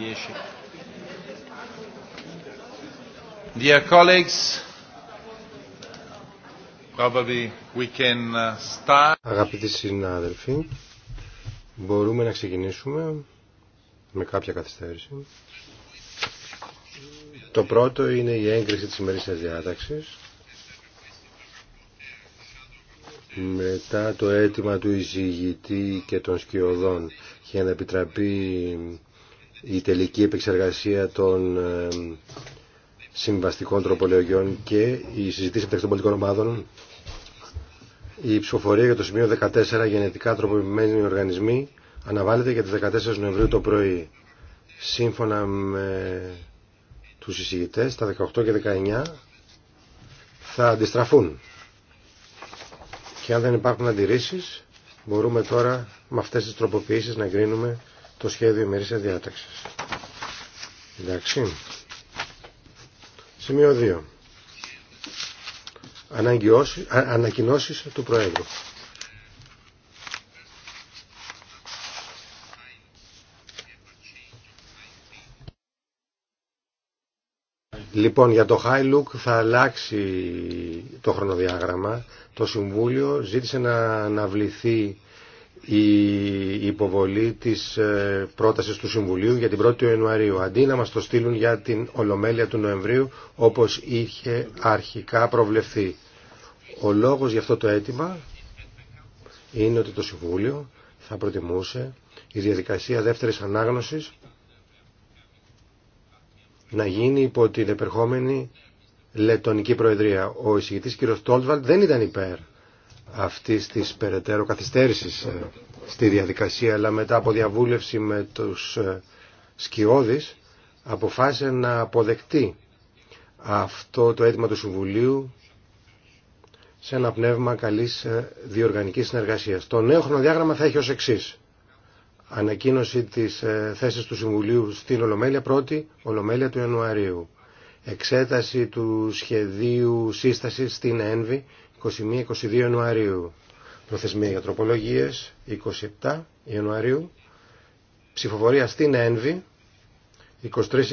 10. Dear colleagues, probably we can uh, start. Αγαπητοί συνάδελφοι, μπορούμε να ξεκινήσουμε με κάποια καθυστέρηση. Το πρώτο είναι η έγκριση της ημερήσιας διάταξης. Μετά το αίτημα του εισηγητή και των σκιωδών για να επιτραπεί η τελική επεξεργασία των ε, συμβαστικών τροπολογιών και οι συζήτηση μεταξύ των πολιτικών ομάδων, η ψηφοφορία για το σημείο 14 γενετικά τροποποιημένοι οργανισμοί αναβάλλεται για τις 14 Νοεμβρίου το πρωί. Σύμφωνα με τους εισηγητές, τα 18 και 19 θα αντιστραφούν. Και αν δεν υπάρχουν αντιρρήσεις, μπορούμε τώρα με αυτές τις τροποποιήσεις να εγκρίνουμε το σχέδιο ημερήσιας διάταξης. Εντάξει. Σημείο 2. Ανακοινώσει του Προέδρου. Λοιπόν, για το High Look θα αλλάξει το χρονοδιάγραμμα. Το Συμβούλιο ζήτησε να αναβληθεί η υποβολή της ε, πρότασης του Συμβουλίου για την 1η Ιανουαρίου αντί να μας το στείλουν για την Ολομέλεια του Νοεμβρίου όπως είχε αρχικά προβλεφθεί. Ο λόγος για αυτό το αίτημα είναι ότι το Συμβούλιο θα προτιμούσε η διαδικασία δεύτερης ανάγνωσης να γίνει υπό την επερχόμενη Λετωνική Προεδρία. Ο εισηγητής κ. Στόλτβαλτ δεν ήταν υπέρ αυτή της περαιτέρω καθυστέρησης ε, στη διαδικασία, αλλά μετά από διαβούλευση με τους ε, σκιόδης αποφάσισε να αποδεκτεί αυτό το αίτημα του Συμβουλίου σε ένα πνεύμα καλής ε, διοργανικής συνεργασίας. Το νέο χρονοδιάγραμμα θα έχει ως εξής. Ανακοίνωση της θέσης του Συμβουλίου στην Ολομέλεια, πρώτη Ολομέλεια του Ιανουαρίου. Εξέταση του σχεδίου σύστασης στην ΕΝΒΗ 21-22 Ιανουαρίου. Προθεσμία για τροπολογίες 27 Ιανουαρίου. Ψηφοφορία στην ΕΝΒΗ 23-24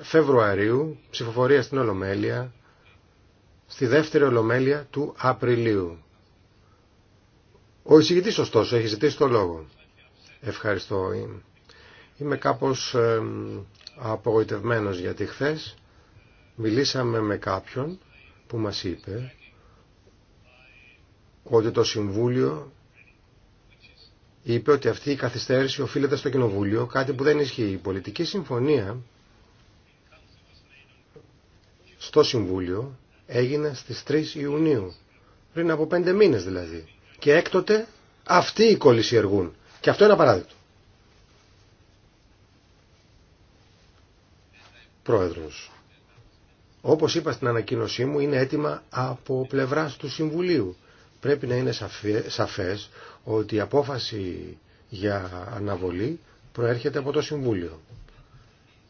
Φεβρουαρίου. Ψηφοφορία στην Ολομέλεια. Στη δεύτερη Ολομέλεια του Απριλίου. Ο εισηγητής ωστόσο έχει ζητήσει το λόγο. Ευχαριστώ. Είμαι κάπως απογοητευμένος γιατί χθες μιλήσαμε με κάποιον που μας είπε ότι το Συμβούλιο είπε ότι αυτή η καθυστέρηση οφείλεται στο Κοινοβούλιο, κάτι που δεν ισχύει. Η πολιτική συμφωνία στο Συμβούλιο έγινε στις 3 Ιουνίου, πριν από πέντε μήνες δηλαδή. Και έκτοτε αυτοί οι εργούν Και αυτό είναι απαράδεκτο. Πρόεδρος, όπως είπα στην ανακοίνωσή μου, είναι έτοιμα από πλευράς του Συμβουλίου πρέπει να είναι σαφές ότι η απόφαση για αναβολή προέρχεται από το Συμβούλιο.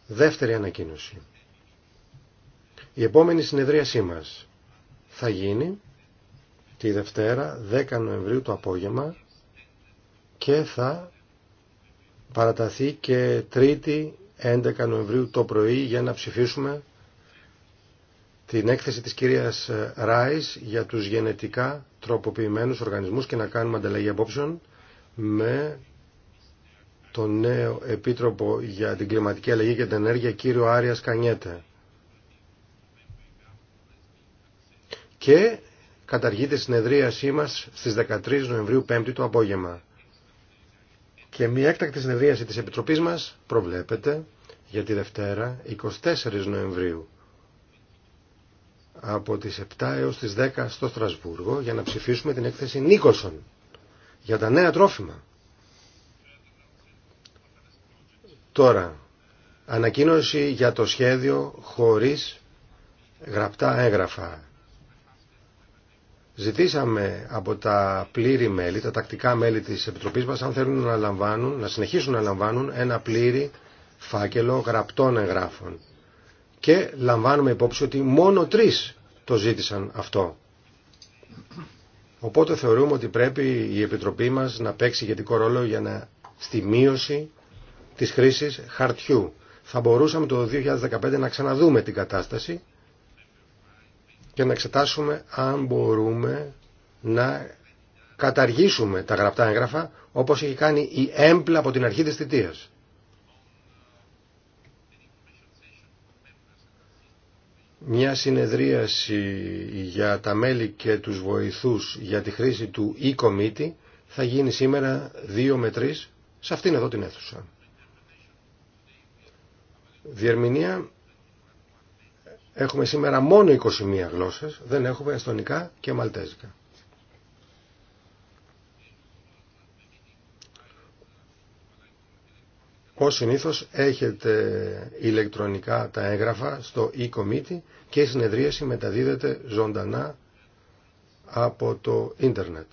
Δεύτερη ανακοίνωση. Η επόμενη συνεδρίασή μας θα γίνει τη Δευτέρα 10 Νοεμβρίου το απόγευμα και θα παραταθεί και Τρίτη 11 Νοεμβρίου το πρωί για να ψηφίσουμε την έκθεση της κυρίας Ράις για τους γενετικά τροποποιημένους οργανισμούς και να κάνουμε ανταλλαγή απόψεων με τον νέο Επίτροπο για την Κλιματική Αλλαγή και την Ενέργεια, κύριο Άρια Κανιέτε. Και καταργείται η συνεδρίασή μας στις 13 Νοεμβρίου 5η το απόγευμα. Και μια έκτακτη συνεδρίαση της Επιτροπής μας προβλέπεται για τη Δευτέρα 24 Νοεμβρίου από τις 7 έως τις 10 στο Στρασβούργο για να ψηφίσουμε την έκθεση Νίκολσον για τα νέα τρόφιμα. Τώρα, ανακοίνωση για το σχέδιο χωρίς γραπτά έγγραφα. Ζητήσαμε από τα πλήρη μέλη, τα τακτικά μέλη της Επιτροπής μας, αν θέλουν να, λαμβάνουν, να συνεχίσουν να λαμβάνουν ένα πλήρη φάκελο γραπτών εγγράφων και λαμβάνουμε υπόψη ότι μόνο τρεις το ζήτησαν αυτό. Οπότε θεωρούμε ότι πρέπει η Επιτροπή μας να παίξει ηγετικό ρόλο για να στη μείωση της χρήσης χαρτιού. Θα μπορούσαμε το 2015 να ξαναδούμε την κατάσταση και να εξετάσουμε αν μπορούμε να καταργήσουμε τα γραπτά έγγραφα όπως έχει κάνει η έμπλα από την αρχή της θητείας. μια συνεδρίαση για τα μέλη και τους βοηθούς για τη χρήση του e-committee θα γίνει σήμερα 2 με 3 σε αυτήν εδώ την αίθουσα. Διερμηνία έχουμε σήμερα μόνο 21 γλώσσες, δεν έχουμε αστωνικά και μαλτέζικα. Ως συνήθως έχετε ηλεκτρονικά τα έγγραφα στο e-committee και η συνεδρίαση μεταδίδεται ζωντανά από το ίντερνετ.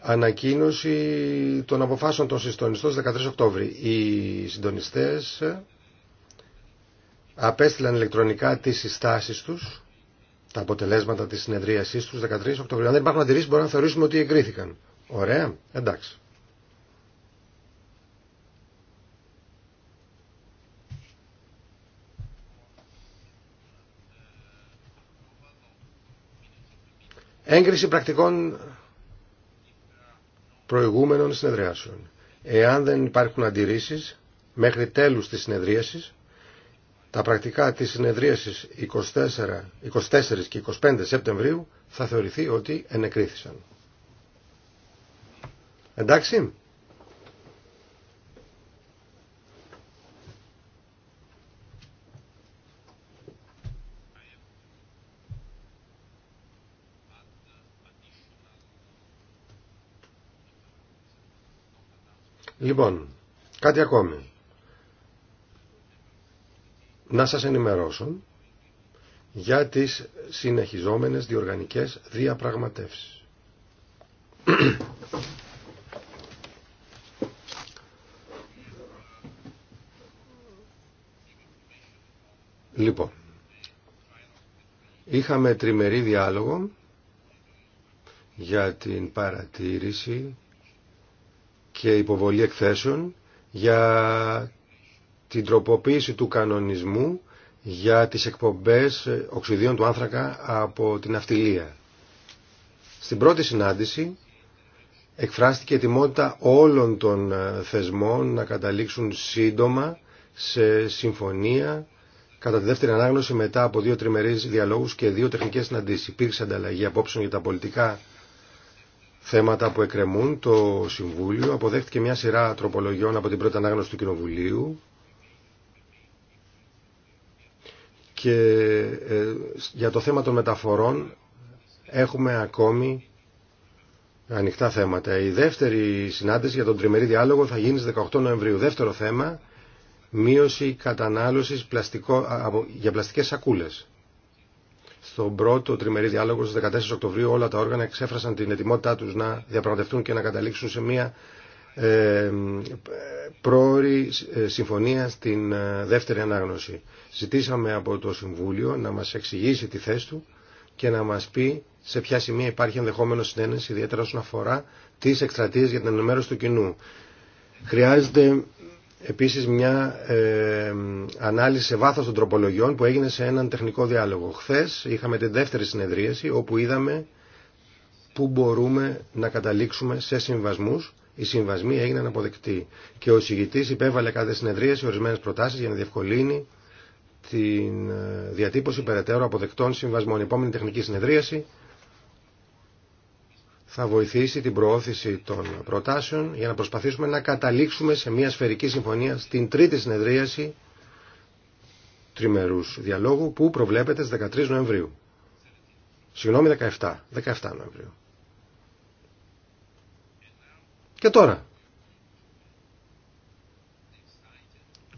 Ανακοίνωση των αποφάσεων των συντονιστών 13 Οκτώβρη. Οι συντονιστές απέστειλαν ηλεκτρονικά τις συστάσεις τους, τα αποτελέσματα της συνεδρίασής τους 13 Οκτώβρη. Αν δεν υπάρχουν αντιρρήσεις μπορούμε να θεωρήσουμε ότι εγκρίθηκαν. Ωραία, εντάξει. Έγκριση πρακτικών προηγούμενων συνεδριάσεων. Εάν δεν υπάρχουν αντιρρήσεις, μέχρι τέλους της συνεδρίασης, τα πρακτικά της συνεδρίασης 24, 24 και 25 Σεπτεμβρίου θα θεωρηθεί ότι ενεκρίθησαν. Εντάξει. Λοιπόν, κάτι ακόμη. Να σας ενημερώσω για τις συνεχιζόμενες διοργανικές διαπραγματεύσεις. Λοιπόν, είχαμε τριμερή διάλογο για την παρατήρηση και υποβολή εκθέσεων για την τροποποίηση του κανονισμού για τις εκπομπές οξυδίων του άνθρακα από την αυτιλία. Στην πρώτη συνάντηση εκφράστηκε ετοιμότητα όλων των ε, θεσμών να καταλήξουν σύντομα σε συμφωνία κατά τη δεύτερη ανάγνωση μετά από δύο τριμερείς διαλόγους και δύο τεχνικές συναντήσεις. Υπήρξε ανταλλαγή απόψεων για τα πολιτικά θέματα που εκκρεμούν, το Συμβούλιο αποδέχτηκε μια σειρά τροπολογιών από την πρώτη ανάγνωση του Κοινοβουλίου και ε, για το θέμα των μεταφορών έχουμε ακόμη ανοιχτά θέματα. Η δεύτερη συνάντηση για τον τριμερή διάλογο θα γίνει στις 18 Νοεμβρίου. Δεύτερο θέμα, μείωση κατανάλωσης πλαστικό, για πλαστικές σακούλες. Στον πρώτο τριμερή διάλογο στις 14 Οκτωβρίου όλα τα όργανα εξέφρασαν την ετοιμότητά τους να διαπραγματευτούν και να καταλήξουν σε μια ε, πρόορη ε, συμφωνία στην ε, δεύτερη ανάγνωση. Ζητήσαμε από το Συμβούλιο να μας εξηγήσει τη θέση του και να μας πει σε ποια σημεία υπάρχει ενδεχόμενο συνένεση, ιδιαίτερα όσον αφορά τις εκστρατείες για την ενημέρωση του κοινού. Χρειάζεται επίσης μια ε, ανάλυση σε βάθος των τροπολογιών που έγινε σε έναν τεχνικό διάλογο. Χθες είχαμε την δεύτερη συνεδρίαση όπου είδαμε που μπορούμε να καταλήξουμε σε συμβασμούς. Οι συμβασμοί έγιναν αποδεκτοί και ο συγητής υπέβαλε κάθε συνεδρίαση ορισμένες προτάσεις για να διευκολύνει την ε, διατύπωση περαιτέρω αποδεκτών συμβασμών. Η επόμενη τεχνική συνεδρίαση θα βοηθήσει την προώθηση των προτάσεων για να προσπαθήσουμε να καταλήξουμε σε μια σφαιρική συμφωνία στην τρίτη συνεδρίαση τριμερούς διαλόγου που προβλέπεται στις 13 Νοεμβρίου. Συγγνώμη, 17. 17 Νοεμβρίου. Και τώρα.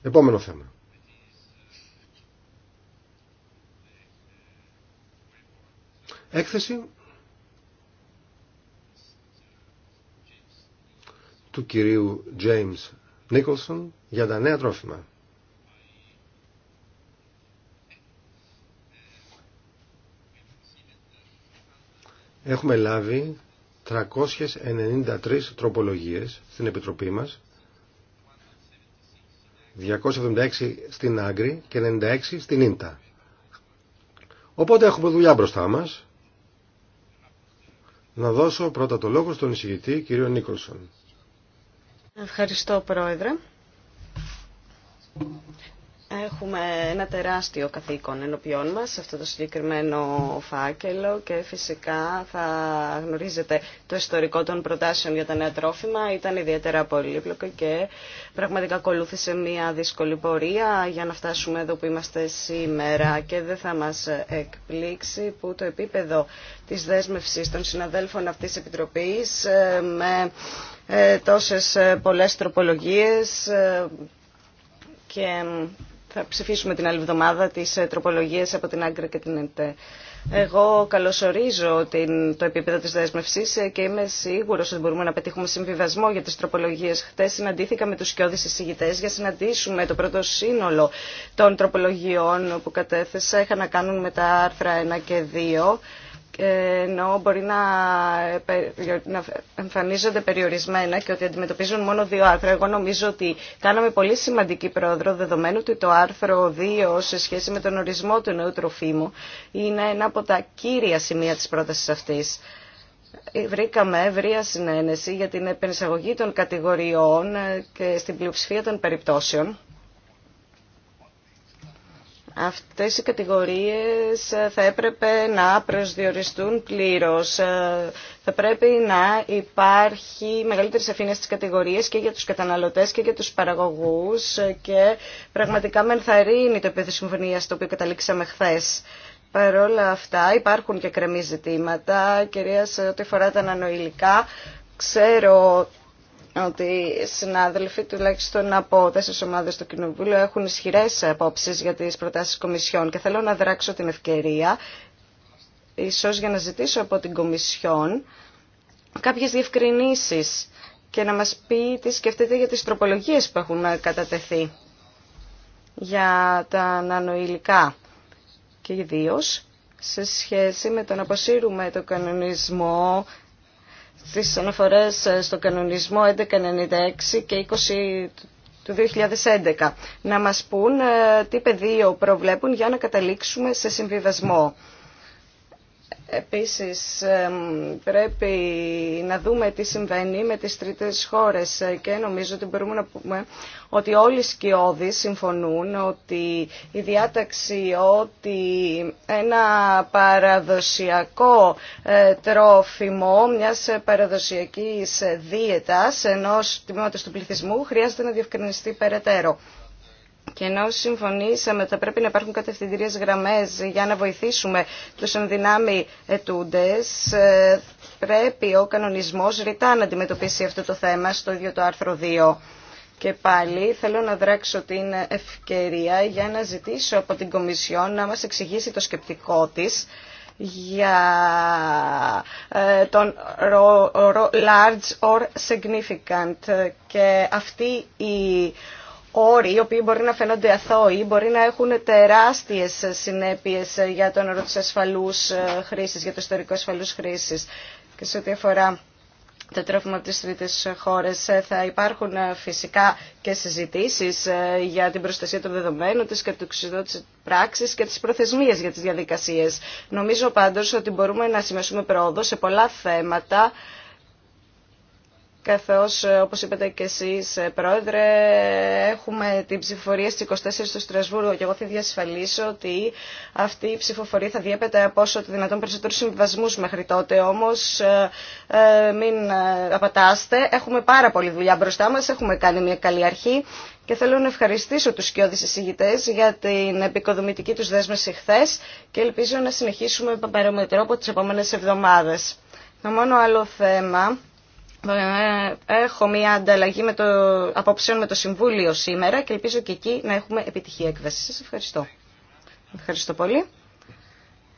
Επόμενο θέμα. Έκθεση του κυρίου James Nicholson για τα νέα τρόφιμα. Έχουμε λάβει 393 τροπολογίες στην Επιτροπή μας, 276 στην Άγκρη και 96 στην Ίντα. Οπότε έχουμε δουλειά μπροστά μας. Να δώσω πρώτα το λόγο στον εισηγητή κύριο Νίκολσον. Ευχαριστώ, Πρόεδρε. Έχουμε ένα τεράστιο καθήκον ενωπιών μας σε αυτό το συγκεκριμένο φάκελο και φυσικά θα γνωρίζετε το ιστορικό των προτάσεων για τα νέα τρόφιμα. Ήταν ιδιαίτερα πολύπλοκο και πραγματικά ακολούθησε μια δύσκολη πορεία για να φτάσουμε εδώ που είμαστε σήμερα και δεν θα μας εκπλήξει που το επίπεδο της δέσμευσης των συναδέλφων αυτής της Επιτροπής ε, με ε, τόσες πολλές τροπολογίες ε, και θα ψηφίσουμε την άλλη εβδομάδα τις ε, τροπολογίες από την Άγκρα και την ΕΝΤΕ. Εγώ καλωσορίζω την, το επίπεδο της δέσμευσή ε, και είμαι σίγουρος ότι μπορούμε να πετύχουμε συμβιβασμό για τις τροπολογίες. Χθες συναντήθηκα με τους σκιώδεις εισηγητές για συναντήσουμε το πρώτο σύνολο των τροπολογιών που κατέθεσα. Είχα να κάνουν με τα άρθρα 1 και 2 ενώ μπορεί ε, να, εμφανίζονται περιορισμένα και ότι αντιμετωπίζουν μόνο δύο άρθρα. Εγώ νομίζω ότι κάναμε πολύ σημαντική πρόοδο δεδομένου ότι το άρθρο 2 σε σχέση με τον ορισμό του νέου τροφίμου είναι ένα από τα κύρια σημεία της πρότασης αυτής. Ε, βρήκαμε ευρεία συνένεση για την επενσαγωγή των κατηγοριών ε, και στην πλειοψηφία των περιπτώσεων Αυτές οι κατηγορίες ε, θα έπρεπε να προσδιοριστούν πλήρως. Ε, θα πρέπει να υπάρχει μεγαλύτερη σαφήνεια στις κατηγορίες και για τους καταναλωτές και για τους παραγωγούς ε, και πραγματικά με ενθαρρύνει το επίπεδο συμφωνία το οποίο καταλήξαμε χθε. Παρ' όλα αυτά υπάρχουν και κρεμή ζητήματα, κυρίως ό,τι φορά τα ανανοηλικά, Ξέρω ότι οι συνάδελφοι τουλάχιστον από τέσσερι ομάδε του Κοινοβούλου έχουν ισχυρέ απόψει για τι προτάσει Κομισιόν και θέλω να δράξω την ευκαιρία, ίσω για να ζητήσω από την Κομισιόν κάποιε διευκρινήσει και να μα πει τι σκεφτείτε για τι τροπολογίε που έχουν κατατεθεί για τα νανοηλικά και ιδίω σε σχέση με το να αποσύρουμε το κανονισμό στις αναφορές ε, στο κανονισμό 1196 και 20 του 2011 να μας πούν ε, τι πεδίο προβλέπουν για να καταλήξουμε σε συμβιβασμό. Επίσης ε, πρέπει να δούμε τι συμβαίνει με τις τρίτες χώρες και νομίζω ότι μπορούμε να πούμε ότι όλοι οι σκιώδεις συμφωνούν ότι η διάταξη ότι ένα παραδοσιακό ε, τρόφιμο μιας παραδοσιακής δίαιτας ενός τμήματος του πληθυσμού χρειάζεται να διευκρινιστεί περαιτέρω. Και ενώ συμφωνήσαμε ότι θα πρέπει να υπάρχουν κατευθυντηρίες γραμμές για να βοηθήσουμε τους ενδυνάμει ετούντες, ε, πρέπει ο κανονισμός ρητά να αντιμετωπίσει αυτό το θέμα στο ίδιο το άρθρο 2. Και πάλι θέλω να δράξω την ευκαιρία για να ζητήσω από την Κομισιόν να μας εξηγήσει το σκεπτικό της για ε, τον large or significant και αυτοί οι όροι, οι οποίοι μπορεί να φαίνονται αθώοι, μπορεί να έχουν τεράστιες συνέπειες για τον όρο της ασφαλούς ε, χρήσης, για το ιστορικό ασφαλούς χρήσης. Και σε ό,τι αφορά τα τρόφιμα από τι χώρες. Ε, θα υπάρχουν ε, φυσικά και συζητήσεις ε, για την προστασία των δεδομένων, της της πράξης και τις προθεσμίες για τις διαδικασίες. Νομίζω πάντως ότι μπορούμε να σημειώσουμε πρόοδο σε πολλά θέματα καθώς ε, όπως είπατε και εσείς ε, πρόεδρε έχουμε την ψηφοφορία στις 24 στο Στρασβούργο και εγώ θα διασφαλίσω ότι αυτή η ψηφοφορία θα διέπεται από όσο το δυνατόν περισσότερους συμβιβασμούς μέχρι τότε όμως ε, μην απατάστε έχουμε πάρα πολλή δουλειά μπροστά μας έχουμε κάνει μια καλή αρχή και θέλω να ευχαριστήσω τους σκιώδεις εισηγητές για την επικοδομητική τους δέσμευση χθε και ελπίζω να συνεχίσουμε με από τις επόμενες εβδομάδες. Το μόνο άλλο θέμα ε, έχω μια ανταλλαγή με το, απόψεων με το Συμβούλιο σήμερα και ελπίζω και εκεί να έχουμε επιτυχία έκβαση. Σας ευχαριστώ. Ευχαριστώ πολύ.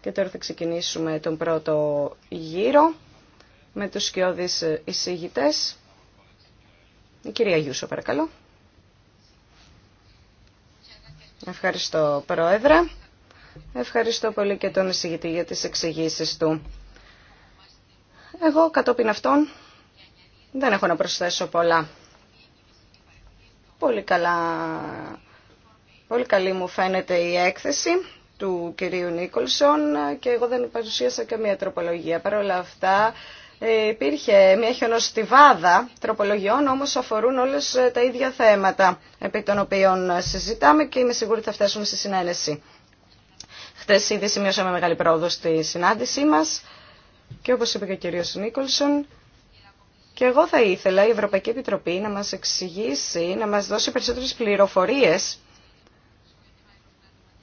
Και τώρα θα ξεκινήσουμε τον πρώτο γύρο με τους σκιώδεις εισηγητές. Η κυρία Γιούσο, παρακαλώ. Ευχαριστώ, Πρόεδρε. Ευχαριστώ πολύ και τον εισηγητή για τις εξηγήσει του. Εγώ, κατόπιν αυτών, δεν έχω να προσθέσω πολλά. Πολύ καλά. Πολύ καλή μου φαίνεται η έκθεση του κυρίου Νίκολσον και εγώ δεν παρουσίασα καμία τροπολογία. Παρ' όλα αυτά ε, υπήρχε μια χιονοστιβάδα τροπολογιών, όμως αφορούν όλες ε, τα ίδια θέματα επί των οποίων συζητάμε και είμαι σίγουρη ότι θα φτάσουμε στη συνένεση. Χτες ήδη σημειώσαμε μεγάλη πρόοδο στη συνάντησή μας και όπως είπε και ο κύριος Νίκολσον, και εγώ θα ήθελα η Ευρωπαϊκή Επιτροπή να μας εξηγήσει, να μας δώσει περισσότερες πληροφορίες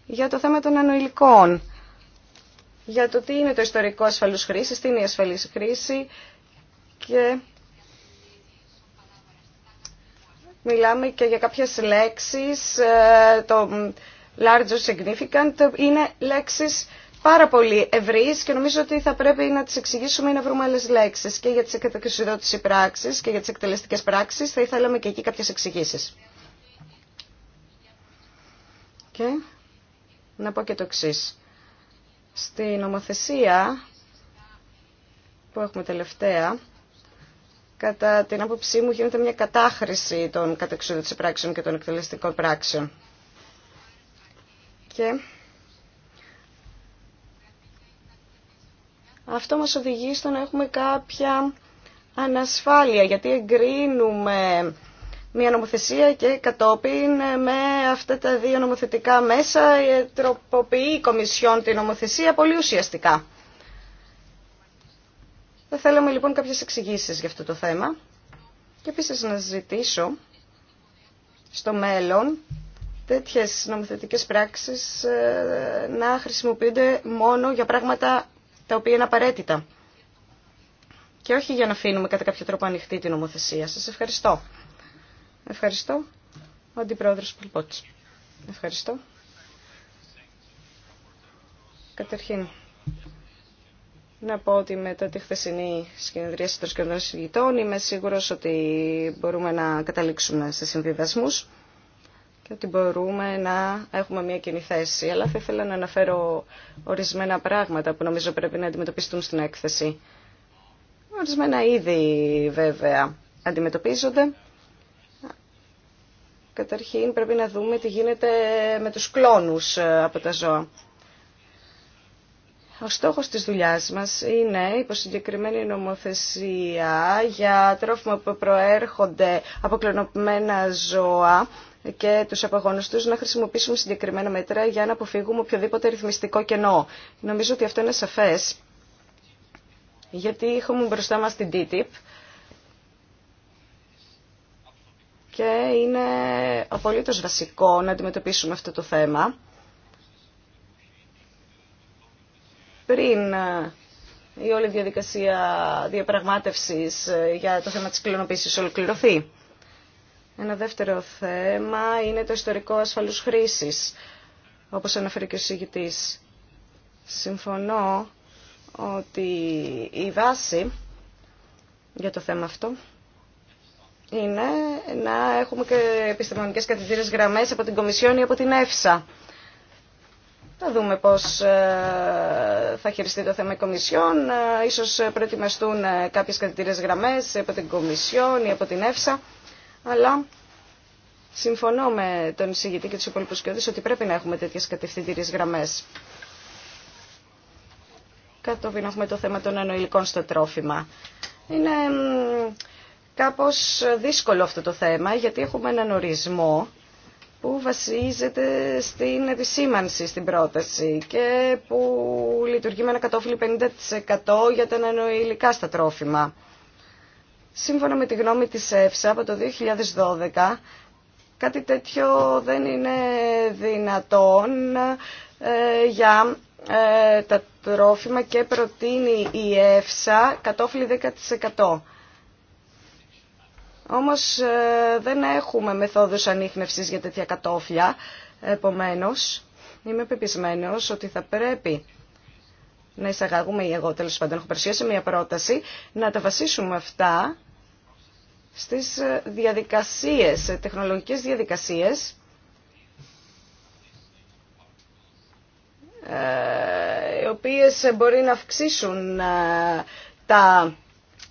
για το θέμα των ανοηλικών. Για το τι είναι το ιστορικό ασφαλούς χρήση, τι είναι η ασφαλής χρήση και μιλάμε και για κάποιες λέξεις, ε, το larger significant είναι λέξεις πάρα πολύ ευρύ και νομίζω ότι θα πρέπει να τι εξηγήσουμε ή να βρούμε άλλε λέξει και για τι εκδοκισιδότηση πράξει και για τι εκτελεστικέ πράξει. Θα ήθελαμε και εκεί κάποιε εξηγήσει. Και να πω και το εξή. Στην νομοθεσία που έχουμε τελευταία, κατά την άποψή μου γίνεται μια κατάχρηση των κατεξοδοτήσεων πράξεων και των εκτελεστικών πράξεων. Και Αυτό μας οδηγεί στο να έχουμε κάποια ανασφάλεια, γιατί εγκρίνουμε μια νομοθεσία και κατόπιν με αυτά τα δύο νομοθετικά μέσα ε, τροποποιεί η Κομισιόν την νομοθεσία πολύ ουσιαστικά. Θα θέλαμε λοιπόν κάποιες εξηγήσει για αυτό το θέμα και επίσης να ζητήσω στο μέλλον τέτοιες νομοθετικές πράξεις ε, να χρησιμοποιούνται μόνο για πράγματα τα οποία είναι απαραίτητα. Και όχι για να αφήνουμε κατά κάποιο τρόπο ανοιχτή την νομοθεσία. Σας ευχαριστώ. Ευχαριστώ. Ο Αντιπρόεδρος Πολπότης. Ευχαριστώ. Καταρχήν, να πω ότι μετά τη χθεσινή συγκεντρία των σκηνών συγγητών είμαι σίγουρος ότι μπορούμε να καταλήξουμε σε συμβιβασμούς και ότι μπορούμε να έχουμε μια κοινή θέση. Αλλά θα ήθελα να αναφέρω ορισμένα πράγματα που νομίζω πρέπει να αντιμετωπιστούν στην έκθεση. Ορισμένα είδη βέβαια αντιμετωπίζονται. Καταρχήν πρέπει να δούμε τι γίνεται με τους κλόνους ε, από τα ζώα. Ο στόχος της δουλειάς μας είναι η συγκεκριμένη νομοθεσία για τρόφιμα που προέρχονται από κλωνοποιημένα ζώα και του απαγόνους τους να χρησιμοποιήσουμε συγκεκριμένα μέτρα για να αποφύγουμε οποιοδήποτε ρυθμιστικό κενό. Νομίζω ότι αυτό είναι σαφές, γιατί είχαμε μπροστά μα την TTIP και είναι απολύτω βασικό να αντιμετωπίσουμε αυτό το θέμα. Πριν ε, η όλη διαδικασία διαπραγμάτευσης ε, για το θέμα της κλωνοποίησης ολοκληρωθεί. Ένα δεύτερο θέμα είναι το ιστορικό ασφαλούς χρήσης, όπως αναφέρει και ο συγητής. Συμφωνώ ότι η βάση για το θέμα αυτό είναι να έχουμε και επιστημονικές κατητήρε γραμμές από την Κομισιόν ή από την ΕΦΣΑ. Θα δούμε πώς ε, θα χειριστεί το θέμα η Κομισιόν. Ε, ίσως προετοιμαστούν ε, κάποιες κατηγορίες γραμμές από την Κομισιόν ή από την ΕΦΣΑ αλλά συμφωνώ με τον εισηγητή και τους υπόλοιπους κοιότητες ότι πρέπει να έχουμε τέτοιες κατευθυντήριες γραμμές. Κατόπιν έχουμε το θέμα των ενοηλικών στο τρόφιμα. Είναι κάπως δύσκολο αυτό το θέμα γιατί έχουμε έναν ορισμό που βασίζεται στην επισήμανση στην πρόταση και που λειτουργεί με ένα κατόφυλλο 50% για τα ενοηλικά στα τρόφιμα. Σύμφωνα με τη γνώμη της ΕΦΣΑ από το 2012, κάτι τέτοιο δεν είναι δυνατόν ε, για ε, τα τρόφιμα και προτείνει η ΕΦΣΑ κατόφλι 10%. Όμως ε, δεν έχουμε μεθόδους ανείχνευσης για τέτοια κατόφλια, επομένως είμαι πεπισμένος ότι θα πρέπει να εισαγάγουμε ή εγώ τέλος πάντων έχω παρουσιάσει μια πρόταση να τα βασίσουμε αυτά στις ε, διαδικασίες, ε, τεχνολογικές διαδικασίες ε, οι οποίες μπορεί να αυξήσουν τα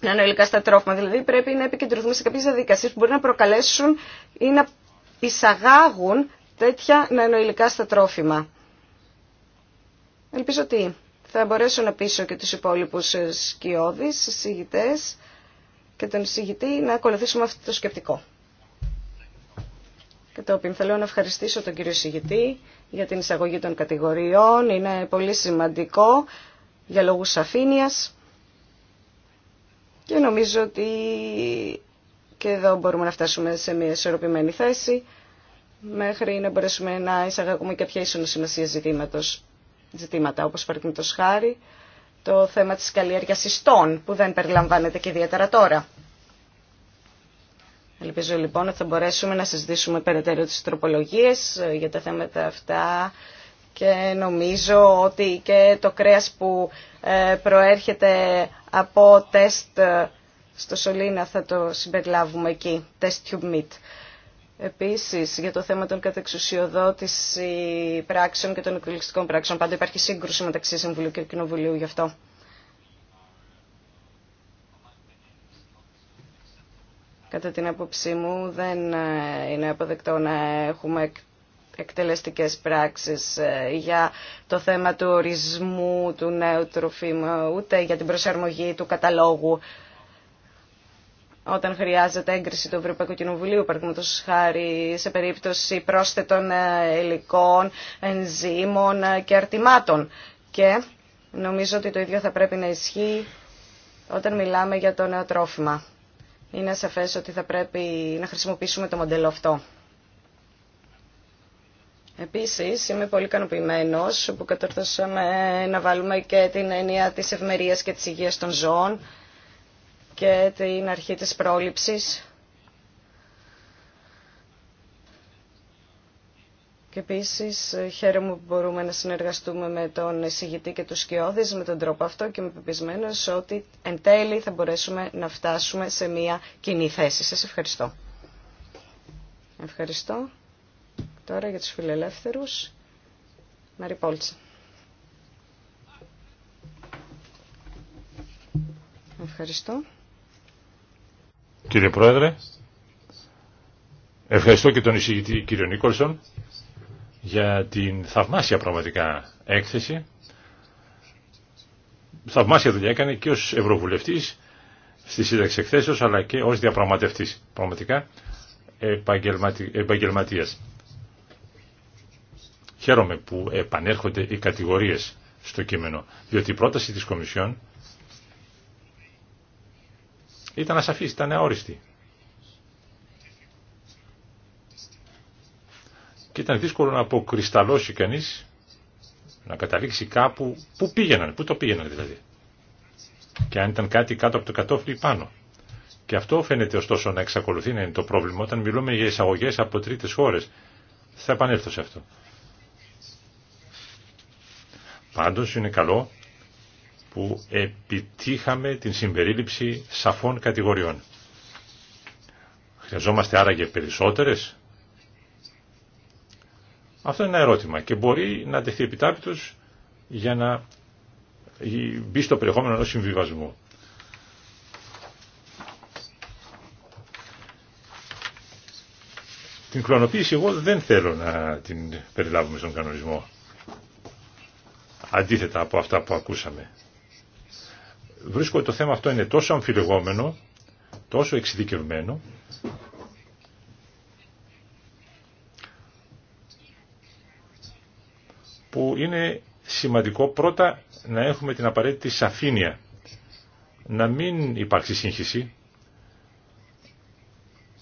νανοηλικά στα τρόφιμα. Δηλαδή πρέπει να επικεντρωθούμε σε κάποιες διαδικασίες που μπορεί να προκαλέσουν ή να εισαγάγουν τέτοια νανοηλικά στα τρόφιμα. Ελπίζω ότι θα μπορέσω να πείσω και τους υπόλοιπους σκιώδεις, συζητητές, και τον εισηγητή να ακολουθήσουμε αυτό το σκεπτικό. Και το όποιο θέλω να ευχαριστήσω τον κύριο Συγητή για την εισαγωγή των κατηγοριών. Είναι πολύ σημαντικό για λόγους και νομίζω ότι και εδώ μπορούμε να φτάσουμε σε μια ισορροπημένη θέση μέχρι να μπορέσουμε να εισαγωγούμε και ποια ίσονοσημασία σημασία ζητήματος, ζητήματα όπως παραδείγματος χάρη το θέμα της καλλιέργειας ιστών που δεν περιλαμβάνεται και ιδιαίτερα τώρα. Ελπίζω λοιπόν ότι θα μπορέσουμε να συζητήσουμε περαιτέρω τις τροπολογίες ε, για τα θέματα αυτά και νομίζω ότι και το κρέας που ε, προέρχεται από τεστ ε, στο Σολίνα θα το συμπεριλάβουμε εκεί, τεστ tube meat. Επίσης, για το θέμα των κατεξουσιοδότηση πράξεων και των εκτελεστικών πράξεων, πάντα υπάρχει σύγκρουση μεταξύ Συμβουλίου και Κοινοβουλίου γι' αυτό. Κατά την άποψή μου, δεν ε, είναι αποδεκτό να έχουμε εκτελεστικές πράξεις ε, για το θέμα του ορισμού του νέου τροφίμου, ούτε για την προσαρμογή του καταλόγου όταν χρειάζεται έγκριση του Ευρωπαϊκού Κοινοβουλίου, παραδείγματο χάρη σε περίπτωση πρόσθετων ε, υλικών, ενζήμων ε, και αρτημάτων. Και νομίζω ότι το ίδιο θα πρέπει να ισχύει όταν μιλάμε για το νέο τρόφιμα. Είναι σαφές ότι θα πρέπει να χρησιμοποιήσουμε το μοντέλο αυτό. Επίσης, είμαι πολύ ικανοποιημένο που κατορθώσαμε να βάλουμε και την έννοια της ευμερίας και της υγείας των ζώων και την αρχή της πρόληψης. Και επίση χαίρομαι που μπορούμε να συνεργαστούμε με τον εισηγητή και του σκιώδες με τον τρόπο αυτό και είμαι πεπισμένος ότι εν τέλει θα μπορέσουμε να φτάσουμε σε μια κοινή θέση. Σα ευχαριστώ. Ευχαριστώ. Τώρα για τους φιλελεύθερους. Μαρή Πόλτσα. Ευχαριστώ. Κύριε Πρόεδρε, ευχαριστώ και τον εισηγητή κύριο Νίκολσον για την θαυμάσια πραγματικά έκθεση. Θαυμάσια δουλειά έκανε και ως Ευρωβουλευτής στη σύνταξη εκθέσεως αλλά και ως διαπραγματευτής πραγματικά επαγγελματι... επαγγελματίας. Χαίρομαι που επανέρχονται οι κατηγορίες στο κείμενο, διότι η πρόταση της Κομισιόν ήταν ασαφής, ήταν αόριστη. Και ήταν δύσκολο να αποκρισταλώσει κανείς, να καταλήξει κάπου, πού πήγαιναν, πού το πήγαιναν δηλαδή. Και αν ήταν κάτι κάτω από το κατόφλι ή πάνω. Και αυτό φαίνεται ωστόσο να εξακολουθεί να είναι το πρόβλημα όταν μιλούμε για εισαγωγές από τρίτες χώρες. Θα επανέλθω σε αυτό. Πάντως είναι καλό που επιτύχαμε την συμπερίληψη σαφών κατηγοριών. Χρειαζόμαστε άραγε περισσότερες. Αυτό είναι ένα ερώτημα και μπορεί να αντεχθεί επιτάπητος για να μπει στο περιεχόμενο ενός συμβιβασμού. Την κλωνοποίηση εγώ δεν θέλω να την περιλάβουμε στον κανονισμό. Αντίθετα από αυτά που ακούσαμε βρίσκω ότι το θέμα αυτό είναι τόσο αμφιλεγόμενο, τόσο εξειδικευμένο, που είναι σημαντικό πρώτα να έχουμε την απαραίτητη σαφήνεια, να μην υπάρξει σύγχυση,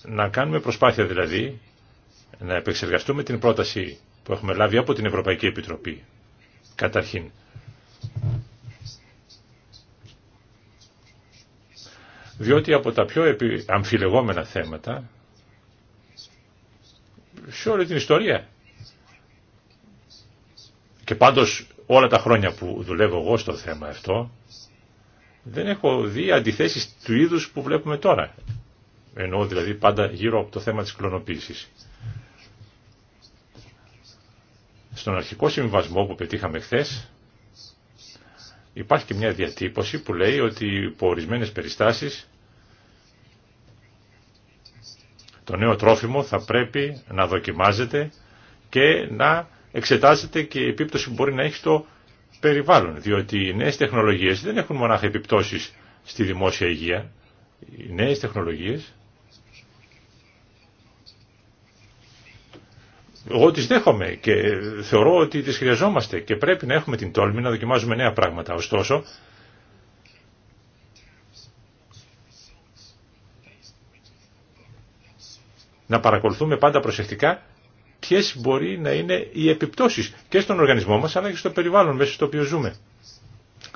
να κάνουμε προσπάθεια δηλαδή να επεξεργαστούμε την πρόταση που έχουμε λάβει από την Ευρωπαϊκή Επιτροπή καταρχήν διότι από τα πιο αμφιλεγόμενα θέματα σε όλη την ιστορία και πάντως όλα τα χρόνια που δουλεύω εγώ στο θέμα αυτό δεν έχω δει αντιθέσεις του είδους που βλέπουμε τώρα Ενώ, δηλαδή πάντα γύρω από το θέμα της κλωνοποίησης στον αρχικό συμβασμό που πετύχαμε χθες Υπάρχει και μια διατύπωση που λέει ότι υπό ορισμένε περιστάσεις το νέο τρόφιμο θα πρέπει να δοκιμάζεται και να εξετάζεται και η επίπτωση που μπορεί να έχει στο περιβάλλον. Διότι οι νέες τεχνολογίες δεν έχουν μονάχα επιπτώσεις στη δημόσια υγεία. Οι νέες τεχνολογίες Εγώ τις δέχομαι και θεωρώ ότι τις χρειαζόμαστε και πρέπει να έχουμε την τόλμη να δοκιμάζουμε νέα πράγματα. Ωστόσο, να παρακολουθούμε πάντα προσεκτικά ποιε μπορεί να είναι οι επιπτώσεις και στον οργανισμό μας αλλά και στο περιβάλλον μέσα στο οποίο ζούμε.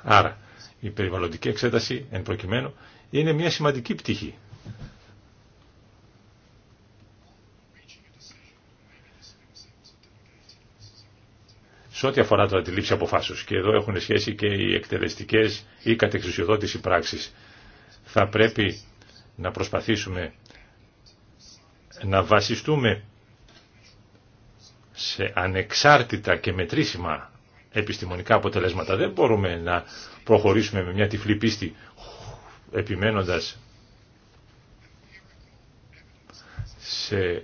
Άρα, η περιβαλλοντική εξέταση, εν προκειμένου, είναι μια σημαντική πτυχή Σε ό,τι αφορά τώρα τη λήψη αποφάσεω, και εδώ έχουν σχέση και οι εκτελεστικέ ή κατεξουσιοδότηση πράξει, θα πρέπει να προσπαθήσουμε να βασιστούμε σε ανεξάρτητα και μετρήσιμα επιστημονικά αποτελέσματα. Δεν μπορούμε να προχωρήσουμε με μια τυφλή πίστη επιμένοντας σε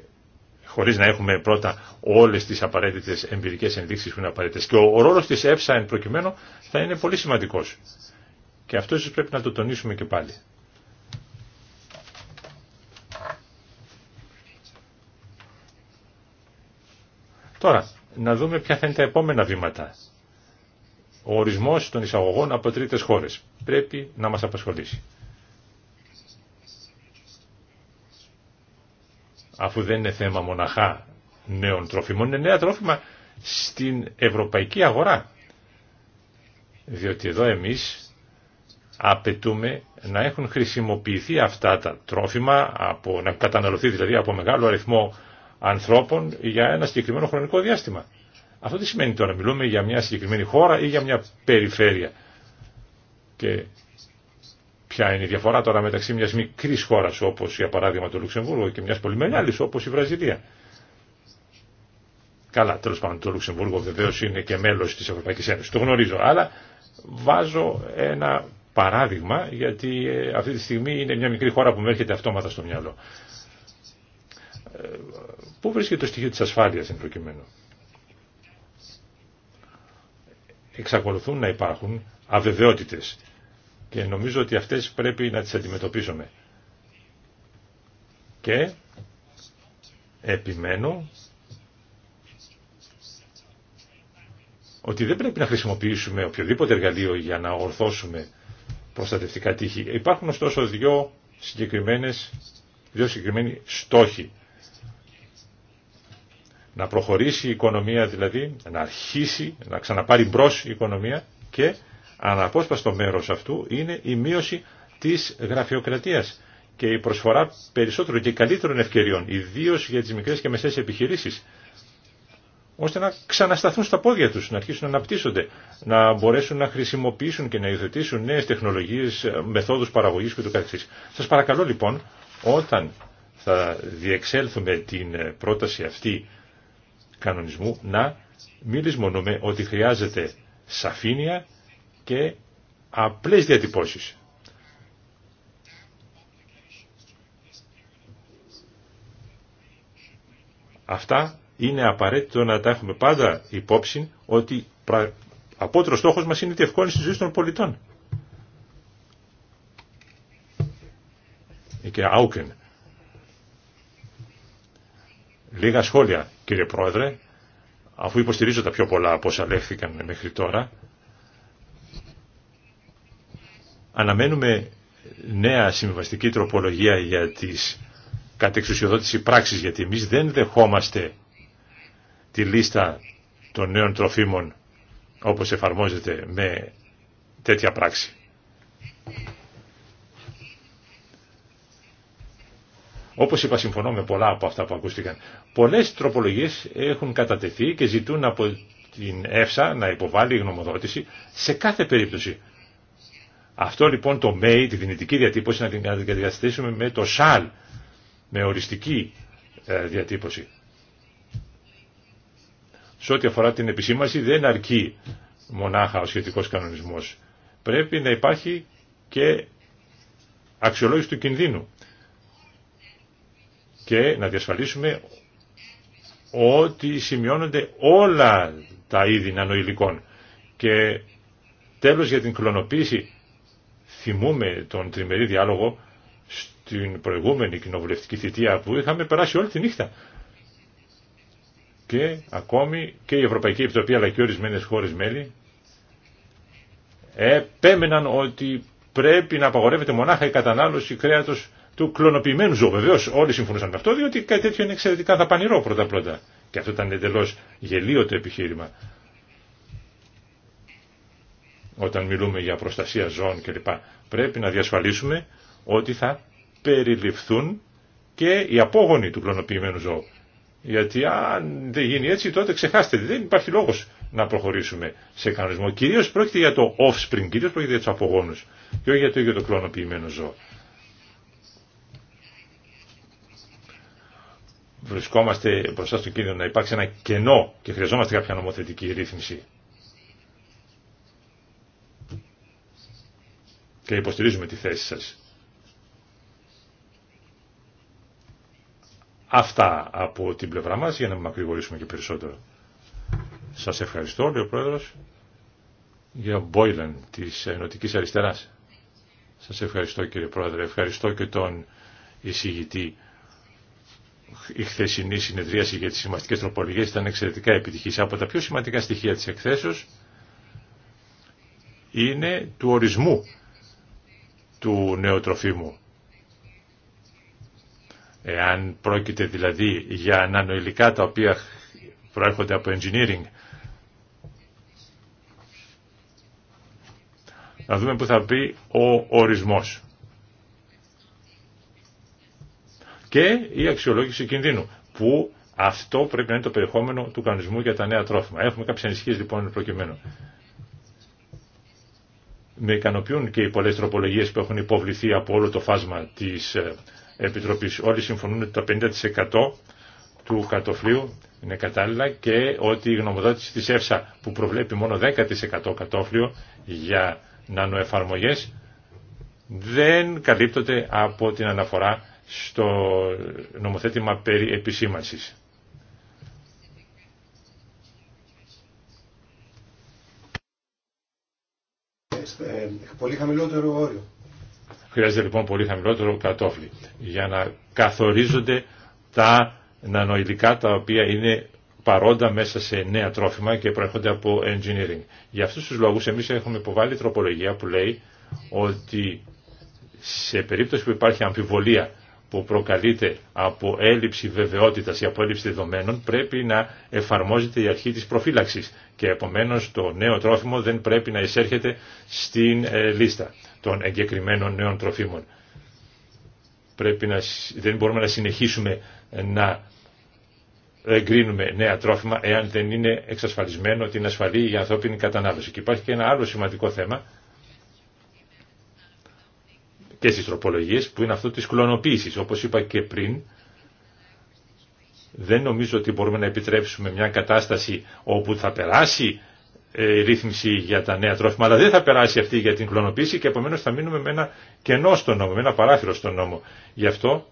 χωρίς να έχουμε πρώτα όλες τις απαραίτητες εμπειρικές ενδείξεις που είναι απαραίτητες. Και ο, ο ρόλος της ΕΦΣΑ εν προκειμένου θα είναι πολύ σημαντικός. Και αυτό ίσως πρέπει να το τονίσουμε και πάλι. Τώρα, να δούμε ποια θα είναι τα επόμενα βήματα. Ο ορισμός των εισαγωγών από τρίτες χώρες πρέπει να μας απασχολήσει. αφού δεν είναι θέμα μοναχά νέων τροφίμων, είναι νέα τρόφιμα στην ευρωπαϊκή αγορά. Διότι εδώ εμείς απαιτούμε να έχουν χρησιμοποιηθεί αυτά τα τρόφιμα, από, να καταναλωθεί δηλαδή από μεγάλο αριθμό ανθρώπων για ένα συγκεκριμένο χρονικό διάστημα. Αυτό τι σημαίνει τώρα, μιλούμε για μια συγκεκριμένη χώρα ή για μια περιφέρεια. Και ποια είναι η διαφορά τώρα μεταξύ μιας μικρής χώρας όπως για παράδειγμα το Λουξεμβούργο και μιας πολύ μεγάλη όπως η Βραζιλία. Καλά, τέλος πάντων το Λουξεμβούργο βεβαίως είναι και μέλος της Ευρωπαϊκής Ένωσης, το γνωρίζω, αλλά βάζω ένα παράδειγμα γιατί ε, αυτή τη στιγμή είναι μια μικρή χώρα που με έρχεται αυτόματα στο μυαλό. Ε, πού βρίσκεται το στοιχείο της ασφάλειας εν προκειμένου. Εξακολουθούν να υπάρχουν αβεβαιότητες και νομίζω ότι αυτές πρέπει να τις αντιμετωπίσουμε. Και επιμένω ότι δεν πρέπει να χρησιμοποιήσουμε οποιοδήποτε εργαλείο για να ορθώσουμε προστατευτικά τείχη. Υπάρχουν ωστόσο δύο, συγκεκριμένες, δύο συγκεκριμένοι στόχοι. Να προχωρήσει η οικονομία δηλαδή, να αρχίσει, να ξαναπάρει μπρος η οικονομία και Αναπόσπαστο μέρος αυτού είναι η μείωση της γραφειοκρατίας και η προσφορά περισσότερων και καλύτερων ευκαιριών, ιδίω για τις μικρές και μεσαίες επιχειρήσεις, ώστε να ξανασταθούν στα πόδια τους, να αρχίσουν να αναπτύσσονται, να μπορέσουν να χρησιμοποιήσουν και να υιοθετήσουν νέες τεχνολογίες, μεθόδους παραγωγής κ.ο.κ. Σας παρακαλώ λοιπόν, όταν θα διεξέλθουμε την πρόταση αυτή κανονισμού, να μην λησμονούμε ότι χρειάζεται σαφήνεια, και απλές διατυπώσεις. Αυτά είναι απαραίτητο να τα έχουμε πάντα υπόψη ότι απότερο στόχος μας είναι η διευκόλυνση της ζωής των πολιτών. Λίγα σχόλια κύριε Πρόεδρε, αφού υποστηρίζω τα πιο πολλά από όσα λέχθηκαν μέχρι τώρα. Αναμένουμε νέα συμβαστική τροπολογία για τις κατεξουσιοδότηση πράξης, γιατί εμείς δεν δεχόμαστε τη λίστα των νέων τροφίμων όπως εφαρμόζεται με τέτοια πράξη. Όπως είπα συμφωνώ με πολλά από αυτά που ακούστηκαν. Πολλές τροπολογίες έχουν κατατεθεί και ζητούν από την ΕΦΣΑ να υποβάλει γνωμοδότηση σε κάθε περίπτωση. Αυτό λοιπόν το ΜΕΙ, τη δυνητική διατύπωση, να την αντικαταστήσουμε με το ΣΑΛ, με οριστική ε, διατύπωση. Σε ό,τι αφορά την επισήμαση δεν αρκεί μονάχα ο σχετικός κανονισμός. Πρέπει να υπάρχει και αξιολόγηση του κινδύνου και να διασφαλίσουμε ότι σημειώνονται όλα τα είδη νανοηλικών. Και τέλος για την κλωνοποίηση θυμούμε τον τριμερή διάλογο στην προηγούμενη κοινοβουλευτική θητεία που είχαμε περάσει όλη τη νύχτα. Και ακόμη και η Ευρωπαϊκή Επιτροπή αλλά και ορισμένες χώρες μέλη επέμεναν ότι πρέπει να απαγορεύεται μονάχα η κατανάλωση κρέατος του κλωνοποιημένου ζώου. Βεβαίω όλοι συμφωνούσαν με αυτό, διότι κάτι τέτοιο είναι εξαιρετικά δαπανηρό πρώτα-πρώτα. Και αυτό ήταν εντελώ γελίο το επιχείρημα όταν μιλούμε για προστασία ζώων κλπ. Πρέπει να διασφαλίσουμε ότι θα περιληφθούν και οι απόγονοι του κλωνοποιημένου ζώου. Γιατί αν δεν γίνει έτσι τότε ξεχάστε, δεν υπάρχει λόγος να προχωρήσουμε σε κανονισμό. Κυρίως πρόκειται για το offspring, κυρίως πρόκειται για τους απογόνους και όχι για το ίδιο το κλωνοποιημένο ζώο. Βρισκόμαστε μπροστά στον κίνδυνο να υπάρξει ένα κενό και χρειαζόμαστε κάποια νομοθετική ρύθμιση. και υποστηρίζουμε τη θέση σας. Αυτά από την πλευρά μας για να μακρηγορήσουμε και περισσότερο. Σας ευχαριστώ, λέει ο Πρόεδρος, για Μπόιλεν της Ενωτικής Αριστεράς. Σας ευχαριστώ κύριε Πρόεδρε, ευχαριστώ και τον εισηγητή. Η χθεσινή συνεδρίαση για τις σημαντικές τροπολογίες ήταν εξαιρετικά επιτυχής. Από τα πιο σημαντικά στοιχεία της εκθέσεως είναι του ορισμού του νέου τροφίμου. Εάν πρόκειται δηλαδή για νανοηλικά τα οποία προέρχονται από engineering, να δούμε που θα πει ο ορισμός. Και η αξιολόγηση κινδύνου, που αυτό πρέπει να είναι το περιεχόμενο του κανονισμού για τα νέα τρόφιμα. Έχουμε κάποιες ανησυχίες λοιπόν προκειμένου. Με ικανοποιούν και οι πολλές τροπολογίες που έχουν υποβληθεί από όλο το φάσμα της ε, Επιτροπής. Όλοι συμφωνούν ότι το 50% του κατοφλίου είναι κατάλληλα και ότι η γνωμοδότηση της ΕΦΣΑ που προβλέπει μόνο 10% κατόφλιο για νανοεφαρμογές δεν καλύπτονται από την αναφορά στο νομοθέτημα περί επισήμανσης. Ε, πολύ χαμηλότερο όριο. Χρειάζεται λοιπόν πολύ χαμηλότερο κατόφλι για να καθορίζονται τα νανοειδικά τα οποία είναι παρόντα μέσα σε νέα τρόφιμα και προέρχονται από engineering. Για αυτούς τους λόγους εμείς έχουμε υποβάλει τροπολογία που λέει ότι σε περίπτωση που υπάρχει αμφιβολία που προκαλείται από έλλειψη βεβαιότητας ή από έλλειψη δεδομένων πρέπει να εφαρμόζεται η αρχή της προφύλαξης και επομένως το νέο τρόφιμο δεν πρέπει να εισέρχεται στην ε, λίστα των εγκεκριμένων νέων τροφίμων. Πρέπει να, δεν μπορούμε να συνεχίσουμε να εγκρίνουμε νέα τρόφιμα εάν δεν είναι εξασφαλισμένο ότι είναι ασφαλή η ανθρώπινη κατανάλωση. Και υπάρχει και ένα άλλο σημαντικό θέμα και στις τροπολογίες που είναι αυτό της κλωνοποίησης. Όπως είπα και πριν, δεν νομίζω ότι μπορούμε να επιτρέψουμε μια κατάσταση όπου θα περάσει η ε, ρύθμιση για τα νέα τρόφιμα, αλλά δεν θα περάσει αυτή για την κλωνοποίηση και επομένως θα μείνουμε με ένα κενό στον νόμο, με ένα παράθυρο στον νόμο. Γι' αυτό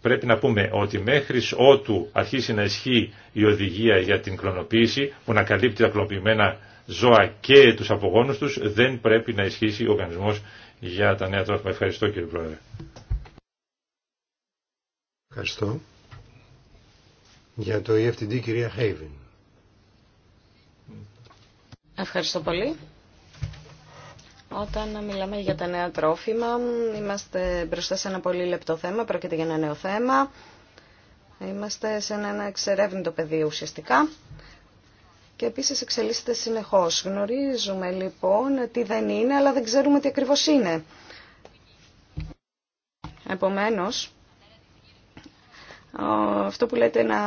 πρέπει να πούμε ότι μέχρι ότου αρχίσει να ισχύει η οδηγία για την κλωνοποίηση που να καλύπτει τα κλωνοποιημένα ζώα και τους απογόνους τους δεν πρέπει να ισχύσει ο οργανισμός για τα νέα τρόφιμα. Ευχαριστώ κύριε Πρόεδρε. Ευχαριστώ. Για το EFTD κυρία Χέιβιν. Ευχαριστώ πολύ. Όταν μιλάμε για τα νέα τρόφιμα, είμαστε μπροστά σε ένα πολύ λεπτό θέμα, πρόκειται για ένα νέο θέμα. Είμαστε σε ένα εξερεύνητο πεδίο ουσιαστικά και επίσης εξελίσσεται συνεχώς. Γνωρίζουμε λοιπόν τι δεν είναι, αλλά δεν ξέρουμε τι ακριβώς είναι. Επομένως, αυτό που λέτε να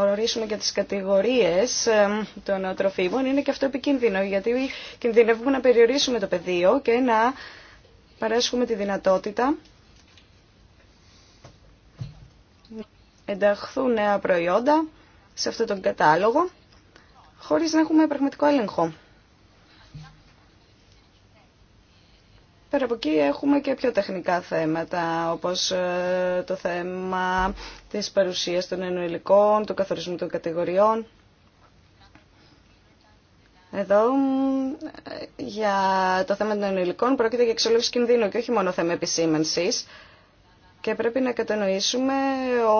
ορίσουμε για τις κατηγορίες ε, των τροφίμων είναι και αυτό επικίνδυνο, γιατί κινδυνεύουμε να περιορίσουμε το πεδίο και να παρέσχουμε τη δυνατότητα ενταχθούν νέα προϊόντα σε αυτόν τον κατάλογο χωρίς να έχουμε πραγματικό έλεγχο. Πέρα από εκεί έχουμε και πιο τεχνικά θέματα, όπως ε, το θέμα της παρουσίας των ενοηλικών, του καθορισμού των κατηγοριών. Εδώ ε, για το θέμα των ενοηλικών, πρόκειται για εξολόγηση κινδύνου και όχι μόνο θέμα επισήμανσης. Και πρέπει να κατανοήσουμε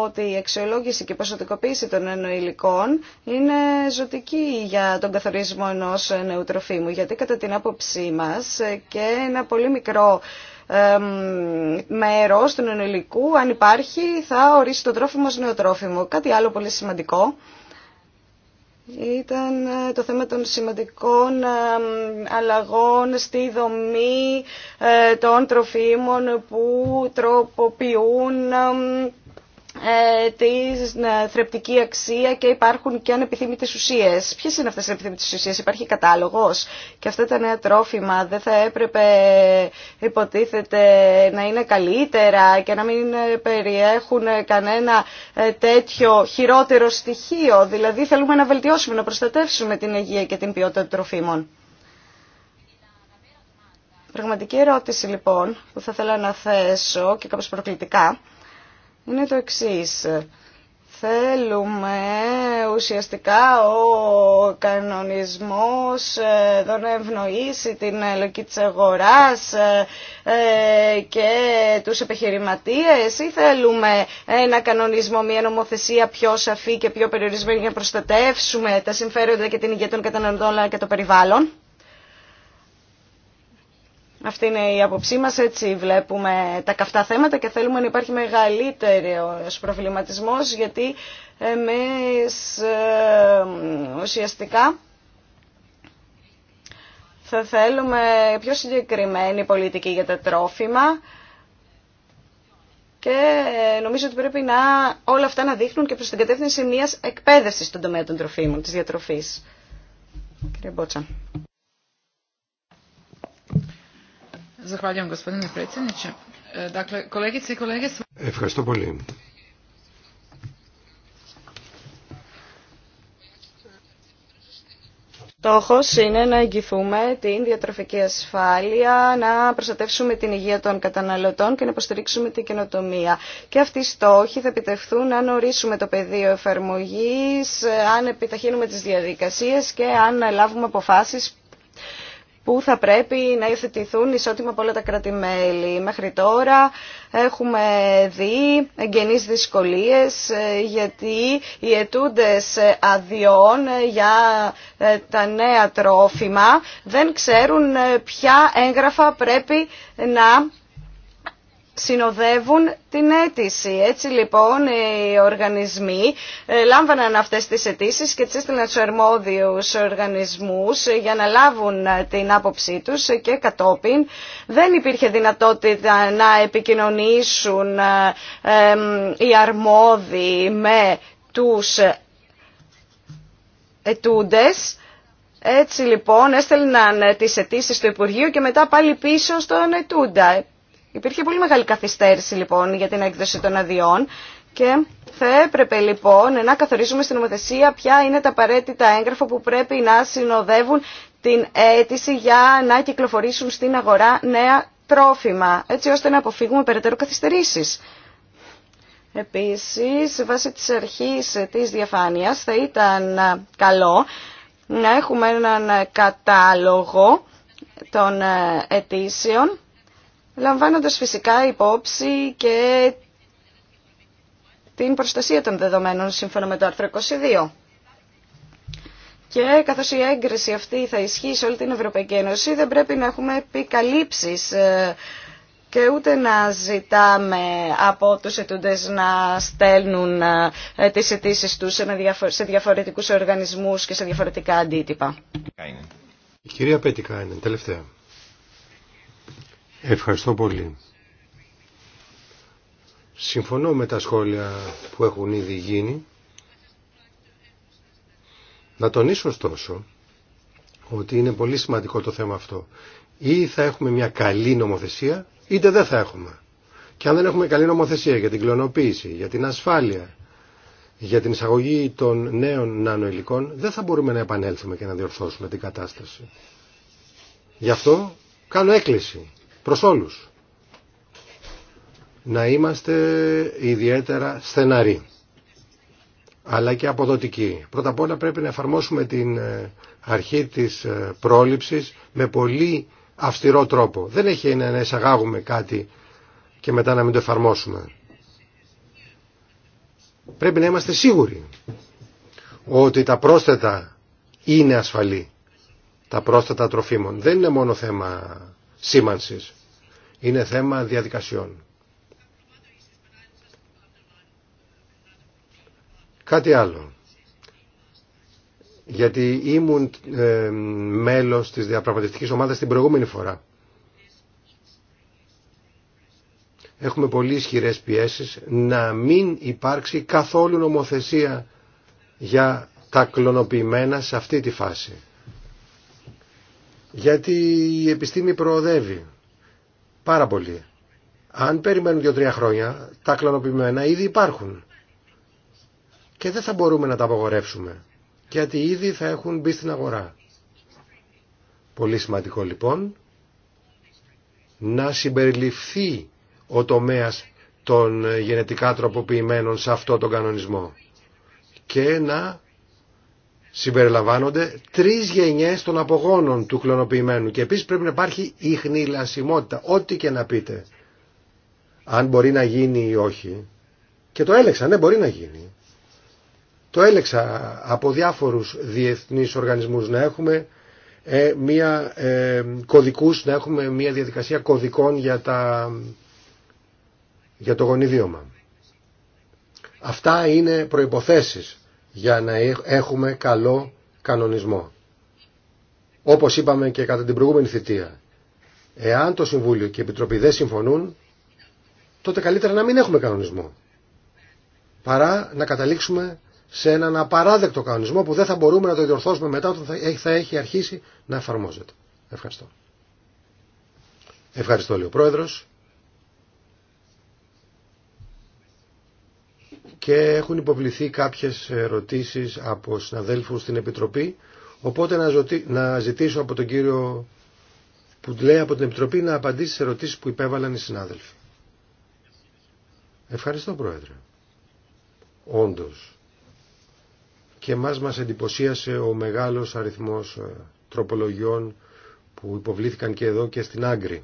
ότι η αξιολόγηση και η ποσοτικοποίηση των ενοηλικών είναι ζωτική για τον καθορισμό ενός νεοτροφίμου. γιατί κατά την άποψή μας και ένα πολύ μικρό μέρος του ενοηλικού, αν υπάρχει, θα ορίσει το τρόφιμο ως νεοτρόφιμο. Κάτι άλλο πολύ σημαντικό ήταν ε, το θέμα των σημαντικών ε, αλλαγών στη δομή ε, των τροφίμων που τροποποιούν ε, την ε, θρεπτική αξία και υπάρχουν και ανεπιθύμητες ουσίες. Ποιες είναι αυτές οι ανεπιθύμητες ουσίες, υπάρχει κατάλογος και αυτά τα νέα τρόφιμα δεν θα έπρεπε υποτίθεται να είναι καλύτερα και να μην ε, περιέχουν κανένα τέτοιο χειρότερο στοιχείο. Δηλαδή θέλουμε να βελτιώσουμε, να προστατεύσουμε την υγεία και την ποιότητα των τροφίμων. Πραγματική ερώτηση λοιπόν που θα ήθελα να θέσω και κάπως προκλητικά είναι το εξής. Θέλουμε ουσιαστικά ο κανονισμός εδώ να ευνοήσει την λογική της αγοράς ε, και τους επιχειρηματίες ή θέλουμε ένα κανονισμό, μια νομοθεσία πιο σαφή και πιο περιορισμένη για να προστατεύσουμε τα συμφέροντα και την υγεία των καταναλωτών και των περιβάλλον. Αυτή είναι η άποψή μας, έτσι βλέπουμε τα καυτά θέματα και θέλουμε να υπάρχει μεγαλύτερος προβληματισμός γιατί εμείς ε, ουσιαστικά θα θέλουμε πιο συγκεκριμένη πολιτική για τα τρόφιμα και ε, νομίζω ότι πρέπει να όλα αυτά να δείχνουν και προς την κατεύθυνση μιας εκπαίδευσης στον τομέα των τροφίμων, της διατροφής. Κύριε Μπότσα. E, Ευχαριστώ πολύ. Στόχος είναι να εγγυθούμε την διατροφική ασφάλεια, να προστατεύσουμε την υγεία των καταναλωτών και να υποστηρίξουμε την καινοτομία. Και αυτοί οι στόχοι θα επιτευχθούν αν ορίσουμε το πεδίο εφαρμογής, αν επιταχύνουμε τις διαδικασίες και αν λάβουμε αποφάσεις που θα πρέπει να υιοθετηθούν ισότιμα από όλα τα κράτη-μέλη. Μέχρι τώρα έχουμε δει εγγενείς δυσκολίες ε, γιατί οι αιτούντες αδειών για ε, τα νέα τρόφιμα δεν ξέρουν ε, ποια έγγραφα πρέπει να συνοδεύουν την αίτηση. Έτσι λοιπόν οι οργανισμοί ε, λάμβαναν αυτές τις αιτήσει και τις έστειλαν στους αρμόδιους οργανισμούς ε, για να λάβουν ε, την άποψή τους και κατόπιν δεν υπήρχε δυνατότητα να επικοινωνήσουν οι αρμόδιοι με τους ετούντες. Έτσι λοιπόν έστελναν τις αιτήσει στο Υπουργείο και μετά πάλι πίσω στον ετούντα. Υπήρχε πολύ μεγάλη καθυστέρηση λοιπόν για την έκδοση των αδειών και θα έπρεπε λοιπόν να καθορίζουμε στην νομοθεσία ποια είναι τα απαραίτητα έγγραφα που πρέπει να συνοδεύουν την αίτηση για να κυκλοφορήσουν στην αγορά νέα τρόφιμα, έτσι ώστε να αποφύγουμε περαιτέρω καθυστερήσεις. Επίσης, βάση της αρχής της διαφάνειας, θα ήταν καλό να έχουμε έναν κατάλογο των αιτήσεων λαμβάνοντας φυσικά υπόψη και την προστασία των δεδομένων σύμφωνα με το άρθρο 22. Και καθώς η έγκριση αυτή θα ισχύει σε όλη την Ευρωπαϊκή Ένωση, δεν πρέπει να έχουμε επικαλύψεις ε, και ούτε να ζητάμε από τους ετούντες να στέλνουν ε, τις αιτήσει τους σε διαφορετικούς οργανισμούς και σε διαφορετικά αντίτυπα. Η κυρία Πέτικα είναι τελευταία. Ευχαριστώ πολύ. Συμφωνώ με τα σχόλια που έχουν ήδη γίνει. Να τονίσω ωστόσο ότι είναι πολύ σημαντικό το θέμα αυτό. Ή θα έχουμε μια καλή νομοθεσία, είτε δεν θα έχουμε. Και αν δεν έχουμε καλή νομοθεσία για την κλωνοποίηση, για την ασφάλεια, για την εισαγωγή των νέων νανοηλικών, δεν θα μπορούμε να επανέλθουμε και να διορθώσουμε την κατάσταση. Γι' αυτό κάνω έκκληση προς όλους. Να είμαστε ιδιαίτερα στεναροί, αλλά και αποδοτικοί. Πρώτα απ' όλα πρέπει να εφαρμόσουμε την ε, αρχή της ε, πρόληψης με πολύ αυστηρό τρόπο. Δεν έχει να εισαγάγουμε κάτι και μετά να μην το εφαρμόσουμε. Πρέπει να είμαστε σίγουροι ότι τα πρόσθετα είναι ασφαλή. Τα πρόσθετα τροφίμων. Δεν είναι μόνο θέμα είναι θέμα διαδικασιών. Κάτι άλλο. Γιατί ήμουν ε, μέλος της διαπραγματευτικής ομάδας την προηγούμενη φορά. Έχουμε πολύ ισχυρέ πιέσεις να μην υπάρξει καθόλου νομοθεσία για τα κλωνοποιημένα σε αυτή τη φάση. Γιατί η επιστήμη προοδεύει πάρα πολύ. Αν περιμένουν δύο-τρία χρόνια, τα κλανοποιημένα ήδη υπάρχουν. Και δεν θα μπορούμε να τα απογορεύσουμε. Γιατί ήδη θα έχουν μπει στην αγορά. Πολύ σημαντικό λοιπόν να συμπεριληφθεί ο τομέας των γενετικά τροποποιημένων σε αυτό τον κανονισμό και να συμπεριλαμβάνονται τρεις γενιές των απογόνων του κλωνοποιημένου και επίσης πρέπει να υπάρχει ίχνη λασιμότητα, ό,τι και να πείτε. Αν μπορεί να γίνει ή όχι. Και το έλεξα, ναι μπορεί να γίνει. Το έλεξα από διάφορους διεθνείς οργανισμούς να έχουμε ε, μία, ε, κωδικούς, να έχουμε μία διαδικασία κωδικών για, τα, για το γονιδίωμα. Αυτά είναι προϋποθέσεις για να έχουμε καλό κανονισμό. Όπως είπαμε και κατά την προηγούμενη θητεία, εάν το Συμβούλιο και η Επιτροπή δεν συμφωνούν, τότε καλύτερα να μην έχουμε κανονισμό. Παρά να καταλήξουμε σε έναν απαράδεκτο κανονισμό που δεν θα μπορούμε να το διορθώσουμε μετά όταν θα έχει αρχίσει να εφαρμόζεται. Ευχαριστώ. Ευχαριστώ, λέει ο Πρόεδρος. και έχουν υποβληθεί κάποιες ερωτήσεις από συναδέλφους στην Επιτροπή οπότε να ζητήσω από τον κύριο που λέει από την Επιτροπή να απαντήσει στις ερωτήσεις που υπέβαλαν οι συνάδελφοι. Ευχαριστώ Πρόεδρε. Όντως. Και μας μας εντυπωσίασε ο μεγάλος αριθμός ε, τροπολογιών που υποβλήθηκαν και εδώ και στην Άγκρη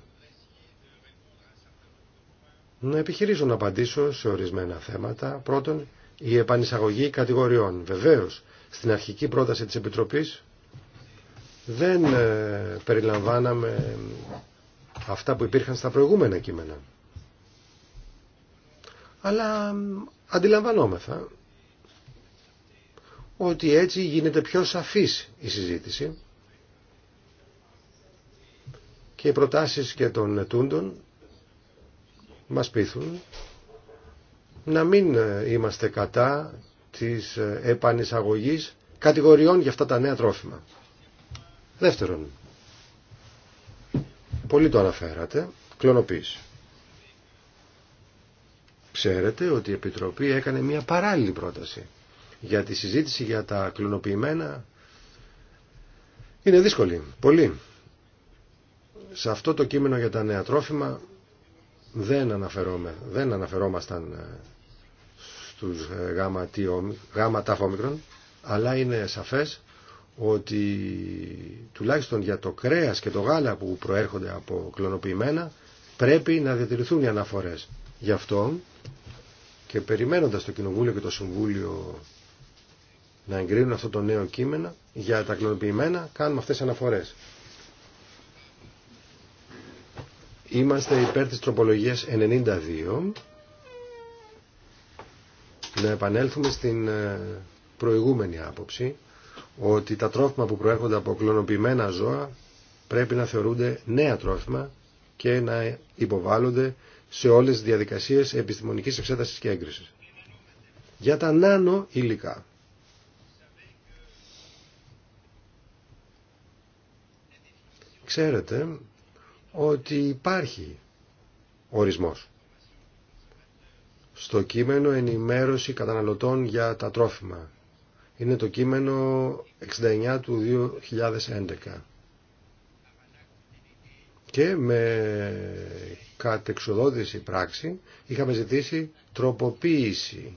να επιχειρήσω να απαντήσω σε ορισμένα θέματα. Πρώτον, η επανεισαγωγή κατηγοριών. Βεβαίως, στην αρχική πρόταση της Επιτροπής δεν ε, περιλαμβάναμε αυτά που υπήρχαν στα προηγούμενα κείμενα. Αλλά αντιλαμβανόμεθα ότι έτσι γίνεται πιο σαφής η συζήτηση και οι προτάσεις και των ετούντων μας πείθουν να μην είμαστε κατά της επανεισαγωγής κατηγοριών για αυτά τα νέα τρόφιμα. Δεύτερον, πολύ το αναφέρατε, κλωνοποίηση. Ξέρετε ότι η Επιτροπή έκανε μια παράλληλη πρόταση για τη συζήτηση για τα κλωνοποιημένα. Είναι δύσκολη, πολύ. Σε αυτό το κείμενο για τα νέα τρόφιμα δεν, αναφερόμε, δεν αναφερόμασταν ε, στους ε, γάμα τάφ αλλά είναι σαφές ότι τουλάχιστον για το κρέας και το γάλα που προέρχονται από κλωνοποιημένα πρέπει να διατηρηθούν οι αναφορές. Γι' αυτό και περιμένοντας το Κοινοβούλιο και το Συμβούλιο να εγκρίνουν αυτό το νέο κείμενο για τα κλωνοποιημένα κάνουμε αυτές τις αναφορές. Είμαστε υπέρ της τροπολογίας 92. Να επανέλθουμε στην ε, προηγούμενη άποψη ότι τα τρόφιμα που προέρχονται από κλωνοποιημένα ζώα πρέπει να θεωρούνται νέα τρόφιμα και να υποβάλλονται σε όλες τις διαδικασίες επιστημονικής εξέτασης και έγκρισης. Για τα νάνο υλικά. Ξέρετε ότι υπάρχει ορισμός. Στο κείμενο ενημέρωση καταναλωτών για τα τρόφιμα. Είναι το κείμενο 69 του 2011. Και με κατεξοδότηση πράξη είχαμε ζητήσει τροποποίηση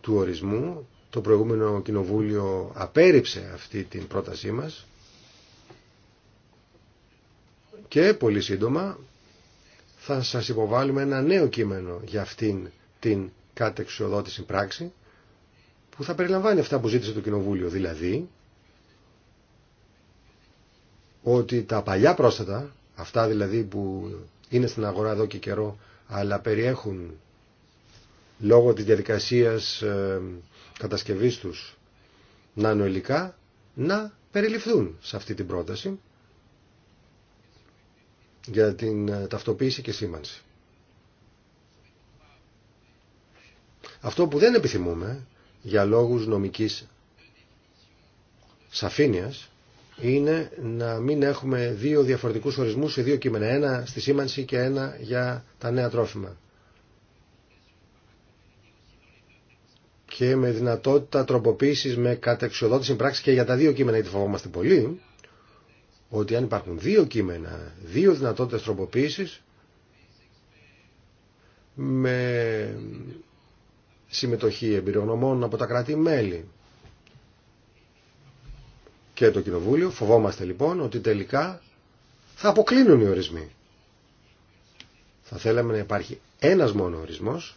του ορισμού. Το προηγούμενο κοινοβούλιο απέριψε αυτή την πρότασή μας και πολύ σύντομα θα σας υποβάλουμε ένα νέο κείμενο για αυτήν την κατεξοδότηση πράξη που θα περιλαμβάνει αυτά που ζήτησε το Κοινοβούλιο. Δηλαδή ότι τα παλιά πρόσθετα, αυτά δηλαδή που είναι στην αγορά εδώ και καιρό αλλά περιέχουν λόγω της διαδικασίας ε, κατασκευής τους νανοελικά να περιληφθούν σε αυτή την πρόταση για την ε, ταυτοποίηση και σήμανση. Αυτό που δεν επιθυμούμε για λόγους νομικής σαφήνειας είναι να μην έχουμε δύο διαφορετικούς ορισμούς σε δύο κείμενα. Ένα στη σήμανση και ένα για τα νέα τρόφιμα. Και με δυνατότητα τροποποίησης με κατεξοδότηση πράξη και για τα δύο κείμενα, γιατί φοβόμαστε πολύ, ότι αν υπάρχουν δύο κείμενα, δύο δυνατότητες τροποποίησης, με συμμετοχή εμπειρογνωμών από τα κράτη-μέλη και το Κοινοβούλιο, φοβόμαστε λοιπόν ότι τελικά θα αποκλίνουν οι ορισμοί. Θα θέλαμε να υπάρχει ένας μόνο ορισμός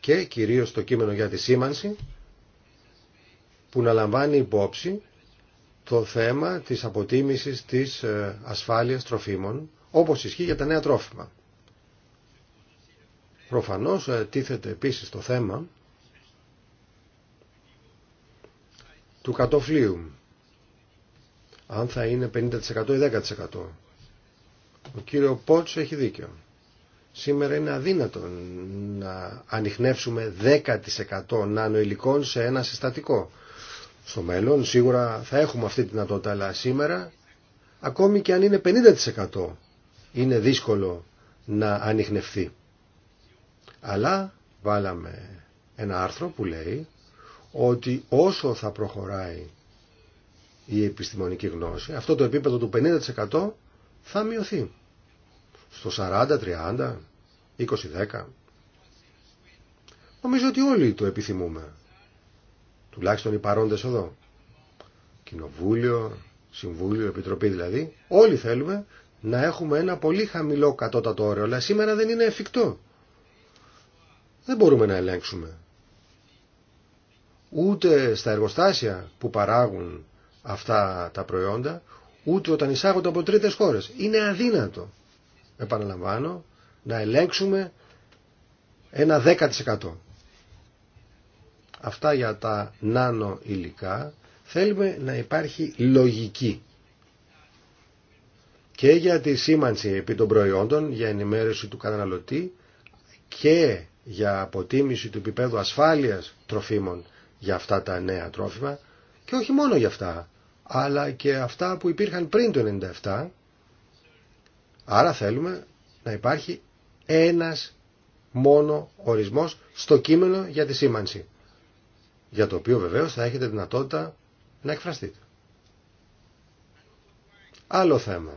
και κυρίως το κείμενο για τη σήμανση που να λαμβάνει υπόψη το θέμα της αποτίμησης της ε, ασφάλειας τροφίμων, όπως ισχύει για τα νέα τρόφιμα. Προφανώς ε, τίθεται επίσης το θέμα του κατοφλίου, αν θα είναι 50% ή 10%. Ο κύριο Πότς έχει δίκιο. Σήμερα είναι αδύνατο να ανοιχνεύσουμε 10% νανοηλικών σε ένα συστατικό στο μέλλον. Σίγουρα θα έχουμε αυτή τη δυνατότητα, αλλά σήμερα ακόμη και αν είναι 50% είναι δύσκολο να ανοιχνευθεί. Αλλά βάλαμε ένα άρθρο που λέει ότι όσο θα προχωράει η επιστημονική γνώση, αυτό το επίπεδο του 50% θα μειωθεί. Στο 40, 30, 20, 10. Νομίζω ότι όλοι το επιθυμούμε τουλάχιστον οι παρόντε εδώ, Κοινοβούλιο, Συμβούλιο, Επιτροπή δηλαδή, όλοι θέλουμε να έχουμε ένα πολύ χαμηλό κατώτατο όριο, αλλά σήμερα δεν είναι εφικτό. Δεν μπορούμε να ελέγξουμε. Ούτε στα εργοστάσια που παράγουν αυτά τα προϊόντα, ούτε όταν εισάγονται από τρίτες χώρες. Είναι αδύνατο, επαναλαμβάνω, να ελέγξουμε ένα 10% αυτά για τα νάνο υλικά θέλουμε να υπάρχει λογική και για τη σήμανση επί των προϊόντων για ενημέρωση του καταναλωτή και για αποτίμηση του επίπεδου ασφάλειας τροφίμων για αυτά τα νέα τρόφιμα και όχι μόνο για αυτά αλλά και αυτά που υπήρχαν πριν το 97 άρα θέλουμε να υπάρχει ένας μόνο ορισμός στο κείμενο για τη σήμανση για το οποίο βεβαίως θα έχετε δυνατότητα να εκφραστείτε. Άλλο θέμα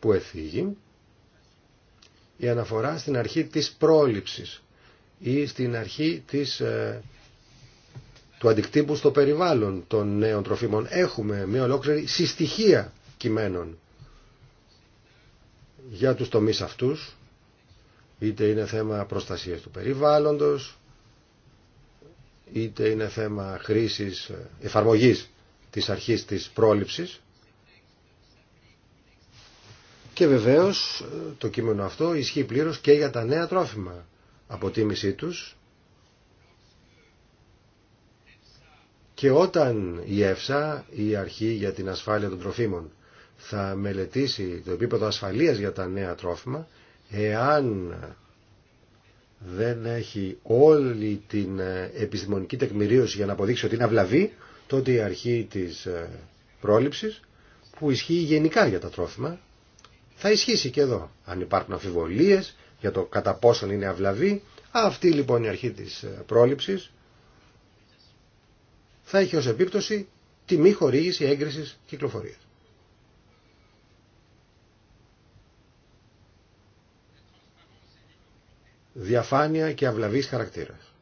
που εφήγει η αναφορά στην αρχή της πρόληψης ή στην αρχή της, ε, του αντικτύπου στο περιβάλλον των νέων τροφίμων. Έχουμε μια ολόκληρη συστοιχεία κειμένων για τους τομείς αυτούς, είτε είναι θέμα προστασίας του περιβάλλοντος, είτε είναι θέμα χρήσης, εφαρμογής της αρχής της πρόληψης και βεβαίως το κείμενο αυτό ισχύει πλήρως και για τα νέα τρόφιμα. Αποτίμησή τους και όταν η ΕΦΣΑ, η αρχή για την ασφάλεια των τροφίμων, θα μελετήσει το επίπεδο ασφαλείας για τα νέα τρόφιμα, εάν δεν έχει όλη την ε, επιστημονική τεκμηρίωση για να αποδείξει ότι είναι αυλαβή, τότε η αρχή της ε, πρόληψης που ισχύει γενικά για τα τρόφιμα θα ισχύσει και εδώ. Αν υπάρχουν αμφιβολίες για το κατά πόσον είναι αυλαβή, αυτή λοιπόν η αρχή της ε, πρόληψης θα έχει ως επίπτωση τη μη χορήγηση έγκρισης κυκλοφορίας. διαφάνεια και αυλαβής χαρακτήρας.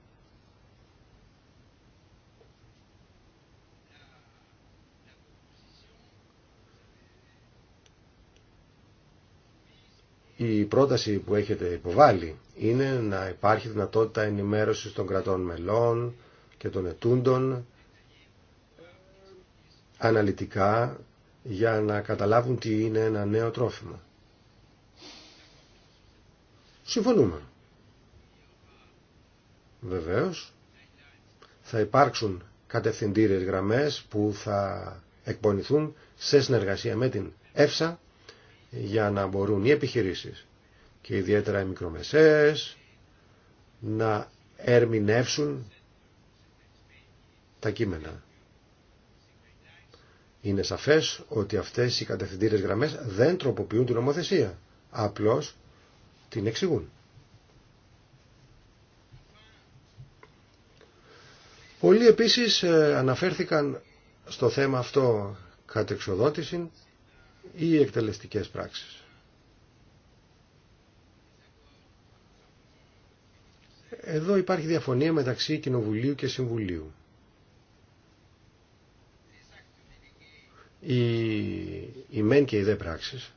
Η πρόταση που έχετε υποβάλει είναι να υπάρχει δυνατότητα ενημέρωσης των κρατών μελών και των ετούντων αναλυτικά για να καταλάβουν τι είναι ένα νέο τρόφιμο. Συμφωνούμε. Βεβαίως, θα υπάρξουν κατευθυντήριες γραμμές που θα εκπονηθούν σε συνεργασία με την ΕΦΣΑ για να μπορούν οι επιχειρήσεις και ιδιαίτερα οι μικρομεσαίες να ερμηνεύσουν τα κείμενα. Είναι σαφές ότι αυτές οι κατευθυντήριες γραμμές δεν τροποποιούν την νομοθεσία, απλώς την εξηγούν. Πολλοί επίσης ε, αναφέρθηκαν στο θέμα αυτό κατεξοδότηση ή εκτελεστικές πράξεις. Εδώ υπάρχει διαφωνία μεταξύ Κοινοβουλίου και Συμβουλίου. Οι, οι μεν και οι δε πράξεις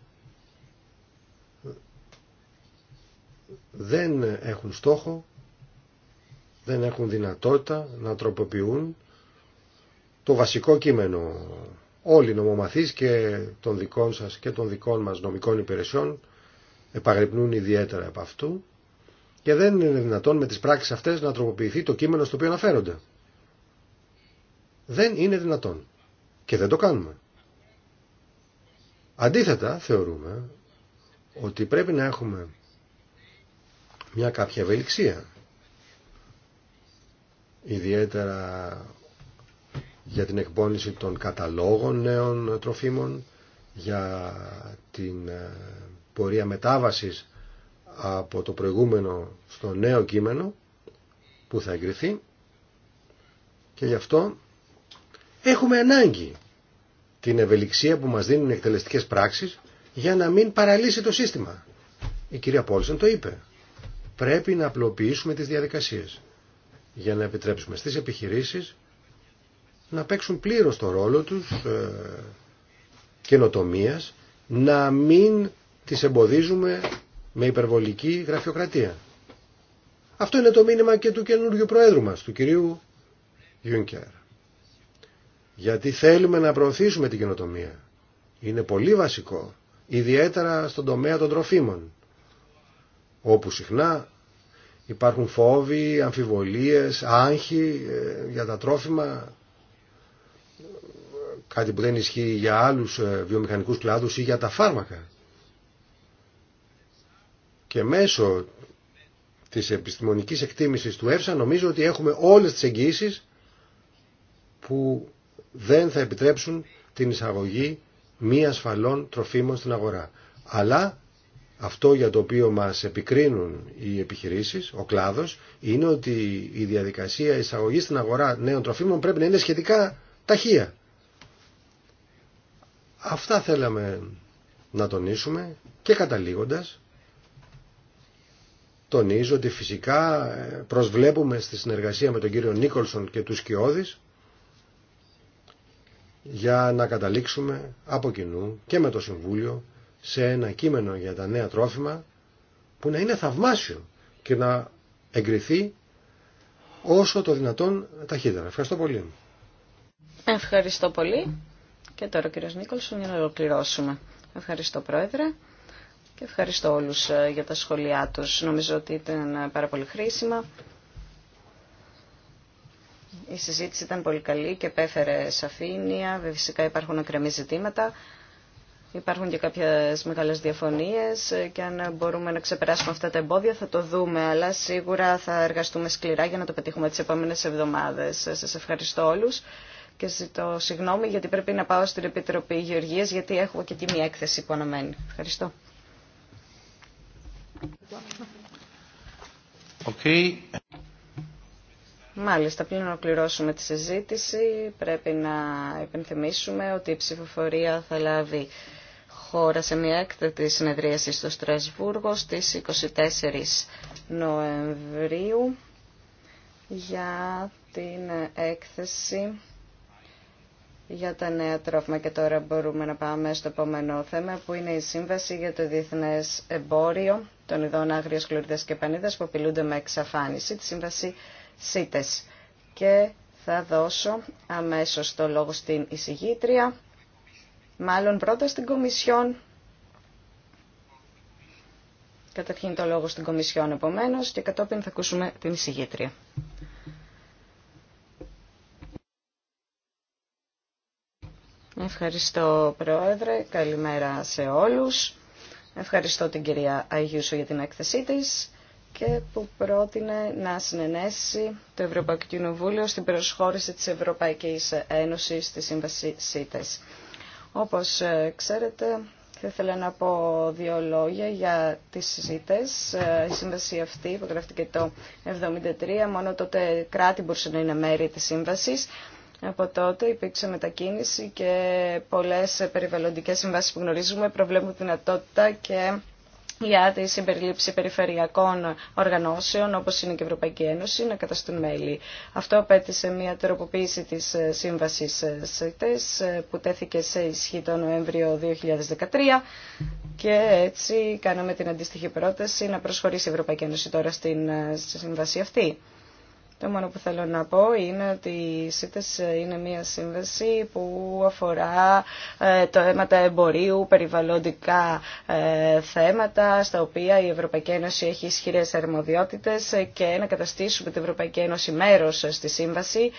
δεν έχουν στόχο δεν έχουν δυνατότητα να τροποποιούν το βασικό κείμενο. Όλοι οι νομομαθείς και των δικών σας και των δικών μας νομικών υπηρεσιών επαγρυπνούν ιδιαίτερα από αυτού και δεν είναι δυνατόν με τις πράξεις αυτές να τροποποιηθεί το κείμενο στο οποίο αναφέρονται. Δεν είναι δυνατόν. Και δεν το κάνουμε. Αντίθετα θεωρούμε ότι πρέπει να έχουμε μια κάποια ευελιξία ιδιαίτερα για την εκπόνηση των καταλόγων νέων τροφίμων, για την ε, πορεία μετάβασης από το προηγούμενο στο νέο κείμενο που θα εγκριθεί και γι' αυτό έχουμε ανάγκη την ευελιξία που μας δίνουν οι εκτελεστικές πράξεις για να μην παραλύσει το σύστημα. Η κυρία Πόλσεν το είπε. Πρέπει να απλοποιήσουμε τις διαδικασίες για να επιτρέψουμε στις επιχειρήσεις να παίξουν πλήρως το ρόλο τους ε, καινοτομίας, να μην τις εμποδίζουμε με υπερβολική γραφειοκρατία. Αυτό είναι το μήνυμα και του καινούργιου Προέδρου μας, του κυρίου Γιούνκερ. Γιατί θέλουμε να προωθήσουμε την καινοτομία. Είναι πολύ βασικό, ιδιαίτερα στον τομέα των τροφίμων, όπου συχνά Υπάρχουν φόβοι, αμφιβολίες, άγχη ε, για τα τρόφιμα, κάτι που δεν ισχύει για άλλους ε, βιομηχανικούς κλάδους ή για τα φάρμακα. Και μέσω της επιστημονικής εκτίμησης του ΕΦΣΑ νομίζω ότι έχουμε όλες τις εγγύησεις που δεν θα επιτρέψουν την εισαγωγή μη ασφαλών τροφίμων στην αγορά. Αλλά αυτό για το οποίο μας επικρίνουν οι επιχειρήσεις, ο κλάδος, είναι ότι η διαδικασία εισαγωγής στην αγορά νέων τροφίμων πρέπει να είναι σχετικά ταχεία. Αυτά θέλαμε να τονίσουμε και καταλήγοντας τονίζω ότι φυσικά ε, προσβλέπουμε στη συνεργασία με τον κύριο Νίκολσον και τους Κιώδης για να καταλήξουμε από κοινού και με το Συμβούλιο σε ένα κείμενο για τα νέα τρόφιμα που να είναι θαυμάσιο και να εγκριθεί όσο το δυνατόν ταχύτερα. Ευχαριστώ πολύ. Ευχαριστώ πολύ. Και τώρα ο κύριος Νίκολσον για να ολοκληρώσουμε. Ευχαριστώ Πρόεδρε και ευχαριστώ όλους ε, για τα σχόλιά τους. Νομίζω ότι ήταν ε, πάρα πολύ χρήσιμα. Η συζήτηση ήταν πολύ καλή και επέφερε σαφήνεια. Φυσικά υπάρχουν ακρεμή ζητήματα. Υπάρχουν και κάποιες μεγάλες διαφωνίες και αν μπορούμε να ξεπεράσουμε αυτά τα εμπόδια θα το δούμε, αλλά σίγουρα θα εργαστούμε σκληρά για να το πετύχουμε τις επόμενες εβδομάδες. Σας ευχαριστώ όλους και ζητώ συγγνώμη γιατί πρέπει να πάω στην Επιτροπή Γεωργίας γιατί έχω και εκεί μια έκθεση που αναμένει. Ευχαριστώ. Μάλιστα, πριν ολοκληρώσουμε τη συζήτηση, πρέπει να υπενθυμίσουμε ότι η ψηφοφορία θα λάβει χώρα σε μια έκτατη συνεδρίαση στο Στρασβούργο στις 24 Νοεμβρίου για την έκθεση για τα νέα τρόφιμα και τώρα μπορούμε να πάμε στο επόμενο θέμα που είναι η Σύμβαση για το Διεθνές Εμπόριο των Ειδών Άγριας κλωρίδες και Πανίδας που απειλούνται με εξαφάνιση, τη Σύμβαση ΣΥΤΕΣ. Και θα δώσω αμέσως το λόγο στην εισηγήτρια μάλλον πρώτα στην Κομισιόν. Καταρχήν το λόγο στην Κομισιόν επομένως και κατόπιν θα ακούσουμε την εισηγήτρια. Ευχαριστώ Πρόεδρε, καλημέρα σε όλους. Ευχαριστώ την κυρία Αγιούσο για την έκθεσή της και που πρότεινε να συνενέσει το Ευρωπαϊκό Κοινοβούλιο στην προσχώρηση της Ευρωπαϊκής Ένωσης στη Σύμβαση ΣΥΤΕΣ. Όπως ε, ξέρετε, θα ήθελα να πω δύο λόγια για τις συζήτες. Ε, η σύμβαση αυτή γράφτηκε το 1973, μόνο τότε κράτη μπορούσε να είναι μέρη της σύμβασης. Από τότε υπήρξε μετακίνηση και πολλές περιβαλλοντικές συμβάσεις που γνωρίζουμε προβλέπουν δυνατότητα και για τη συμπεριλήψη περιφερειακών οργανώσεων, όπως είναι και η Ευρωπαϊκή Ένωση, να καταστούν μέλη. Αυτό απέτησε μια τροποποίηση της ε, σύμβασης ε, ΣΕΤΕΣ ε, που τέθηκε σε ισχύ το Νοέμβριο 2013 και έτσι κάναμε την αντίστοιχη πρόταση να προσχωρήσει η Ευρωπαϊκή Ένωση τώρα στην σύμβαση αυτή. Το μόνο που θέλω να πω είναι ότι η ΣΥΤΕΣ είναι μια σύμβαση που αφορά το ε, τα εμπορίου, περιβαλλοντικά ε, θέματα, στα οποία η Ευρωπαϊκή Ένωση έχει ισχυρές αρμοδιότητες και να καταστήσουμε την Ευρωπαϊκή Ένωση μέρος στη σύμβαση.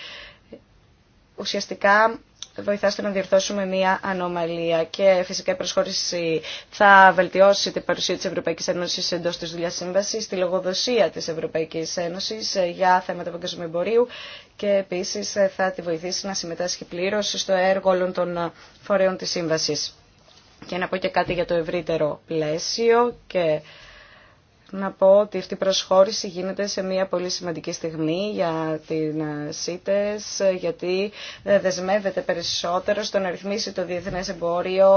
Ουσιαστικά βοηθάστε να διορθώσουμε μια ανομαλία και φυσικά η προσχώρηση θα βελτιώσει την παρουσία της Ευρωπαϊκής Ένωσης εντός της δουλειάς σύμβασης, τη λογοδοσία της Ευρωπαϊκής Ένωσης ε, για θέματα παγκοσμίου εμπορίου και επίσης ε, θα τη βοηθήσει να συμμετάσχει πλήρως στο έργο όλων των ε, φορέων της σύμβασης. Και να πω και κάτι για το ευρύτερο πλαίσιο και να πω ότι αυτή η προσχώρηση γίνεται σε μια πολύ σημαντική στιγμή για την ε, ΣΥΤΕΣ, γιατί ε, δεσμεύεται περισσότερο στο να ρυθμίσει το διεθνέ εμπόριο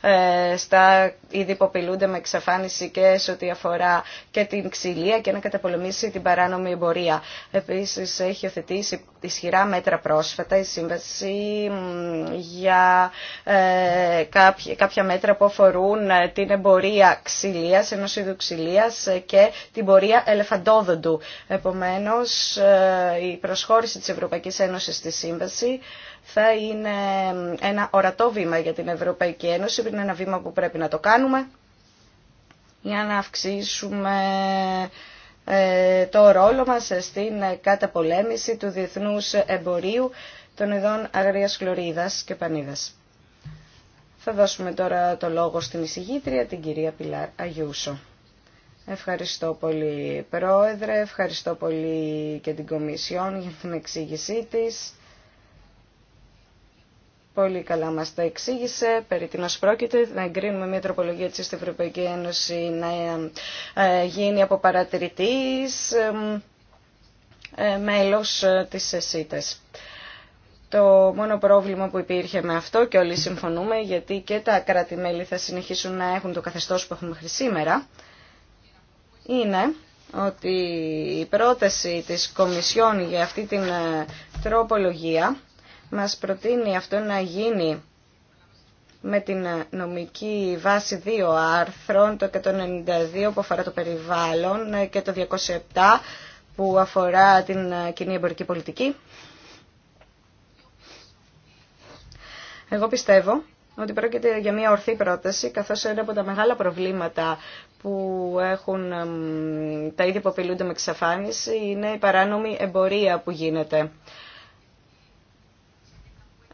ε, στα είδη που απειλούνται με εξαφάνιση και σε ό,τι αφορά και την ξυλία και να καταπολεμήσει την παράνομη εμπορία. Επίσης έχει οθετήσει ισχυρά μέτρα πρόσφατα η Σύμβαση για κάποια μέτρα που αφορούν την εμπορία ξυλία, ενό είδου ξυλία και την πορεία ελεφαντόδοντου. Επομένως, ε, η προσχώρηση της Ευρωπαϊκής Ένωσης στη Σύμβαση θα είναι ένα ορατό βήμα για την Ευρωπαϊκή Ένωση, είναι ένα βήμα που πρέπει να το κάνουμε για να αυξήσουμε ε, το ρόλο μας στην καταπολέμηση του διεθνούς εμπορίου των ειδών αγρίας χλωρίδας και πανίδας. Θα δώσουμε τώρα το λόγο στην εισηγήτρια, την κυρία Πιλάρ Αγιούσο. Ευχαριστώ πολύ Πρόεδρε, ευχαριστώ πολύ και την Κομισιόν για την εξήγησή της. Πολύ καλά μας τα εξήγησε, περί την ως πρόκειται, να εγκρίνουμε μια τροπολογία της στην Ευρωπαϊκή Ένωση να ε, γίνει από παρατηρητής ε, μέλος ε, της ΕΣΥΤΕΣ. Το μόνο πρόβλημα που υπήρχε με αυτό και όλοι συμφωνούμε γιατί και τα κράτη-μέλη θα συνεχίσουν να έχουν το καθεστώς που έχουμε μέχρι σήμερα είναι ότι η πρόταση της Κομισιόν για αυτή την ε, τροπολογία μας προτείνει αυτό να γίνει με την ε, νομική βάση δύο άρθρων, το 192 που αφορά το περιβάλλον ε, και το 207 που αφορά την κοινή εμπορική πολιτική. Εγώ πιστεύω ότι πρόκειται για μια ορθή πρόταση, καθώς ένα από τα μεγάλα προβλήματα που έχουν τα ίδια που απειλούνται με εξαφάνιση είναι η παράνομη εμπορία που γίνεται.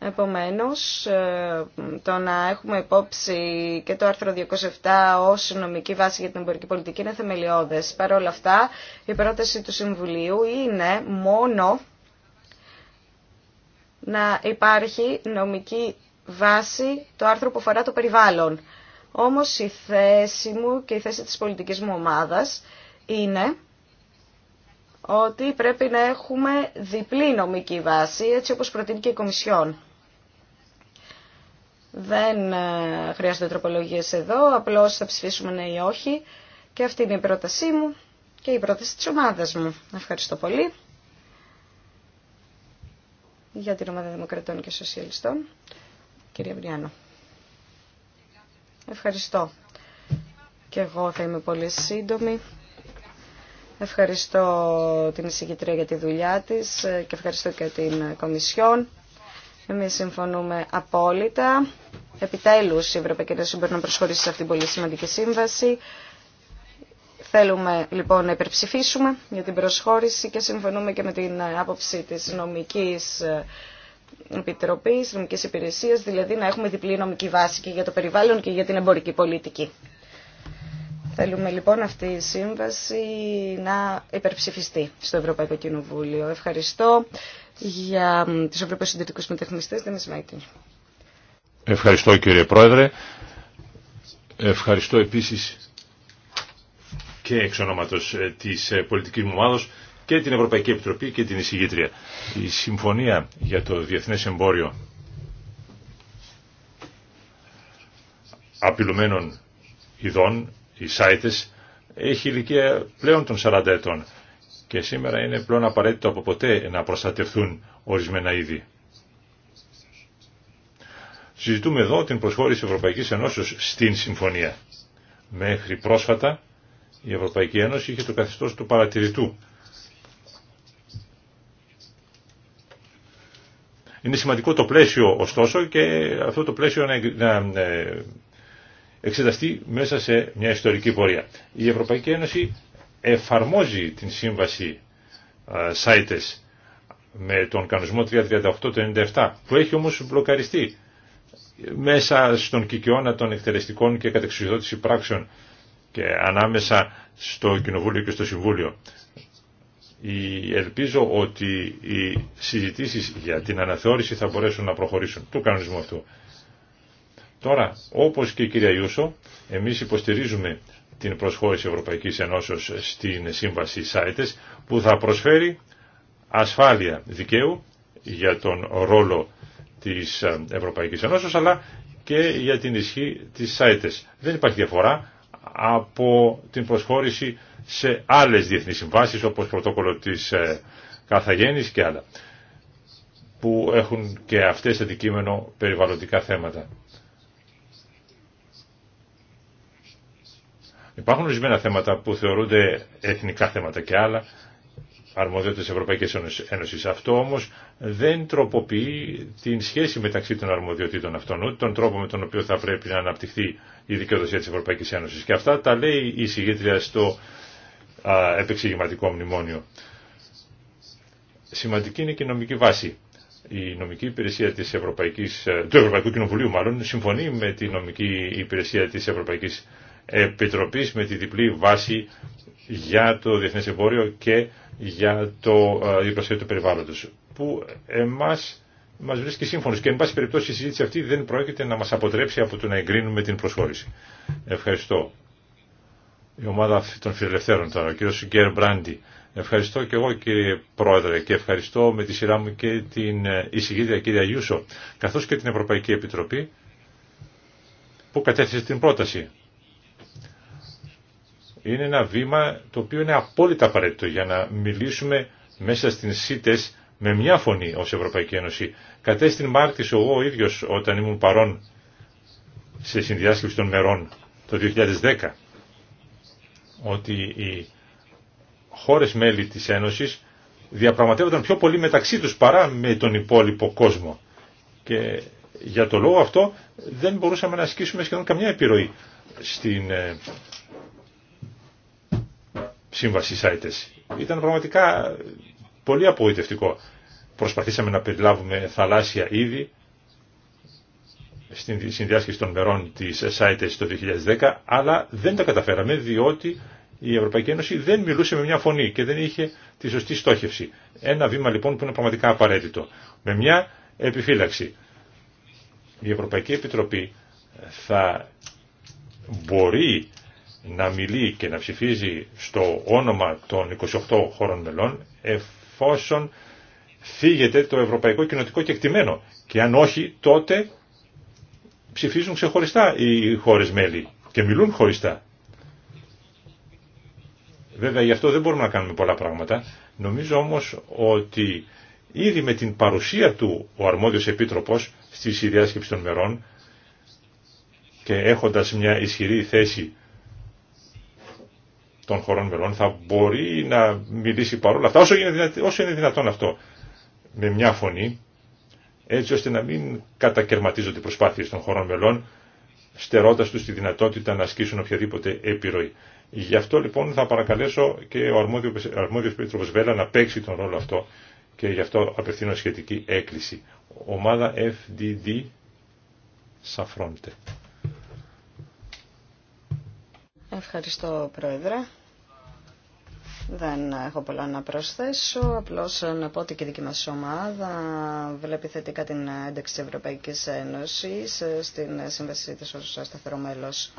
Επομένως, ε, το να έχουμε υπόψη και το άρθρο 207 ως νομική βάση για την εμπορική πολιτική είναι θεμελιώδες. Παρ' όλα αυτά, η πρόταση του Συμβουλίου είναι μόνο να υπάρχει νομική βάση το άρθρο που αφορά το περιβάλλον. Όμως η θέση μου και η θέση της πολιτικής μου ομάδας είναι ότι πρέπει να έχουμε διπλή νομική βάση, έτσι όπως προτείνει και η Κομισιόν. Δεν ε, χρειάζονται τροπολογίες εδώ, απλώς θα ψηφίσουμε ναι ή όχι. Και αυτή είναι η πρότασή μου και η πρόταση της ομάδας μου. Ευχαριστώ πολύ για την Ομάδα Δημοκρατών και Σοσιαλιστών. Κυρία Μπριάνο. Ευχαριστώ. Και εγώ θα είμαι πολύ σύντομη. Ευχαριστώ την εισηγητρία για τη δουλειά της και ευχαριστώ και την Κομισιόν. Εμείς συμφωνούμε απόλυτα. Επιτέλους η Ευρωπαϊκή Ένωση μπορεί να προσχωρήσει σε αυτήν την πολύ σημαντική σύμβαση. Θέλουμε λοιπόν να υπερψηφίσουμε για την προσχώρηση και συμφωνούμε και με την άποψη της νομικής Επιτροπή νομικέ υπηρεσίε, δηλαδή να έχουμε διπλή νομική βάση και για το περιβάλλον και για την εμπορική πολιτική. Θέλουμε λοιπόν αυτή η σύμβαση να υπερψηφιστεί στο Ευρωπαϊκό Κοινοβούλιο. Ευχαριστώ για τους Ευρωπαίου Συντηρητικού Μετεχνιστές. Ευχαριστώ κύριε Πρόεδρε. Ευχαριστώ επίση και εξ ονόματο ε, της ε, πολιτικής μου ομάδος και την Ευρωπαϊκή Επιτροπή και την εισηγήτρια. Η συμφωνία για το διεθνές εμπόριο απειλουμένων ειδών, οι σάιτες, έχει ηλικία πλέον των 40 ετών και σήμερα είναι πλέον απαραίτητο από ποτέ να προστατευτούν ορισμένα είδη. Συζητούμε εδώ την προσχώρηση Ευρωπαϊκής Ενώσεως στην Συμφωνία. Μέχρι πρόσφατα η Ευρωπαϊκή Ένωση είχε το καθεστώς του παρατηρητού Είναι σημαντικό το πλαίσιο ωστόσο και αυτό το πλαίσιο να ε, εξεταστεί μέσα σε μια ιστορική πορεία. Η Ευρωπαϊκή Ένωση εφαρμόζει την σύμβαση ΣΑΙΤΕΣ με τον κανονισμό 338-97 που έχει όμως μπλοκαριστεί μέσα στον κικαιώνα των εκτελεστικών και κατεξουσιοδότηση πράξεων και ανάμεσα στο Κοινοβούλιο και στο Συμβούλιο ελπίζω ότι οι συζητήσεις για την αναθεώρηση θα μπορέσουν να προχωρήσουν του κανονισμού αυτού. Τώρα, όπως και η κυρία Ιούσο, εμείς υποστηρίζουμε την προσχώρηση Ευρωπαϊκής Ενώσεως στην Σύμβαση ΣΑΙΤΕΣ που θα προσφέρει ασφάλεια δικαίου για τον ρόλο της Ευρωπαϊκής Ενώσεως αλλά και για την ισχύ της ΣΑΙΤΕΣ. Δεν υπάρχει διαφορά από την προσχώρηση σε άλλες διεθνείς συμβάσεις όπως πρωτόκολλο της ε, Καθαγέννης και άλλα που έχουν και αυτές αντικείμενο περιβαλλοντικά θέματα. Υπάρχουν ορισμένα θέματα που θεωρούνται εθνικά θέματα και άλλα, αρμοδιότητες Ευρωπαϊκής Ένωσης. Αυτό όμως δεν τροποποιεί την σχέση μεταξύ των αρμοδιοτήτων αυτών, ούτε τον τρόπο με τον οποίο θα πρέπει να αναπτυχθεί η δικαιοδοσία της Ευρωπαϊκής Ένωσης. Και αυτά τα λέει η συγγήτρια στο επεξηγηματικό μνημόνιο. Σημαντική είναι και η νομική βάση. Η νομική υπηρεσία της Ευρωπαϊκής, ε, του Ευρωπαϊκού Κοινοβουλίου μάλλον συμφωνεί με τη νομική υπηρεσία της Ευρωπαϊκής Επιτροπής με τη διπλή βάση για το διεθνές εμπόριο και για το ε, διπλασιό του περιβάλλοντος που εμάς μας βρίσκει σύμφωνος και εν πάση περιπτώσει η συζήτηση αυτή δεν πρόκειται να μας αποτρέψει από το να εγκρίνουμε την προσχώρηση. Ευχαριστώ η ομάδα των φιλελευθέρων τώρα, ο κύριος Γκέρ Μπράντι. Ευχαριστώ και εγώ κύριε Πρόεδρε και ευχαριστώ με τη σειρά μου και την ε, εισηγήτρια κυρία Γιούσο καθώ και την Ευρωπαϊκή Επιτροπή που κατέθεσε την πρόταση. Είναι ένα βήμα το οποίο είναι απόλυτα απαραίτητο για να μιλήσουμε μέσα στην ΣΥΤΕΣ με μια φωνή ω Ευρωπαϊκή Ένωση. Κατέστην Μάρτης εγώ ο ίδιο, όταν ήμουν παρόν σε συνδιάσκεψη των μερών το 2010 ότι οι χώρες μέλη της Ένωσης διαπραγματεύονταν πιο πολύ μεταξύ τους παρά με τον υπόλοιπο κόσμο. Και για το λόγο αυτό δεν μπορούσαμε να ασκήσουμε σχεδόν καμιά επιρροή στην ε, σύμβαση ΣΑΙΤΕΣ. Ήταν πραγματικά πολύ απογοητευτικό. Προσπαθήσαμε να περιλάβουμε θαλάσσια είδη, στην συνδιάσκεψη των μερών της ΣΑΙΤΕΣ το 2010, αλλά δεν τα καταφέραμε διότι η Ευρωπαϊκή Ένωση δεν μιλούσε με μια φωνή και δεν είχε τη σωστή στόχευση. Ένα βήμα λοιπόν που είναι πραγματικά απαραίτητο. Με μια επιφύλαξη. Η Ευρωπαϊκή Επιτροπή θα μπορεί να μιλεί και να ψηφίζει στο όνομα των 28 χώρων μελών εφόσον φύγεται το ευρωπαϊκό κοινοτικό κεκτημένο. Και αν όχι, τότε ψηφίζουν ξεχωριστά οι χώρες μέλη και μιλούν χωριστά. Βέβαια γι' αυτό δεν μπορούμε να κάνουμε πολλά πράγματα. Νομίζω όμως ότι ήδη με την παρουσία του ο αρμόδιος επίτροπος στη συνδιάσκεψη των μερών και έχοντας μια ισχυρή θέση των χωρών μελών θα μπορεί να μιλήσει παρόλα αυτά όσο είναι δυνατόν αυτό με μια φωνή έτσι ώστε να μην κατακαιρματίζονται οι προσπάθειες των χωρών μελών, στερώντας τους τη δυνατότητα να ασκήσουν οποιαδήποτε επιρροή. Γι' αυτό λοιπόν θα παρακαλέσω και ο αρμόδιος, αρμόδιος Πέτρος Βέλα να παίξει τον ρόλο αυτό και γι' αυτό απευθύνω σχετική έκκληση. Ομάδα FDD Σαφρόντε. Ευχαριστώ Πρόεδρε. Δεν έχω πολλά να προσθέσω, απλώς να πω ότι και η δική μας ομάδα βλέπει θετικά την ένταξη της Ευρωπαϊκής Ένωσης στην σύμβαση της ως σταθερό μέλος.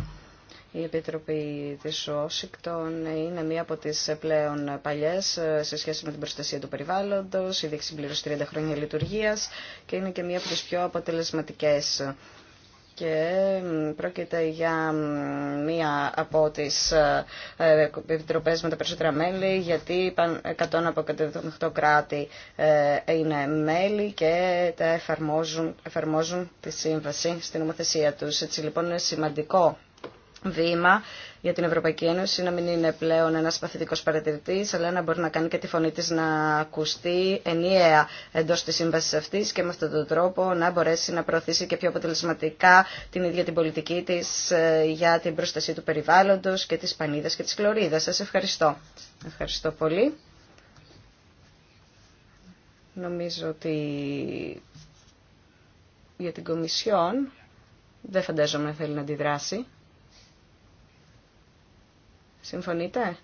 Η Επιτροπή της ούσικτον είναι μία από τις πλέον παλιές σε σχέση με την προστασία του περιβάλλοντος, η έχει συμπληρώσει 30 χρόνια λειτουργίας και είναι και μία από τις πιο αποτελεσματικές και πρόκειται για μία από τις ε, επιτροπές με τα περισσότερα μέλη γιατί 100 από 108 κράτη ε, είναι μέλη και τα εφαρμόζουν, εφαρμόζουν τη σύμβαση στην ομοθεσία τους. Έτσι λοιπόν είναι σημαντικό βήμα για την Ευρωπαϊκή Ένωση να μην είναι πλέον ένας παθητικός παρατηρητή, αλλά να μπορεί να κάνει και τη φωνή τη να ακουστεί ενιαία εντός της σύμβαση αυτή και με αυτόν τον τρόπο να μπορέσει να προωθήσει και πιο αποτελεσματικά την ίδια την πολιτική της ε, για την προστασία του περιβάλλοντος και της πανίδα και τη κλωρίδας. Σα ευχαριστώ. Ευχαριστώ πολύ. Νομίζω ότι για την Κομισιόν δεν φαντάζομαι θέλει να αντιδράσει. Συμφωνείτε?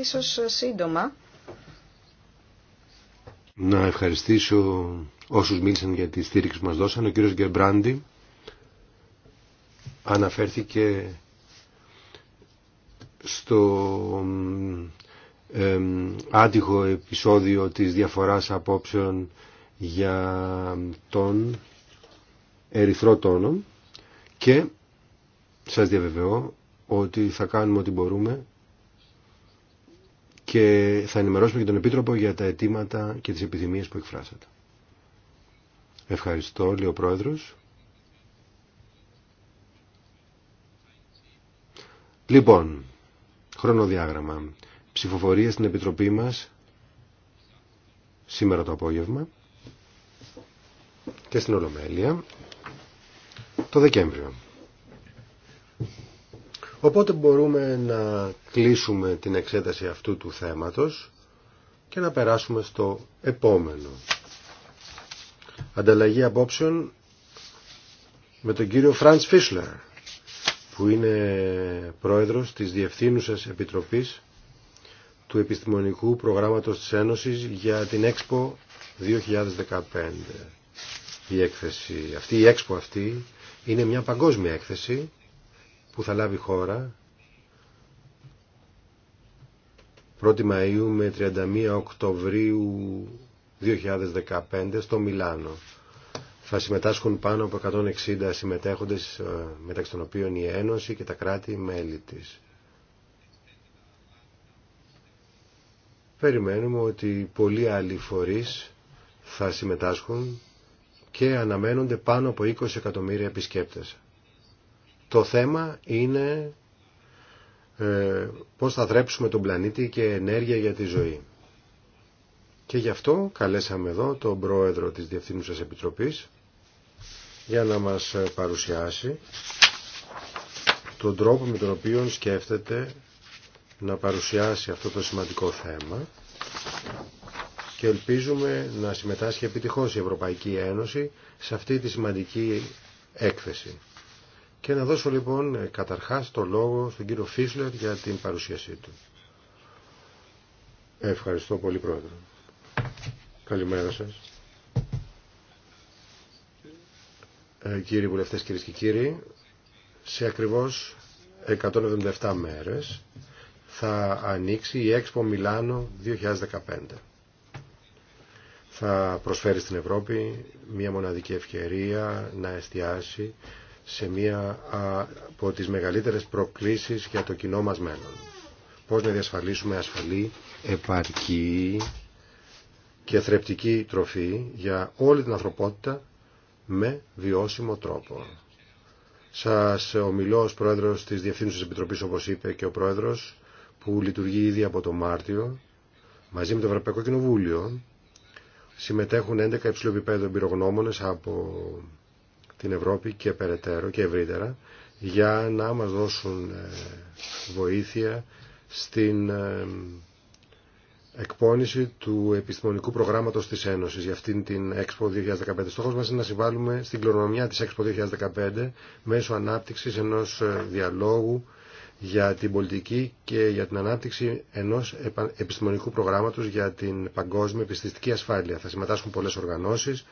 Ίσως σύντομα. Να ευχαριστήσω όσους μίλησαν για τη στήριξη που μας δώσαν. Ο κύριος Γκεμπράντι αναφέρθηκε στο ε, άτυχο επεισόδιο της διαφοράς απόψεων για τον ερυθρό τόνο και σας διαβεβαιώ ότι θα κάνουμε ό,τι μπορούμε και θα ενημερώσουμε και τον Επίτροπο για τα αιτήματα και τις επιθυμίες που εκφράσατε. Ευχαριστώ, λέει ο Πρόεδρος. Λοιπόν, χρονοδιάγραμμα. Ψηφοφορία στην Επιτροπή μας σήμερα το απόγευμα και στην Ολομέλεια το Δεκέμβριο. Οπότε μπορούμε να κλείσουμε την εξέταση αυτού του θέματος και να περάσουμε στο επόμενο. Ανταλλαγή απόψεων με τον κύριο Φραντς Φίσλερ που είναι πρόεδρος της Διευθύνουσας Επιτροπής του Επιστημονικού Προγράμματος της Ένωσης για την Expo 2015. Η έκθεση, αυτή η Expo αυτή είναι μια παγκόσμια έκθεση που θα λάβει χώρα 1η Μαΐου με 31 Οκτωβρίου 2015 στο Μιλάνο. Θα συμμετάσχουν πάνω από 160 συμμετέχοντες ε, μεταξύ των οποίων η Ένωση και τα κράτη-μέλη της. Περιμένουμε ότι πολλοί άλλοι φορείς θα συμμετάσχουν και αναμένονται πάνω από 20 εκατομμύρια επισκέπτες. Το θέμα είναι ε, πώς θα δρέψουμε τον πλανήτη και ενέργεια για τη ζωή. Και γι' αυτό καλέσαμε εδώ τον πρόεδρο της Διευθύνουσας Επιτροπής για να μας παρουσιάσει τον τρόπο με τον οποίο σκέφτεται να παρουσιάσει αυτό το σημαντικό θέμα και ελπίζουμε να συμμετάσχει επιτυχώς η Ευρωπαϊκή Ένωση σε αυτή τη σημαντική έκθεση. Και να δώσω λοιπόν ε, καταρχάς το λόγο στον κύριο Φίσλερ για την παρουσίασή του. Ευχαριστώ πολύ πρόεδρε. Καλημέρα σας. Ε, κύριοι βουλευτές, κυρίες και κύριοι, σε ακριβώς 177 μέρες θα ανοίξει η Expo Μιλάνο 2015. Θα προσφέρει στην Ευρώπη μια μοναδική ευκαιρία να εστιάσει σε μία από τις μεγαλύτερες προκλήσεις για το κοινό μας μέλλον. Πώς να διασφαλίσουμε ασφαλή, επαρκή και θρεπτική τροφή για όλη την ανθρωπότητα με βιώσιμο τρόπο. Σας ομιλώ ως Πρόεδρος της Διευθύνουσης Επιτροπής, όπως είπε και ο Πρόεδρος, που λειτουργεί ήδη από το Μάρτιο, μαζί με το Ευρωπαϊκό Κοινοβούλιο, συμμετέχουν 11 υψηλού επίπεδο από την Ευρώπη και περαιτέρω και ευρύτερα για να μας δώσουν ε, βοήθεια στην ε, εκπόνηση του επιστημονικού προγράμματος της Ένωσης για αυτήν την Expo 2015. Στόχος μας είναι να συμβάλλουμε στην κληρονομιά της Expo 2015 μέσω ανάπτυξης ενός ε, διαλόγου για την πολιτική και για την ανάπτυξη ενός επιστημονικού προγράμματος για την παγκόσμια επιστηστική ασφάλεια. Θα συμμετάσχουν πολλές οργανώσεις,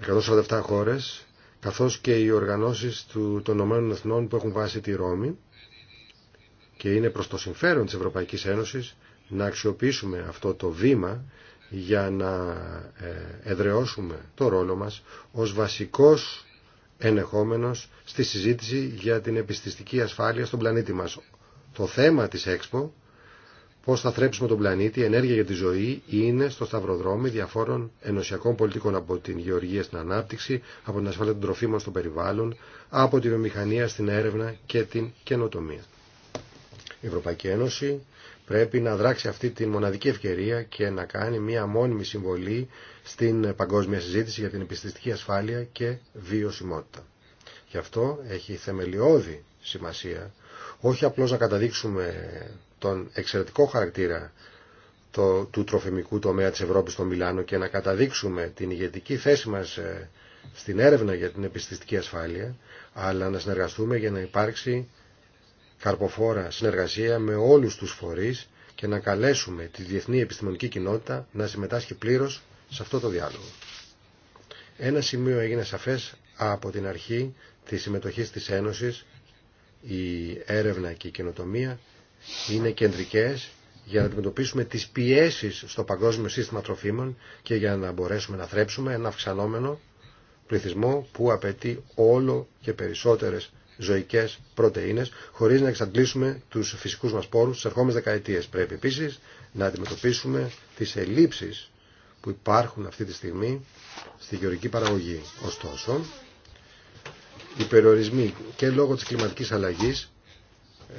147 χώρες, καθώς και οι οργανώσεις του, των Ηνωμένων που έχουν βάσει τη Ρώμη και είναι προς το συμφέρον της Ευρωπαϊκής Ένωσης να αξιοποιήσουμε αυτό το βήμα για να ε, εδρεώσουμε το ρόλο μας ως βασικός ενεχόμενος στη συζήτηση για την επιστηστική ασφάλεια στον πλανήτη μας. Το θέμα της ΕΞΠΟ Πώ θα θρέψουμε τον πλανήτη, η ενέργεια για τη ζωή είναι στο σταυροδρόμι διαφόρων ενωσιακών πολιτικών από την γεωργία στην ανάπτυξη, από την ασφάλεια των τροφίμων στο περιβάλλον, από τη βιομηχανία στην έρευνα και την καινοτομία. Η Ευρωπαϊκή Ένωση πρέπει να δράξει αυτή τη μοναδική ευκαιρία και να κάνει μια μόνιμη συμβολή στην παγκόσμια συζήτηση για την επιστημιστική ασφάλεια και βιωσιμότητα. Γι' αυτό έχει θεμελιώδη σημασία όχι απλώς να καταδείξουμε τον εξαιρετικό χαρακτήρα το, του τροφιμικού τομέα της Ευρώπης στο Μιλάνο και να καταδείξουμε την ηγετική θέση μας ε, στην έρευνα για την επιστηστική ασφάλεια, αλλά να συνεργαστούμε για να υπάρξει καρποφόρα συνεργασία με όλους τους φορείς και να καλέσουμε τη διεθνή επιστημονική κοινότητα να συμμετάσχει πλήρως σε αυτό το διάλογο. Ένα σημείο έγινε σαφές από την αρχή της συμμετοχής της Ένωσης, η έρευνα και η καινοτομία είναι κεντρικές για να αντιμετωπίσουμε τις πιέσεις στο παγκόσμιο σύστημα τροφίμων και για να μπορέσουμε να θρέψουμε ένα αυξανόμενο πληθυσμό που απαιτεί όλο και περισσότερες ζωικές πρωτεΐνες χωρίς να εξαντλήσουμε τους φυσικούς μας πόρους στις ερχόμενες δεκαετίες. Πρέπει επίσης να αντιμετωπίσουμε τις ελλείψεις που υπάρχουν αυτή τη στιγμή στη γεωργική παραγωγή. Ωστόσο, οι περιορισμοί και λόγω της κλιματικής αλλαγής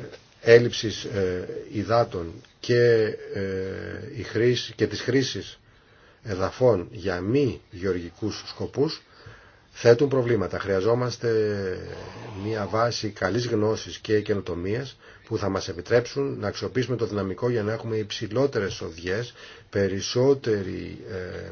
ε, έλλειψης ε, υδάτων και, ε, η χρήση, και της χρήσης εδαφών για μη γεωργικούς σκοπούς θέτουν προβλήματα. Χρειαζόμαστε μια βάση καλής γνώσης και καινοτομία που θα μας επιτρέψουν να αξιοποιήσουμε το δυναμικό για να έχουμε υψηλότερες οδιές, περισσότερη ε,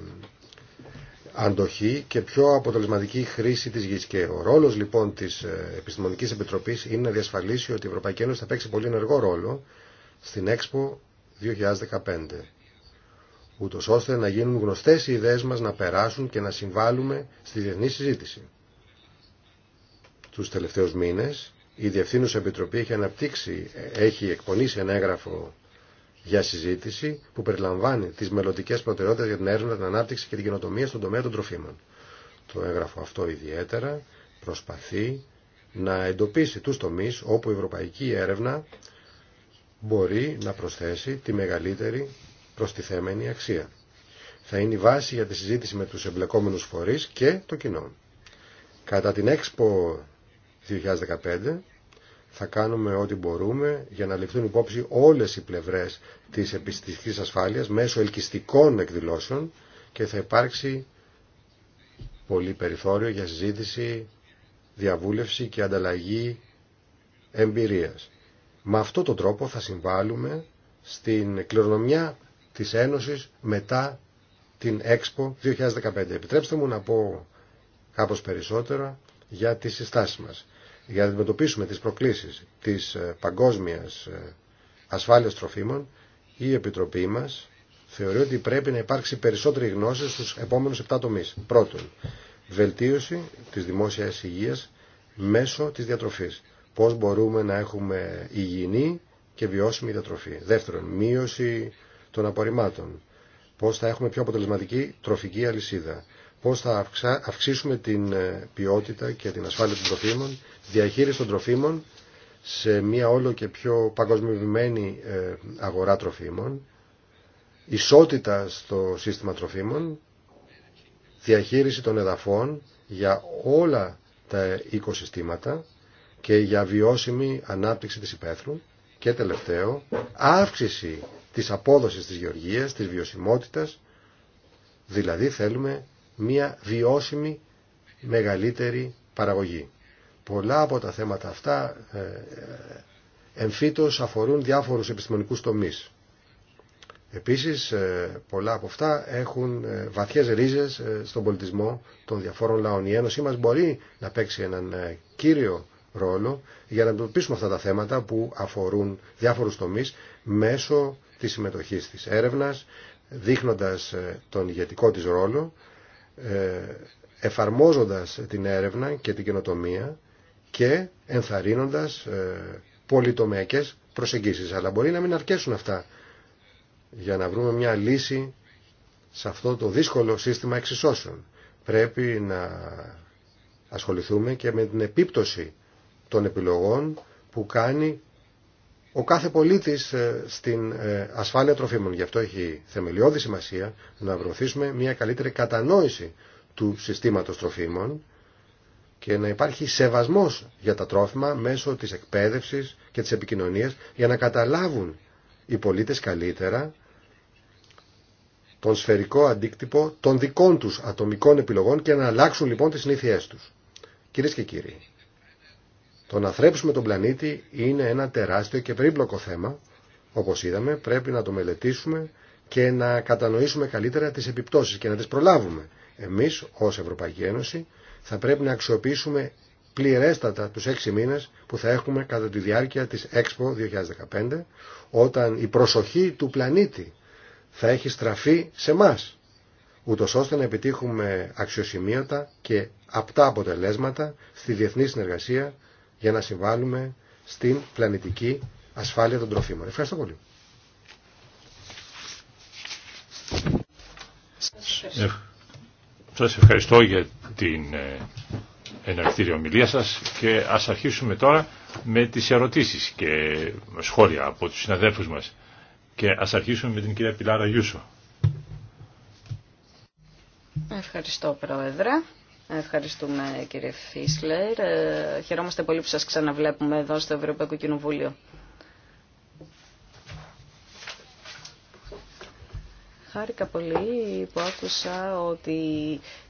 αντοχή και πιο αποτελεσματική χρήση της γης. Και ο ρόλος λοιπόν της ε, Επιστημονικής Επιτροπής είναι να διασφαλίσει ότι η Ευρωπαϊκή Ένωση θα παίξει πολύ ενεργό ρόλο στην Expo 2015 ούτω ώστε να γίνουν γνωστές οι ιδέες μας να περάσουν και να συμβάλλουμε στη διεθνή συζήτηση. Τους τελευταίους μήνες η Διευθύνουσα Επιτροπή έχει αναπτύξει, ε, έχει εκπονήσει ένα έγγραφο για συζήτηση που περιλαμβάνει τις μελλοντικές προτεραιότητες για την έρευνα, την ανάπτυξη και την καινοτομία στον τομέα των τροφίμων. Το έγγραφο αυτό ιδιαίτερα προσπαθεί να εντοπίσει τους τομείς όπου η ευρωπαϊκή έρευνα μπορεί να προσθέσει τη μεγαλύτερη προστιθέμενη αξία. Θα είναι η βάση για τη συζήτηση με τους εμπλεκόμενους φορείς και το κοινό. Κατά την Expo 2015 θα κάνουμε ό,τι μπορούμε για να ληφθούν υπόψη όλες οι πλευρές της επιστημική ασφάλειας μέσω ελκυστικών εκδηλώσεων και θα υπάρξει πολύ περιθώριο για συζήτηση, διαβούλευση και ανταλλαγή εμπειρίας. Με αυτό τον τρόπο θα συμβάλλουμε στην κληρονομιά της Ένωσης μετά την Expo 2015. Επιτρέψτε μου να πω κάπως περισσότερα για τις συστάσεις μας για να αντιμετωπίσουμε τις προκλήσεις της ε, παγκόσμιας ε, ασφάλειας τροφίμων, η Επιτροπή μας θεωρεί ότι πρέπει να υπάρξει περισσότερη γνώση στους επόμενους 7 τομείς. Πρώτον, βελτίωση της δημόσιας υγείας μέσω της διατροφής. Πώς μπορούμε να έχουμε υγιεινή και βιώσιμη διατροφή. Δεύτερον, μείωση των απορριμμάτων. Πώς θα έχουμε πιο αποτελεσματική τροφική αλυσίδα πώς θα αυξήσουμε την ε, ποιότητα και την ασφάλεια των τροφίμων, διαχείριση των τροφίμων σε μια όλο και πιο παγκοσμιοποιημένη ε, αγορά τροφίμων, ισότητα στο σύστημα τροφίμων, διαχείριση των εδαφών για όλα τα οικοσυστήματα και για βιώσιμη ανάπτυξη της υπαίθρου και τελευταίο, αύξηση της απόδοσης της γεωργίας, της βιωσιμότητας, δηλαδή θέλουμε μια βιώσιμη μεγαλύτερη παραγωγή. Πολλά από τα θέματα αυτά ε, εμφύτως αφορούν διάφορους επιστημονικούς τομείς. Επίσης, ε, πολλά από αυτά έχουν ε, βαθιές ρίζες στον πολιτισμό των διαφόρων λαών. Η Ένωση μας μπορεί να παίξει έναν κύριο ρόλο για να αντιμετωπίσουμε αυτά τα θέματα που αφορούν διάφορους τομείς μέσω της συμμετοχής της έρευνας, δείχνοντας τον ηγετικό της ρόλο ε, εφαρμόζοντας την έρευνα και την καινοτομία και ενθαρρύνοντας ε, πολυτομιακές προσεγγίσεις. Αλλά μπορεί να μην αρκέσουν αυτά για να βρούμε μια λύση σε αυτό το δύσκολο σύστημα εξισώσεων. Πρέπει να ασχοληθούμε και με την επίπτωση των επιλογών που κάνει ο κάθε πολίτης ε, στην ε, ασφάλεια τροφίμων. Γι' αυτό έχει θεμελιώδη σημασία να βρωθήσουμε μια καλύτερη κατανόηση του συστήματος τροφίμων και να υπάρχει σεβασμός για τα τρόφιμα μέσω της εκπαίδευσης και της επικοινωνίας για να καταλάβουν οι πολίτες καλύτερα τον σφαιρικό αντίκτυπο των δικών τους ατομικών επιλογών και να αλλάξουν λοιπόν τις συνήθειές τους. Κυρίες και κύριοι, το να θρέψουμε τον πλανήτη είναι ένα τεράστιο και περίπλοκο θέμα. Όπως είδαμε πρέπει να το μελετήσουμε και να κατανοήσουμε καλύτερα τις επιπτώσεις και να τις προλάβουμε. Εμείς ως Ευρωπαϊκή Ένωση θα πρέπει να αξιοποιήσουμε πληρέστατα τους έξι μήνες που θα έχουμε κατά τη διάρκεια της Expo 2015 όταν η προσοχή του πλανήτη θα έχει στραφεί σε μας ούτω ώστε να επιτύχουμε αξιοσημείωτα και απτά αποτελέσματα στη διεθνή συνεργασία για να συμβάλλουμε στην πλανητική ασφάλεια των τροφίμων. Ευχαριστώ πολύ. Σας ευχαριστώ για την ε, εναρκτήρια ομιλία σας και ας αρχίσουμε τώρα με τις ερωτήσεις και σχόλια από τους συναδέλφους μας και ας αρχίσουμε με την κυρία Πιλάρα Γιούσο. Ευχαριστώ Πρόεδρε. Ευχαριστούμε κύριε Φίσλερ. Ε, χαιρόμαστε πολύ που σας ξαναβλέπουμε εδώ στο Ευρωπαϊκό Κοινοβούλιο. Χάρηκα πολύ που άκουσα ότι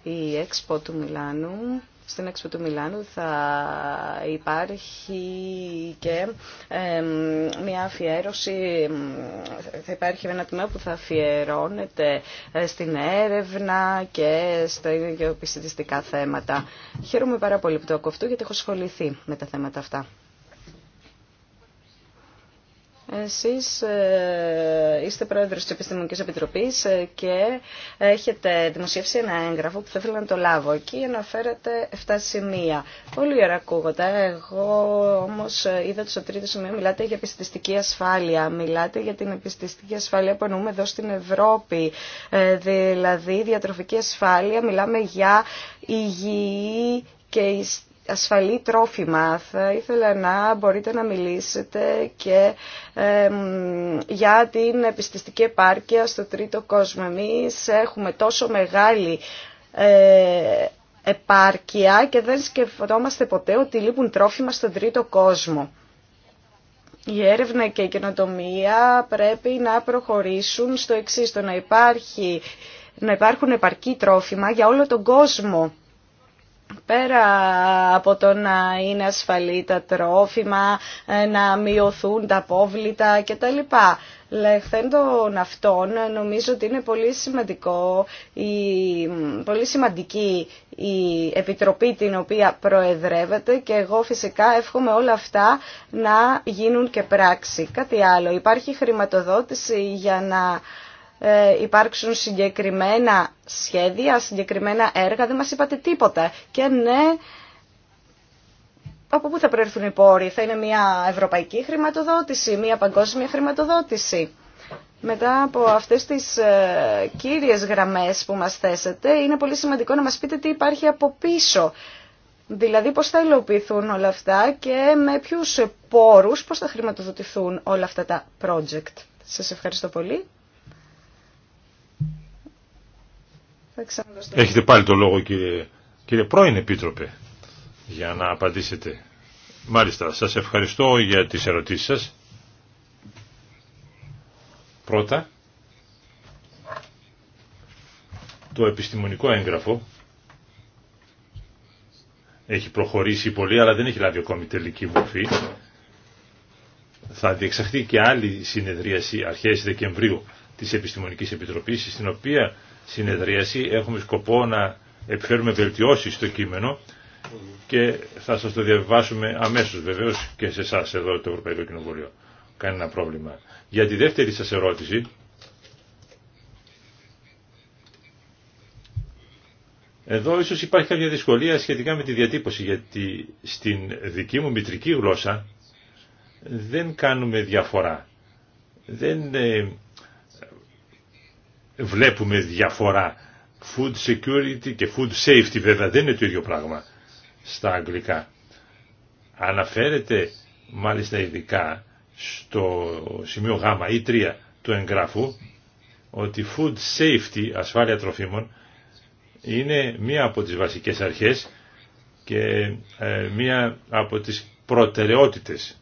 η Expo του Μιλάνου στην έξοδο του Μιλάνου θα υπάρχει και μια αφιέρωση, θα υπάρχει ένα τμήμα που θα αφιερώνεται ε, στην έρευνα και στα γεωπιστητικά θέματα. Χαίρομαι πάρα πολύ που το ακούω γιατί έχω ασχοληθεί με τα θέματα αυτά. Εσείς ε, είστε πρόεδρος της Επιστημονικής Επιτροπής ε, και έχετε δημοσιεύσει ένα έγγραφο που θα ήθελα να το λάβω. Εκεί αναφέρατε 7 σημεία. Πολύ ωραία ακούγονται. Εγώ όμως είδα ότι στο τρίτο σημείο μιλάτε για επιστημιστική ασφάλεια. Μιλάτε για την επιστημιστική ασφάλεια που εννοούμε εδώ στην Ευρώπη. Ε, δηλαδή διατροφική ασφάλεια. Μιλάμε για υγιή και ασφαλή τρόφιμα. Θα ήθελα να μπορείτε να μιλήσετε και για την επιστηστική επάρκεια στο τρίτο κόσμο. Εμείς έχουμε τόσο μεγάλη ε, επάρκεια και δεν σκεφτόμαστε ποτέ ότι λείπουν τρόφιμα στον τρίτο κόσμο. Η έρευνα και η καινοτομία πρέπει να προχωρήσουν στο εξής, το να, υπάρχει, να υπάρχουν επαρκή τρόφιμα για όλο τον κόσμο πέρα από το να είναι ασφαλή τα τρόφιμα, ε, να μειωθούν τα απόβλητα κτλ. Λεχθέντων αυτών νομίζω ότι είναι πολύ, σημαντικό, η, πολύ σημαντική η επιτροπή την οποία προεδρεύεται και εγώ φυσικά εύχομαι όλα αυτά να γίνουν και πράξη. Κάτι άλλο, υπάρχει χρηματοδότηση για να ε, υπάρξουν συγκεκριμένα σχέδια, συγκεκριμένα έργα. Δεν μας είπατε τίποτα. Και ναι, από πού θα προέρθουν οι πόροι. Θα είναι μια ευρωπαϊκή χρηματοδότηση, μια παγκόσμια χρηματοδότηση. Μετά από αυτές τις ε, κύριες γραμμές που μας θέσετε, είναι πολύ σημαντικό να μας πείτε τι υπάρχει από πίσω. Δηλαδή πώς θα υλοποιηθούν όλα αυτά και με ποιους πόρους πώς θα χρηματοδοτηθούν όλα αυτά τα project. Σας ευχαριστώ πολύ. Έχετε πάλι το λόγο κύριε, κύριε πρώην Επίτροπε για να απαντήσετε. Μάλιστα, σας ευχαριστώ για τις ερωτήσεις σας. Πρώτα, το επιστημονικό έγγραφο έχει προχωρήσει πολύ αλλά δεν έχει λάβει ακόμη τελική μορφή. Θα διεξαχθεί και άλλη συνεδρίαση αρχές Δεκεμβρίου της Επιστημονικής Επιτροπής στην οποία συνεδρίαση έχουμε σκοπό να επιφέρουμε βελτιώσεις στο κείμενο και θα σας το διαβάσουμε αμέσως βεβαίως και σε εσά εδώ το Ευρωπαϊκό Κοινοβούλιο. Κανένα πρόβλημα. Για τη δεύτερη σας ερώτηση Εδώ ίσως υπάρχει κάποια δυσκολία σχετικά με τη διατύπωση γιατί στην δική μου μητρική γλώσσα δεν κάνουμε διαφορά. Δεν ε, βλέπουμε διαφορά. Food security και food safety βέβαια δεν είναι το ίδιο πράγμα στα αγγλικά. Αναφέρεται μάλιστα ειδικά στο σημείο Γ ή 3 του εγγράφου ότι food safety, ασφάλεια τροφίμων, είναι μία από τις βασικές αρχές και ε, μία από τις προτεραιότητες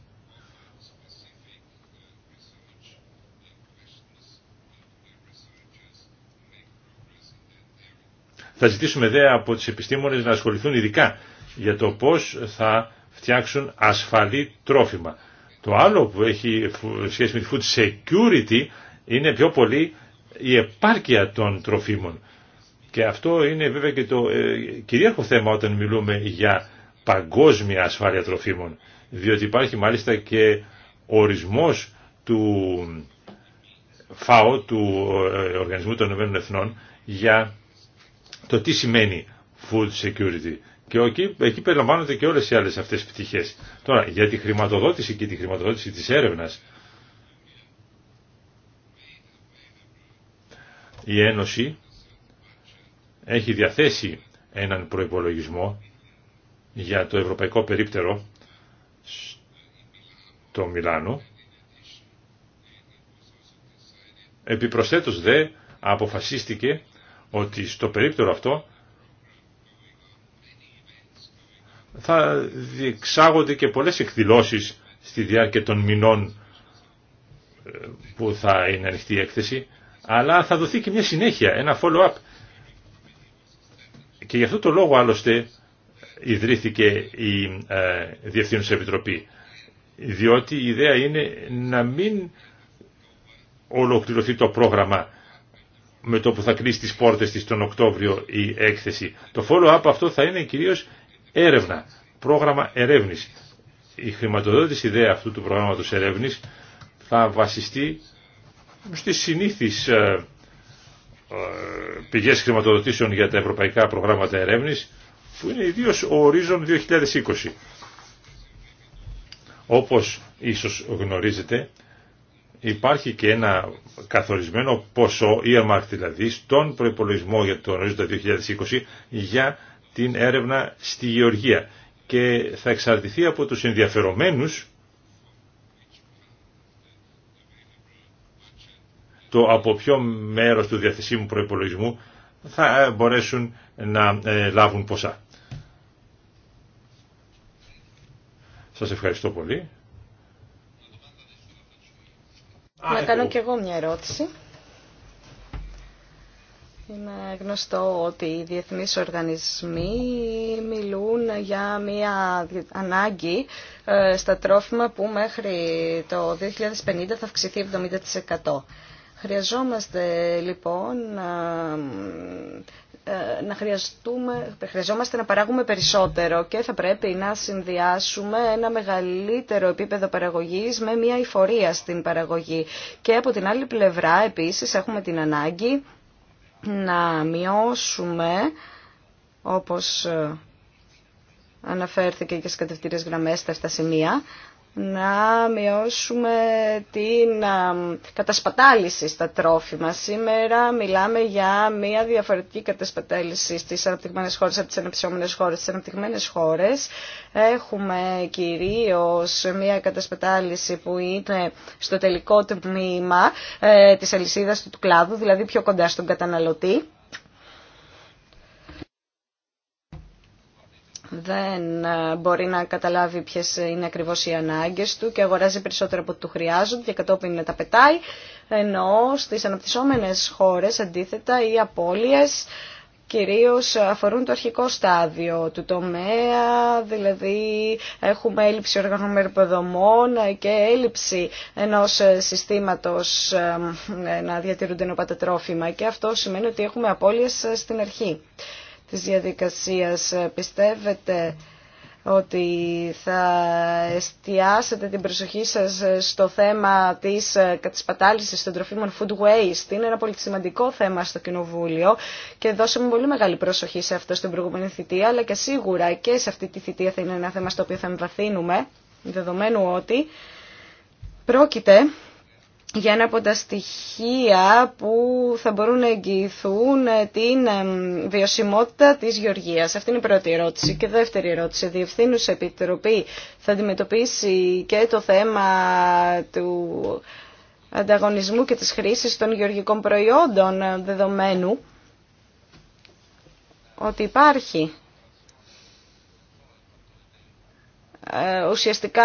Θα ζητήσουμε δε από τις επιστήμονες να ασχοληθούν ειδικά για το πώς θα φτιάξουν ασφαλή τρόφιμα. Το άλλο που έχει σχέση με τη food security είναι πιο πολύ η επάρκεια των τροφίμων. Και αυτό είναι βέβαια και το ε, κυρίαρχο θέμα όταν μιλούμε για παγκόσμια ασφάλεια τροφίμων. Διότι υπάρχει μάλιστα και ορισμός του ΦΑΟ, του ε, Οργανισμού των Ηνωμένων Εθνών, για το τι σημαίνει food security. Και εκεί, εκεί περιλαμβάνονται και όλες οι άλλες αυτές τις πτυχές. Τώρα, για τη χρηματοδότηση και τη χρηματοδότηση της έρευνας, η Ένωση έχει διαθέσει έναν προϋπολογισμό για το Ευρωπαϊκό Περίπτερο στο Μιλάνο. Επιπροσθέτως δε αποφασίστηκε ότι στο περίπτωρο αυτό θα διεξάγονται και πολλές εκδηλώσεις στη διάρκεια των μηνών ε, που θα είναι ανοιχτή η έκθεση, αλλά θα δοθεί και μια συνέχεια, ένα follow-up. Και γι' αυτό το λόγο άλλωστε ιδρύθηκε η ε, Διευθύνουσα Επιτροπή, διότι η ιδέα είναι να μην ολοκληρωθεί το πρόγραμμα με το που θα κλείσει τις πόρτες της τον Οκτώβριο η έκθεση. Το follow-up αυτό θα είναι κυρίως έρευνα, πρόγραμμα ερεύνης. Η χρηματοδότηση ιδέα αυτού του προγράμματος ερεύνης θα βασιστεί στις συνήθεις ε, ε, πηγές χρηματοδοτήσεων για τα ευρωπαϊκά προγράμματα ερεύνης που είναι ιδίως ο ορίζον 2020. Όπως ίσως γνωρίζετε, υπάρχει και ένα καθορισμένο ποσό, earmark δηλαδή, στον προπολογισμό για το ορίζοντα 2020 για την έρευνα στη γεωργία και θα εξαρτηθεί από τους ενδιαφερομένους το από ποιο μέρος του διαθεσίμου προϋπολογισμού θα ε, μπορέσουν να ε, λάβουν ποσά. Σας ευχαριστώ πολύ. Να κάνω κι εγώ μια ερώτηση. Είναι γνωστό ότι οι διεθνείς οργανισμοί μιλούν για μια ανάγκη ε, στα τρόφιμα που μέχρι το 2050 θα αυξηθεί 70%. Χρειαζόμαστε λοιπόν ε, ε, να χρειαστούμε, χρειαζόμαστε να παράγουμε περισσότερο και θα πρέπει να συνδυάσουμε ένα μεγαλύτερο επίπεδο παραγωγής με μια υφορία στην παραγωγή. Και από την άλλη πλευρά επίσης έχουμε την ανάγκη να μειώσουμε όπως ε, αναφέρθηκε και στις κατευθυντήριες γραμμές στα 7 σημεία, να μειώσουμε την κατασπατάληση στα τρόφιμα. Σήμερα μιλάμε για μια διαφορετική κατασπατάληση στις αναπτυγμένες χώρες από τις αναπτυσσόμενες χώρες. Στις αναπτυγμένες χώρες έχουμε κυρίως μια κατασπατάληση που είναι στο τελικό τμήμα ε, της αλυσίδας του κλάδου, δηλαδή πιο κοντά στον καταναλωτή. δεν ε, μπορεί να καταλάβει ποιε είναι ακριβώς οι ανάγκες του και αγοράζει περισσότερο από ό,τι του χρειάζονται και κατόπιν τα πετάει, ενώ στις αναπτυσσόμενες χώρες αντίθετα οι απώλειες κυρίως αφορούν το αρχικό στάδιο του τομέα, δηλαδή έχουμε έλλειψη υποδομών και έλλειψη ενός συστήματος να διατηρούνται νοπατατρόφιμα και αυτό σημαίνει ότι έχουμε απώλειε στην αρχή της διαδικασίας. Ε, πιστεύετε ότι θα εστιάσετε την προσοχή σας ε, στο θέμα της ε, κατασπατάλησης των τροφίμων food waste. Είναι ένα πολύ σημαντικό θέμα στο Κοινοβούλιο και δώσαμε πολύ μεγάλη προσοχή σε αυτό στην προηγούμενη θητεία, αλλά και σίγουρα και σε αυτή τη θητεία θα είναι ένα θέμα στο οποίο θα εμβαθύνουμε, δεδομένου ότι πρόκειται για ένα από τα στοιχεία που θα μπορούν να εγγυηθούν ε, την βιωσιμότητα της γεωργίας. Αυτή είναι η πρώτη ερώτηση. Και δεύτερη ερώτηση. Η Διευθύνουσα Επιτροπή θα αντιμετωπίσει και το θέμα του ανταγωνισμού και της χρήσης των γεωργικών προϊόντων ε, δεδομένου ότι υπάρχει Ε, ουσιαστικά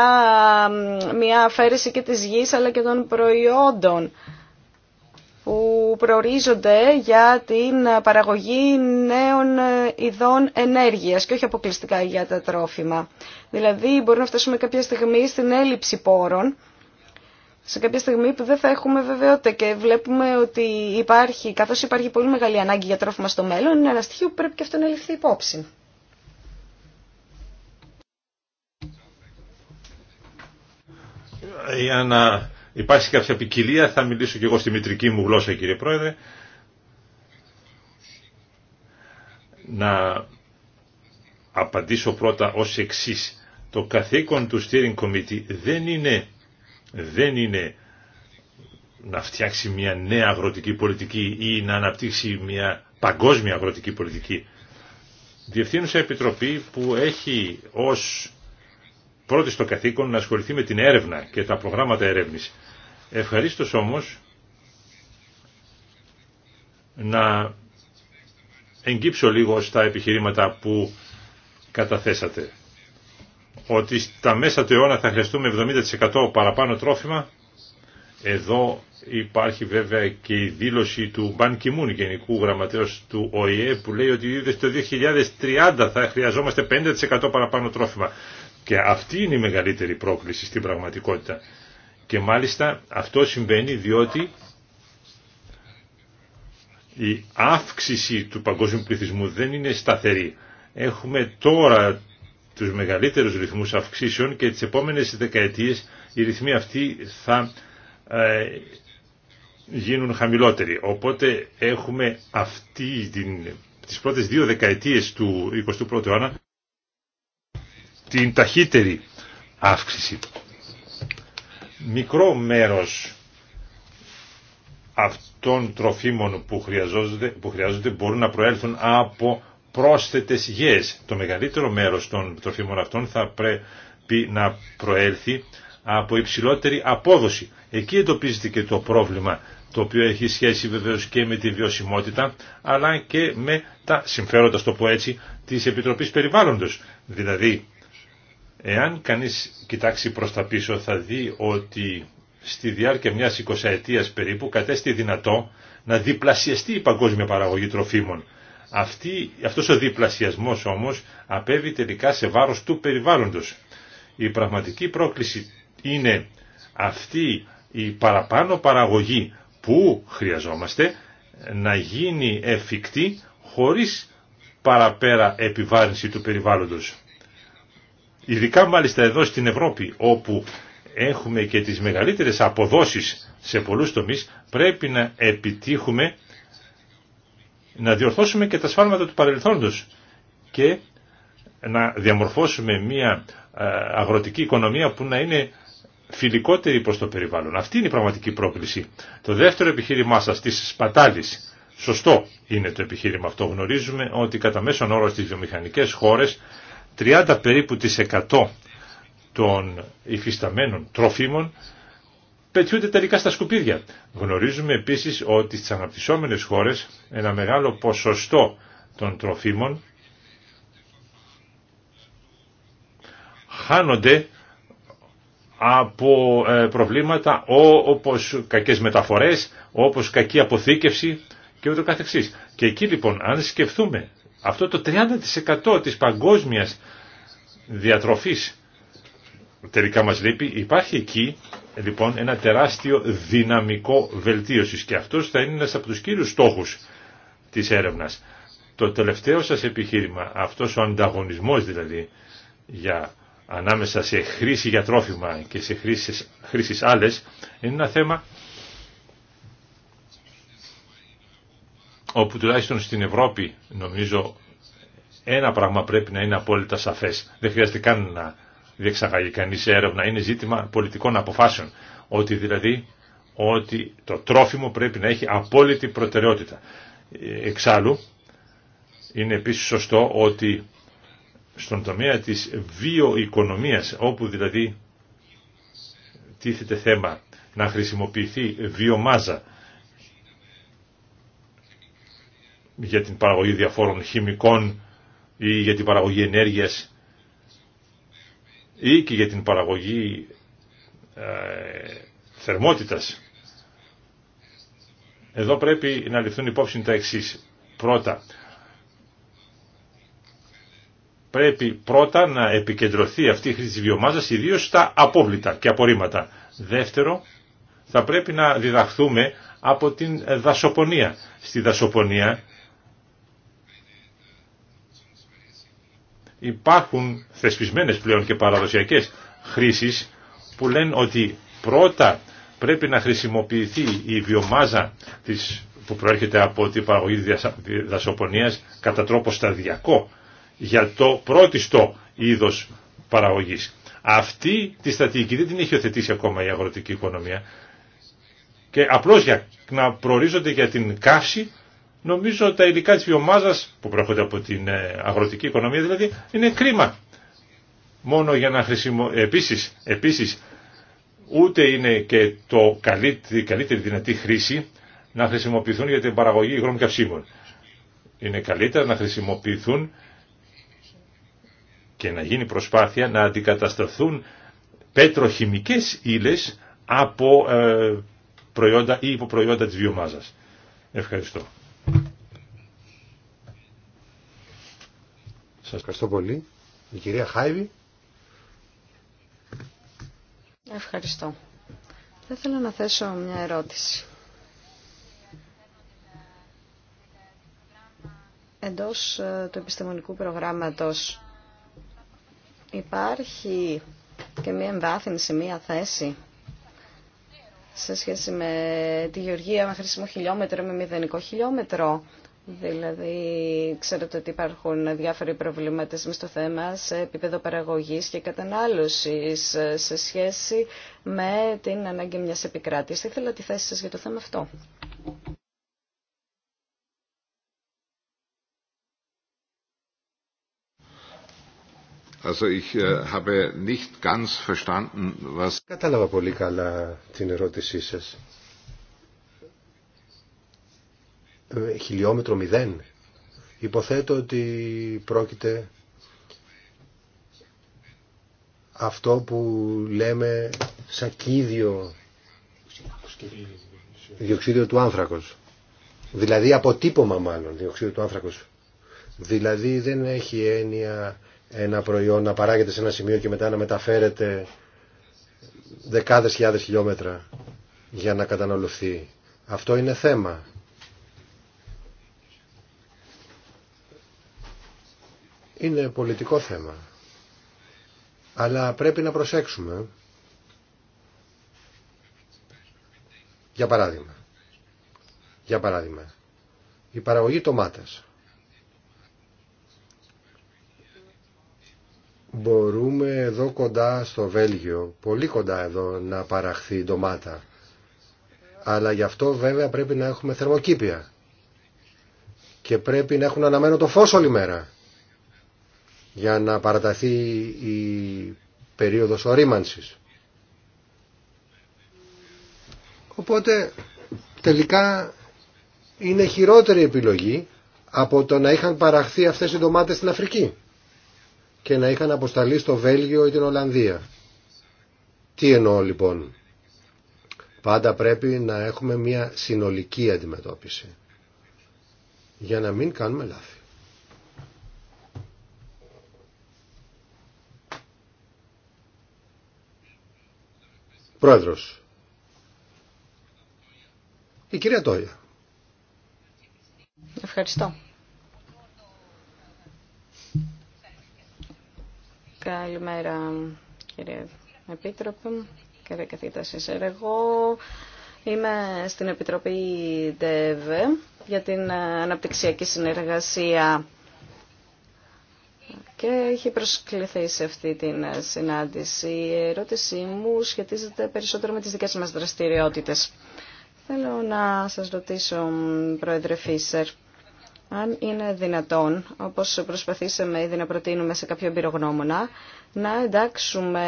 μια αφαίρεση και της γης αλλά και των προϊόντων που προορίζονται για την παραγωγή νέων ε, ειδών ενέργειας και όχι αποκλειστικά για τα τρόφιμα. Δηλαδή μπορούμε να φτάσουμε κάποια στιγμή στην έλλειψη πόρων, σε κάποια στιγμή που δεν θα έχουμε βεβαιότητα και βλέπουμε ότι υπάρχει, καθώς υπάρχει πολύ μεγάλη ανάγκη για τρόφιμα στο μέλλον, είναι ένα στοιχείο που πρέπει και αυτό να ληφθεί υπόψη. για να υπάρξει κάποια ποικιλία θα μιλήσω και εγώ στη μητρική μου γλώσσα κύριε Πρόεδρε να απαντήσω πρώτα ως εξής το καθήκον του Steering Committee δεν είναι, δεν είναι να φτιάξει μια νέα αγροτική πολιτική ή να αναπτύξει μια παγκόσμια αγροτική πολιτική. Διευθύνουσα Επιτροπή που έχει ως πρώτη στο καθήκον να ασχοληθεί με την έρευνα και τα προγράμματα ερεύνης. Ευχαρίστως όμως να εγκύψω λίγο στα επιχειρήματα που καταθέσατε. Ότι στα μέσα του αιώνα θα χρειαστούμε 70% παραπάνω τρόφιμα. Εδώ υπάρχει βέβαια και η δήλωση του Μπαν Κιμούν, Γενικού Γραμματέως του ΟΗΕ, που λέει ότι το 2030 θα χρειαζόμαστε 50% παραπάνω τρόφιμα. Και αυτή είναι η μεγαλύτερη πρόκληση στην πραγματικότητα. Και μάλιστα αυτό συμβαίνει διότι η αύξηση του παγκόσμιου πληθυσμού δεν είναι σταθερή. Έχουμε τώρα τους μεγαλύτερους ρυθμούς αυξήσεων και τις επόμενες δεκαετίες οι ρυθμοί αυτοί θα ε, γίνουν χαμηλότεροι. Οπότε έχουμε αυτή την, τις πρώτες δύο δεκαετίες του 21ου αιώνα την ταχύτερη αύξηση. Μικρό μέρος αυτών τροφίμων που χρειάζονται, που μπορούν να προέλθουν από πρόσθετες γιές. Το μεγαλύτερο μέρος των τροφίμων αυτών θα πρέπει να προέλθει από υψηλότερη απόδοση. Εκεί εντοπίζεται και το πρόβλημα το οποίο έχει σχέση βεβαίως και με τη βιωσιμότητα αλλά και με τα συμφέροντα, στο πω έτσι, της Επιτροπής Περιβάλλοντος. Δηλαδή Εάν κανείς κοιτάξει προς τα πίσω θα δει ότι στη διάρκεια μιας 20 ετίας περίπου κατέστη δυνατό να διπλασιαστεί η παγκόσμια παραγωγή τροφίμων. Αυτή, αυτός ο διπλασιασμός όμως απέβει τελικά σε βάρος του περιβάλλοντος. Η πραγματική πρόκληση είναι αυτή η παραπάνω παραγωγή που χρειαζόμαστε να γίνει εφικτή χωρίς παραπέρα επιβάρυνση του περιβάλλοντος. Ειδικά μάλιστα εδώ στην Ευρώπη όπου έχουμε και τις μεγαλύτερες αποδόσεις σε πολλούς τομείς πρέπει να επιτύχουμε να διορθώσουμε και τα σφάλματα του παρελθόντος και να διαμορφώσουμε μια ε, αγροτική οικονομία που να είναι φιλικότερη προς το περιβάλλον. Αυτή είναι η πραγματική πρόκληση. Το δεύτερο επιχείρημά σας της σπατάλης. Σωστό είναι το επιχείρημα αυτό. Γνωρίζουμε ότι κατά μέσον όρο στις βιομηχανικές χώρες 30 περίπου τις 100 των υφισταμένων τροφίμων πετιούνται τελικά στα σκουπίδια. Γνωρίζουμε επίσης ότι στις αναπτυσσόμενες χώρες ένα μεγάλο ποσοστό των τροφίμων χάνονται από ε, προβλήματα όπως κακές μεταφορές, όπως κακή αποθήκευση και ούτω καθεξής. Και εκεί λοιπόν αν σκεφτούμε αυτό το 30% της παγκόσμιας διατροφής τελικά μας λείπει. Υπάρχει εκεί λοιπόν ένα τεράστιο δυναμικό βελτίωσης και αυτός θα είναι ένας από τους κύριους στόχους της έρευνας. Το τελευταίο σας επιχείρημα, αυτός ο ανταγωνισμός δηλαδή για, ανάμεσα σε χρήση για τρόφιμα και σε χρήσεις, χρήσεις άλλες είναι ένα θέμα όπου τουλάχιστον στην Ευρώπη νομίζω ένα πράγμα πρέπει να είναι απόλυτα σαφές. Δεν χρειάζεται καν να διεξαγαγεί κανείς έρευνα. Είναι ζήτημα πολιτικών αποφάσεων. Ότι δηλαδή ότι το τρόφιμο πρέπει να έχει απόλυτη προτεραιότητα. Εξάλλου, είναι επίσης σωστό ότι στον τομέα της βιοοικονομίας, όπου δηλαδή τίθεται θέμα να χρησιμοποιηθεί βιομάζα για την παραγωγή διαφόρων χημικών ή για την παραγωγή ενέργειας ή και για την παραγωγή ε, θερμότητας. Εδώ πρέπει να ληφθούν υπόψη τα εξή. Πρώτα, πρέπει πρώτα να επικεντρωθεί αυτή η χρήση της βιομάζας ιδίως στα απόβλητα και απορρίμματα. Δεύτερο, θα πρέπει να διδαχθούμε από την δασοπονία. Στη δασοπονία υπάρχουν θεσπισμένες πλέον και παραδοσιακές χρήσεις που λένε ότι πρώτα πρέπει να χρησιμοποιηθεί η βιομάζα της, που προέρχεται από την παραγωγή δασοπονίας κατά τρόπο σταδιακό για το πρώτιστο είδος παραγωγής. Αυτή τη στατική δεν την έχει οθετήσει ακόμα η αγροτική οικονομία και απλώς για να προορίζονται για την καύση Νομίζω τα υλικά της βιομάζας που προέρχονται από την ε, αγροτική οικονομία δηλαδή είναι κρίμα. Μόνο για να χρησιμο... Επίσης, επίσης, ούτε είναι και το καλύτερη, καλύτερη δυνατή χρήση να χρησιμοποιηθούν για την παραγωγή υγρών καυσίμων. Είναι καλύτερα να χρησιμοποιηθούν και να γίνει προσπάθεια να αντικατασταθούν πέτροχημικές ύλες από ε, προϊόντα ή υποπροϊόντα της βιομάζας. Ευχαριστώ. Σας ευχαριστώ πολύ. Η κυρία Χάιβη. Ευχαριστώ. Θα ήθελα να θέσω μια ερώτηση. Εντός ε, του επιστημονικού προγράμματος υπάρχει και μια εμβάθυνση, μια θέση σε σχέση με τη γεωργία με χρήσιμο χιλιόμετρο, με μηδενικό χιλιόμετρο. Δηλαδή, ξέρετε ότι υπάρχουν διάφοροι προβληματισμοί στο θέμα σε επίπεδο παραγωγής και κατανάλωσης σε σχέση με την ανάγκη μιας επικράτησης. Θα ήθελα τη θέση σας για το θέμα αυτό. Also ich äh, habe nicht ganz verstanden, was... Κατάλαβα πολύ καλά την ερώτησή σας. Ε, χιλιόμετρο μηδέν. Υποθέτω ότι πρόκειται αυτό που λέμε σακίδιο διοξίδιο του άνθρακος. Δηλαδή αποτύπωμα μάλλον διοξίδιο του άνθρακος. Δηλαδή δεν έχει έννοια ένα προϊόν να παράγεται σε ένα σημείο και μετά να μεταφέρεται δεκάδες χιλιάδες χιλιόμετρα για να καταναλωθεί. Αυτό είναι θέμα. Είναι πολιτικό θέμα. Αλλά πρέπει να προσέξουμε. Για παράδειγμα. Για παράδειγμα. Η παραγωγή τομάτας. Μπορούμε εδώ κοντά στο Βέλγιο, πολύ κοντά εδώ να παραχθεί ντομάτα. Αλλά γι' αυτό βέβαια πρέπει να έχουμε θερμοκήπια. Και πρέπει να έχουν αναμένο το φως όλη μέρα για να παραταθεί η περίοδος ορίμανσης. Οπότε τελικά είναι χειρότερη επιλογή από το να είχαν παραχθεί αυτές οι ντομάτες στην Αφρική και να είχαν αποσταλεί στο Βέλγιο ή την Ολλανδία. Τι εννοώ λοιπόν. Πάντα πρέπει να έχουμε μια συνολική αντιμετώπιση για να μην κάνουμε λάθη. Πρόεδρος. Η κυρία Τόια. Ευχαριστώ. Καλημέρα κύριε Επίτροπε, κύριε καθηγητά Σίσερ. Εγώ είμαι στην Επιτροπή ΔΕΒ για την αναπτυξιακή συνεργασία και έχει προσκληθεί σε αυτή την συνάντηση. Η ερώτησή μου σχετίζεται περισσότερο με τις δικές μας δραστηριότητες. Θέλω να σας ρωτήσω, Πρόεδρε Φίσερ, αν είναι δυνατόν, όπως προσπαθήσαμε ήδη να προτείνουμε σε κάποιο εμπειρογνώμονα, να εντάξουμε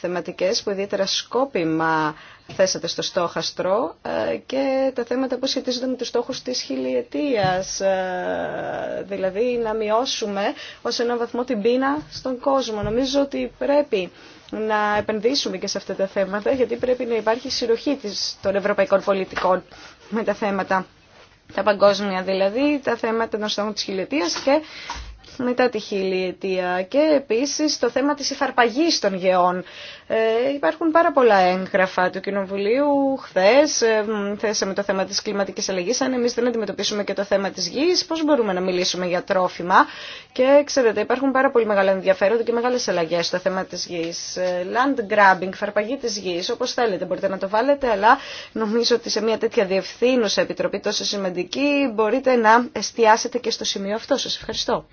θεματικές που ιδιαίτερα σκόπιμα θέσατε στο στόχαστρο ε, και τα θέματα που σχετίζονται με τους στόχους της χιλιετίας, ε, δηλαδή να μειώσουμε ως έναν βαθμό την πείνα στον κόσμο. Νομίζω ότι πρέπει να επενδύσουμε και σε αυτά τα θέματα, γιατί πρέπει να υπάρχει συρροχή των ευρωπαϊκών πολιτικών με τα θέματα τα παγκόσμια δηλαδή, τα θέματα των στόχων της χιλιετίας και μετά τη χιλιετία και επίσης το θέμα της υφαρπαγής των γεών. Ε, υπάρχουν πάρα πολλά έγγραφα του Κοινοβουλίου. Χθες ε, θέσαμε το θέμα της κλιματικής αλλαγής. Αν εμείς δεν αντιμετωπίσουμε και το θέμα της γης, πώς μπορούμε να μιλήσουμε για τρόφιμα. Και ξέρετε, υπάρχουν πάρα πολύ μεγάλα ενδιαφέροντα και μεγάλες αλλαγές στο θέμα της γης. Ε, land grabbing, φαρπαγή της γης, όπως θέλετε μπορείτε να το βάλετε, αλλά νομίζω ότι σε μια τέτοια διευθύνουσα επιτροπή τόσο σημαντική μπορείτε να εστιάσετε και στο σημείο αυτό. Σας ευχαριστώ.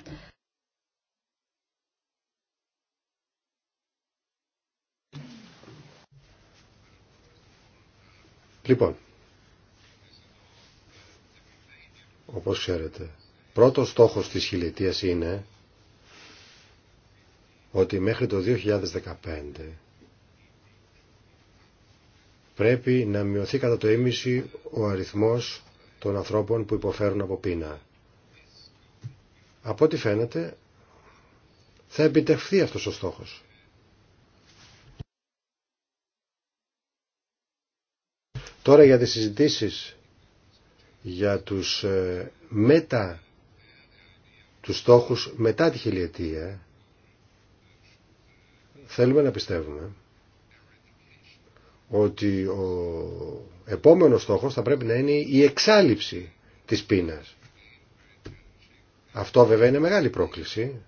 Λοιπόν, όπως ξέρετε, πρώτος στόχος της χιλιετίας είναι ότι μέχρι το 2015 πρέπει να μειωθεί κατά το ίμιση ο αριθμός των ανθρώπων που υποφέρουν από πείνα. Από ό,τι φαίνεται θα επιτευχθεί αυτός ο στόχος. Τώρα για τις συζητήσεις για τους ε, μετα τους στόχους μετά τη χιλιετία θέλουμε να πιστεύουμε ότι ο επόμενος στόχος θα πρέπει να είναι η εξάλληψη της πείνας. Αυτό βέβαια είναι μεγάλη πρόκληση.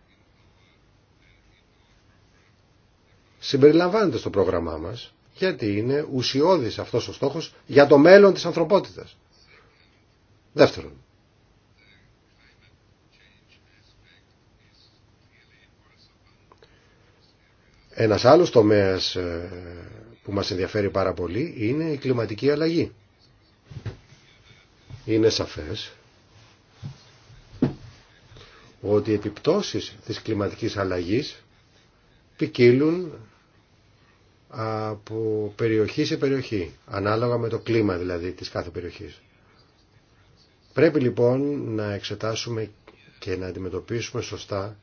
Συμπεριλαμβάνεται στο πρόγραμμά μας γιατί είναι ουσιώδης αυτός ο στόχος για το μέλλον της ανθρωπότητας. Δεύτερον, ένας άλλος τομέας ε, που μας ενδιαφέρει πάρα πολύ είναι η κλιματική αλλαγή. Είναι σαφές ότι οι επιπτώσεις της κλιματικής αλλαγής ποικίλουν από περιοχή σε περιοχή, ανάλογα με το κλίμα δηλαδή της κάθε περιοχής. Πρέπει λοιπόν να εξετάσουμε και να αντιμετωπίσουμε σωστά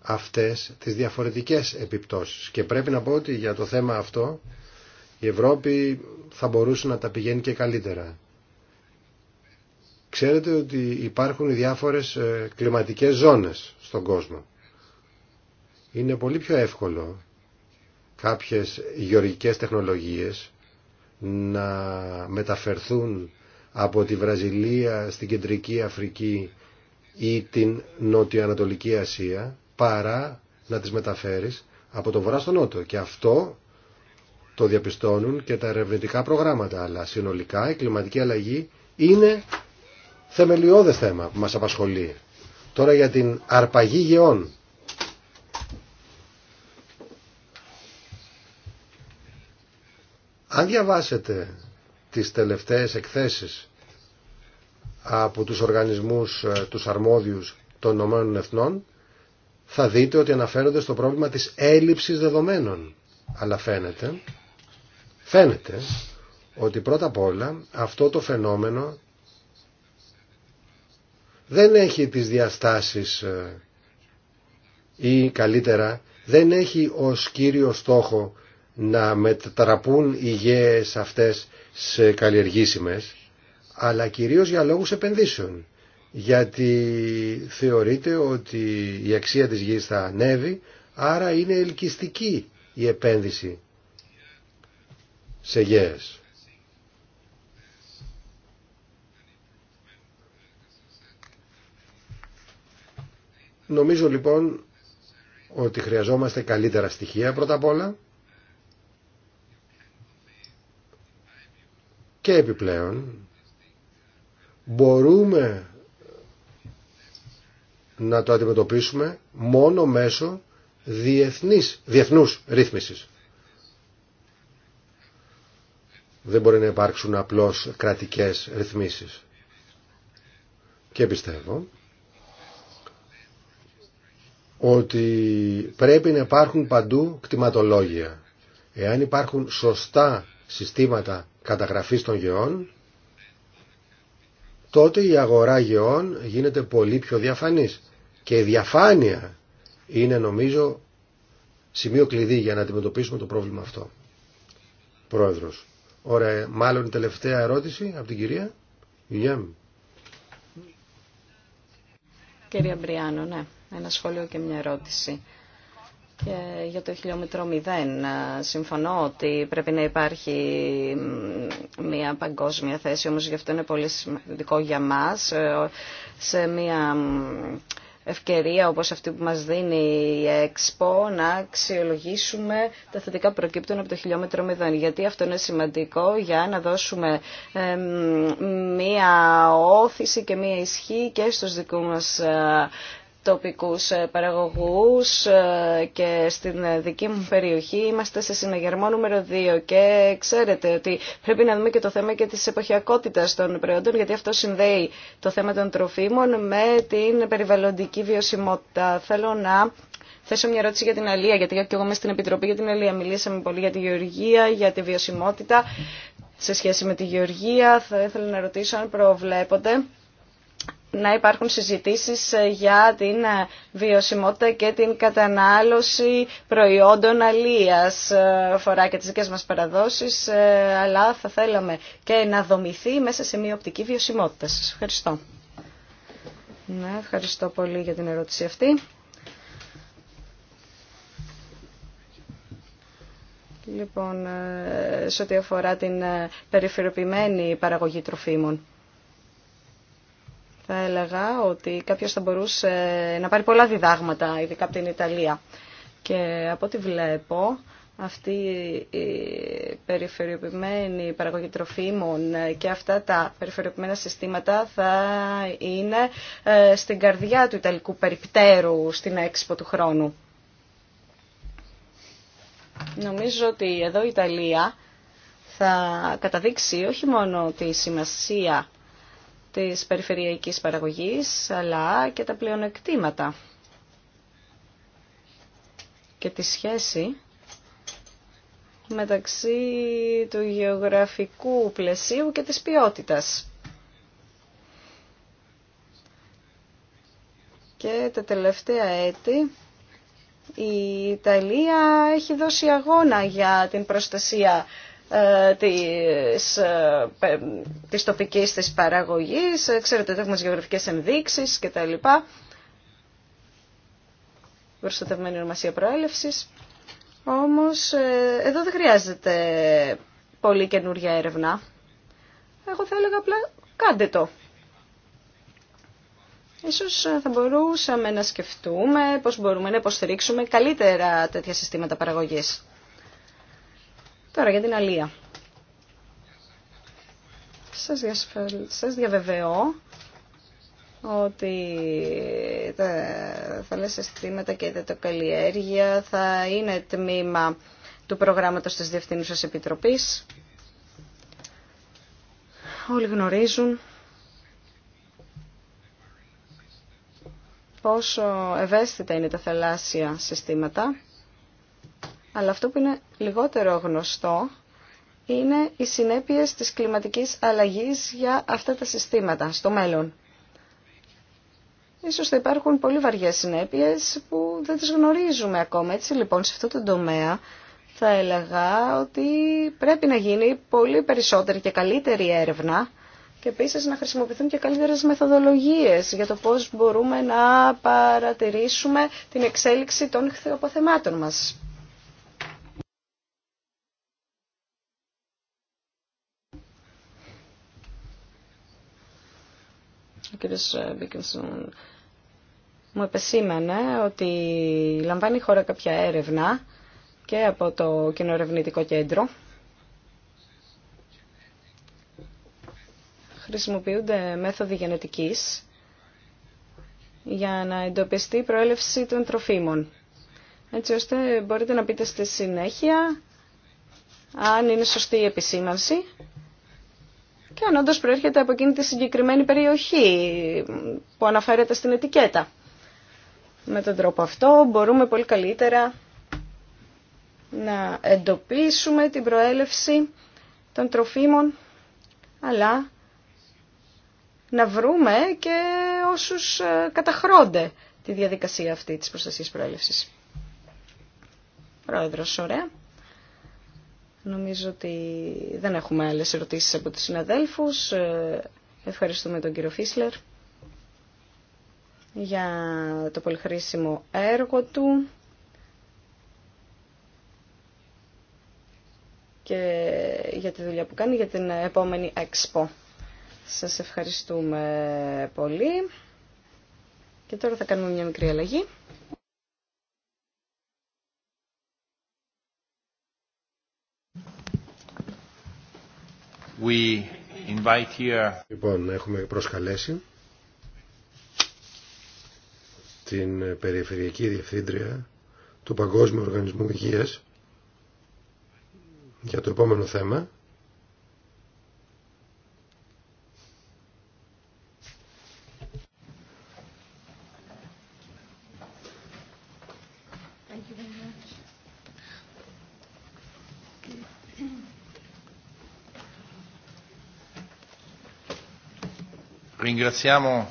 αυτές τις διαφορετικές επιπτώσεις. Και πρέπει να πω ότι για το θέμα αυτό η Ευρώπη θα μπορούσε να τα πηγαίνει και καλύτερα. Ξέρετε ότι υπάρχουν διάφορες ε, κλιματικές ζώνες στον κόσμο. Είναι πολύ πιο εύκολο κάποιες γεωργικές τεχνολογίες να μεταφερθούν από τη Βραζιλία στην Κεντρική Αφρική ή την Νοτιοανατολική Ασία παρά να τις μεταφέρεις από τον βορρά στο νότο. Και αυτό το διαπιστώνουν και τα ερευνητικά προγράμματα. Αλλά συνολικά η κλιματική αλλαγή είναι θεμελιώδες θέμα που μας απασχολεί. Τώρα για την αρπαγή γεών Αν διαβάσετε τις τελευταίες εκθέσεις από τους οργανισμούς, ε, τους αρμόδιους των Ηνωμένων Εθνών, θα δείτε ότι αναφέρονται στο πρόβλημα της έλλειψης δεδομένων. Αλλά φαίνεται, φαίνεται ότι πρώτα απ' όλα αυτό το φαινόμενο δεν έχει τις διαστάσεις ε, ή καλύτερα δεν έχει ως κύριο στόχο να μετατραπούν οι γέες αυτές σε καλλιεργήσιμες, αλλά κυρίως για λόγους επενδύσεων. Γιατί θεωρείται ότι η αξία της γης θα ανέβει, άρα είναι ελκυστική η επένδυση σε γέες. Νομίζω λοιπόν ότι χρειαζόμαστε καλύτερα στοιχεία πρώτα απ' όλα Και επιπλέον μπορούμε να το αντιμετωπίσουμε μόνο μέσω διεθνής, διεθνούς ρύθμισης. Δεν μπορεί να υπάρξουν απλώς κρατικές ρυθμίσεις. Και πιστεύω ότι πρέπει να υπάρχουν παντού κτηματολόγια. Εάν υπάρχουν σωστά συστήματα καταγραφής των γεών, τότε η αγορά γεών γίνεται πολύ πιο διαφανής. Και η διαφάνεια είναι νομίζω σημείο κλειδί για να αντιμετωπίσουμε το πρόβλημα αυτό. Πρόεδρος. Ωραία, μάλλον η τελευταία ερώτηση από την κυρία Κυρία Μπριάνο, ναι, ένα σχόλιο και μια ερώτηση. Και για το χιλιόμετρο μηδέν συμφωνώ ότι πρέπει να υπάρχει μια παγκόσμια θέση, όμως γι' αυτό είναι πολύ σημαντικό για μας ε, σε μια ευκαιρία όπως αυτή που μας δίνει η ΕΞΠΟ να αξιολογήσουμε τα θετικά προκύπτουν από το χιλιόμετρο μηδέν. Γιατί αυτό είναι σημαντικό για να δώσουμε ε, μία όθηση και μία ισχύ και στους δικούς μας ε, τοπικούς ε, παραγωγούς ε, και στην ε, δική μου περιοχή είμαστε σε συναγερμό νούμερο 2 και ξέρετε ότι πρέπει να δούμε και το θέμα και της εποχιακότητας των προϊόντων γιατί αυτό συνδέει το θέμα των τροφίμων με την περιβαλλοντική βιωσιμότητα. Θέλω να θέσω μια ερώτηση για την Αλία, γιατί και εγώ είμαι στην Επιτροπή για την Αλία. Μιλήσαμε πολύ για τη γεωργία, για τη βιωσιμότητα σε σχέση με τη γεωργία. Θα ήθελα να ρωτήσω αν προβλέπονται να υπάρχουν συζητήσεις ε, για την ε, βιωσιμότητα και την κατανάλωση προϊόντων αλίας. Ε, φορά και τις δικές μας παραδόσεις, αλλά θα θέλαμε και να δομηθεί μέσα σε μια οπτική βιωσιμότητα. Σας ευχαριστώ. Ναι, ευχαριστώ πολύ για την ερώτηση αυτή. Λοιπόν, σε ό,τι αφορά την περιφερειοποιημένη παραγωγή τροφίμων θα έλεγα ότι κάποιος θα μπορούσε να πάρει πολλά διδάγματα, ειδικά από την Ιταλία. Και από ό,τι βλέπω, αυτή η περιφερειοποιημένη παραγωγή τροφίμων και αυτά τα περιφερειοποιημένα συστήματα θα είναι ε, στην καρδιά του Ιταλικού περιπτέρου στην έξυπο του χρόνου. Νομίζω ότι εδώ η Ιταλία θα καταδείξει όχι μόνο τη σημασία της περιφερειακής παραγωγής, αλλά και τα πλεονεκτήματα και τη σχέση μεταξύ του γεωγραφικού πλαισίου και της ποιότητας. Και τα τελευταία έτη η Ιταλία έχει δώσει αγώνα για την προστασία ε, της, ε, της τοπικής της παραγωγής, ε, ξέρετε ότι έχουμε γεωγραφικές ενδείξεις κτλ. Προστατευμένη ονομασία προέλευσης. Όμως εδώ δεν χρειάζεται πολύ καινούρια έρευνα. Εγώ θα έλεγα απλά κάντε το. Ίσως θα μπορούσαμε να σκεφτούμε πώς μπορούμε να υποστηρίξουμε καλύτερα τέτοια συστήματα παραγωγής. Τώρα για την αλία. Σας, διασφελ... διαβεβαιώ ότι τα θαλάσσια συστήματα και το καλλιεργεία θα είναι τμήμα του προγράμματος της Διευθύνουσας Επιτροπής. Όλοι γνωρίζουν πόσο ευαίσθητα είναι τα θαλάσσια συστήματα αλλά αυτό που είναι λιγότερο γνωστό είναι οι συνέπειες της κλιματικής αλλαγής για αυτά τα συστήματα στο μέλλον. Ίσως θα υπάρχουν πολύ βαριές συνέπειες που δεν τις γνωρίζουμε ακόμα. Έτσι λοιπόν σε αυτό το τομέα θα έλεγα ότι πρέπει να γίνει πολύ περισσότερη και καλύτερη έρευνα και επίσης να χρησιμοποιηθούν και καλύτερες μεθοδολογίες για το πώς μπορούμε να παρατηρήσουμε την εξέλιξη των χθεοποθεμάτων μας. Ε, μου επεσήμανε ότι λαμβάνει η χώρα κάποια έρευνα και από το Κοινοερευνητικό Κέντρο. Χρησιμοποιούνται μέθοδοι γενετικής για να εντοπιστεί η προέλευση των τροφίμων. Έτσι ώστε μπορείτε να πείτε στη συνέχεια αν είναι σωστή η επισήμανση και αν όντω προέρχεται από εκείνη τη συγκεκριμένη περιοχή που αναφέρεται στην ετικέτα. Με τον τρόπο αυτό μπορούμε πολύ καλύτερα να εντοπίσουμε την προέλευση των τροφίμων, αλλά να βρούμε και όσους ε, καταχρώνται τη διαδικασία αυτή της προστασίας προέλευσης. Πρόεδρος, ωραία. Νομίζω ότι δεν έχουμε άλλες ερωτήσεις από τους συναδέλφους. Ε, ευχαριστούμε τον κύριο Φίσλερ για το πολύ χρήσιμο έργο του. και για τη δουλειά που κάνει για την επόμενη Expo. Σας ευχαριστούμε πολύ. Και τώρα θα κάνουμε μια μικρή αλλαγή. We invite here... Λοιπόν, έχουμε προσκαλέσει την Περιφερειακή Διευθύντρια του Παγκόσμιου Οργανισμού Υγείας για το επόμενο θέμα ringraziamo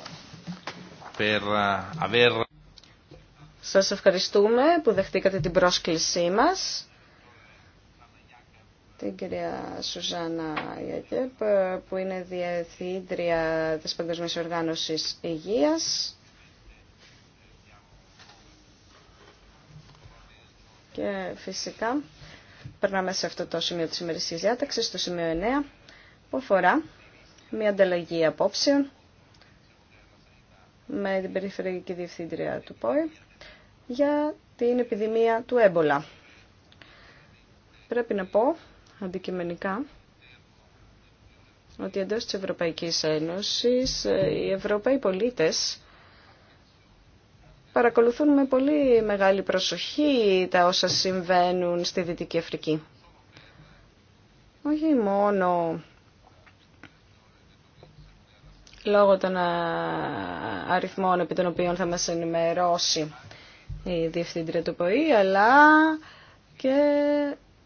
eh, Σας ευχαριστούμε που δεχτήκατε την πρόσκλησή μας. Την κυρία Σουζάνα Ιακέπ, ε, που είναι Διευθύντρια της Παγκοσμίας Οργάνωσης Υγείας. Και φυσικά περνάμε σε αυτό το σημείο της ημερησίας διάταξης, το σημείο 9, που αφορά μια ανταλλαγή απόψεων με την Περιφερειακή Διευθύντρια του ΠΟΕ για την επιδημία του έμπολα. Πρέπει να πω αντικειμενικά ότι εντός της Ευρωπαϊκής Ένωσης ε, οι Ευρωπαίοι πολίτες παρακολουθούν με πολύ μεγάλη προσοχή τα όσα συμβαίνουν στη Δυτική Αφρική. Όχι μόνο λόγω των αριθμών επί των οποίων θα μας ενημερώσει η Διευθύντρια του ΠΟΗ, αλλά και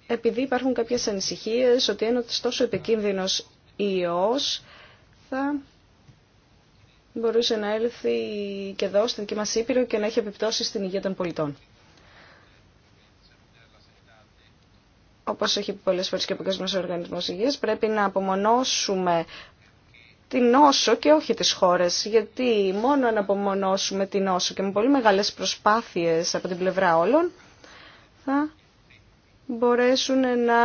επειδή υπάρχουν κάποιες ανησυχίες ότι ένα τόσο επικίνδυνος ιός θα μπορούσε να έλθει και εδώ στην δική μας Ήπειρο και να έχει επιπτώσει στην υγεία των πολιτών. Όπως έχει πολλές φορές και ο Παγκόσμιος Οργανισμός Υγείας, πρέπει να απομονώσουμε την νόσο και όχι τις χώρες, γιατί μόνο αν απομονώσουμε την νόσο και με πολύ μεγάλες προσπάθειες από την πλευρά όλων, θα μπορέσουν να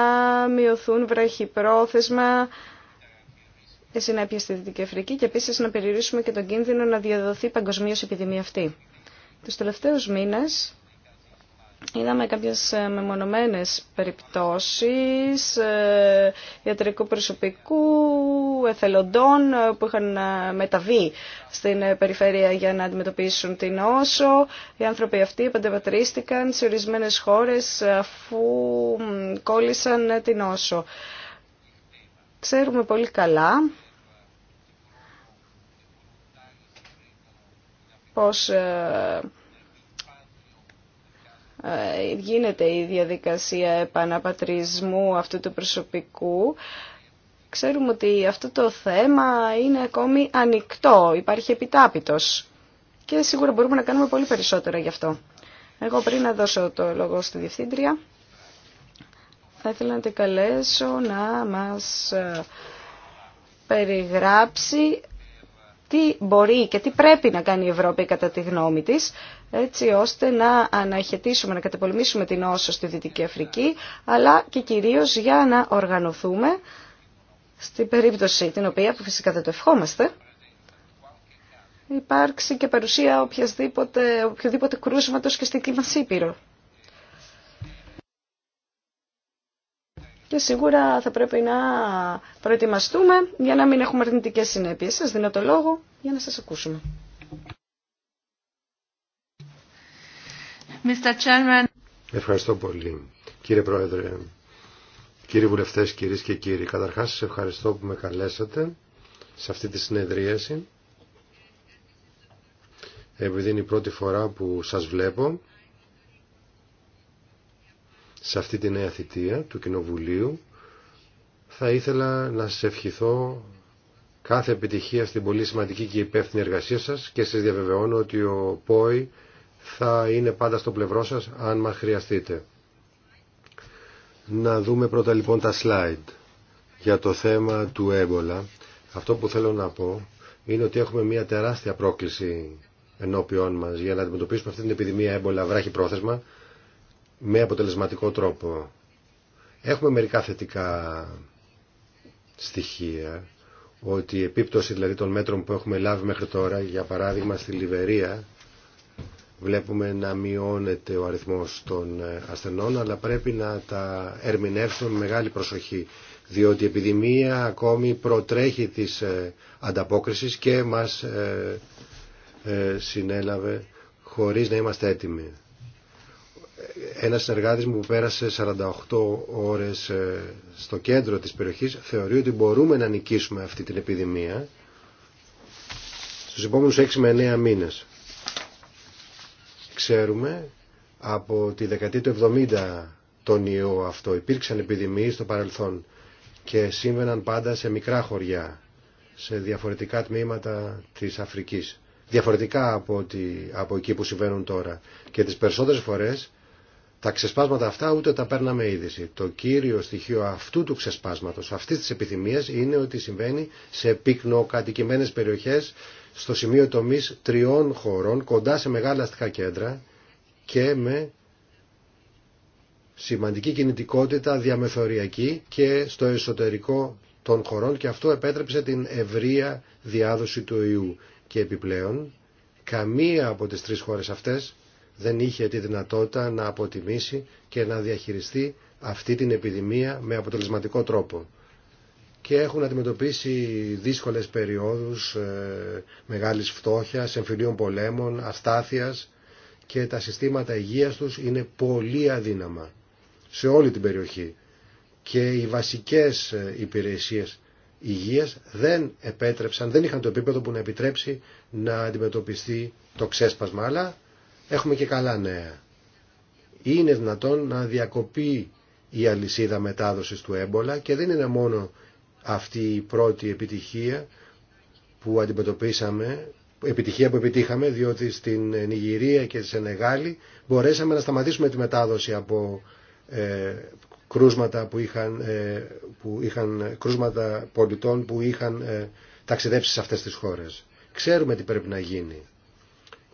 μειωθούν βραχυπρόθεσμα να συνέπειε στη Δυτική Αφρική και επίσης να περιορίσουμε και τον κίνδυνο να διαδοθεί παγκοσμίως η επιδημία αυτή. Τους τελευταίους μήνες Είδαμε κάποιες ε, μεμονωμένες περιπτώσεις ε, ιατρικού προσωπικού, εθελοντών ε, που είχαν μεταβεί στην περιφέρεια για να αντιμετωπίσουν την όσο. Οι άνθρωποι αυτοί επαντεπατρίστηκαν σε ορισμένες χώρες αφού κόλλησαν την όσο. Ξέρουμε πολύ καλά πως ε, γίνεται η διαδικασία επαναπατρισμού αυτού του προσωπικού. Ξέρουμε ότι αυτό το θέμα είναι ακόμη ανοιχτό, υπάρχει επιτάπητος και σίγουρα μπορούμε να κάνουμε πολύ περισσότερα γι' αυτό. Εγώ πριν να δώσω το λόγο στη Διευθύντρια, θα ήθελα να την καλέσω να μας ε, περιγράψει τι μπορεί και τι πρέπει να κάνει η Ευρώπη κατά τη γνώμη της, έτσι ώστε να αναχαιτήσουμε, να κατεπολεμήσουμε την όσο στη Δυτική Αφρική, αλλά και κυρίως για να οργανωθούμε στην περίπτωση την οποία, που φυσικά δεν το ευχόμαστε, υπάρξει και παρουσία οποιοδήποτε κρούσματο και στην κλίμα και σίγουρα θα πρέπει να προετοιμαστούμε για να μην έχουμε αρνητικέ συνέπειε. Σα δίνω το λόγο για να σα ακούσουμε. Ευχαριστώ πολύ. Κύριε Πρόεδρε, κύριοι βουλευτές, κύριε και κύριοι, καταρχάς σας ευχαριστώ που με καλέσατε σε αυτή τη συνεδρίαση, επειδή είναι η πρώτη φορά που σας βλέπω σε αυτή τη νέα θητεία του Κοινοβουλίου θα ήθελα να σας ευχηθώ κάθε επιτυχία στην πολύ σημαντική και υπεύθυνη εργασία σας και σας διαβεβαιώνω ότι ο ΠΟΗ θα είναι πάντα στο πλευρό σας αν μας χρειαστείτε. Να δούμε πρώτα λοιπόν τα slide για το θέμα του έμπολα. Αυτό που θέλω να πω είναι ότι έχουμε μια τεράστια πρόκληση ενώπιόν μας για να αντιμετωπίσουμε αυτή την επιδημία έμπολα βράχη πρόθεσμα με αποτελεσματικό τρόπο. Έχουμε μερικά θετικά στοιχεία ότι η επίπτωση δηλαδή των μέτρων που έχουμε λάβει μέχρι τώρα, για παράδειγμα στη Λιβερία, βλέπουμε να μειώνεται ο αριθμός των ε, ασθενών, αλλά πρέπει να τα ερμηνεύσουμε με μεγάλη προσοχή, διότι η επιδημία ακόμη προτρέχει της ε, ανταπόκρισης και μας ε, συνέλαβε χωρίς να είμαστε έτοιμοι ένας συνεργάτης μου που πέρασε 48 ώρες ε, στο κέντρο της περιοχής θεωρεί ότι μπορούμε να νικήσουμε αυτή την επιδημία στους επόμενους 6 με 9 μήνες. Ξέρουμε από τη δεκαετία του 70 τον ιό αυτό. Υπήρξαν επιδημίες στο παρελθόν και σύμβαιναν πάντα σε μικρά χωριά, σε διαφορετικά τμήματα της Αφρικής. Διαφορετικά από, ότι, από εκεί που συμβαίνουν τώρα. Και τις περισσότερες φορές τα ξεσπάσματα αυτά ούτε τα παίρναμε είδηση. Το κύριο στοιχείο αυτού του ξεσπάσματο, αυτής της επιθυμίας, είναι ότι συμβαίνει σε πυκνοκατοικημένε περιοχές, στο σημείο τομή τριών χωρών, κοντά σε μεγάλα αστικά κέντρα και με σημαντική κινητικότητα διαμεθοριακή και στο εσωτερικό των χωρών και αυτό επέτρεψε την ευρεία διάδοση του ιού. Και επιπλέον, καμία από τις τρεις χώρες αυτές δεν είχε τη δυνατότητα να αποτιμήσει και να διαχειριστεί αυτή την επιδημία με αποτελεσματικό τρόπο. Και έχουν αντιμετωπίσει δύσκολες περιόδους ε, μεγάλης φτώχειας, εμφυλίων πολέμων, αστάθειας και τα συστήματα υγείας τους είναι πολύ αδύναμα σε όλη την περιοχή. Και οι βασικές ε, υπηρεσίες υγείας δεν επέτρεψαν, δεν είχαν το επίπεδο που να επιτρέψει να αντιμετωπιστεί το ξέσπασμα. Αλλά Έχουμε και καλά νέα. Είναι δυνατόν να διακοπεί η αλυσίδα μετάδοσης του έμπολα και δεν είναι μόνο αυτή η πρώτη επιτυχία που αντιμετωπίσαμε, επιτυχία που επιτύχαμε, διότι στην Νιγηρία και στη Σενεγάλη μπορέσαμε να σταματήσουμε τη μετάδοση από ε, κρούσματα, που είχαν, ε, που είχαν, κρούσματα πολιτών που είχαν ε, ταξιδέψει σε αυτές τις χώρες. Ξέρουμε τι πρέπει να γίνει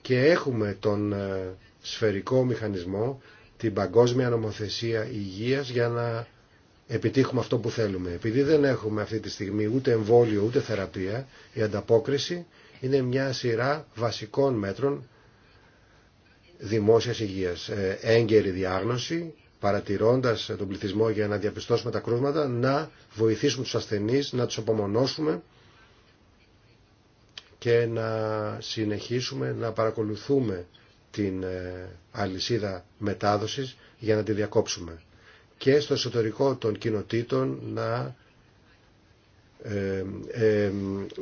και έχουμε τον ε, σφαιρικό μηχανισμό, την παγκόσμια νομοθεσία υγείας για να επιτύχουμε αυτό που θέλουμε. Επειδή δεν έχουμε αυτή τη στιγμή ούτε εμβόλιο ούτε θεραπεία, η ανταπόκριση είναι μια σειρά βασικών μέτρων δημόσιας υγείας. Ε, έγκαιρη διάγνωση, παρατηρώντας τον πληθυσμό για να διαπιστώσουμε τα κρούσματα, να βοηθήσουμε τους ασθενείς, να τους απομονώσουμε και να συνεχίσουμε να παρακολουθούμε την ε, αλυσίδα μετάδοσης για να τη διακόψουμε. Και στο εσωτερικό των κοινοτήτων να ε, ε,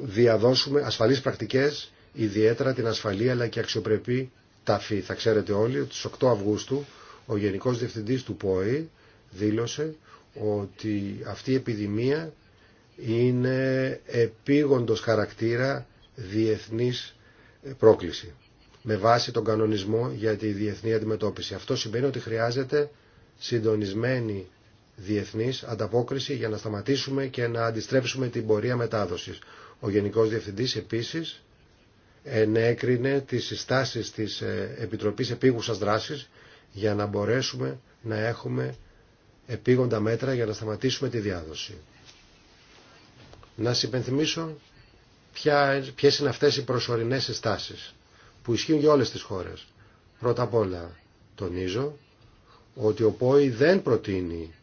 διαδώσουμε ασφαλείς πρακτικές, ιδιαίτερα την ασφαλή αλλά και αξιοπρεπή ταφή. Θα ξέρετε όλοι ότι στις 8 Αυγούστου ο Γενικός Διευθυντής του ΠΟΗ δήλωσε ότι αυτή η επιδημία είναι επίγοντος χαρακτήρα διεθνής ε, πρόκληση με βάση τον κανονισμό για τη διεθνή αντιμετώπιση. Αυτό σημαίνει ότι χρειάζεται συντονισμένη διεθνής ανταπόκριση για να σταματήσουμε και να αντιστρέψουμε την πορεία μετάδοσης. Ο Γενικός Διευθυντής επίσης ενέκρινε τις συστάσεις της ε, Επιτροπής Επίγουσας Δράσης για να μπορέσουμε να έχουμε επίγοντα μέτρα για να σταματήσουμε τη διάδοση. Να συμπενθυμίσω Ποιε ποιες είναι αυτές οι προσωρινές συστάσεις που ισχύουν για όλες τις χώρες. Πρώτα απ' όλα τονίζω ότι ο ΠΟΗ δεν προτείνει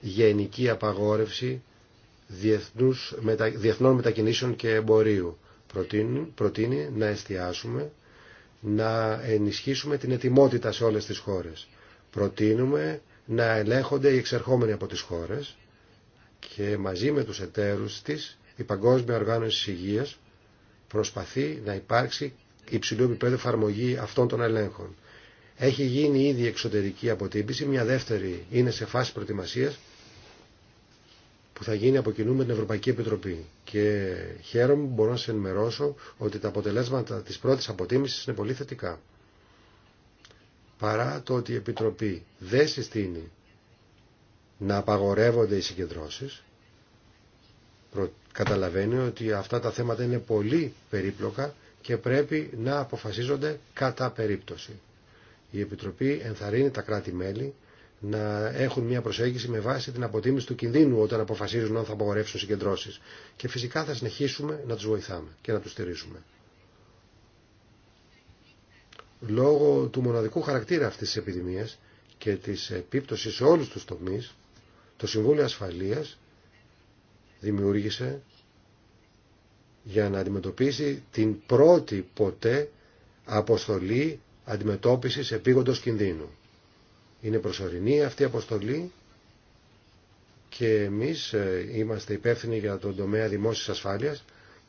γενική απαγόρευση διεθνών μετακινήσεων και εμπορίου. Προτείνει, προτείνει να εστιάσουμε, να ενισχύσουμε την ετοιμότητα σε όλες τις χώρες. Προτείνουμε να ελέγχονται οι εξερχόμενοι από τις χώρες και μαζί με τους εταίρους της η Παγκόσμια Οργάνωση Υγείας προσπαθεί να υπάρξει υψηλού επίπεδου εφαρμογή αυτών των ελέγχων. Έχει γίνει ήδη εξωτερική αποτίμηση. μια δεύτερη είναι σε φάση προετοιμασίας που θα γίνει από κοινού με την Ευρωπαϊκή Επιτροπή. Και χαίρομαι που μπορώ να σε ενημερώσω ότι τα αποτελέσματα της πρώτης αποτίμησης είναι πολύ θετικά. Παρά το ότι η Επιτροπή δεν συστήνει να απαγορεύονται οι συγκεντρώσεις, Καταλαβαίνει ότι αυτά τα θέματα είναι πολύ περίπλοκα και πρέπει να αποφασίζονται κατά περίπτωση. Η Επιτροπή ενθαρρύνει τα κράτη-μέλη να έχουν μια προσέγγιση με βάση την αποτίμηση του κινδύνου όταν αποφασίζουν αν θα απογορεύσουν συγκεντρώσεις. Και φυσικά θα συνεχίσουμε να τους βοηθάμε και να τους στηρίζουμε. Λόγω του μοναδικού χαρακτήρα αυτής της επιδημίας και της επίπτωσης σε όλους τους τομείς, το Συμβούλιο Ασφαλείας δημιούργησε για να αντιμετωπίσει την πρώτη ποτέ αποστολή αντιμετώπισης επίγοντος κινδύνου. Είναι προσωρινή αυτή η αποστολή και εμείς ε, είμαστε υπεύθυνοι για τον τομέα δημόσιας ασφάλειας.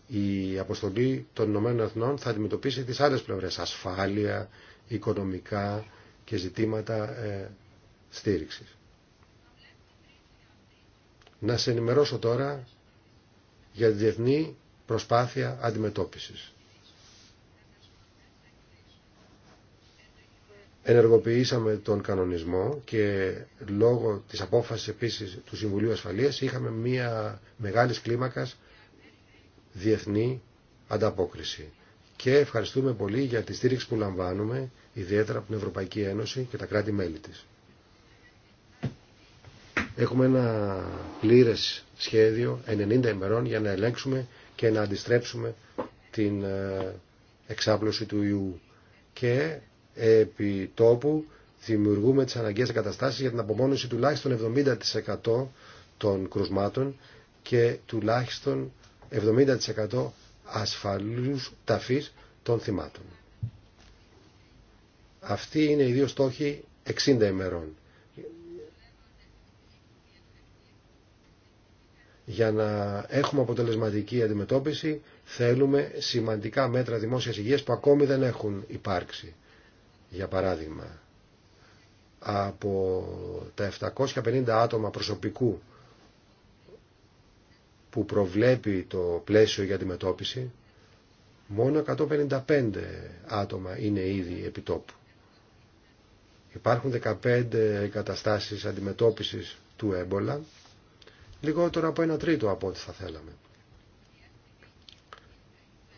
Η αποστολή των ΗΠΑ θα αντιμετωπίσει τις άλλες πλευρές, ασφάλεια, οικονομικά και ζητήματα ε, στήριξης. Να σε ενημερώσω τώρα για τη διεθνή προσπάθεια αντιμετώπισης. Ενεργοποιήσαμε τον κανονισμό και λόγω της απόφασης επίσης του Συμβουλίου Ασφαλείας είχαμε μια μεγάλη κλίμακας διεθνή ανταπόκριση. Και ευχαριστούμε πολύ για τη στήριξη που λαμβάνουμε, ιδιαίτερα από την Ευρωπαϊκή Ένωση και τα κράτη-μέλη της. Έχουμε ένα πλήρες σχέδιο 90 ημερών για να ελέγξουμε και να αντιστρέψουμε την ε, εξάπλωση του ιού. Και επί τόπου δημιουργούμε τις αναγκαίες εγκαταστάσεις για την απομόνωση τουλάχιστον 70% των κρουσμάτων και τουλάχιστον 70% ασφαλούς ταφής των θυμάτων. Αυτοί είναι οι δύο στόχοι 60 ημερών. Για να έχουμε αποτελεσματική αντιμετώπιση θέλουμε σημαντικά μέτρα δημόσιας υγείας που ακόμη δεν έχουν υπάρξει. Για παράδειγμα, από τα 750 άτομα προσωπικού που προβλέπει το πλαίσιο για αντιμετώπιση, μόνο 155 άτομα είναι ήδη επιτόπου. Υπάρχουν 15 καταστάσεις αντιμετώπισης του έμπολα λιγότερο από ένα τρίτο από ό,τι θα θέλαμε.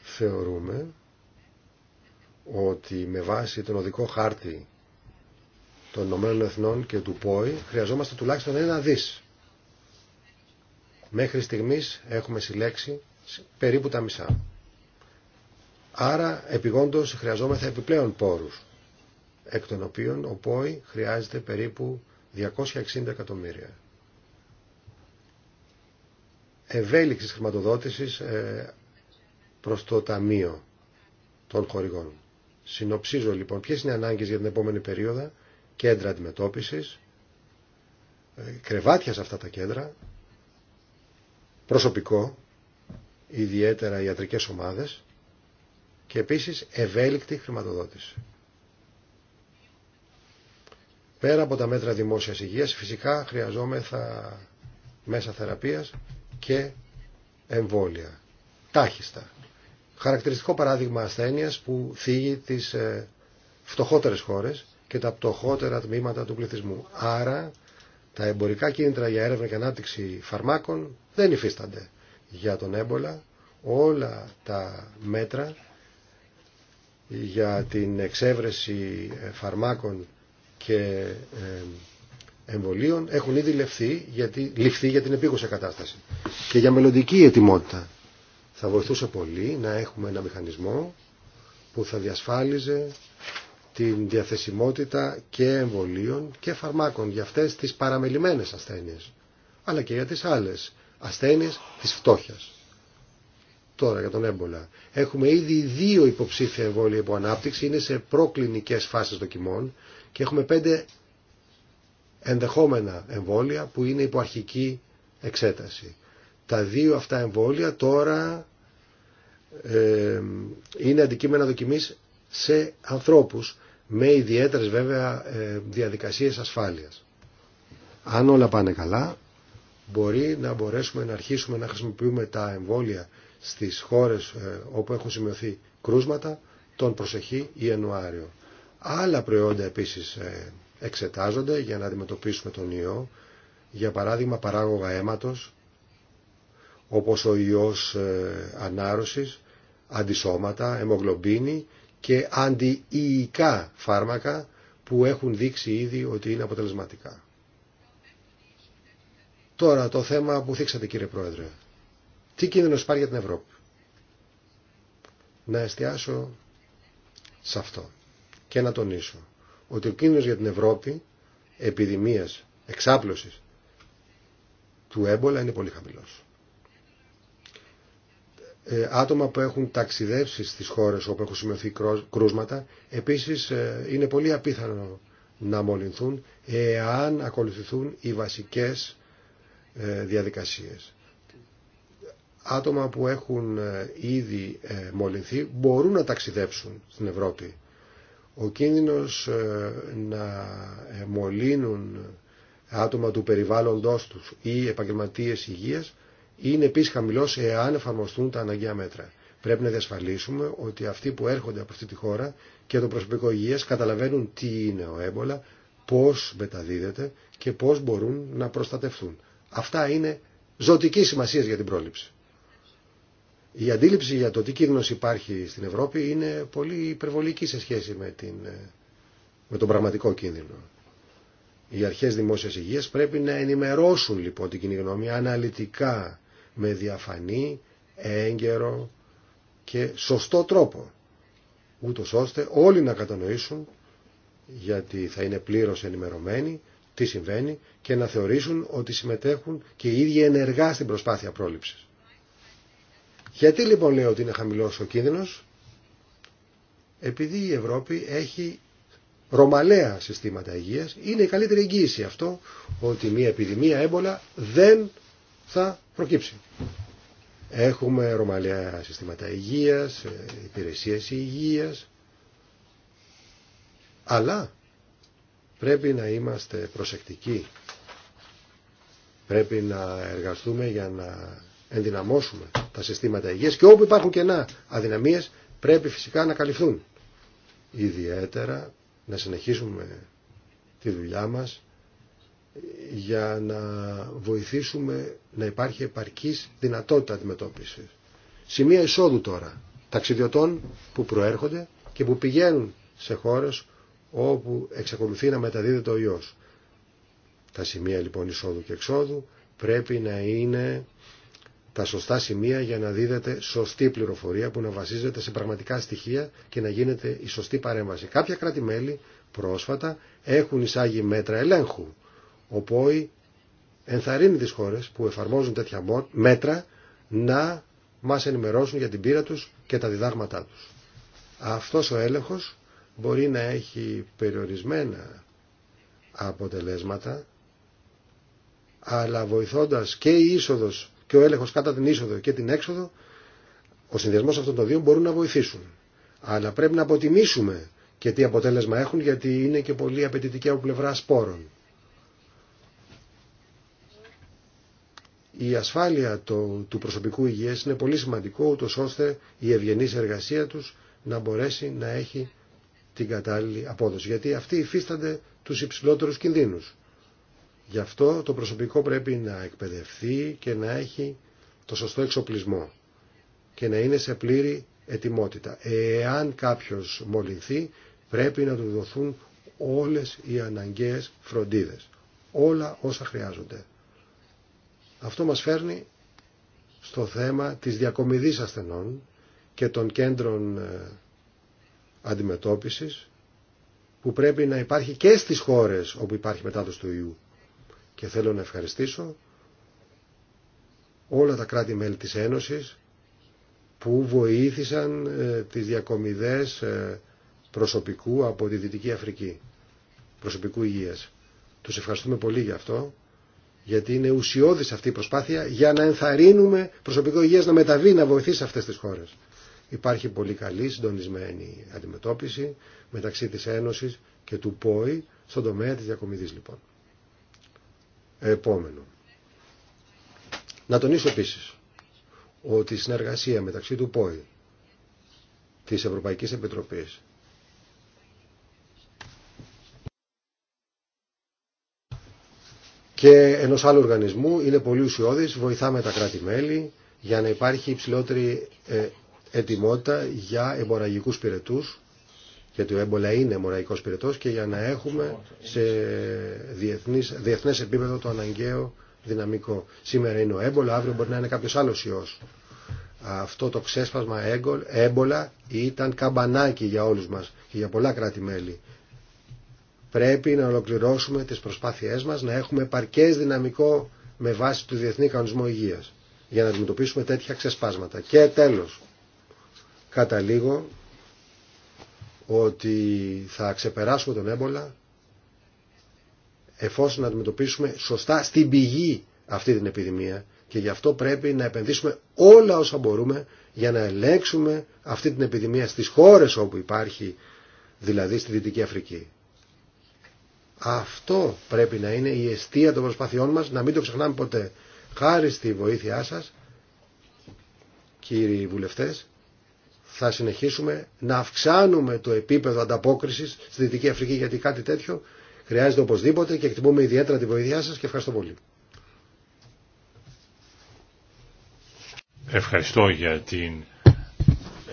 Θεωρούμε ότι με βάση τον οδικό χάρτη των Ηνωμένων Εθνών και του ΠΟΗ χρειαζόμαστε τουλάχιστον ένα δις. Μέχρι στιγμής έχουμε συλλέξει περίπου τα μισά. Άρα επιγόντως χρειαζόμαστε επιπλέον πόρους, εκ των οποίων ο ΠΟΗ χρειάζεται περίπου 260 εκατομμύρια ευέλικτης χρηματοδότηση ε, προς το Ταμείο των Χορηγών. Συνοψίζω λοιπόν ποιε είναι οι ανάγκε για την επόμενη περίοδο, κέντρα αντιμετώπισης, ε, κρεβάτια σε αυτά τα κέντρα, προσωπικό, ιδιαίτερα ιατρικές ομάδες και επίσης ευέλικτη χρηματοδότηση. Πέρα από τα μέτρα δημόσιας υγείας, φυσικά χρειαζόμεθα μέσα θεραπείας και εμβόλια. Τάχιστα. Χαρακτηριστικό παράδειγμα ασθένεια που θίγει τις ε, φτωχότερε χώρες και τα πτωχότερα τμήματα του πληθυσμού. Άρα τα εμπορικά κίνητρα για έρευνα και ανάπτυξη φαρμάκων δεν υφίστανται. Για τον έμπολα όλα τα μέτρα για την εξέβρεση φαρμάκων και ε, εμβολίων έχουν ήδη ληφθεί, γιατί, ληφθεί για την επίγουσα κατάσταση. Και για μελλοντική ετοιμότητα θα βοηθούσε πολύ να έχουμε ένα μηχανισμό που θα διασφάλιζε την διαθεσιμότητα και εμβολίων και φαρμάκων για αυτές τις παραμελημένες ασθένειες, αλλά και για τις άλλες ασθένειες της φτώχειας. Τώρα για τον έμπολα. Έχουμε ήδη δύο υποψήφια εμβόλια υπό ανάπτυξη, είναι σε προκλινικές φάσεις δοκιμών και έχουμε πέντε ενδεχόμενα εμβόλια που είναι υπό εξέταση. Τα δύο αυτά εμβόλια τώρα ε, είναι αντικείμενα δοκιμής σε ανθρώπους με ιδιαίτερες βέβαια διαδικασίες ασφάλειας. Αν όλα πάνε καλά, μπορεί να μπορέσουμε να αρχίσουμε να χρησιμοποιούμε τα εμβόλια στις χώρες ε, όπου έχουν σημειωθεί κρούσματα τον προσεχή Ιανουάριο. Άλλα προϊόντα επίσης ε, εξετάζονται για να αντιμετωπίσουμε τον ιό. Για παράδειγμα παράγωγα αίματος, όπως ο ιός ε, ανάρρωσης, αντισώματα, αιμογλομπίνη και αντιϊικά φάρμακα που έχουν δείξει ήδη ότι είναι αποτελεσματικά. Τώρα το θέμα που θίξατε κύριε Πρόεδρε. Τι κίνδυνο υπάρχει για την Ευρώπη. Να εστιάσω σε αυτό και να τονίσω ότι ο κίνδυνος για την Ευρώπη επιδημίας, εξάπλωσης του έμπολα είναι πολύ χαμηλός. Ε, άτομα που έχουν ταξιδεύσει στις χώρες όπου έχουν σημειωθεί κρούσματα επίσης ε, είναι πολύ απίθανο να μολυνθούν εάν ακολουθηθούν οι βασικές ε, διαδικασίες. Άτομα που έχουν ήδη μολυνθεί μπορούν να ταξιδέψουν στην Ευρώπη ο κίνδυνος ε, να μολύνουν άτομα του περιβάλλοντος τους ή επαγγελματίες υγείας είναι επίσης χαμηλός εάν εφαρμοστούν τα αναγκαία μέτρα. Πρέπει να διασφαλίσουμε ότι αυτοί που έρχονται από αυτή τη χώρα και το προσωπικό υγείας καταλαβαίνουν τι είναι ο έμπολα, πώς μεταδίδεται και πώς μπορούν να προστατευτούν. Αυτά είναι ζωτική σημασία για την πρόληψη. Η αντίληψη για το τι κίνδυνος υπάρχει στην Ευρώπη είναι πολύ υπερβολική σε σχέση με, την, ε, με τον πραγματικό κίνδυνο. Οι αρχές δημόσιας υγείας πρέπει να ενημερώσουν λοιπόν την κοινή γνώμη αναλυτικά με διαφανή, έγκαιρο και σωστό τρόπο ούτω ώστε όλοι να κατανοήσουν γιατί θα είναι πλήρως ενημερωμένοι τι συμβαίνει και να θεωρήσουν ότι συμμετέχουν και οι ίδιοι ενεργά στην προσπάθεια πρόληψης. Γιατί λοιπόν λέω ότι είναι χαμηλός ο κίνδυνος, επειδή η Ευρώπη έχει ρωμαλαία συστήματα υγείας, είναι η καλύτερη εγγύηση αυτό ότι μια επιδημία έμπολα δεν θα προκύψει. Έχουμε ρωμαλαία συστήματα υγείας, ε, υπηρεσίες υγείας, αλλά πρέπει να είμαστε προσεκτικοί. Πρέπει να εργαστούμε για να ενδυναμώσουμε τα συστήματα υγείας και όπου υπάρχουν κενά αδυναμίες πρέπει φυσικά να καλυφθούν. Ιδιαίτερα να συνεχίσουμε τη δουλειά μας για να βοηθήσουμε να υπάρχει επαρκής δυνατότητα αντιμετώπισης. Σημεία εισόδου τώρα ταξιδιωτών που προέρχονται και που πηγαίνουν σε χώρες όπου εξακολουθεί να μεταδίδεται ο ιός. Τα σημεία λοιπόν εισόδου και εξόδου πρέπει να είναι τα σωστά σημεία για να δίδεται σωστή πληροφορία που να βασίζεται σε πραγματικά στοιχεία και να γίνεται η σωστή παρέμβαση. Κάποια κράτη-μέλη πρόσφατα έχουν εισάγει μέτρα ελέγχου, οπότε ενθαρρύνει τις χώρες που εφαρμόζουν τέτοια μέτρα να μας ενημερώσουν για την πείρα τους και τα διδάγματά τους. Αυτός ο έλεγχος μπορεί να έχει περιορισμένα αποτελέσματα, αλλά βοηθώντας και η είσοδος και ο έλεγχο κατά την είσοδο και την έξοδο, ο συνδυασμό αυτών των δύο μπορούν να βοηθήσουν. Αλλά πρέπει να αποτιμήσουμε και τι αποτέλεσμα έχουν γιατί είναι και πολύ απαιτητική από πλευρά σπόρων. Η ασφάλεια του προσωπικού υγιές είναι πολύ σημαντικό ούτως ώστε η ευγενή εργασία τους να μπορέσει να έχει την κατάλληλη απόδοση. Γιατί αυτοί υφίστανται τους υψηλότερους κινδύνους. Γι' αυτό το προσωπικό πρέπει να εκπαιδευτεί και να έχει το σωστό εξοπλισμό και να είναι σε πλήρη ετοιμότητα. Εάν κάποιος μολυνθεί πρέπει να του δοθούν όλες οι αναγκαίες φροντίδες. Όλα όσα χρειάζονται. Αυτό μας φέρνει στο θέμα της διακομιδής ασθενών και των κέντρων ε, αντιμετώπισης που πρέπει να υπάρχει και στις χώρες όπου υπάρχει μετάδοση του ιού και θέλω να ευχαριστήσω όλα τα κράτη-μέλη της Ένωσης που βοήθησαν ε, τις διακομιδές ε, προσωπικού από τη Δυτική Αφρική, προσωπικού υγείας. Τους ευχαριστούμε πολύ για αυτό, γιατί είναι ουσιώδης αυτή η προσπάθεια για να ενθαρρύνουμε προσωπικό υγείας να μεταβεί, να βοηθήσει αυτές τις χώρες. Υπάρχει πολύ καλή συντονισμένη αντιμετώπιση μεταξύ της Ένωσης και του ΠΟΗ στον τομέα της διακομιδής λοιπόν επόμενο. Να τονίσω επίση ότι η συνεργασία μεταξύ του ΠΟΗ, της Ευρωπαϊκής Επιτροπής και ενός άλλου οργανισμού είναι πολύ ουσιώδης, βοηθάμε τα κράτη-μέλη για να υπάρχει υψηλότερη ε, ετοιμότητα για εμποραγικούς πυρετούς γιατί ο έμπολα είναι μοραϊκός πυρετός και για να έχουμε σε διεθνής, διεθνές επίπεδο το αναγκαίο δυναμικό. Σήμερα είναι ο έμπολα, αύριο μπορεί να είναι κάποιος άλλο ιός. Αυτό το ξέσπασμα έμπολα ήταν καμπανάκι για όλους μας και για πολλά κράτη-μέλη. Πρέπει να ολοκληρώσουμε τις προσπάθειές μας να έχουμε παρκές δυναμικό με βάση του Διεθνή Κανονισμού Υγείας για να αντιμετωπίσουμε τέτοια ξεσπάσματα. Και τέλος, καταλήγω ότι θα ξεπεράσουμε τον έμπολα εφόσον να αντιμετωπίσουμε σωστά στην πηγή αυτή την επιδημία και γι' αυτό πρέπει να επενδύσουμε όλα όσα μπορούμε για να ελέγξουμε αυτή την επιδημία στις χώρες όπου υπάρχει, δηλαδή στη Δυτική Αφρική. Αυτό πρέπει να είναι η αιστεία των προσπαθειών μας, να μην το ξεχνάμε ποτέ. Χάρη στη βοήθειά σας, κύριοι βουλευτές, θα συνεχίσουμε να αυξάνουμε το επίπεδο ανταπόκρισης στη Δυτική Αφρική γιατί κάτι τέτοιο χρειάζεται οπωσδήποτε και εκτιμούμε ιδιαίτερα την βοήθειά σας και ευχαριστώ πολύ. Ευχαριστώ για την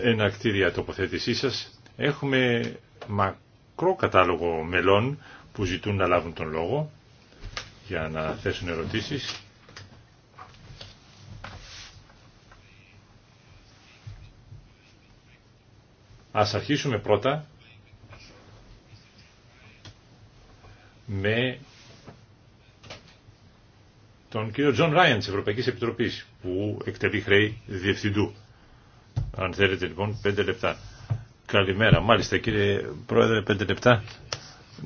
ενακτήρια τοποθέτησή σας. Έχουμε μακρό κατάλογο μελών που ζητούν να λάβουν τον λόγο για να θέσουν ερωτήσεις. Ας αρχίσουμε πρώτα με τον κύριο Τζον Ράιαν της Ευρωπαϊκής Επιτροπής που εκτελεί χρέη διευθυντού. Αν θέλετε λοιπόν πέντε λεπτά. Καλημέρα. Μάλιστα κύριε Πρόεδρε πέντε λεπτά.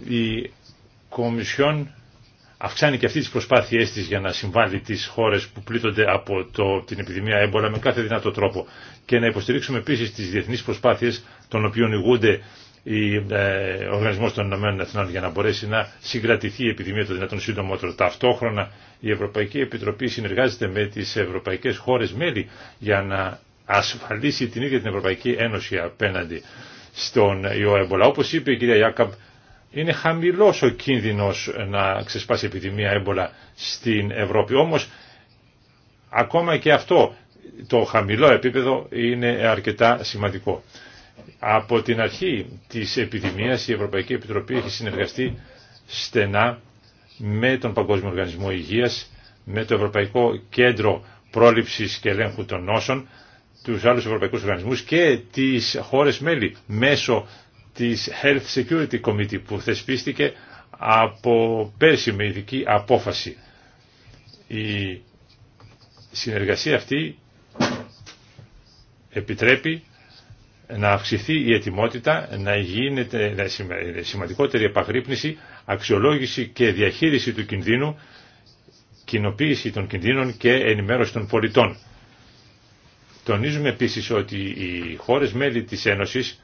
Η Κομισιόν αυξάνει και αυτή τις προσπάθειές της για να συμβάλλει τις χώρες που πλήττονται από το, την επιδημία έμπολα με κάθε δυνατό τρόπο και να υποστηρίξουμε επίσης τις διεθνείς προσπάθειες των οποίων ηγούνται η, ε, των Ηνωμένων Εθνών για να μπορέσει να συγκρατηθεί η επιδημία των δυνατών σύντομότερο. Ταυτόχρονα η Ευρωπαϊκή Επιτροπή συνεργάζεται με τις ευρωπαϊκές χώρες μέλη για να ασφαλίσει την ίδια την Ευρωπαϊκή Ένωση απέναντι στον ιό έμπολα. Όπως είπε η κυρία Ιάκαμπ, είναι χαμηλός ο κίνδυνος να ξεσπάσει επιδημία έμπολα στην Ευρώπη. Όμως ακόμα και αυτό το χαμηλό επίπεδο είναι αρκετά σημαντικό. Από την αρχή της επιδημίας η Ευρωπαϊκή Επιτροπή έχει συνεργαστεί στενά με τον Παγκόσμιο Οργανισμό Υγείας, με το Ευρωπαϊκό Κέντρο Πρόληψης και Ελέγχου των Νόσων, τους άλλους ευρωπαϊκούς οργανισμούς και τις χώρες μέλη μέσω της Health Security Committee που θεσπίστηκε από πέρσι με ειδική απόφαση. Η συνεργασία αυτή επιτρέπει να αυξηθεί η ετοιμότητα, να γίνεται σημαντικότερη επαγρύπνηση, αξιολόγηση και διαχείριση του κινδύνου, κοινοποίηση των κινδύνων και ενημέρωση των πολιτών. Τονίζουμε επίσης ότι οι χώρες μέλη της Ένωσης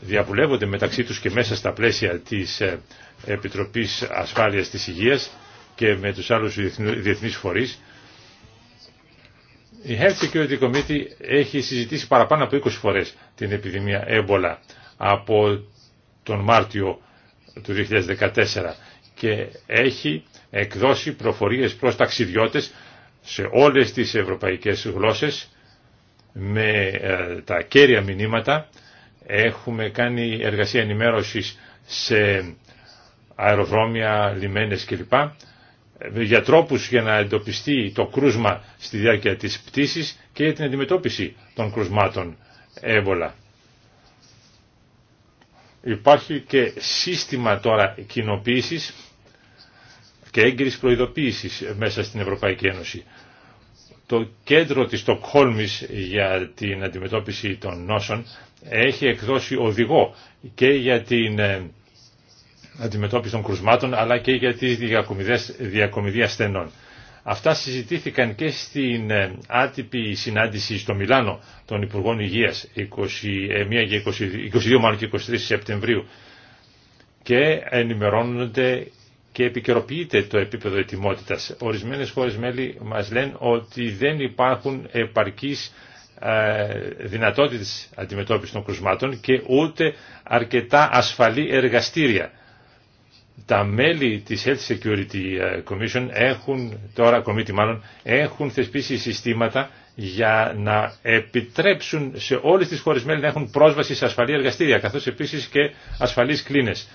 διαβουλεύονται μεταξύ τους και μέσα στα πλαίσια της ε, Επιτροπής Ασφάλειας της Υγείας και με τους άλλους διεθνείς φορείς. Η Health Security Committee έχει συζητήσει παραπάνω από 20 φορές την επιδημία έμπολα από τον Μάρτιο του 2014 και έχει εκδώσει προφορίες προς ταξιδιώτες σε όλες τις ευρωπαϊκές γλώσσες με ε, τα κέρια μηνύματα Έχουμε κάνει εργασία ενημέρωσης σε αεροδρόμια, λιμένες κλπ. Για τρόπους για να εντοπιστεί το κρούσμα στη διάρκεια της πτήσης και για την αντιμετώπιση των κρουσμάτων έμπολα. Υπάρχει και σύστημα τώρα κοινοποίησης και έγκυρης προειδοποίησης μέσα στην Ευρωπαϊκή Ένωση. Το κέντρο της Στοκχόλμης για την αντιμετώπιση των νόσων έχει εκδώσει οδηγό και για την ε, αντιμετώπιση των κρουσμάτων αλλά και για τις διακομιδία στενών. Αυτά συζητήθηκαν και στην ε, άτυπη συνάντηση στο Μιλάνο των Υπουργών Υγείας 21 ε, και 22, 22 και 23 Σεπτεμβρίου και ενημερώνονται και επικαιροποιείται το επίπεδο ετοιμότητας. Ορισμένες χώρες μέλη μας λένε ότι δεν υπάρχουν επαρκείς ε, δυνατότητες αντιμετώπισης των κρουσμάτων και ούτε αρκετά ασφαλή εργαστήρια. Τα μέλη της Health Security ε, Commission έχουν, τώρα committee μάλλον, έχουν θεσπίσει συστήματα για να επιτρέψουν σε όλες τις χώρες μέλη να έχουν πρόσβαση σε ασφαλή εργαστήρια, καθώς επίσης και ασφαλείς κλίνες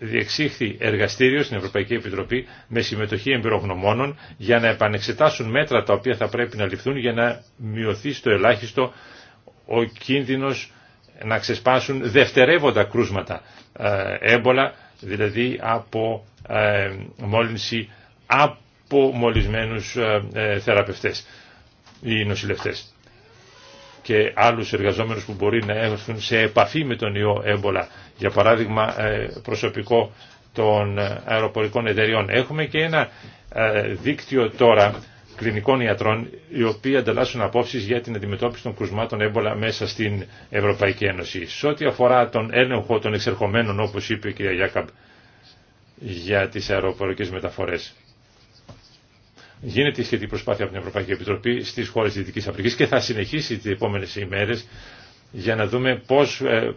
διεξήχθη εργαστήριο στην Ευρωπαϊκή Επιτροπή με συμμετοχή εμπειρογνωμόνων για να επανεξετάσουν μέτρα τα οποία θα πρέπει να ληφθούν για να μειωθεί στο ελάχιστο ο κίνδυνος να ξεσπάσουν δευτερεύοντα κρούσματα ε, έμπολα, δηλαδή από ε, μόλυνση από μολυσμένους ε, θεραπευτές ή νοσηλευτές και άλλους εργαζόμενους που μπορεί να έρθουν σε επαφή με τον ιό έμπολα για παράδειγμα ε, προσωπικό των αεροπορικών εταιριών. Έχουμε και ένα ε, δίκτυο τώρα κλινικών ιατρών οι οποίοι ανταλλάσσουν απόψεις για την αντιμετώπιση των κρουσμάτων έμπολα μέσα στην Ευρωπαϊκή Ένωση. Σε ό,τι αφορά τον έλεγχο των εξερχομένων όπως είπε η κυρία Γιάκαμπ για τις αεροπορικές μεταφορές. Γίνεται η σχετική προσπάθεια από την Ευρωπαϊκή Επιτροπή στις χώρες της Δυτικής Αφρικής και θα συνεχίσει τις επόμενες ημέρες για να δούμε πώς ε,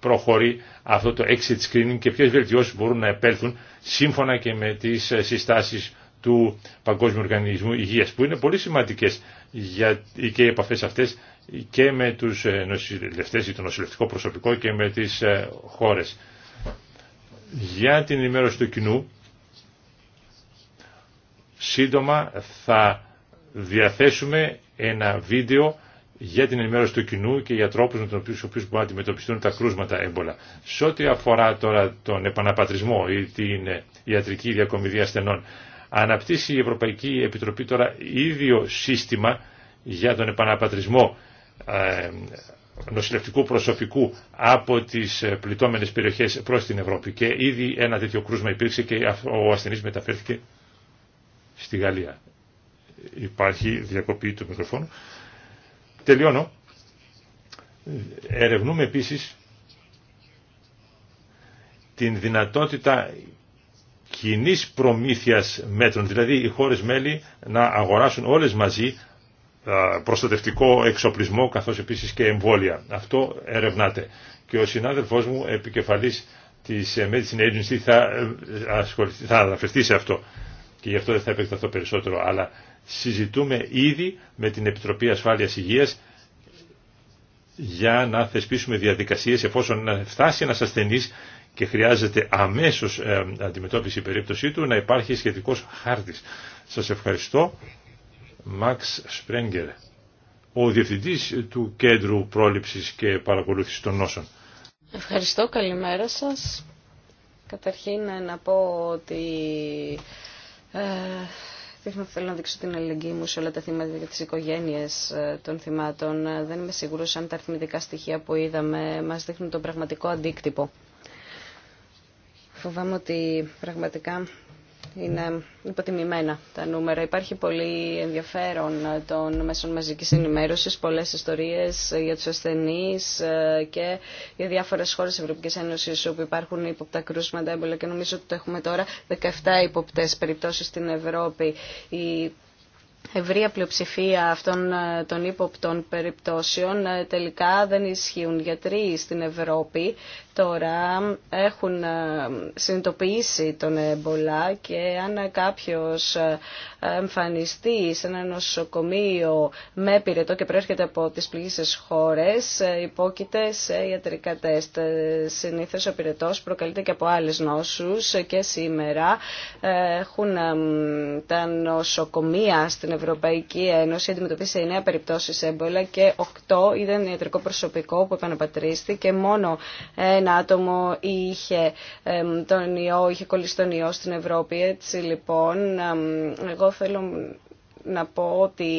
προχωρεί αυτό το exit screening και ποιες βελτιώσεις μπορούν να επέλθουν σύμφωνα και με τις ε, συστάσεις του Παγκόσμιου Οργανισμού Υγείας που είναι πολύ σημαντικές για, και οι επαφές αυτές και με τους ε, νοσηλευτές ή το νοσηλευτικό προσωπικό και με τις ε, χώρες. Για την ενημέρωση του κοινού σύντομα θα διαθέσουμε ένα βίντεο για την ενημέρωση του κοινού και για τρόπους με τους οποίους μπορούν να αντιμετωπιστούν τα κρούσματα έμπολα. Σε ό,τι αφορά τώρα τον επαναπατρισμό ή την ε, ιατρική διακομιδία ασθενών, αναπτύσσει η Ευρωπαϊκή Επιτροπή τώρα ίδιο σύστημα για τον επαναπατρισμό ε, νοσηλευτικού προσωπικού από τις ε, πληττόμενες περιοχές προς την Ευρώπη και ήδη ένα τέτοιο κρούσμα υπήρξε και ο ασθενής μεταφέρθηκε στη Γαλλία. Υπάρχει διακοπή του μικροφόνου. Τελειώνω. Ερευνούμε επίσης την δυνατότητα κοινή προμήθειας μέτρων, δηλαδή οι χώρες μέλη να αγοράσουν όλες μαζί προστατευτικό εξοπλισμό καθώς επίσης και εμβόλια. Αυτό ερευνάται. Και ο συνάδελφός μου επικεφαλής της Medicine Agency θα, ε, ε, θα αναφερθεί σε αυτό και γι' αυτό δεν θα επεκταθώ περισσότερο αλλά συζητούμε ήδη με την Επιτροπή Ασφάλειας Υγείας για να θεσπίσουμε διαδικασίες εφόσον φτάσει ένας ασθενής και χρειάζεται αμέσως ε, αντιμετώπιση η περίπτωσή του να υπάρχει σχετικός χάρτης. Σας ευχαριστώ. Μαξ Σπρέγγερ, ο Διευθυντής του Κέντρου Πρόληψης και Παρακολούθησης των Νόσων. Ευχαριστώ, καλημέρα σας. Καταρχήν να πω ότι ε, Δείχνω θέλω να δείξω την αλληλεγγύη μου σε όλα τα θύματα για τι οικογένειε ε, των θυμάτων. Ε, δεν είμαι σίγουρο αν τα αριθμητικά στοιχεία που είδαμε μα δείχνουν τον πραγματικό αντίκτυπο. Φοβάμαι ότι πραγματικά είναι υποτιμημένα τα νούμερα. Υπάρχει πολύ ενδιαφέρον των μέσων μαζικής ενημέρωσης, πολλές ιστορίες για τους ασθενείς ε, και για διάφορες χώρες της Ευρωπαϊκής Ένωσης όπου υπάρχουν υποπτά κρούσματα έμπολα και νομίζω ότι το έχουμε τώρα 17 υποπτές περιπτώσεις στην Ευρώπη. Η ευρεία πλειοψηφία αυτών ε, των ύποπτων περιπτώσεων ε, τελικά δεν ισχύουν γιατροί στην Ευρώπη τώρα έχουν ε, συνειδητοποιήσει τον εμπολά και αν κάποιος ε, εμφανιστεί σε ένα νοσοκομείο με πυρετό και προέρχεται από τις πληγήσεις χώρες, ε, υπόκειται σε ιατρικά τεστ. Συνήθως ο πυρετός προκαλείται και από άλλες νόσους και σήμερα έχουν τα νοσοκομεία στην Ευρωπαϊκή Ένωση αντιμετωπίσει 9 περιπτώσεις έμπολα και οκτώ είδαν ιατρικό προσωπικό που επαναπατρίστηκε μόνο ένα ένα άτομο είχε τον ιό, είχε κολλήσει τον ιό στην Ευρώπη. Έτσι λοιπόν, εγώ θέλω να πω ότι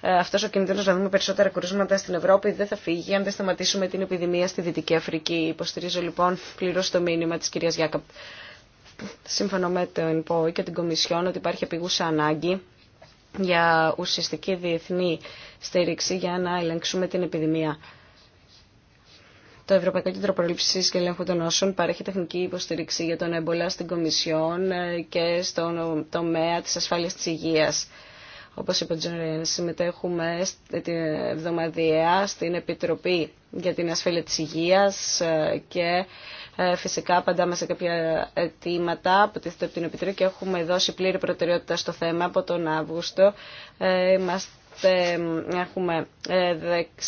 ε, αυτός ο κινδύνος να δούμε περισσότερα κρούσματα στην Ευρώπη δεν θα φύγει αν δεν σταματήσουμε την επιδημία στη Δυτική Αφρική. Υποστηρίζω λοιπόν πλήρως το μήνυμα της κυρίας Γιάκαπ. Σύμφωνα με το ΠΟΗ και την Κομισιόν ότι υπάρχει επίγουσα ανάγκη για ουσιαστική διεθνή στήριξη για να ελέγξουμε την επιδημία. Το Ευρωπαϊκό Κέντρο Προλήψη και Ελέγχου των Όσων παρέχει τεχνική υποστήριξη για τον έμπολα στην Κομισιόν ε, και στον ε, τομέα τη ασφάλεια τη υγεία. Όπω είπε ο Τζον συμμετέχουμε την εβδομαδιαία στην Επιτροπή για την Ασφάλεια τη Υγεία ε, και φυσικά απαντάμε σε κάποια αιτήματα που τίθεται από την Επιτροπή και έχουμε δώσει πλήρη προτεραιότητα στο θέμα από τον Αύγουστο. Είμαστε έχουμε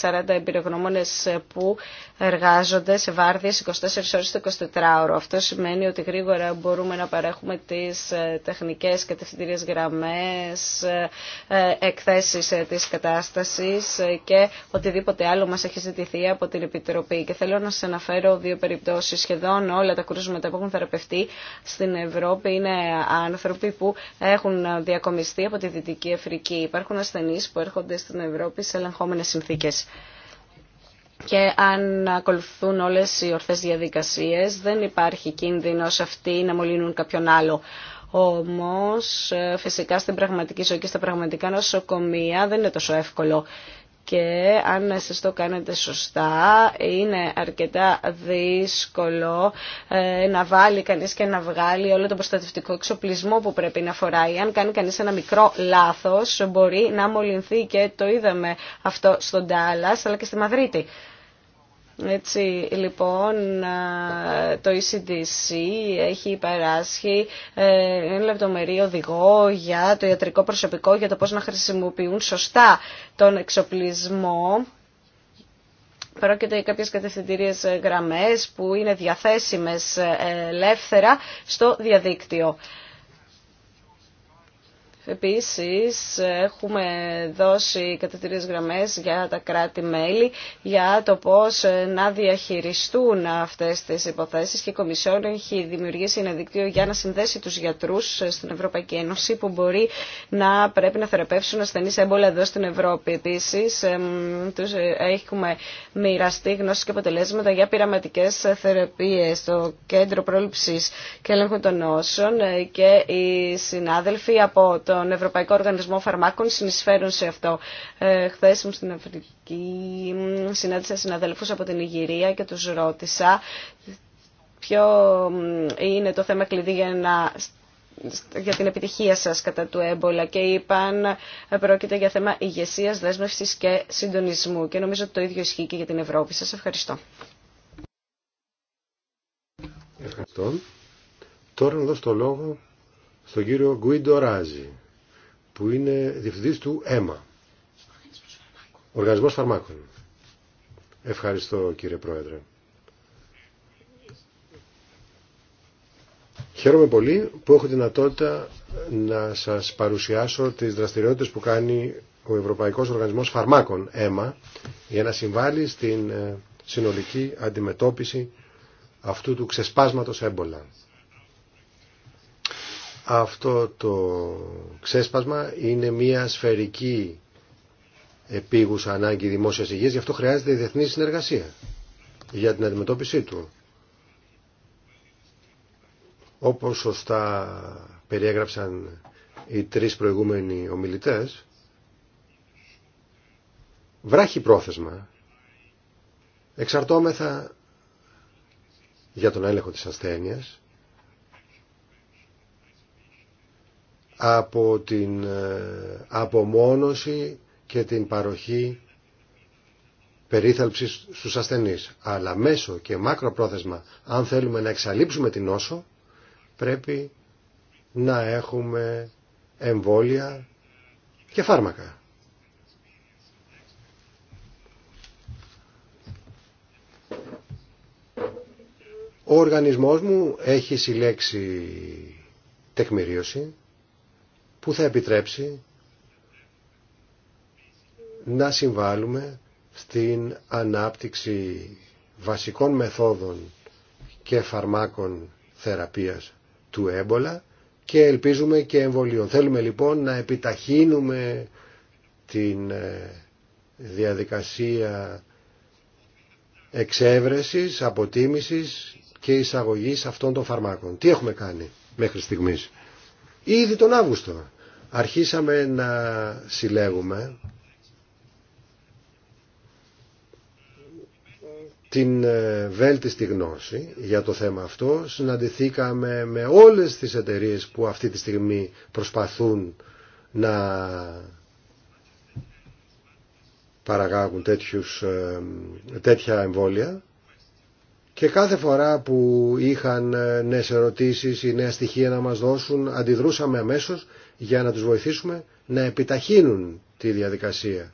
40 ε, εμπειρογνώμονες ε, που εργάζονται σε βάρδιες 24 ώρες το 24ωρο. Αυτό σημαίνει ότι γρήγορα μπορούμε να παρέχουμε τις ε, τεχνικές κατευθυντήριες γραμμές, εκθέσεις της κατάστασης και οτιδήποτε άλλο μας έχει ζητηθεί από την Επιτροπή. Και θέλω να σας αναφέρω δύο περιπτώσεις. Σχεδόν όλα τα κρούσματα που έχουν θεραπευτεί στην Ευρώπη είναι άνθρωποι που έχουν διακομιστεί από τη Δυτική Αφρική. Υπάρχουν που έρχονται στην Ευρώπη σε ελεγχόμενες συνθήκες. Και αν ακολουθούν όλες οι ορθές διαδικασίες, δεν υπάρχει κίνδυνος αυτοί να μολύνουν κάποιον άλλο. Όμως, ε, φυσικά στην πραγματική ζωή και στα πραγματικά νοσοκομεία δεν είναι τόσο εύκολο και αν εσείς το κάνετε σωστά είναι αρκετά δύσκολο ε, να βάλει κανείς και να βγάλει όλο το προστατευτικό εξοπλισμό που πρέπει να φοράει. Αν κάνει κανείς ένα μικρό λάθος μπορεί να μολυνθεί και το είδαμε αυτό στον Τάλλας αλλά και στη Μαδρίτη. Έτσι λοιπόν το ECDC έχει υπεράσχει ε, ένα λεπτομερή οδηγό για το ιατρικό προσωπικό για το πώς να χρησιμοποιούν σωστά τον εξοπλισμό πρόκειται για κάποιες κατευθυντήριες γραμμές που είναι διαθέσιμες ε, ελεύθερα στο διαδίκτυο. Επίσης, έχουμε δώσει κατευθυντήριες γραμμές για τα κράτη-μέλη για το πώς ε, να διαχειριστούν αυτές τις υποθέσεις και η Κομισιόν έχει δημιουργήσει ένα δικτύο για να συνδέσει τους γιατρούς ε, στην Ευρωπαϊκή Ένωση που μπορεί να πρέπει να θεραπεύσουν ασθενείς έμπολα εδώ στην Ευρώπη. Επίσης, τους ε, έχουμε μοιραστεί γνώσεις και αποτελέσματα για πειραματικές θεραπείες στο Κέντρο Πρόληψης και Έλεγχου των Νόσων και οι συνάδελφοι από τον Ευρωπαϊκό Οργανισμό Φαρμάκων συνεισφέρουν σε αυτό. Ε, Χθε μου στην Αφρική συνάντησα συναδέλφους από την Ιγυρία και τους ρώτησα ποιο είναι το θέμα κλειδί για να για την επιτυχία σας κατά του έμπολα και είπαν ε, πρόκειται για θέμα ηγεσίας, δέσμευσης και συντονισμού και νομίζω ότι το ίδιο ισχύει και για την Ευρώπη. Σας ευχαριστώ. Ευχαριστώ. Τώρα να δώσω το λόγο στον κύριο Γκουίντο Ράζι, που είναι διευθυντής του ΕΜΑ, Οργανισμός Φαρμάκων. Ευχαριστώ κύριε Πρόεδρε. Χαίρομαι πολύ που έχω δυνατότητα να σας παρουσιάσω τις δραστηριότητες που κάνει ο Ευρωπαϊκός Οργανισμός Φαρμάκων, ΕΜΑ, για να συμβάλλει στην ε, συνολική αντιμετώπιση αυτού του ξεσπάσματος έμπολα. Αυτό το ξέσπασμα είναι μια σφαιρική επίγουσα ανάγκη δημόσια υγείας, γι' αυτό χρειάζεται η διεθνή συνεργασία για την αντιμετώπιση του. Όπως σωστά περιέγραψαν οι τρεις προηγούμενοι ομιλητές, βράχει πρόθεσμα, εξαρτώμεθα για τον έλεγχο της ασθένειας, από την ε, απομόνωση και την παροχή περίθαλψης στους ασθενείς. Αλλά μέσω και μακροπρόθεσμα, αν θέλουμε να εξαλείψουμε την νόσο, πρέπει να έχουμε εμβόλια και φάρμακα. Ο οργανισμός μου έχει συλλέξει τεκμηρίωση που θα επιτρέψει να συμβάλλουμε στην ανάπτυξη βασικών μεθόδων και φαρμάκων θεραπείας του έμπολα και ελπίζουμε και εμβολίων. Θέλουμε λοιπόν να επιταχύνουμε την ε, διαδικασία εξέβρεσης, αποτίμησης και εισαγωγής αυτών των φαρμάκων. Τι έχουμε κάνει μέχρι στιγμής. Ήδη τον Αύγουστο αρχίσαμε να συλλέγουμε την ε, βέλτιστη γνώση για το θέμα αυτό. Συναντηθήκαμε με όλες τις εταιρείες που αυτή τη στιγμή προσπαθούν να παραγάγουν τέτοιους, ε, τέτοια εμβόλια και κάθε φορά που είχαν ε, νέες ερωτήσεις ή νέα στοιχεία να μας δώσουν, αντιδρούσαμε αμέσως για να τους βοηθήσουμε να επιταχύνουν τη διαδικασία.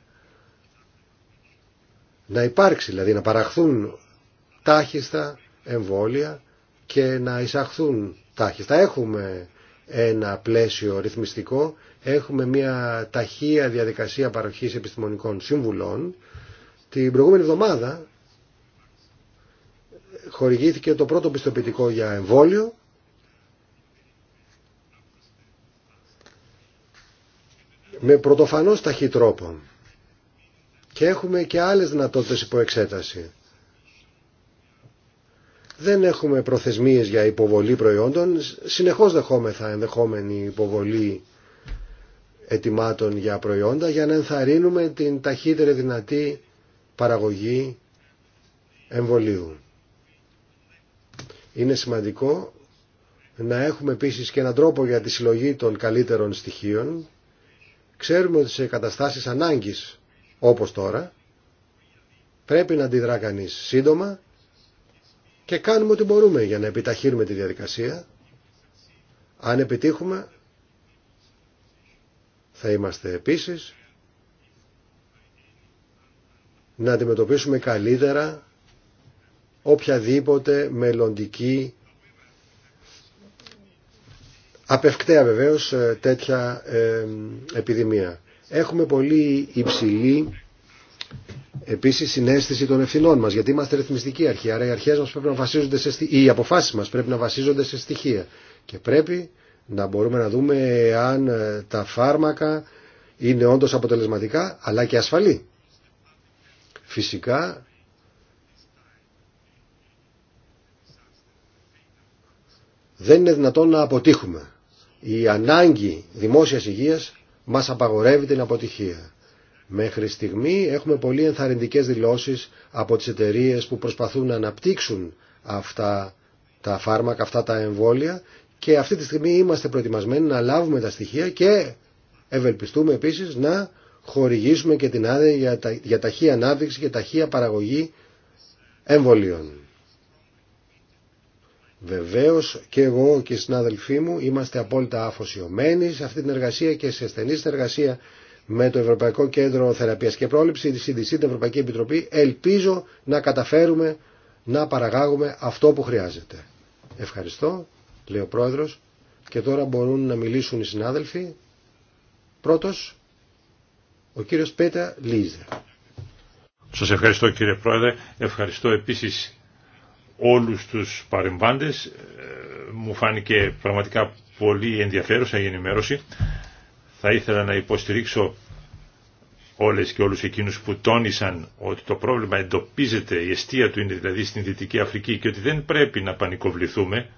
Να υπάρξει, δηλαδή να παραχθούν τάχιστα εμβόλια και να εισαχθούν τάχιστα. Έχουμε ένα πλαίσιο ρυθμιστικό, έχουμε μια ταχεία διαδικασία παροχής επιστημονικών συμβουλών. Την προηγούμενη εβδομάδα χορηγήθηκε το πρώτο πιστοποιητικό για εμβόλιο με πρωτοφανώς ταχύ τρόπο. Και έχουμε και άλλες δυνατότητες υπό εξέταση. Δεν έχουμε προθεσμίες για υποβολή προϊόντων. Συνεχώς δεχόμεθα ενδεχόμενη υποβολή ετοιμάτων για προϊόντα για να ενθαρρύνουμε την ταχύτερη δυνατή παραγωγή εμβολίου. Είναι σημαντικό να έχουμε επίσης και έναν τρόπο για τη συλλογή των καλύτερων στοιχείων. Ξέρουμε ότι σε καταστάσεις ανάγκης, όπως τώρα, πρέπει να αντιδρά κανείς σύντομα και κάνουμε ό,τι μπορούμε για να επιταχύνουμε τη διαδικασία. Αν επιτύχουμε, θα είμαστε επίσης να αντιμετωπίσουμε καλύτερα οποιαδήποτε μελλοντική απευκταία βεβαίως ε, τέτοια ε, επιδημία. Έχουμε πολύ υψηλή επίσης συνέστηση των ευθυνών μας γιατί είμαστε ρυθμιστική αρχή άρα οι, μα πρέπει να βασίζονται σε, οι αποφάσεις μας πρέπει να βασίζονται σε στοιχεία και πρέπει να μπορούμε να δούμε αν ε, τα φάρμακα είναι όντως αποτελεσματικά αλλά και ασφαλή. Φυσικά δεν είναι δυνατόν να αποτύχουμε. Η ανάγκη δημόσιας υγείας μας απαγορεύει την αποτυχία. Μέχρι στιγμή έχουμε πολύ ενθαρρυντικές δηλώσεις από τις εταιρείες που προσπαθούν να αναπτύξουν αυτά τα φάρμακα, αυτά τα εμβόλια και αυτή τη στιγμή είμαστε προετοιμασμένοι να λάβουμε τα στοιχεία και ευελπιστούμε επίσης να χορηγήσουμε και την άδεια για, τα, για ανάπτυξη και ταχεία παραγωγή εμβολίων. Βεβαίω και εγώ και οι συνάδελφοί μου είμαστε απόλυτα αφοσιωμένοι σε αυτή την εργασία και σε στενή συνεργασία με το Ευρωπαϊκό Κέντρο Θεραπείας και Πρόληψη, τη CDC, την Ευρωπαϊκή Επιτροπή. Ελπίζω να καταφέρουμε να παραγάγουμε αυτό που χρειάζεται. Ευχαριστώ, λέει ο Πρόεδρος. Και τώρα μπορούν να μιλήσουν οι συνάδελφοι. Πρώτο, ο κύριο Πέτα Λίζε. Σα ευχαριστώ κύριε Πρόεδρε. Ευχαριστώ επίση όλους τους παρεμβάντες. Ε, μου φάνηκε πραγματικά πολύ ενδιαφέρουσα η ενημέρωση. Θα ήθελα να υποστηρίξω όλες και όλους εκείνους που τόνισαν ότι το πρόβλημα εντοπίζεται, η αιστεία του είναι δηλαδή στην Δυτική Αφρική και ότι δεν πρέπει να πανικοβληθούμε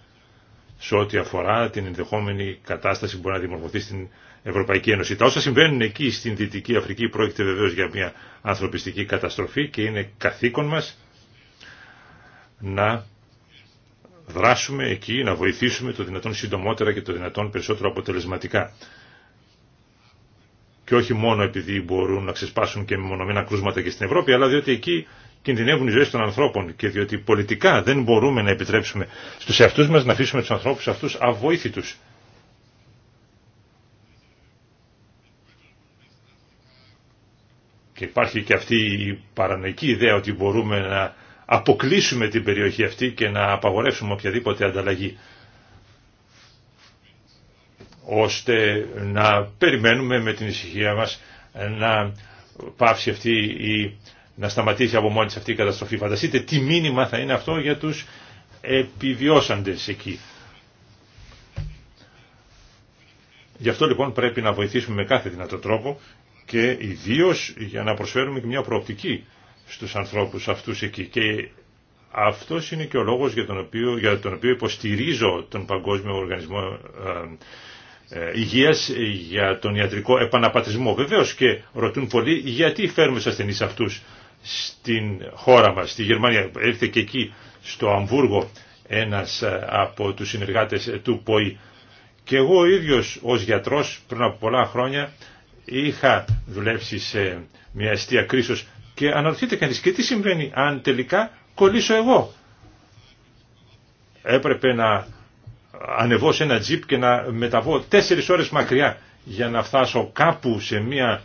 σε ό,τι αφορά την ενδεχόμενη κατάσταση που μπορεί να δημορφωθεί στην Ευρωπαϊκή Ένωση. Τα όσα συμβαίνουν εκεί στην Δυτική Αφρική πρόκειται βεβαίως για μια ανθρωπιστική καταστροφή και είναι καθήκον μας να δράσουμε εκεί, να βοηθήσουμε το δυνατόν συντομότερα και το δυνατόν περισσότερο αποτελεσματικά. Και όχι μόνο επειδή μπορούν να ξεσπάσουν και μονομένα κρούσματα και στην Ευρώπη, αλλά διότι εκεί κινδυνεύουν οι ζωές των ανθρώπων και διότι πολιτικά δεν μπορούμε να επιτρέψουμε στους εαυτού μας να αφήσουμε τους ανθρώπους αυτούς αβοήθητου. Και υπάρχει και αυτή η παρανοϊκή ιδέα ότι μπορούμε να αποκλείσουμε την περιοχή αυτή και να απαγορεύσουμε οποιαδήποτε ανταλλαγή ώστε να περιμένουμε με την ησυχία μας να πάψει αυτή η, να σταματήσει από μόνη της αυτή η καταστροφή. Φανταστείτε τι μήνυμα θα είναι αυτό για τους επιβιώσαντες εκεί. Γι' αυτό λοιπόν πρέπει να βοηθήσουμε με κάθε δυνατό τρόπο και ιδίως για να προσφέρουμε και μια προοπτική στους ανθρώπους αυτούς εκεί. Και αυτός είναι και ο λόγος για τον οποίο, για τον οποίο υποστηρίζω τον Παγκόσμιο Οργανισμό ε, ε Υγείας για τον ιατρικό επαναπατρισμό. Βεβαίως και ρωτούν πολλοί γιατί φέρνουμε στους ασθενείς αυτούς στην χώρα μας, στη Γερμανία. Έρθε και εκεί στο Αμβούργο ένας ε, από τους συνεργάτες του ΠΟΗ. Και εγώ ο ίδιος ως γιατρός πριν από πολλά χρόνια είχα δουλέψει σε μια αιστεία κρίσος και αναρωτιέται κανείς και τι συμβαίνει αν τελικά κολλήσω εγώ. Έπρεπε να ανεβώ σε ένα τζιπ και να μεταβώ τέσσερις ώρες μακριά για να φτάσω κάπου σε μια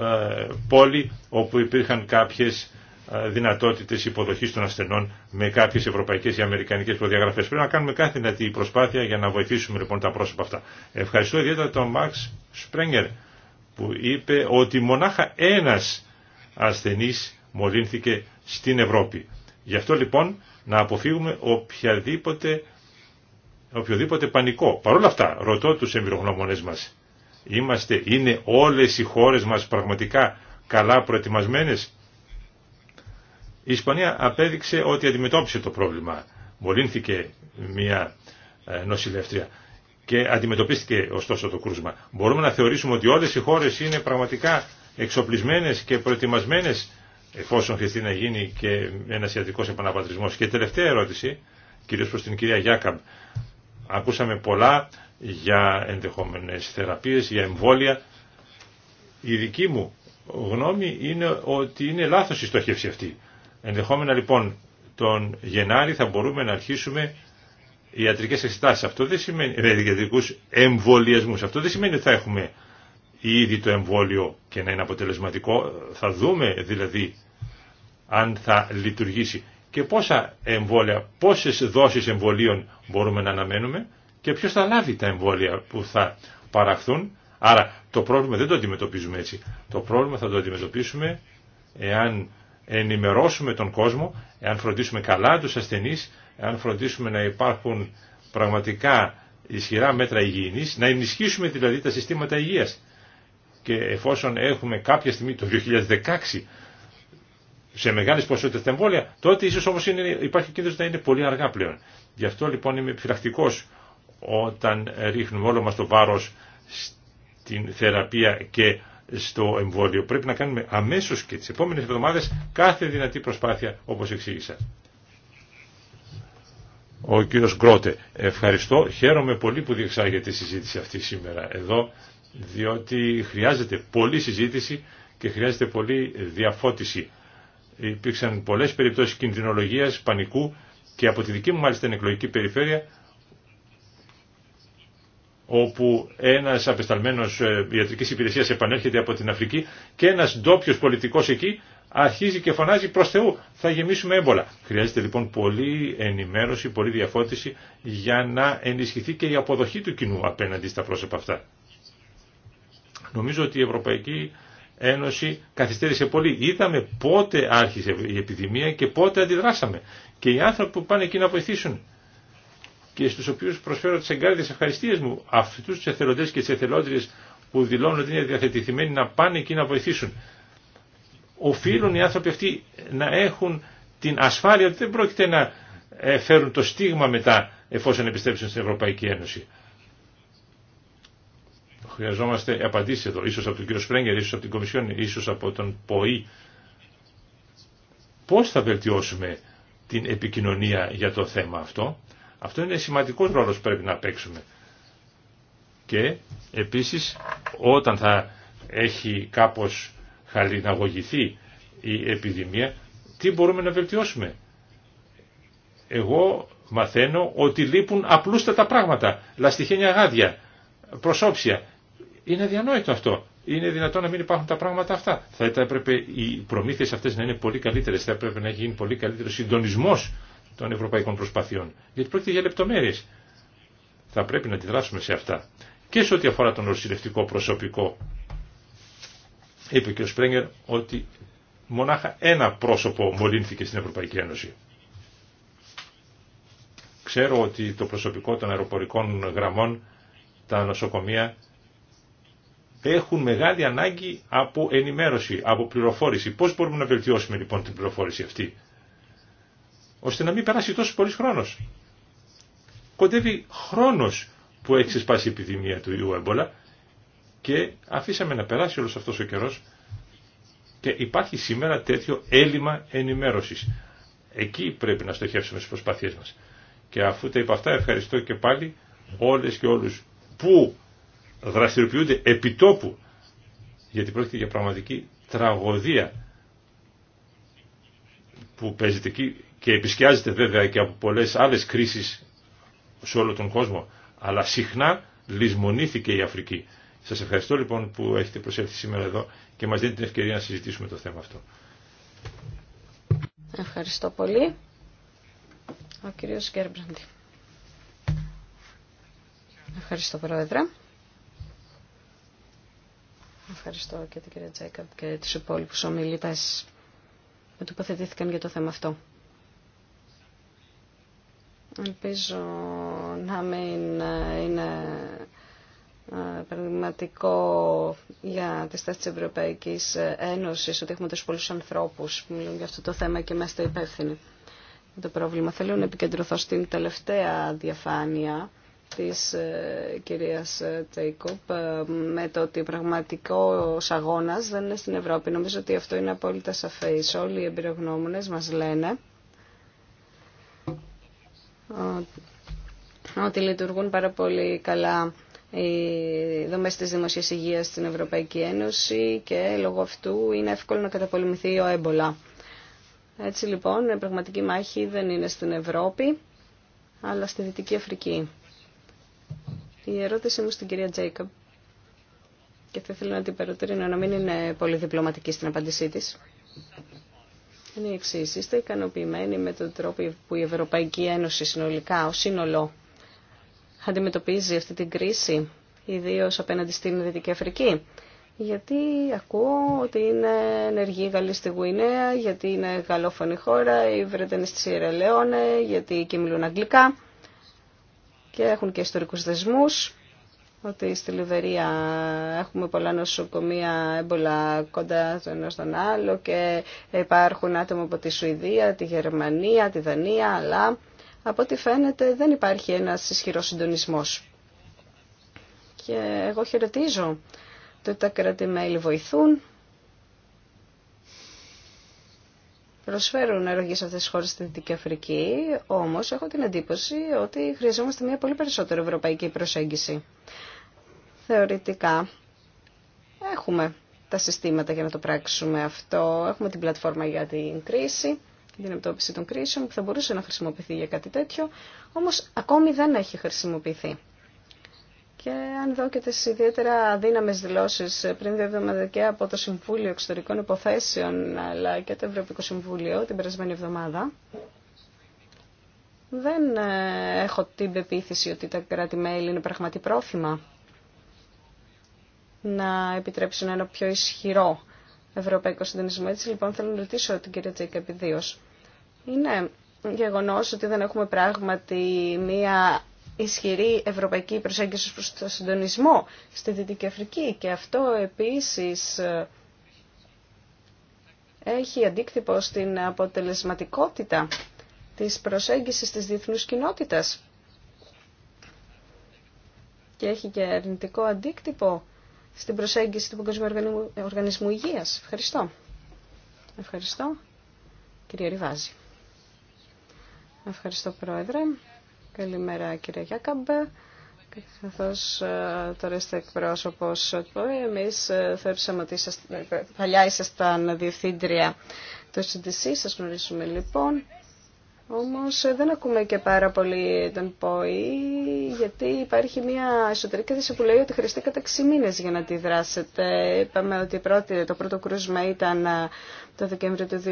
ε, πόλη όπου υπήρχαν κάποιες ε, δυνατότητες υποδοχής των ασθενών με κάποιες ευρωπαϊκές ή αμερικανικές προδιαγραφές. Πρέπει να κάνουμε κάθε δυνατή προσπάθεια για να βοηθήσουμε λοιπόν τα πρόσωπα αυτά. Ευχαριστώ ιδιαίτερα τον Μαξ Σπρέγγερ που είπε ότι μονάχα ένας ασθενής μολύνθηκε στην Ευρώπη. Γι' αυτό λοιπόν να αποφύγουμε οποιαδήποτε, οποιοδήποτε πανικό. Παρ' όλα αυτά ρωτώ τους εμπειρογνωμονές μας. Είμαστε, είναι όλες οι χώρες μας πραγματικά καλά προετοιμασμένες. Η Ισπανία απέδειξε ότι αντιμετώπισε το πρόβλημα. Μολύνθηκε μια ε, νοσηλεύτρια και αντιμετωπίστηκε ωστόσο το κρούσμα. Μπορούμε να θεωρήσουμε ότι όλες οι χώρες είναι πραγματικά εξοπλισμένες και προετοιμασμένες εφόσον χρειαστεί να γίνει και ένας ιατρικός επαναπατρισμός. Και τελευταία ερώτηση, κυρίως προς την κυρία Γιάκαμπ. Ακούσαμε πολλά για ενδεχόμενες θεραπείες, για εμβόλια. Η δική μου γνώμη είναι ότι είναι λάθος η στόχευση αυτή. Ενδεχόμενα λοιπόν τον Γενάρη θα μπορούμε να αρχίσουμε ιατρικές εξετάσεις. Αυτό δεν σημαίνει, ε, εμβολιασμούς. Αυτό δεν σημαίνει ότι θα έχουμε ήδη το εμβόλιο και να είναι αποτελεσματικό. Θα δούμε δηλαδή αν θα λειτουργήσει και πόσα εμβόλια, πόσες δόσεις εμβολίων μπορούμε να αναμένουμε και ποιος θα λάβει τα εμβόλια που θα παραχθούν. Άρα το πρόβλημα δεν το αντιμετωπίζουμε έτσι. Το πρόβλημα θα το αντιμετωπίσουμε εάν ενημερώσουμε τον κόσμο, εάν φροντίσουμε καλά τους ασθενείς, εάν φροντίσουμε να υπάρχουν πραγματικά ισχυρά μέτρα υγιεινής, να ενισχύσουμε δηλαδή τα συστήματα υγείας και εφόσον έχουμε κάποια στιγμή το 2016 σε μεγάλε ποσότητε τα εμβόλια, τότε ίσω όμω υπάρχει κίνδυνο να είναι πολύ αργά πλέον. Γι' αυτό λοιπόν είμαι επιφυλακτικό όταν ρίχνουμε όλο μα το βάρο στην θεραπεία και στο εμβόλιο. Πρέπει να κάνουμε αμέσω και τι επόμενε εβδομάδε κάθε δυνατή προσπάθεια όπω εξήγησα. Ο κύριος Γκρότε, ευχαριστώ. Χαίρομαι πολύ που διεξάγεται η συζήτηση αυτή σήμερα εδώ διότι χρειάζεται πολλή συζήτηση και χρειάζεται πολλή διαφώτιση. Υπήρξαν πολλές περιπτώσεις κινδυνολογίας, πανικού και από τη δική μου μάλιστα εκλογική περιφέρεια όπου ένας απεσταλμένος ε, ιατρικής υπηρεσίας επανέρχεται από την Αφρική και ένας ντόπιο πολιτικός εκεί αρχίζει και φωνάζει προς Θεού θα γεμίσουμε έμπολα. Χρειάζεται λοιπόν πολλή ενημέρωση, πολλή διαφώτιση για να ενισχυθεί και η αποδοχή του κοινού απέναντι στα πρόσωπα αυτά. Νομίζω ότι η Ευρωπαϊκή Ένωση καθυστέρησε πολύ. Είδαμε πότε άρχισε η επιδημία και πότε αντιδράσαμε. Και οι άνθρωποι που πάνε εκεί να βοηθήσουν και στους οποίους προσφέρω τις εγκάρδιες ευχαριστίες μου, αυτούς τους εθελοντές και τις εθελόντριες που δηλώνουν ότι είναι διαθετηθημένοι να πάνε εκεί να βοηθήσουν. Οφείλουν οι άνθρωποι αυτοί να έχουν την ασφάλεια ότι δεν πρόκειται να ε, φέρουν το στίγμα μετά εφόσον επιστρέψουν στην Ευρωπαϊκή Ένωση. Χρειαζόμαστε απαντήσει εδώ, ίσως από τον κύριο Σπρέγγερ, ίσως από την Κομισιόν, ίσως από τον ΠΟΗ. Πώς θα βελτιώσουμε την επικοινωνία για το θέμα αυτό. Αυτό είναι σημαντικός ρόλος που πρέπει να παίξουμε. Και επίσης όταν θα έχει κάπως χαλιναγωγηθεί η επιδημία, τι μπορούμε να βελτιώσουμε. Εγώ μαθαίνω ότι λείπουν απλούστατα πράγματα, λαστιχένια γάδια, προσώψια. Είναι αδιανόητο αυτό. Είναι δυνατό να μην υπάρχουν τα πράγματα αυτά. Θα έπρεπε οι προμήθειε αυτέ να είναι πολύ καλύτερε. Θα έπρεπε να γίνει πολύ καλύτερο συντονισμό των ευρωπαϊκών προσπαθειών. Γιατί πρόκειται για λεπτομέρειε. Θα πρέπει να αντιδράσουμε σε αυτά. Και σε ό,τι αφορά τον νοσηλευτικό προσωπικό. Είπε και ο Σπρέγγερ ότι μονάχα ένα πρόσωπο μολύνθηκε στην Ευρωπαϊκή Ένωση. Ξέρω ότι το προσωπικό των αεροπορικών γραμμών, τα νοσοκομεία έχουν μεγάλη ανάγκη από ενημέρωση, από πληροφόρηση. Πώς μπορούμε να βελτιώσουμε λοιπόν την πληροφόρηση αυτή, ώστε να μην περάσει τόσο πολύ χρόνος. Κοντεύει χρόνος που έχει ξεσπάσει η επιδημία του ιού έμπολα και αφήσαμε να περάσει όλος αυτός ο καιρός και υπάρχει σήμερα τέτοιο έλλειμμα ενημέρωσης. Εκεί πρέπει να στοχεύσουμε στις προσπάθειές μας. Και αφού τα είπα αυτά ευχαριστώ και πάλι όλες και όλους που δραστηριοποιούνται επιτόπου γιατί πρόκειται για πραγματική τραγωδία που παίζεται εκεί και επισκιάζεται βέβαια και από πολλές άλλες κρίσεις σε όλο τον κόσμο αλλά συχνά λησμονήθηκε η Αφρική. Σας ευχαριστώ λοιπόν που έχετε προσέλθει σήμερα εδώ και μας δίνετε την ευκαιρία να συζητήσουμε το θέμα αυτό. Ευχαριστώ πολύ. Ο κύριος Γκέρμπραντι. Ευχαριστώ Πρόεδρε. Ευχαριστώ και την κυρία Τζέκα και του υπόλοιπου ομιλητέ που τοποθετήθηκαν για το θέμα αυτό. Ελπίζω να μην ε, είναι ε, πραγματικό για τη στάση της Ευρωπαϊκής Ένωσης ότι έχουμε τους πολλούς ανθρώπους που μιλούν για αυτό το θέμα και είμαστε υπεύθυνοι. Το πρόβλημα θέλω να επικεντρωθώ στην τελευταία διαφάνεια της ε, κυρίας ε, ε, με το ότι πραγματικό αγώνα δεν είναι στην Ευρώπη. Νομίζω ότι αυτό είναι απόλυτα σαφές. Όλοι οι εμπειρογνώμονες μας λένε ότι λειτουργούν πάρα πολύ καλά οι δομές της δημοσίας υγείας στην Ευρωπαϊκή Ένωση και λόγω αυτού είναι εύκολο να καταπολεμηθεί ο έμπολα. Έτσι λοιπόν, η πραγματική μάχη δεν είναι στην Ευρώπη, αλλά στη Δυτική Αφρική. Η ερώτησή μου στην κυρία Τζέικαμπ και θα ήθελα να την παροτρύνω να μην είναι πολύ διπλωματική στην απάντησή της. Είναι η εξή. Είστε ικανοποιημένοι με τον τρόπο που η Ευρωπαϊκή Ένωση συνολικά, ω σύνολο, αντιμετωπίζει αυτή την κρίση, ιδίω απέναντι στην Δυτική Αφρική. Γιατί ακούω ότι είναι ενεργοί η Γαλλοί στη Γουινέα, γιατί είναι γαλλόφωνη χώρα, οι Βρετανοί στη Σιερα Λεόνε, γιατί εκεί μιλούν αγγλικά και έχουν και ιστορικούς δεσμούς ότι στη Λιβερία έχουμε πολλά νοσοκομεία έμπολα κοντά το ένα στον άλλο και υπάρχουν άτομα από τη Σουηδία, τη Γερμανία, τη Δανία, αλλά από ό,τι φαίνεται δεν υπάρχει ένας ισχυρός συντονισμός. Και εγώ χαιρετίζω το ότι τα κράτη-μέλη βοηθούν, προσφέρουν νερογείς σε αυτές τις χώρες στη Δυτική Αφρική, όμως έχω την εντύπωση ότι χρειαζόμαστε μια πολύ περισσότερη ευρωπαϊκή προσέγγιση. Θεωρητικά έχουμε τα συστήματα για να το πράξουμε αυτό, έχουμε την πλατφόρμα για την κρίση, την αντιμετώπιση των κρίσεων που θα μπορούσε να χρησιμοποιηθεί για κάτι τέτοιο, όμως ακόμη δεν έχει χρησιμοποιηθεί. Και αν δω και ιδιαίτερα δύναμες δηλώσεις πριν δύο εβδομάδες και από το Συμβούλιο Εξωτερικών Υποθέσεων αλλά και το Ευρωπαϊκό Συμβούλιο την περασμένη εβδομάδα, δεν ε, έχω την πεποίθηση ότι τα κράτη-μέλη είναι πραγματικά πρόθυμα να επιτρέψουν ένα πιο ισχυρό ευρωπαϊκό συντονισμό. Έτσι λοιπόν θέλω να ρωτήσω την κυρία Τζέικα Είναι γεγονός ότι δεν έχουμε πράγματι μία ισχυρή ευρωπαϊκή προσέγγιση προς το συντονισμό στη Δυτική Αφρική και αυτό επίσης ε, έχει αντίκτυπο στην αποτελεσματικότητα της προσέγγισης της διεθνούς κοινότητας και έχει και αρνητικό αντίκτυπο στην προσέγγιση του Παγκοσμίου Οργανισμού Υγείας. Ευχαριστώ. Ευχαριστώ. Κυρία Ριβάζη. Ευχαριστώ, Πρόεδρε. Καλημέρα κύριε Γιάκαμπε. καθώ ε, τώρα είστε εκπρόσωπό του εμείς ε, θεωρήσαμε ότι ε, παλιά ήσασταν διευθύντρια του CDC. Σα γνωρίζουμε λοιπόν όμως ε, δεν ακούμε και πάρα πολύ τον ΠΟΗ, γιατί υπάρχει μια εσωτερική θέση που λέει ότι χρειαστήκατε 6 μήνες για να τη δράσετε. Είπαμε ότι το πρώτο κρούσμα ήταν ε, το Δεκέμβριο του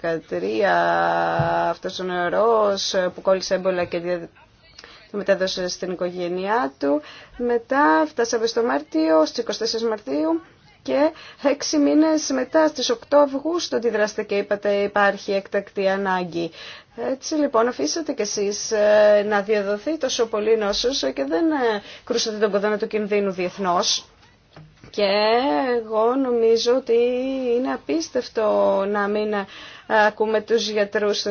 2013, αυτός ο νεορός ε, που κόλλησε έμπολα και το μετέδωσε στην οικογένειά του. Μετά φτάσαμε στο Μάρτιο, στις 24 Μαρτίου, και έξι μήνες μετά στις 8 Αυγούστου αντιδράσετε και είπατε υπάρχει εκτακτή ανάγκη. Έτσι λοιπόν αφήσατε κι εσείς ε, να διαδοθεί τόσο πολύ νόσος και δεν ε, κρούσατε τον κοδόνα του κινδύνου διεθνώς. Και εγώ νομίζω ότι είναι απίστευτο να μην ε, ακούμε τους γιατρούς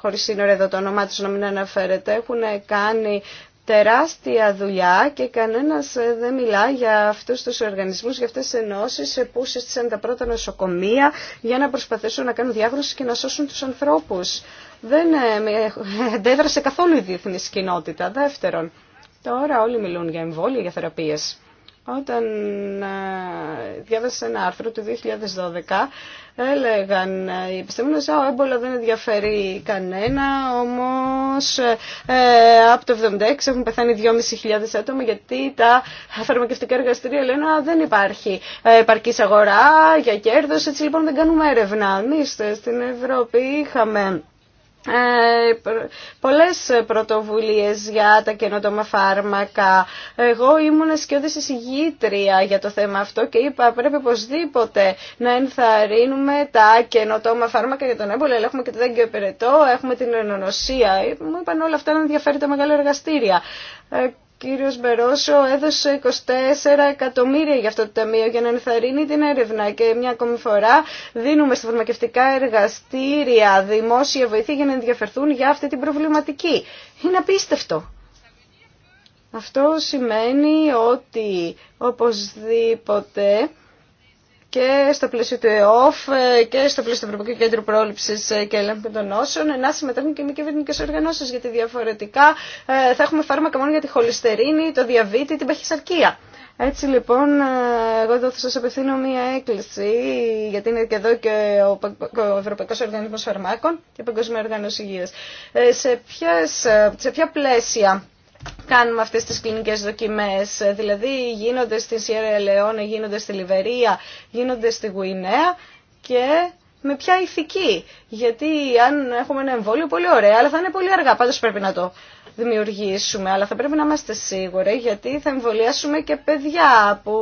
χωρίς σύνορα εδώ το όνομά τους να μην αναφέρεται. Έχουν κάνει τεράστια δουλειά και κανένας ε, δεν μιλά για αυτούς τους οργανισμούς, για αυτές τις ενώσεις ε, που σύστησαν τα πρώτα νοσοκομεία για να προσπαθήσουν να κάνουν διάγνωση και να σώσουν τους ανθρώπους. Δεν ε, αντέδρασε καθόλου η διεθνής κοινότητα. Δεύτερον, τώρα όλοι μιλούν για εμβόλια, για θεραπείες. Όταν διάβασα ένα άρθρο του 2012 έλεγαν ε, οι επιστήμονες, ο έμπολα δεν ενδιαφέρει κανένα, όμως ε, από το 76 έχουν πεθάνει 2.500 άτομα γιατί τα φαρμακευτικά εργαστήρια λένε δεν υπάρχει ε, επαρκής αγορά για κέρδος, έτσι λοιπόν δεν κάνουμε έρευνα. Εμείς στην Ευρώπη είχαμε ε, πολλές πρωτοβουλίες για τα καινοτόμα φάρμακα. Εγώ ήμουν σκιώδης εισηγήτρια για το θέμα αυτό και είπα πρέπει οπωσδήποτε να ενθαρρύνουμε τα καινοτόμα φάρμακα για τον έμπολο, αλλά έχουμε και το δέγκιο υπηρετό, έχουμε την ενονοσία. Ε, μου είπαν όλα αυτά να ενδιαφέρει τα μεγάλα εργαστήρια. Ε, κύριος Μπερόσο έδωσε 24 εκατομμύρια για αυτό το ταμείο για να ενθαρρύνει την έρευνα και μια ακόμη φορά δίνουμε στα φαρμακευτικά εργαστήρια δημόσια βοήθεια για να ενδιαφερθούν για αυτή την προβληματική. Είναι απίστευτο. Αυτό σημαίνει ότι οπωσδήποτε και στο πλαίσιο του ΕΟΦ ε, και στο πλαίσιο του Ευρωπαϊκού Κέντρου Πρόληψη ε, και Ελέγχου των Νόσων να συμμετέχουν και μη κυβερνητικέ οργανώσει. Γιατί διαφορετικά ε, θα έχουμε φάρμακα μόνο για τη χολυστερίνη, το διαβήτη, την παχυσαρκία. Έτσι λοιπόν, εγώ εδώ θα σα απευθύνω μία έκκληση, γιατί είναι και εδώ και ο Ευρωπαϊκό Οργανισμό Φαρμάκων και ο Παγκόσμια Οργάνωση Υγεία. Σε, σε ποια πλαίσια κάνουμε αυτές τις κλινικές δοκιμές. Δηλαδή γίνονται στη Σιέρα Λεόνε, γίνονται στη Λιβερία, γίνονται στη Γουινέα και με ποια ηθική. Γιατί αν έχουμε ένα εμβόλιο, πολύ ωραία, αλλά θα είναι πολύ αργά. Πάντως πρέπει να το δημιουργήσουμε, αλλά θα πρέπει να είμαστε σίγουροι γιατί θα εμβολιάσουμε και παιδιά που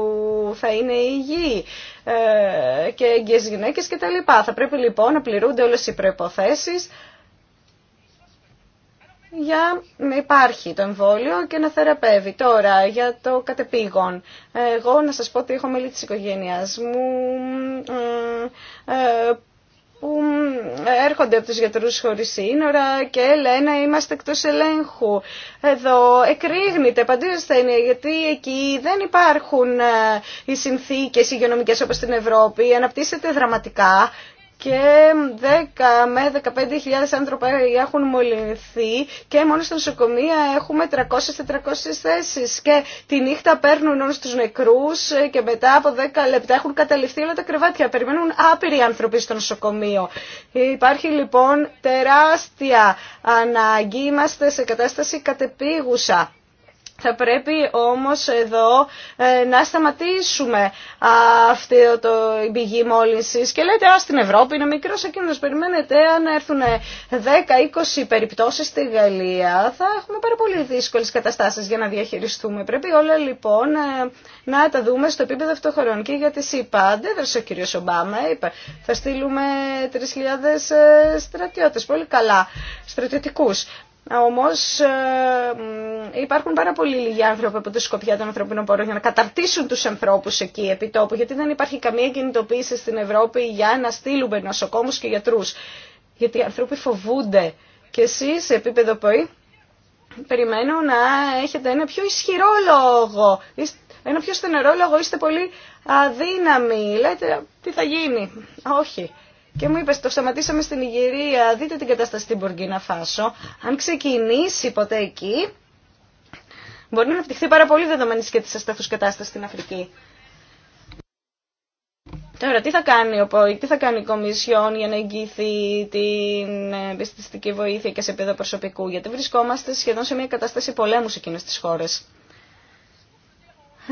θα είναι υγιεί και εγγύες γυναίκες κτλ. Θα πρέπει λοιπόν να πληρούνται όλες οι προϋποθέσεις για να υπάρχει το εμβόλιο και να θεραπεύει. Τώρα, για το κατεπήγον. Εγώ να σας πω ότι έχω μελή της οικογένειας μου ε, που έρχονται από τους γιατρούς χωρίς σύνορα και λένε είμαστε εκτός ελέγχου. Εδώ εκρήγνεται παντού η ασθένεια γιατί εκεί δεν υπάρχουν ε, οι συνθήκες υγειονομικές όπως στην Ευρώπη, αναπτύσσεται δραματικά και 10 με 15.000 άνθρωποι έχουν μολυνθεί και μόνο στα νοσοκομεία έχουμε 300-400 θέσεις και τη νύχτα παίρνουν όλους τους νεκρούς και μετά από 10 λεπτά έχουν καταληφθεί όλα τα κρεβάτια. Περιμένουν άπειροι άνθρωποι στο νοσοκομείο. Υπάρχει λοιπόν τεράστια ανάγκη, είμαστε σε κατάσταση κατεπίγουσα. Θα πρέπει όμως εδώ ε, να σταματήσουμε αυτή το πηγή μόλυνσης και λέτε «Α, στην Ευρώπη είναι μικρός εκείνο περιμένετε αν έρθουν 10-20 περιπτώσεις στη Γαλλία θα έχουμε πάρα πολύ δύσκολες καταστάσεις για να διαχειριστούμε». Πρέπει όλα λοιπόν ε, να τα δούμε στο επίπεδο αυτοχωρών και για δεν είπα Αντέδρασε ο κύριος Ομπάμα, είπε «Θα στείλουμε 3.000 ε, στρατιώτες, πολύ καλά, στρατιωτικούς». Όμως ε, υπάρχουν πάρα πολλοί λίγοι άνθρωποι από τη σκοπιά των ανθρωπίνων πόρων για να καταρτήσουν του ανθρώπου εκεί επί τόπου, γιατί δεν υπάρχει καμία κινητοποίηση στην Ευρώπη για να στείλουμε νοσοκόμου και γιατρού. Γιατί οι άνθρωποι φοβούνται. Και εσεί σε επίπεδο ΠΟΗ περιμένω να έχετε ένα πιο ισχυρό λόγο, ένα πιο στενερό λόγο, είστε πολύ αδύναμοι. Λέτε τι θα γίνει. Όχι και μου είπε, το σταματήσαμε στην Ιγυρία, δείτε την κατάσταση στην να Φάσο. Αν ξεκινήσει ποτέ εκεί, μπορεί να αναπτυχθεί πάρα πολύ δεδομένη και τη ασταθούς κατάσταση στην Αφρική. Τώρα, τι θα κάνει ο ΠΟΗ, τι θα κάνει η Κομισιόν για να εγγυηθεί την ε, πιστιστική βοήθεια και σε επίπεδο προσωπικού, γιατί βρισκόμαστε σχεδόν σε μια κατάσταση πολέμου σε εκείνες τις χώρες.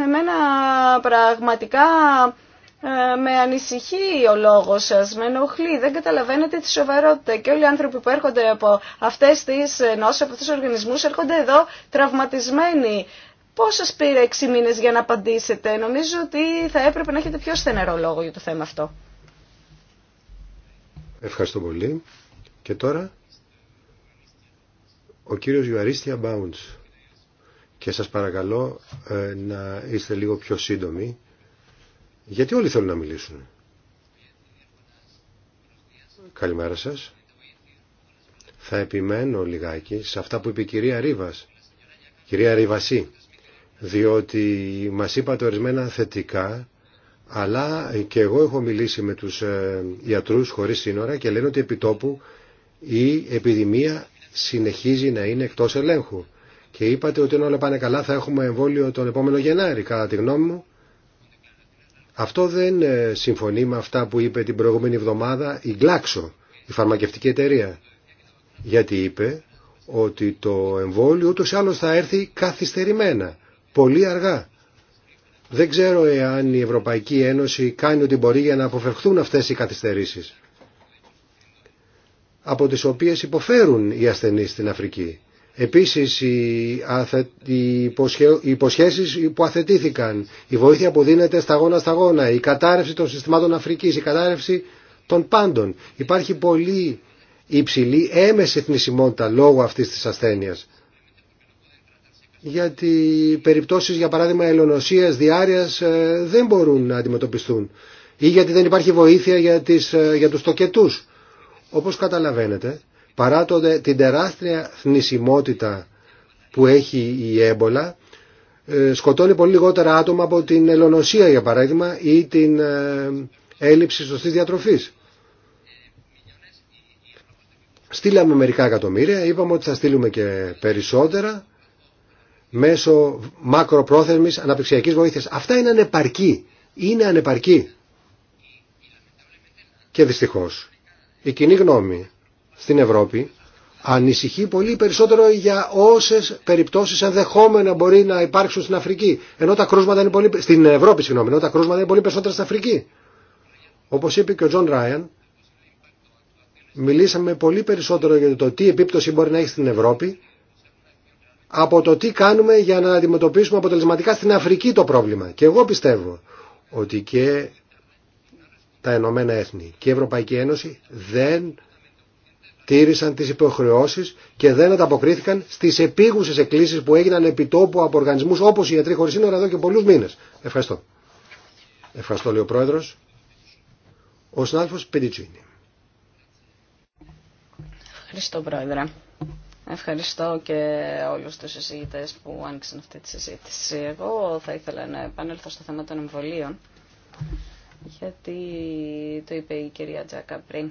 Εμένα πραγματικά ε, με ανησυχεί ο λόγος σας, με ενοχλεί, δεν καταλαβαίνετε τη σοβαρότητα και όλοι οι άνθρωποι που έρχονται από αυτές τις νόσες, από αυτούς τους οργανισμούς έρχονται εδώ τραυματισμένοι. Πώς σας πήρε έξι μήνες για να απαντήσετε, νομίζω ότι θα έπρεπε να έχετε πιο στενερό λόγο για το θέμα αυτό. Ευχαριστώ πολύ. Και τώρα ο κύριος Ιουαρίστια Μπάουντς. Και σας παρακαλώ ε, να είστε λίγο πιο σύντομοι γιατί όλοι θέλουν να μιλήσουν. Καλημέρα σας. Θα επιμένω λιγάκι σε αυτά που είπε η κυρία Ρίβας. Κυρία Ρίβασή, διότι μας είπατε ορισμένα θετικά, αλλά και εγώ έχω μιλήσει με τους ε, ιατρούς χωρίς σύνορα και λένε ότι επιτόπου η επιδημία συνεχίζει να είναι εκτός ελέγχου. Και είπατε ότι όλα πάνε καλά θα έχουμε εμβόλιο τον επόμενο Γενάρη. Κατά τη γνώμη μου αυτό δεν ε, συμφωνεί με αυτά που είπε την προηγούμενη εβδομάδα η Γκλάξο, η φαρμακευτική εταιρεία. Γιατί είπε ότι το εμβόλιο ούτως ή άλλως θα έρθει καθυστερημένα, πολύ αργά. Δεν ξέρω εάν η Ευρωπαϊκή Ένωση κάνει ό,τι μπορεί για να αποφευχθούν αυτές οι καθυστερήσεις από τις οποίες υποφέρουν οι ασθενείς στην Αφρική. Επίσης οι, αθε... οι, υποσχέσεις που αθετήθηκαν, η βοήθεια που δίνεται σταγόνα σταγόνα, η κατάρρευση των συστημάτων Αφρικής, η κατάρρευση των πάντων. Υπάρχει πολύ υψηλή έμεση θνησιμότητα λόγω αυτής της ασθένειας. Γιατί περιπτώσεις για παράδειγμα ελονοσίας, διάρειας ε, δεν μπορούν να αντιμετωπιστούν. Ή γιατί δεν υπάρχει βοήθεια για, τις, ε, για τους τοκετούς. Όπως καταλαβαίνετε παρά τότε την τεράστια θνησιμότητα που έχει η έμπολα, ε, σκοτώνει πολύ λιγότερα άτομα από την ελονοσία για παράδειγμα ή την ε, έλλειψη σωστής διατροφής. Στείλαμε μερικά εκατομμύρια, είπαμε ότι θα στείλουμε και περισσότερα μέσω μακροπρόθεσμης αναπτυξιακής βοήθειας. Αυτά είναι ανεπαρκή. Είναι ανεπαρκή. Και δυστυχώς η κοινή γνώμη στην Ευρώπη ανησυχεί πολύ περισσότερο για όσε περιπτώσει ενδεχόμενα μπορεί να υπάρξουν στην Αφρική. Ενώ τα κρούσματα είναι πολύ. Στην Ευρώπη, συγγνώμη, ενώ τα κρούσματα είναι πολύ περισσότερα στην Αφρική. Όπω είπε και ο Τζον Ράιαν, μιλήσαμε πολύ περισσότερο για το τι επίπτωση μπορεί να έχει στην Ευρώπη από το τι κάνουμε για να αντιμετωπίσουμε αποτελεσματικά στην Αφρική το πρόβλημα. Και εγώ πιστεύω ότι και τα Ενωμένα Έθνη και η Ευρωπαϊκή Ένωση δεν τήρησαν τις υποχρεώσεις και δεν ανταποκρίθηκαν στις επίγουσες εκκλήσεις που έγιναν επί τόπου από οργανισμούς όπως οι Ιατροί Χωρίς Σύνορα εδώ και πολλούς μήνες. Ευχαριστώ. Ευχαριστώ λέει ο Πρόεδρος. Ο συνάδελφος Πεντιτσίνη. Ευχαριστώ Πρόεδρε. Ευχαριστώ και όλους τους συζήτητες που άνοιξαν αυτή τη συζήτηση. Εγώ θα ήθελα να επανέλθω στο θέμα των εμβολίων, γιατί το είπε η κυρία Τζάκα πριν.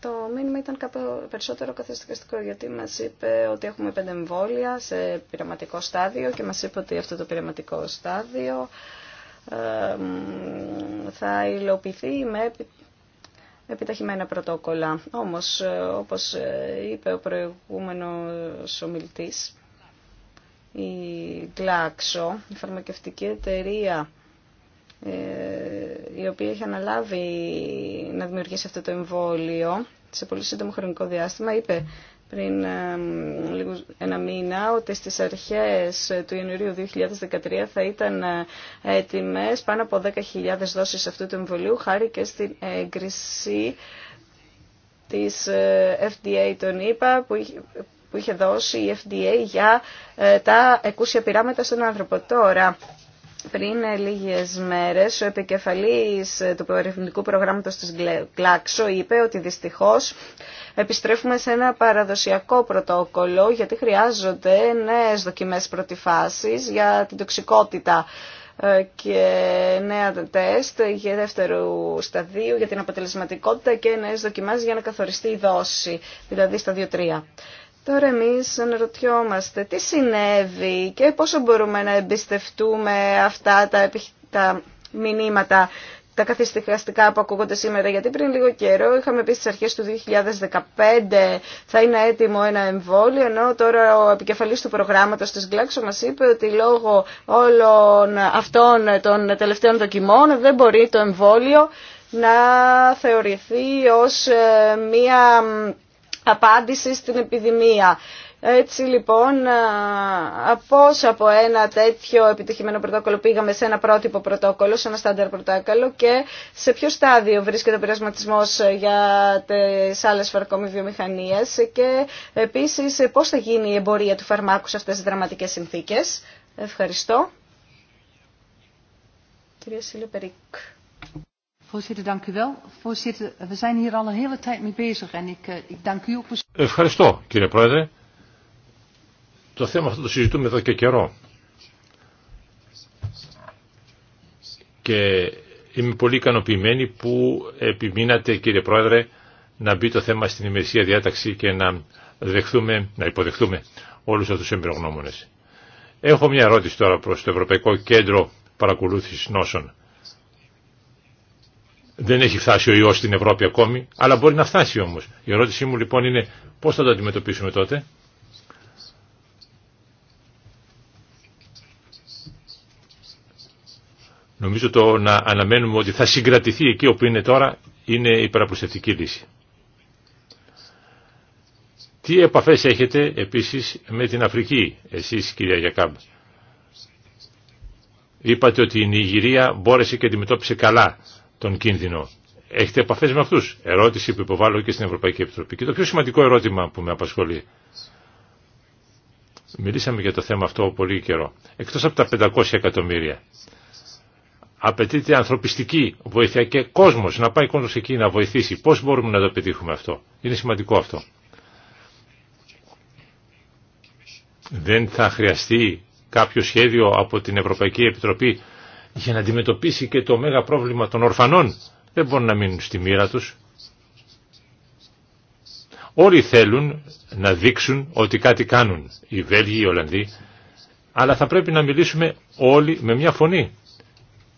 Το μήνυμα ήταν κάποιο περισσότερο καθιστικαστικό γιατί μας είπε ότι έχουμε πέντε εμβόλια σε πειραματικό στάδιο και μας είπε ότι αυτό το πειραματικό στάδιο θα υλοποιηθεί με επιταχυμένα πρωτόκολλα. Όμως, ε, όπως ε, είπε ο προηγούμενος ομιλητής, η Glaxo, η φαρμακευτική εταιρεία ε, η οποία έχει αναλάβει να δημιουργήσει αυτό το εμβόλιο σε πολύ σύντομο χρονικό διάστημα, είπε πριν ε, λίγο ένα μήνα ότι στις αρχές του Ιανουαρίου 2013 θα ήταν ε, έτοιμες πάνω από 10.000 δόσεις αυτού του εμβολίου χάρη και στην έγκριση της FDA τον είπα που είχε δώσει η FDA για τα εκούσια πειράματα στον άνθρωπο. Τώρα πριν λίγες μέρες ο επικεφαλής του ερευνητικού προγράμματος της Κλάξο είπε ότι δυστυχώς επιστρέφουμε σε ένα παραδοσιακό πρωτόκολλο γιατί χρειάζονται νέες δοκιμές φάσης για την τοξικότητα ε, και νέα τεστ για δεύτερου σταδίου για την αποτελεσματικότητα και νέες δοκιμάσεις για να καθοριστεί η δόση, δηλαδή στα 2-3. Τώρα εμείς αναρωτιόμαστε τι συνέβη και πόσο μπορούμε να εμπιστευτούμε αυτά τα, τα μηνύματα, τα καθιστικαστικά που ακούγονται σήμερα. Γιατί πριν λίγο καιρό είχαμε πει στις αρχές του 2015 θα είναι έτοιμο ένα εμβόλιο, ενώ τώρα ο επικεφαλής του προγράμματος της Γκλάξο μας είπε ότι λόγω όλων αυτών των τελευταίων δοκιμών δεν μπορεί το εμβόλιο να θεωρηθεί ως ε, μία απάντηση στην επιδημία. Έτσι λοιπόν, πώ από ένα τέτοιο επιτυχημένο πρωτόκολλο πήγαμε σε ένα πρότυπο πρωτόκολλο, σε ένα στάνταρ πρωτόκολλο και σε ποιο στάδιο βρίσκεται ο πειρασματισμός για τις άλλες βιομηχανίε και επίσης πώς θα γίνει η εμπορία του φαρμάκου σε αυτές τις δραματικές συνθήκε. Ευχαριστώ. Κυρία Σιλεπερίκ. Ευχαριστώ κύριε Πρόεδρε. Το θέμα αυτό το συζητούμε εδώ και καιρό. Και είμαι πολύ ικανοποιημένη που επιμείνατε κύριε Πρόεδρε να μπει το θέμα στην ημερησία διάταξη και να, δεχθούμε, να υποδεχθούμε όλους αυτούς τους εμπειρογνώμονες. Έχω μια ερώτηση τώρα προς το Ευρωπαϊκό Κέντρο Παρακολούθησης Νόσων. Δεν έχει φτάσει ο ιός στην Ευρώπη ακόμη, αλλά μπορεί να φτάσει όμως. Η ερώτησή μου λοιπόν είναι πώς θα το αντιμετωπίσουμε τότε. Νομίζω το να αναμένουμε ότι θα συγκρατηθεί εκεί όπου είναι τώρα είναι η παραπλουστευτική λύση. Τι επαφές έχετε επίσης με την Αφρική, εσείς κυρία Γιακάμπ. Είπατε ότι η Νιγηρία μπόρεσε και αντιμετώπισε καλά τον κίνδυνο. Έχετε επαφέ με αυτού. Ερώτηση που υποβάλλω και στην Ευρωπαϊκή Επιτροπή. Και το πιο σημαντικό ερώτημα που με απασχολεί. Μιλήσαμε για το θέμα αυτό πολύ καιρό. Εκτό από τα 500 εκατομμύρια. Απαιτείται ανθρωπιστική βοήθεια και κόσμο να πάει κόσμο εκεί να βοηθήσει. Πώ μπορούμε να το πετύχουμε αυτό. Είναι σημαντικό αυτό. Δεν θα χρειαστεί κάποιο σχέδιο από την Ευρωπαϊκή Επιτροπή για να αντιμετωπίσει και το μέγα πρόβλημα των ορφανών. Δεν μπορούν να μείνουν στη μοίρα τους. Όλοι θέλουν να δείξουν ότι κάτι κάνουν, οι Βέλγοι, οι Ολλανδοί, αλλά θα πρέπει να μιλήσουμε όλοι με μια φωνή.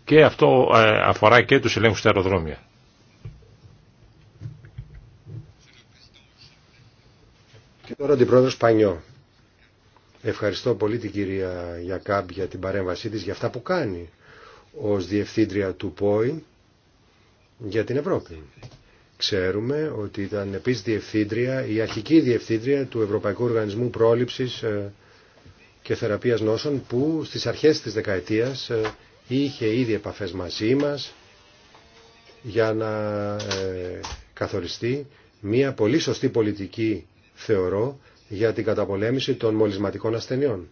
Και αυτό ε, αφορά και τους ελέγχους στα αεροδρόμια. Και τώρα την πρόεδρο Σπανιό. Ευχαριστώ πολύ την κυρία Γιακάμπ για την παρέμβασή της, για αυτά που κάνει ως διευθύντρια του ΠΟΗ για την Ευρώπη. Ξέρουμε ότι ήταν επίσης διευθύντρια, η αρχική διευθύντρια του Ευρωπαϊκού Οργανισμού Πρόληψης ε, και Θεραπείας Νόσων που στις αρχές της δεκαετίας ε, είχε ήδη επαφές μαζί μας για να ε, καθοριστεί μια πολύ σωστή πολιτική θεωρώ για την καταπολέμηση των μολυσματικών ασθενειών.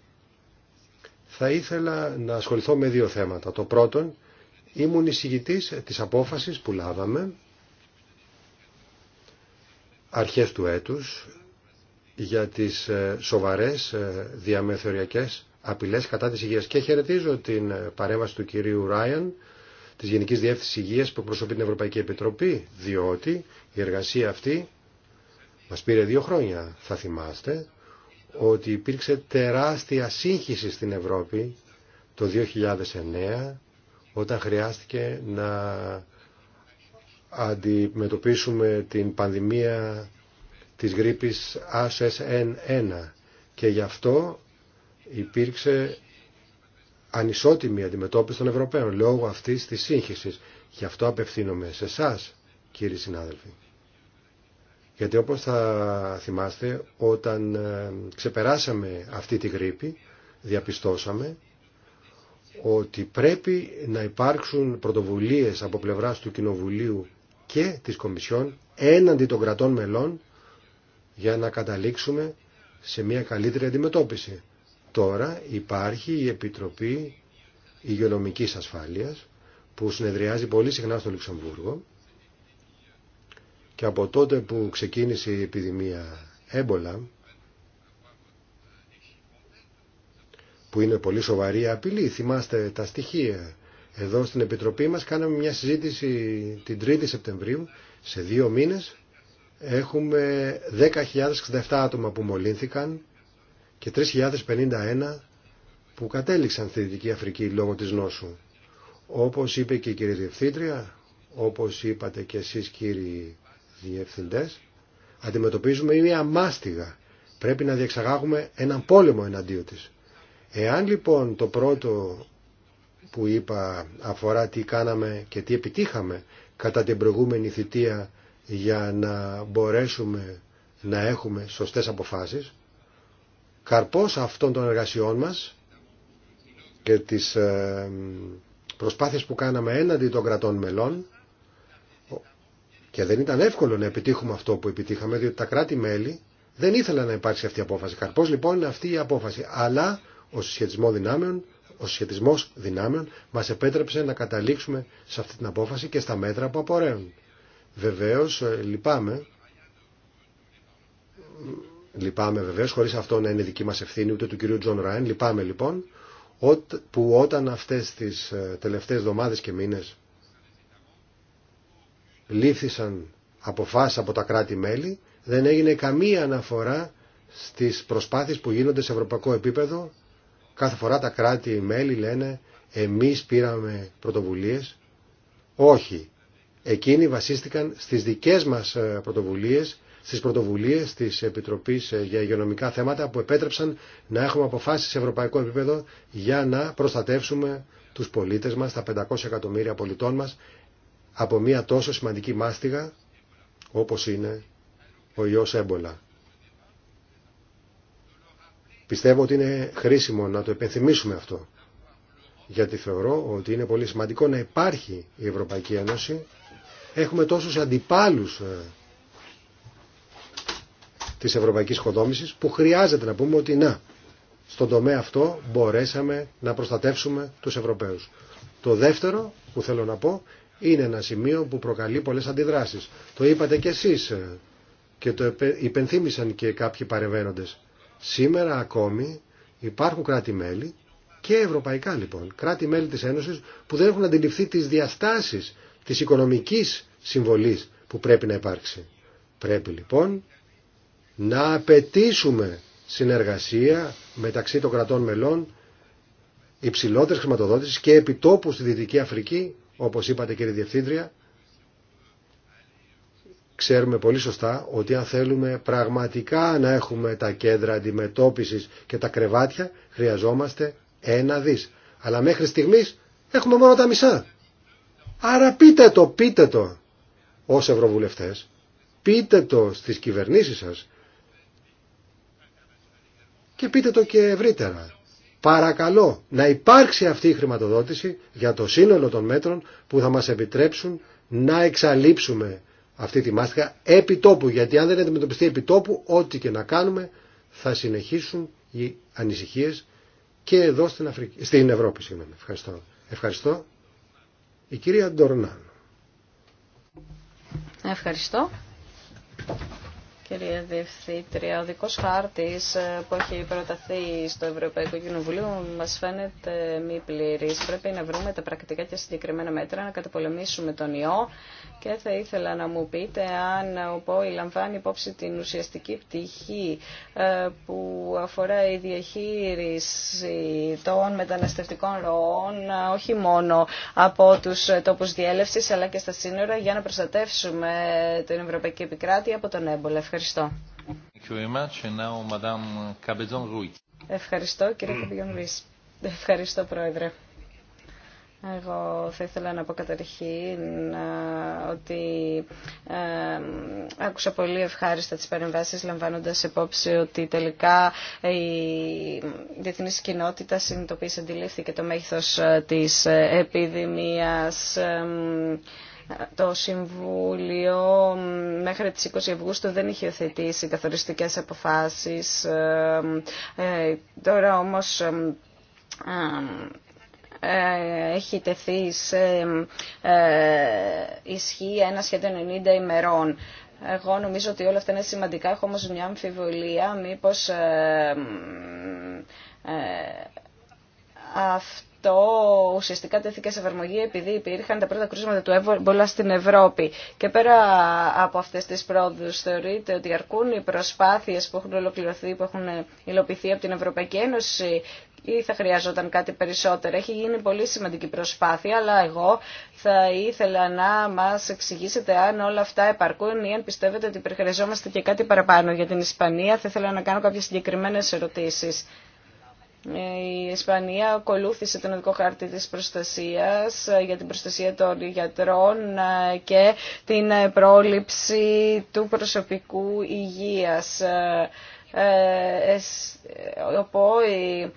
Θα ήθελα να ασχοληθώ με δύο θέματα. Το πρώτον, ήμουν εισηγητής της απόφασης που λάβαμε αρχές του έτους για τις ε, σοβαρές ε, διαμεθοριακές απειλές κατά της υγείας. Και χαιρετίζω την ε, παρέμβαση του κυρίου Ράιαν της Γενικής Διεύθυνσης Υγείας που προσωπεί την Ευρωπαϊκή Επιτροπή, διότι η εργασία αυτή μας πήρε δύο χρόνια, θα θυμάστε, ότι υπήρξε τεράστια σύγχυση στην Ευρώπη το 2009 όταν χρειάστηκε να αντιμετωπίσουμε την πανδημία της γρήπης HSN1 και γι' αυτό υπήρξε ανισότιμη αντιμετώπιση των Ευρωπαίων λόγω αυτής της σύγχυσης. Γι' αυτό απευθύνομαι σε εσά, κύριοι συνάδελφοι. Γιατί όπως θα θυμάστε, όταν ε, ξεπεράσαμε αυτή τη γρήπη, διαπιστώσαμε ότι πρέπει να υπάρξουν πρωτοβουλίες από πλευράς του Κοινοβουλίου και της Κομισιόν έναντι των κρατών μελών για να καταλήξουμε σε μια καλύτερη αντιμετώπιση. Τώρα υπάρχει η Επιτροπή Υγειονομικής Ασφάλειας που συνεδριάζει πολύ συχνά στο Λουξεμβούργο και από τότε που ξεκίνησε η επιδημία έμπολα που είναι πολύ σοβαρή απειλή. Θυμάστε τα στοιχεία. Εδώ στην Επιτροπή μας κάναμε μια συζήτηση την 3η Σεπτεμβρίου. Σε δύο μήνες έχουμε 10.067 άτομα που μολύνθηκαν και 3.051 που κατέληξαν στη Δυτική Αφρική λόγω της νόσου. Όπως είπε και η κυρία Διευθύντρια, όπως είπατε και εσείς κύριοι διευθυντές, αντιμετωπίζουμε μια μάστιγα. Πρέπει να διεξαγάγουμε έναν πόλεμο εναντίον της. Εάν λοιπόν το πρώτο που είπα αφορά τι κάναμε και τι επιτύχαμε κατά την προηγούμενη θητεία για να μπορέσουμε να έχουμε σωστές αποφάσεις, καρπός αυτών των εργασιών μας και τις ε, προσπάθειες που κάναμε έναντι των κρατών μελών και δεν ήταν εύκολο να επιτύχουμε αυτό που επιτύχαμε, διότι τα κράτη-μέλη δεν ήθελαν να υπάρξει αυτή η απόφαση. Καρπός λοιπόν είναι αυτή η απόφαση. Αλλά ο συσχετισμό δυνάμεων, ο συσχετισμός δυνάμεων μας επέτρεψε να καταλήξουμε σε αυτή την απόφαση και στα μέτρα που απορρέουν. Βεβαίω ε, λυπάμαι, λυπάμαι βεβαίω, χωρί αυτό να είναι δική μα ευθύνη ούτε του κυρίου Τζον Ράιν, λυπάμαι λοιπόν που όταν αυτές τις ε, τελευταίες εβδομάδε και μήνες λήφθησαν αποφάσεις από τα κράτη-μέλη, δεν έγινε καμία αναφορά στις προσπάθειες που γίνονται σε ευρωπαϊκό επίπεδο. Κάθε φορά τα κράτη-μέλη λένε εμείς πήραμε πρωτοβουλίες. Όχι. Εκείνοι βασίστηκαν στις δικές μας ε, πρωτοβουλίες, στις πρωτοβουλίες της Επιτροπής ε, για Υγειονομικά Θέματα που επέτρεψαν να έχουμε αποφάσεις σε ευρωπαϊκό επίπεδο για να προστατεύσουμε τους πολίτες μας, τα 500 εκατομμύρια πολιτών μας, από μια τόσο σημαντική μάστιγα όπως είναι ο ιός έμπολα. Πιστεύω ότι είναι χρήσιμο να το επενθυμίσουμε αυτό, γιατί θεωρώ ότι είναι πολύ σημαντικό να υπάρχει η Ευρωπαϊκή Ένωση. Έχουμε τόσους αντιπάλους ε, της ευρωπαϊκής οικοδόμησης που χρειάζεται να πούμε ότι να, στον τομέα αυτό μπορέσαμε να προστατεύσουμε τους Ευρωπαίους. Το δεύτερο που θέλω να πω είναι ένα σημείο που προκαλεί πολλές αντιδράσεις. Το είπατε κι εσείς ε, και το υπενθύμησαν και καποιοι παρεβαινοντες παρεμβαίνοντες. Σήμερα ακόμη υπάρχουν κράτη-μέλη και ευρωπαϊκά λοιπόν, κράτη-μέλη της Ένωσης που δεν έχουν αντιληφθεί τις διαστάσεις της οικονομικής συμβολής που πρέπει να υπάρξει. Πρέπει λοιπόν να απαιτήσουμε συνεργασία μεταξύ των κρατών μελών υψηλότερες χρηματοδότηση και επιτόπου στη Δυτική Αφρική όπως είπατε κύριε Διευθύντρια, ξέρουμε πολύ σωστά ότι αν θέλουμε πραγματικά να έχουμε τα κέντρα αντιμετώπισης και τα κρεβάτια, χρειαζόμαστε ένα δις. Αλλά μέχρι στιγμής έχουμε μόνο τα μισά. Άρα πείτε το, πείτε το ως ευρωβουλευτές, πείτε το στις κυβερνήσεις σας και πείτε το και ευρύτερα. Παρακαλώ να υπάρξει αυτή η χρηματοδότηση για το σύνολο των μέτρων που θα μας επιτρέψουν να εξαλείψουμε αυτή τη μάσκα επί τόπου. Γιατί αν δεν αντιμετωπιστεί επί τόπου, ό,τι και να κάνουμε θα συνεχίσουν οι ανησυχίες και εδώ στην, Αφρική, στην Ευρώπη. σήμερα. Ευχαριστώ. Ευχαριστώ. Η κυρία Ντορνάν. Ευχαριστώ. Κυρία Διευθύντρια, ο δικό χάρτη ε, που έχει προταθεί στο Ευρωπαϊκό Κοινοβούλιο μα φαίνεται μη πλήρης. Πρέπει να βρούμε τα πρακτικά και συγκεκριμένα μέτρα να καταπολεμήσουμε τον ιό και θα ήθελα να μου πείτε αν ο ΠΟΗ λαμβάνει υπόψη την ουσιαστική πτυχή ε, που αφορά η διαχείριση των μεταναστευτικών ροών ε, όχι μόνο από του τόπου διέλευση αλλά και στα σύνορα για να προστατεύσουμε την Ευρωπαϊκή Επικράτη από τον έμπολα. Ευχαριστώ. Ευχαριστώ κύριε Καμπιόν Ρουίς. Ευχαριστώ πρόεδρε. Εγώ θα ήθελα να πω καταρχήν ε, ότι ε, άκουσα πολύ ευχάριστα τις παρεμβάσει, λαμβάνοντας υπόψη ότι τελικά η διεθνής κοινότητα συνειδητοποίησε, αντιλήφθηκε το μέγεθος ε, της επιδημίας το Συμβούλιο μέχρι τις 20 Αυγούστου δεν είχε οθετήσει καθοριστικές αποφάσεις. Ε, ε, τώρα όμως ε, έχει τεθεί σε ισχύ ένα σχεδόν 90 ημερών. Εγώ νομίζω ότι όλα αυτά είναι σημαντικά. Έχω όμως μια αμφιβολία μήπως αυτό αυτό ουσιαστικά τέθηκε σε εφαρμογή επειδή υπήρχαν τα πρώτα κρούσματα του Εύβολα στην Ευρώπη. Και πέρα από αυτέ τι πρόοδου, θεωρείτε ότι αρκούν οι προσπάθειε που έχουν ολοκληρωθεί, που έχουν υλοποιηθεί από την Ευρωπαϊκή Ένωση ή θα χρειαζόταν κάτι περισσότερο. Έχει γίνει πολύ σημαντική προσπάθεια, αλλά εγώ θα ήθελα να μα εξηγήσετε αν όλα αυτά επαρκούν ή αν πιστεύετε ότι χρειαζόμαστε και κάτι παραπάνω για την Ισπανία. Θα ήθελα να κάνω κάποιε συγκεκριμένε ερωτήσει. Η Ισπανία ακολούθησε τον οδικό χάρτη της προστασίας ε, για την προστασία των γιατρών ε, και την ε, πρόληψη του προσωπικού υγείας. Ο ΠΟΗ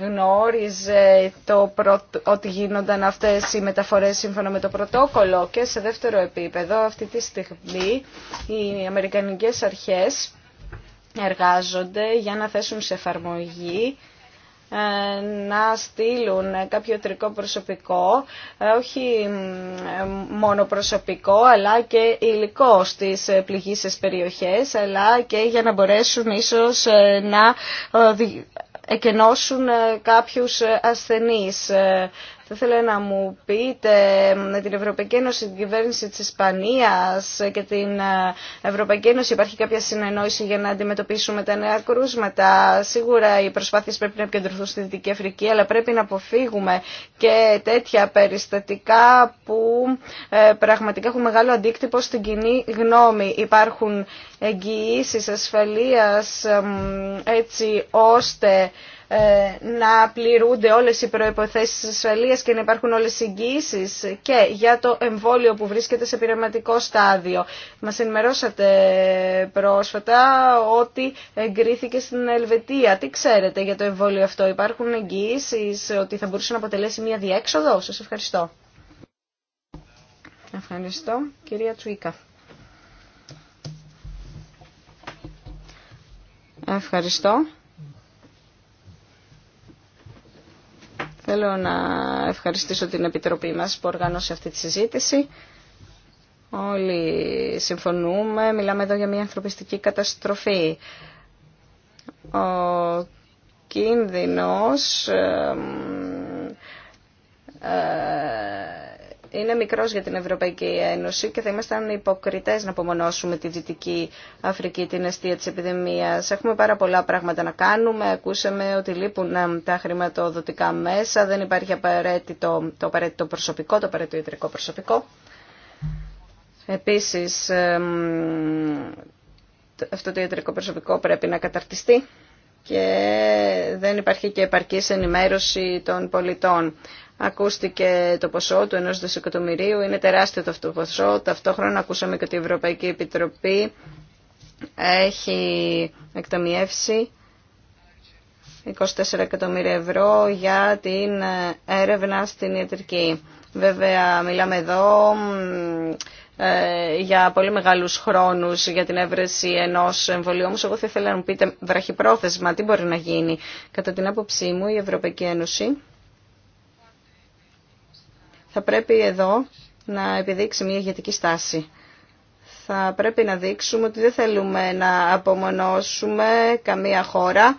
γνώριζε το ότι γίνονταν αυτές οι μεταφορές σύμφωνα με το πρωτόκολλο και σε δεύτερο επίπεδο αυτή τη στιγμή οι Αμερικανικές αρχές εργάζονται για να θέσουν σε εφαρμογή ε, να στείλουν κάποιο τρικό προσωπικό, ε, όχι ε, μόνο προσωπικό, αλλά και υλικό στις πληγήσεις περιοχές, αλλά και για να μπορέσουν ίσως να εκενώσουν κάποιους ασθενείς. Θα ήθελα να μου πείτε με την Ευρωπαϊκή Ένωση, την κυβέρνηση της Ισπανίας και την ε, Ευρωπαϊκή Ένωση υπάρχει κάποια συνεννόηση για να αντιμετωπίσουμε τα νέα κρούσματα. Σίγουρα οι προσπάθειες πρέπει να επικεντρωθούν στη Δυτική Αφρική, αλλά πρέπει να αποφύγουμε και τέτοια περιστατικά που ε, πραγματικά έχουν μεγάλο αντίκτυπο στην κοινή γνώμη. Υπάρχουν εγγυήσεις ασφαλείας έτσι ώστε ε, να πληρούνται όλες οι προϋποθέσεις ασφαλείας και να υπάρχουν όλες οι εγγύησεις και για το εμβόλιο που βρίσκεται σε πειραματικό στάδιο. Μας ενημερώσατε πρόσφατα ότι εγκρίθηκε στην Ελβετία. Τι ξέρετε για το εμβόλιο αυτό. Υπάρχουν εγγύησεις ότι θα μπορούσε να αποτελέσει μια διέξοδο. Σας ευχαριστώ. Ευχαριστώ. Κυρία Τσουίκα. Ευχαριστώ. Θέλω να ευχαριστήσω την Επιτροπή μας που οργάνωσε αυτή τη συζήτηση. Όλοι συμφωνούμε, μιλάμε εδώ για μια ανθρωπιστική καταστροφή. Ο κίνδυνος ε, είναι μικρός για την Ευρωπαϊκή Ένωση και θα ήμασταν υποκριτές να απομονώσουμε τη Δυτική Αφρική, την αιστεία της επιδημίας. Έχουμε πάρα πολλά πράγματα να κάνουμε. Ακούσαμε ότι λείπουν ε, τα χρηματοδοτικά μέσα, δεν υπάρχει απαραίτητο, το απαραίτητο προσωπικό, το απαραίτητο ιατρικό προσωπικό. Επίσης, ε, αυτό το ιατρικό προσωπικό πρέπει να καταρτιστεί και δεν υπάρχει και επαρκής ενημέρωση των πολιτών. Ακούστηκε το ποσό του ενός δισεκατομμυρίου, είναι τεράστιο το ποσό. Ταυτόχρονα ακούσαμε και ότι η Ευρωπαϊκή Επιτροπή έχει εκταμιεύσει 24 εκατομμύρια ευρώ για την έρευνα στην ιατρική. Βέβαια, μιλάμε εδώ ε, για πολύ μεγάλους χρόνους για την έβρεση ενός εμβολίου. Όμως εγώ θα ήθελα να μου πείτε βραχυπρόθεσμα τι μπορεί να γίνει. Κατά την άποψή μου η Ευρωπαϊκή Ένωση θα πρέπει εδώ να επιδείξει μια ηγετική στάση. Θα πρέπει να δείξουμε ότι δεν θέλουμε να απομονώσουμε καμία χώρα,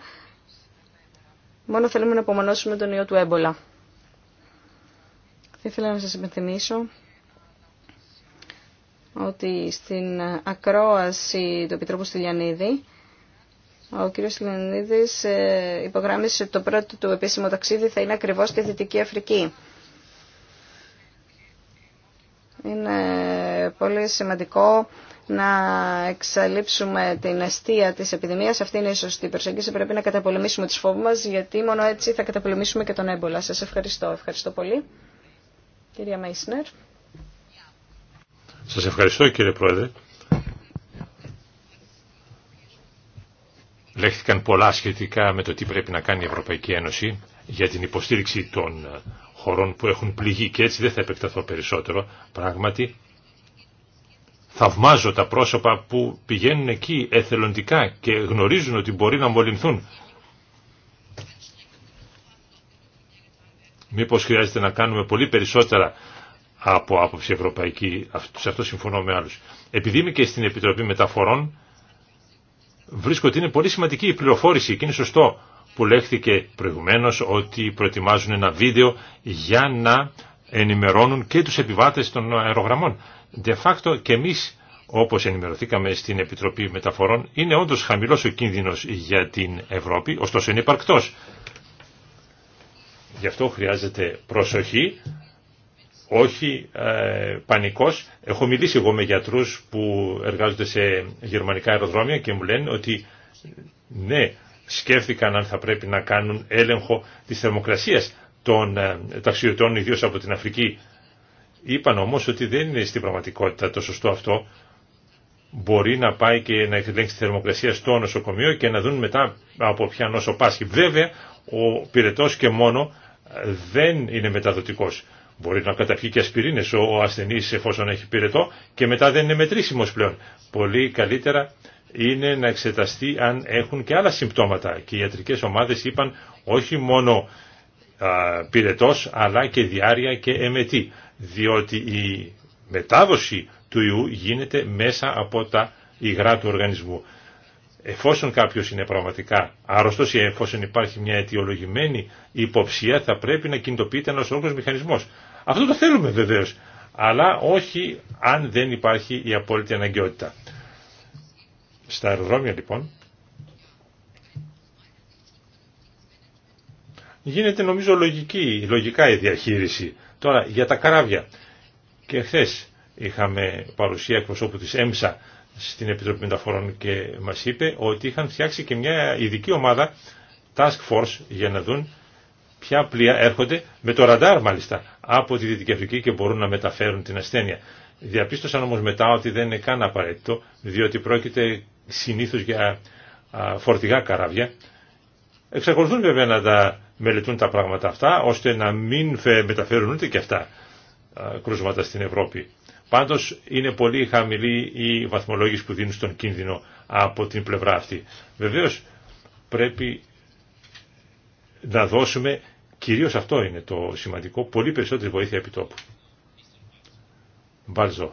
μόνο θέλουμε να απομονώσουμε τον ιό του έμπολα. Θα ήθελα να σας υπενθυμίσω ότι στην ακρόαση του Επιτρόπου Στυλιανίδη ο κ. Στυλιανίδης ε, υπογράμμισε το πρώτο του επίσημο ταξίδι θα είναι ακριβώς στη Δυτική Αφρική. Είναι πολύ σημαντικό να εξαλείψουμε την αιστεία της επιδημίας. Αυτή είναι η σωστή προσέγγιση. Πρέπει να καταπολεμήσουμε τους φόβους μας, γιατί μόνο έτσι θα καταπολεμήσουμε και τον έμπολα. Σας ευχαριστώ. Ευχαριστώ πολύ. Κυρία Μέισνερ. Σας ευχαριστώ κύριε Πρόεδρε. Λέχθηκαν πολλά σχετικά με το τι πρέπει να κάνει η Ευρωπαϊκή Ένωση για την υποστήριξη των ε, χωρών που έχουν πληγεί και έτσι δεν θα επεκταθώ περισσότερο. Πράγματι, θαυμάζω τα πρόσωπα που πηγαίνουν εκεί εθελοντικά και γνωρίζουν ότι μπορεί να μολυνθούν. Μήπως χρειάζεται να κάνουμε πολύ περισσότερα από άποψη ευρωπαϊκή, σε αυτό συμφωνώ με άλλους. Επειδή είμαι και στην Επιτροπή Μεταφορών, βρίσκω ότι είναι πολύ σημαντική η πληροφόρηση και είναι σωστό που λέχθηκε προηγουμένως ότι προετοιμάζουν ένα βίντεο για να ενημερώνουν και τους επιβάτες των αερογραμμών. De facto και εμείς όπως ενημερωθήκαμε στην Επιτροπή Μεταφορών είναι όντως χαμηλός ο κίνδυνος για την Ευρώπη, ωστόσο είναι υπαρκτός. Γι' αυτό χρειάζεται προσοχή, όχι ε, πανικός. Έχω μιλήσει εγώ με γιατρούς που εργάζονται σε γερμανικά αεροδρόμια και μου λένε ότι ναι, σκέφτηκαν αν θα πρέπει να κάνουν έλεγχο της θερμοκρασίας των ε, ταξιδιωτών, ιδίως από την Αφρική. Είπαν όμως ότι δεν είναι στην πραγματικότητα το σωστό αυτό. Μπορεί να πάει και να ελέγξει τη θερμοκρασία στο νοσοκομείο και να δουν μετά από ποια νόσο πάσχει. Βέβαια, ο πυρετός και μόνο ε, δεν είναι μεταδοτικός. Μπορεί να καταπιεί και ασπιρίνες ο ασθενής εφόσον έχει πυρετό και μετά δεν είναι μετρήσιμος πλέον. Πολύ καλύτερα είναι να εξεταστεί αν έχουν και άλλα συμπτώματα. Και οι ιατρικές ομάδες είπαν όχι μόνο πυρετός αλλά και διάρκεια και εμετή. Διότι η μετάδοση του ιού γίνεται μέσα από τα υγρά του οργανισμού. Εφόσον κάποιος είναι πραγματικά άρρωστος ή εφόσον υπάρχει μια αιτιολογημένη υποψία θα πρέπει να κινητοποιείται ένας όγκος μηχανισμός. Αυτό το θέλουμε βεβαίως, αλλά όχι αν δεν υπάρχει η απόλυτη αναγκαιότητα. Στα αεροδρόμια λοιπόν γίνεται νομίζω λογική, λογικά η διαχείριση. Τώρα για τα καράβια. Και χθε είχαμε παρουσία εκπροσώπου της ΕΜΣΑ στην Επιτροπή Μεταφορών και μας είπε ότι είχαν φτιάξει και μια ειδική ομάδα task force για να δουν ποια πλοία έρχονται με το ραντάρ μάλιστα από τη Δυτική Αφρική και μπορούν να μεταφέρουν την ασθένεια. Διαπίστωσαν όμως μετά ότι δεν είναι καν απαραίτητο διότι πρόκειται συνήθως για φορτηγά καράβια. Εξακολουθούν βέβαια να τα μελετούν τα πράγματα αυτά, ώστε να μην μεταφέρουν ούτε και αυτά κρούσματα στην Ευρώπη. Πάντως είναι πολύ χαμηλή η βαθμολόγηση που δίνουν στον κίνδυνο από την πλευρά αυτή. Βεβαίως πρέπει να δώσουμε, κυρίως αυτό είναι το σημαντικό, πολύ περισσότερη βοήθεια επιτόπου. Μπάλζο.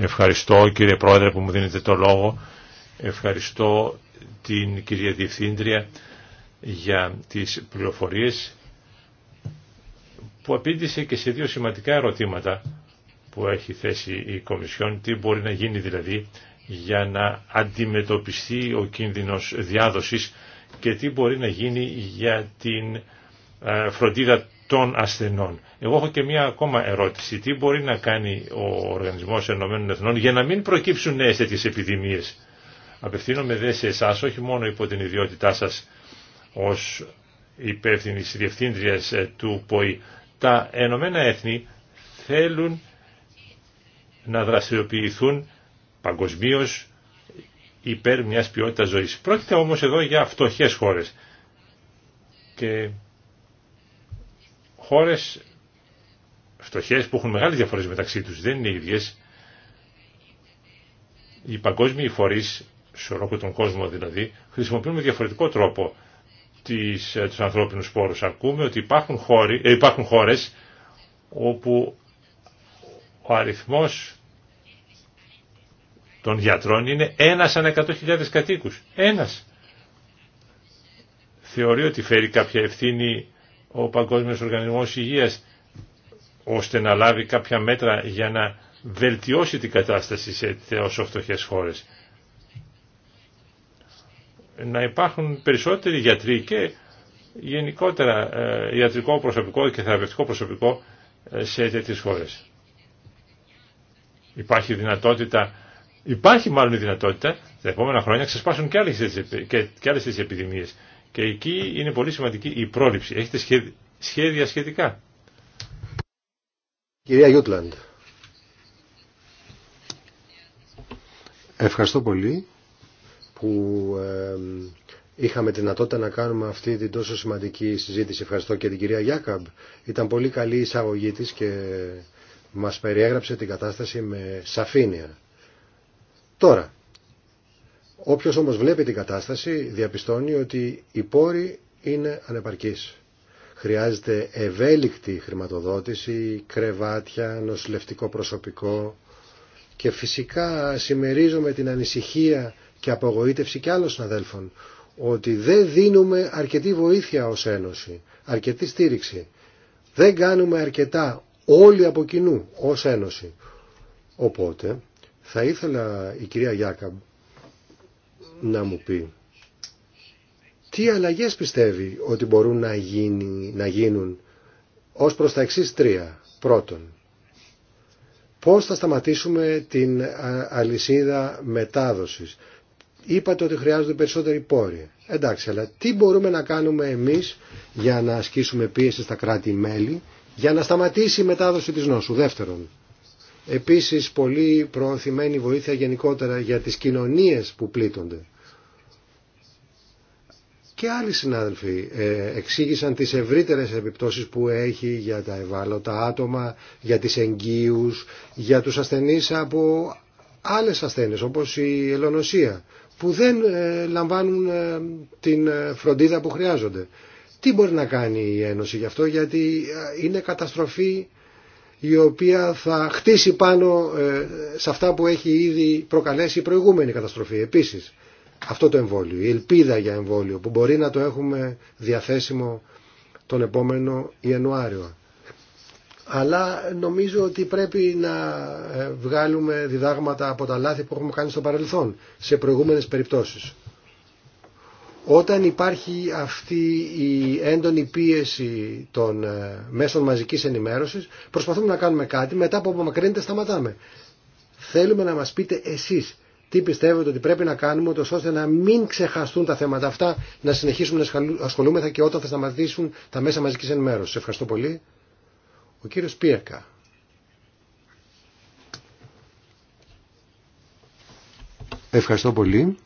Ευχαριστώ κύριε Πρόεδρε που μου δίνετε το λόγο. Ευχαριστώ την κυρία Διευθύντρια για τις πληροφορίες που απήντησε και σε δύο σημαντικά ερωτήματα που έχει θέσει η Κομισιόν, τι μπορεί να γίνει δηλαδή για να αντιμετωπιστεί ο κίνδυνος διάδοσης και τι μπορεί να γίνει για την ε, φροντίδα των ασθενών. Εγώ έχω και μια ακόμα ερώτηση. Τι μπορεί να κάνει ο Οργανισμός Ενωμένων Εθνών για να μην προκύψουν νέες τέτοιες επιδημίες. Απευθύνομαι δε σε εσάς, όχι μόνο υπό την ιδιότητά σας ως υπεύθυνη διευθύντρια ε, του ΠΟΗ. Τα Ενωμένα Έθνη θέλουν να δραστηριοποιηθούν παγκοσμίω υπέρ μιας ποιότητας ζωής. Πρόκειται όμως εδώ για φτωχές χώρες. Και χώρες φτωχές που έχουν μεγάλες διαφορές μεταξύ τους, δεν είναι οι ίδιες. Οι παγκόσμιοι φορείς, σε ολόκληρο τον κόσμο δηλαδή, χρησιμοποιούν με διαφορετικό τρόπο τις, ε, τους ανθρώπινους πόρους. Ακούμε ότι υπάρχουν, ε, υπάρχουν χώρες όπου ο αριθμός των γιατρών είναι ένας ανά 100.000 κατοίκους. Ένας. Θεωρεί ότι φέρει κάποια ευθύνη ο Παγκόσμιος Οργανισμός Υγείας ώστε να λάβει κάποια μέτρα για να βελτιώσει την κατάσταση σε τόσο φτωχές χώρες. Να υπάρχουν περισσότεροι γιατροί και γενικότερα ε, ιατρικό προσωπικό και θεραπευτικό προσωπικό ε, σε τέτοιες χώρες. Υπάρχει δυνατότητα, υπάρχει μάλλον η δυνατότητα τα επόμενα χρόνια ξεσπάσουν και άλλες, και άλλες επιδημίες και εκεί είναι πολύ σημαντική η πρόληψη. Έχετε σχέδια σχετικά. Κυρία Γιούτλαντ. Ευχαριστώ πολύ που είχαμε τη δυνατότητα να κάνουμε αυτή την τόσο σημαντική συζήτηση. Ευχαριστώ και την κυρία Γιάκαμπ. Ήταν πολύ καλή η εισαγωγή της και μας περιέγραψε την κατάσταση με σαφήνεια. Τώρα, Όποιος όμως βλέπει την κατάσταση διαπιστώνει ότι οι πόροι είναι ανεπαρκείς. Χρειάζεται ευέλικτη χρηματοδότηση, κρεβάτια, νοσηλευτικό προσωπικό και φυσικά συμμερίζομαι την ανησυχία και απογοήτευση και άλλων συναδέλφων ότι δεν δίνουμε αρκετή βοήθεια ως Ένωση, αρκετή στήριξη. Δεν κάνουμε αρκετά όλοι από κοινού ως Ένωση. Οπότε θα ήθελα η κυρία Γιάκαμπ να μου πει τι αλλαγές πιστεύει ότι μπορούν να, να γίνουν ως προς τα εξής τρία. Πρώτον, πώς θα σταματήσουμε την αλυσίδα μετάδοσης. Είπατε ότι χρειάζονται περισσότεροι πόροι. Εντάξει, αλλά τι μπορούμε να κάνουμε εμείς για να ασκήσουμε πίεση στα κράτη-μέλη για να σταματήσει η μετάδοση της νόσου. Δεύτερον, Επίσης πολύ προωθημένη βοήθεια γενικότερα για τις κοινωνίες που πλήττονται. Και άλλοι συνάδελφοι ε, εξήγησαν τις ευρύτερες επιπτώσεις που έχει για τα ευάλωτα άτομα, για τις εγγύους, για τους ασθενείς από άλλες ασθένειες όπως η ελονοσία που δεν ε, λαμβάνουν ε, την φροντίδα που χρειάζονται. Τι μπορεί να κάνει η Ένωση γι' αυτό γιατί είναι καταστροφή η οποία θα χτίσει πάνω ε, σε αυτά που έχει ήδη προκαλέσει η προηγούμενη καταστροφή. Επίσης, αυτό το εμβόλιο, η ελπίδα για εμβόλιο που μπορεί να το έχουμε διαθέσιμο τον επόμενο Ιανουάριο. Αλλά νομίζω ότι πρέπει να ε, βγάλουμε διδάγματα από τα λάθη που έχουμε κάνει στο παρελθόν, σε προηγούμενες περιπτώσεις. Όταν υπάρχει αυτή η έντονη πίεση των ε, μέσων μαζικής ενημέρωσης, προσπαθούμε να κάνουμε κάτι, μετά που απομακρύνεται σταματάμε. Θέλουμε να μας πείτε εσείς τι πιστεύετε ότι πρέπει να κάνουμε, ώστε να μην ξεχαστούν τα θέματα αυτά, να συνεχίσουμε να ασχολούμεθα και όταν θα σταματήσουν τα μέσα μαζικής ενημέρωσης. Ευχαριστώ πολύ. Ο κύριος Πίερκα. Ευχαριστώ πολύ.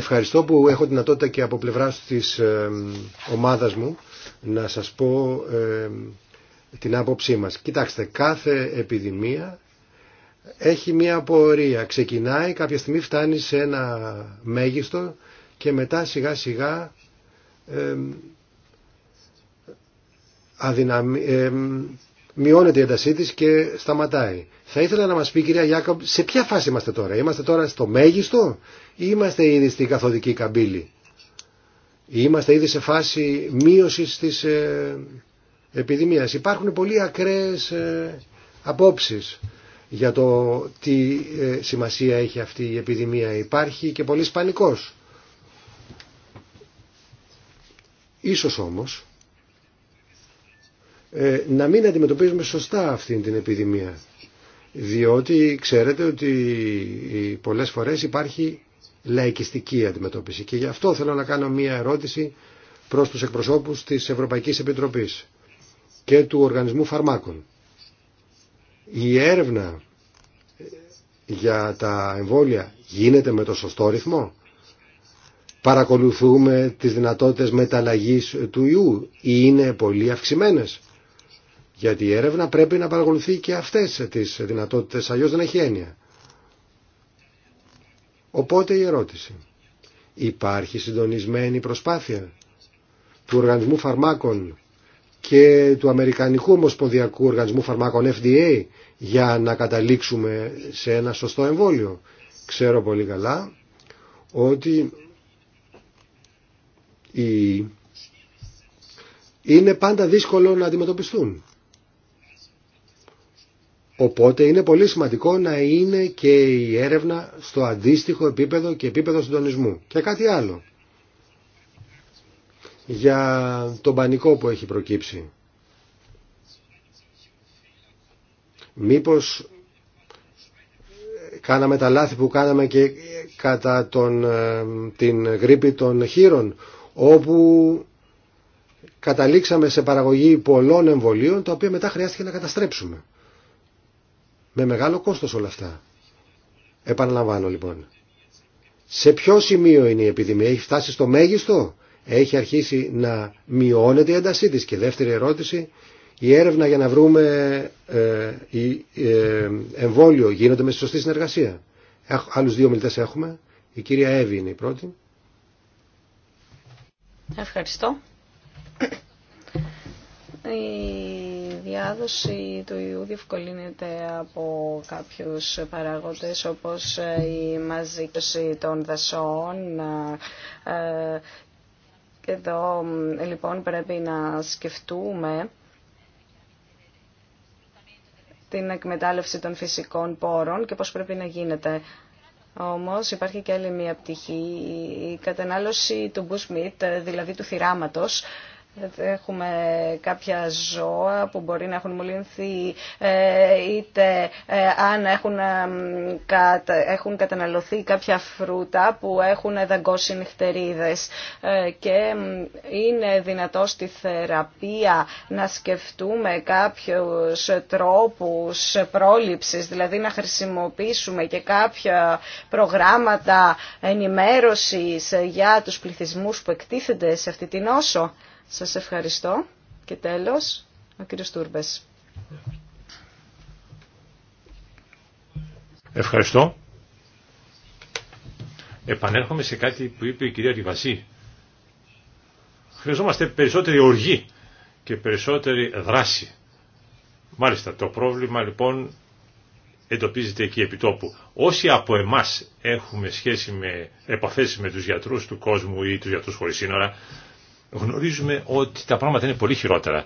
Ευχαριστώ που έχω δυνατότητα και από πλευρά της ε, ομάδας μου να σας πω ε, την άποψή μας. Κοιτάξτε, κάθε επιδημία έχει μία πορεία. Ξεκινάει, κάποια στιγμή φτάνει σε ένα μέγιστο και μετά σιγά σιγά ε, αδυναμ μειώνεται η έντασή της και σταματάει. Θα ήθελα να μας πει κυρία Γιάκομπ σε ποια φάση είμαστε τώρα. Είμαστε τώρα στο μέγιστο ή είμαστε ήδη στην καθοδική καμπύλη. Είμαστε ήδη σε φάση μείωσης της ε, επιδημίας. Υπάρχουν πολύ ακραίες ε, απόψεις για το τι ε, σημασία έχει αυτή η επιδημία. Υπάρχει και πολύ πανικός. Ίσως όμως ε, να μην αντιμετωπίζουμε σωστά αυτή την επιδημία. Διότι ξέρετε ότι πολλές φορές υπάρχει λαϊκιστική αντιμετώπιση και γι' αυτό θέλω να κάνω μία ερώτηση προς τους εκπροσώπους της Ευρωπαϊκής Επιτροπής και του Οργανισμού Φαρμάκων. Η έρευνα ε, για τα εμβόλια γίνεται με το σωστό ρυθμό. Παρακολουθούμε τις δυνατότητες μεταλλαγής του ιού ή είναι πολύ αυξημένες. Γιατί η έρευνα πρέπει να παρακολουθεί και αυτές τις δυνατότητες, αλλιώς δεν έχει έννοια. Οπότε η ερώτηση. Υπάρχει συντονισμένη προσπάθεια του Οργανισμού Φαρμάκων και του Αμερικανικού Ομοσπονδιακού Οργανισμού Φαρμάκων FDA για να καταλήξουμε σε ένα σωστό εμβόλιο. Ξέρω πολύ καλά ότι είναι πάντα δύσκολο να αντιμετωπιστούν. Οπότε είναι πολύ σημαντικό να είναι και η έρευνα στο αντίστοιχο επίπεδο και επίπεδο συντονισμού. Και κάτι άλλο για τον πανικό που έχει προκύψει. Μήπως κάναμε τα λάθη που κάναμε και κατά τον, ε, την γρήπη των χείρων, όπου καταλήξαμε σε παραγωγή πολλών εμβολίων, τα οποία μετά χρειάστηκε να καταστρέψουμε με μεγάλο κόστος όλα αυτά. Επαναλαμβάνω λοιπόν. Σε ποιο σημείο είναι η επιδημία, έχει φτάσει στο μέγιστο, έχει αρχίσει να μειώνεται η έντασή της. Και δεύτερη ερώτηση, η έρευνα για να βρούμε ε, ε, εμβόλιο γίνονται με σωστή συνεργασία. Άλλους δύο μιλητές έχουμε. Η κυρία Εύη είναι η πρώτη. Ευχαριστώ διάδοση του διευκολύνεται από κάποιους παράγοντες όπως η μαζίκωση των δασών. Ε, εδώ λοιπόν πρέπει να σκεφτούμε την εκμετάλλευση των φυσικών πόρων και πώς πρέπει να γίνεται. Όμως υπάρχει και άλλη μια πτυχή, η κατανάλωση του μπουσμιτ, δηλαδή του θυράματος, Έχουμε κάποια ζώα που μπορεί να έχουν μολυνθεί ε, είτε ε, αν έχουν, ε, έχουν καταναλωθεί κάποια φρούτα που έχουν δαγκώσει νυχτερίδες και είναι δυνατό στη θεραπεία να σκεφτούμε κάποιους τρόπους πρόληψης, δηλαδή να χρησιμοποιήσουμε και κάποια προγράμματα ενημέρωσης για τους πληθυσμούς που εκτίθενται σε αυτή την όσο. Σας ευχαριστώ. Και τέλος, ο κύριος Τούρμπες. Ευχαριστώ. Επανέρχομαι σε κάτι που είπε η κυρία Ριβασί. Χρειαζόμαστε περισσότερη οργή και περισσότερη δράση. Μάλιστα, το πρόβλημα λοιπόν εντοπίζεται εκεί επί τόπου. Όσοι από εμάς έχουμε σχέση με επαφές με τους γιατρούς του κόσμου ή τους γιατρούς χωρίς σύνορα, γνωρίζουμε ότι τα πράγματα είναι πολύ χειρότερα.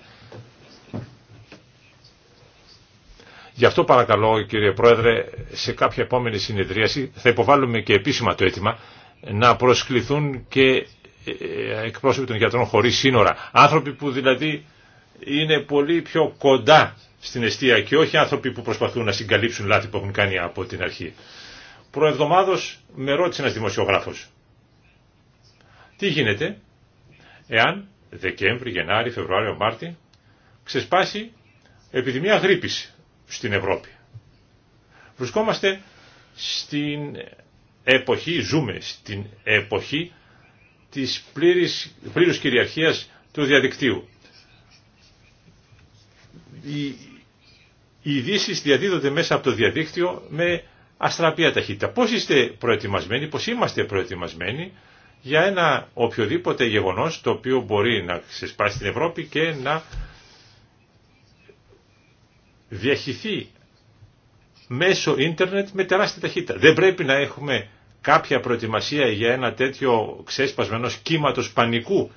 Γι' αυτό παρακαλώ κύριε Πρόεδρε σε κάποια επόμενη συνεδρίαση θα υποβάλουμε και επίσημα το αίτημα να προσκληθούν και ε, ε, εκπρόσωποι των γιατρών χωρίς σύνορα. Άνθρωποι που δηλαδή είναι πολύ πιο κοντά στην αιστεία και όχι άνθρωποι που προσπαθούν να συγκαλύψουν λάθη που έχουν κάνει από την αρχή. Προεβδομάδος με ρώτησε ένας δημοσιογράφος. Τι γίνεται, εάν Δεκέμβρη, Γενάρη, Φεβρουάριο, Μάρτι ξεσπάσει επιδημία γρήπης στην Ευρώπη. Βρισκόμαστε στην εποχή, ζούμε στην εποχή της πλήρης, πλήρους κυριαρχίας του διαδικτύου. Οι, οι ειδήσει διαδίδονται μέσα από το διαδίκτυο με αστραπία ταχύτητα. Πώς είστε προετοιμασμένοι, πώς είμαστε προετοιμασμένοι για ένα οποιοδήποτε γεγονός το οποίο μπορεί να ξεσπάσει την Ευρώπη και να διαχυθεί μέσω ίντερνετ με τεράστια ταχύτητα. Δεν πρέπει να έχουμε κάποια προετοιμασία για ένα τέτοιο ξέσπασμα ενός κύματος πανικού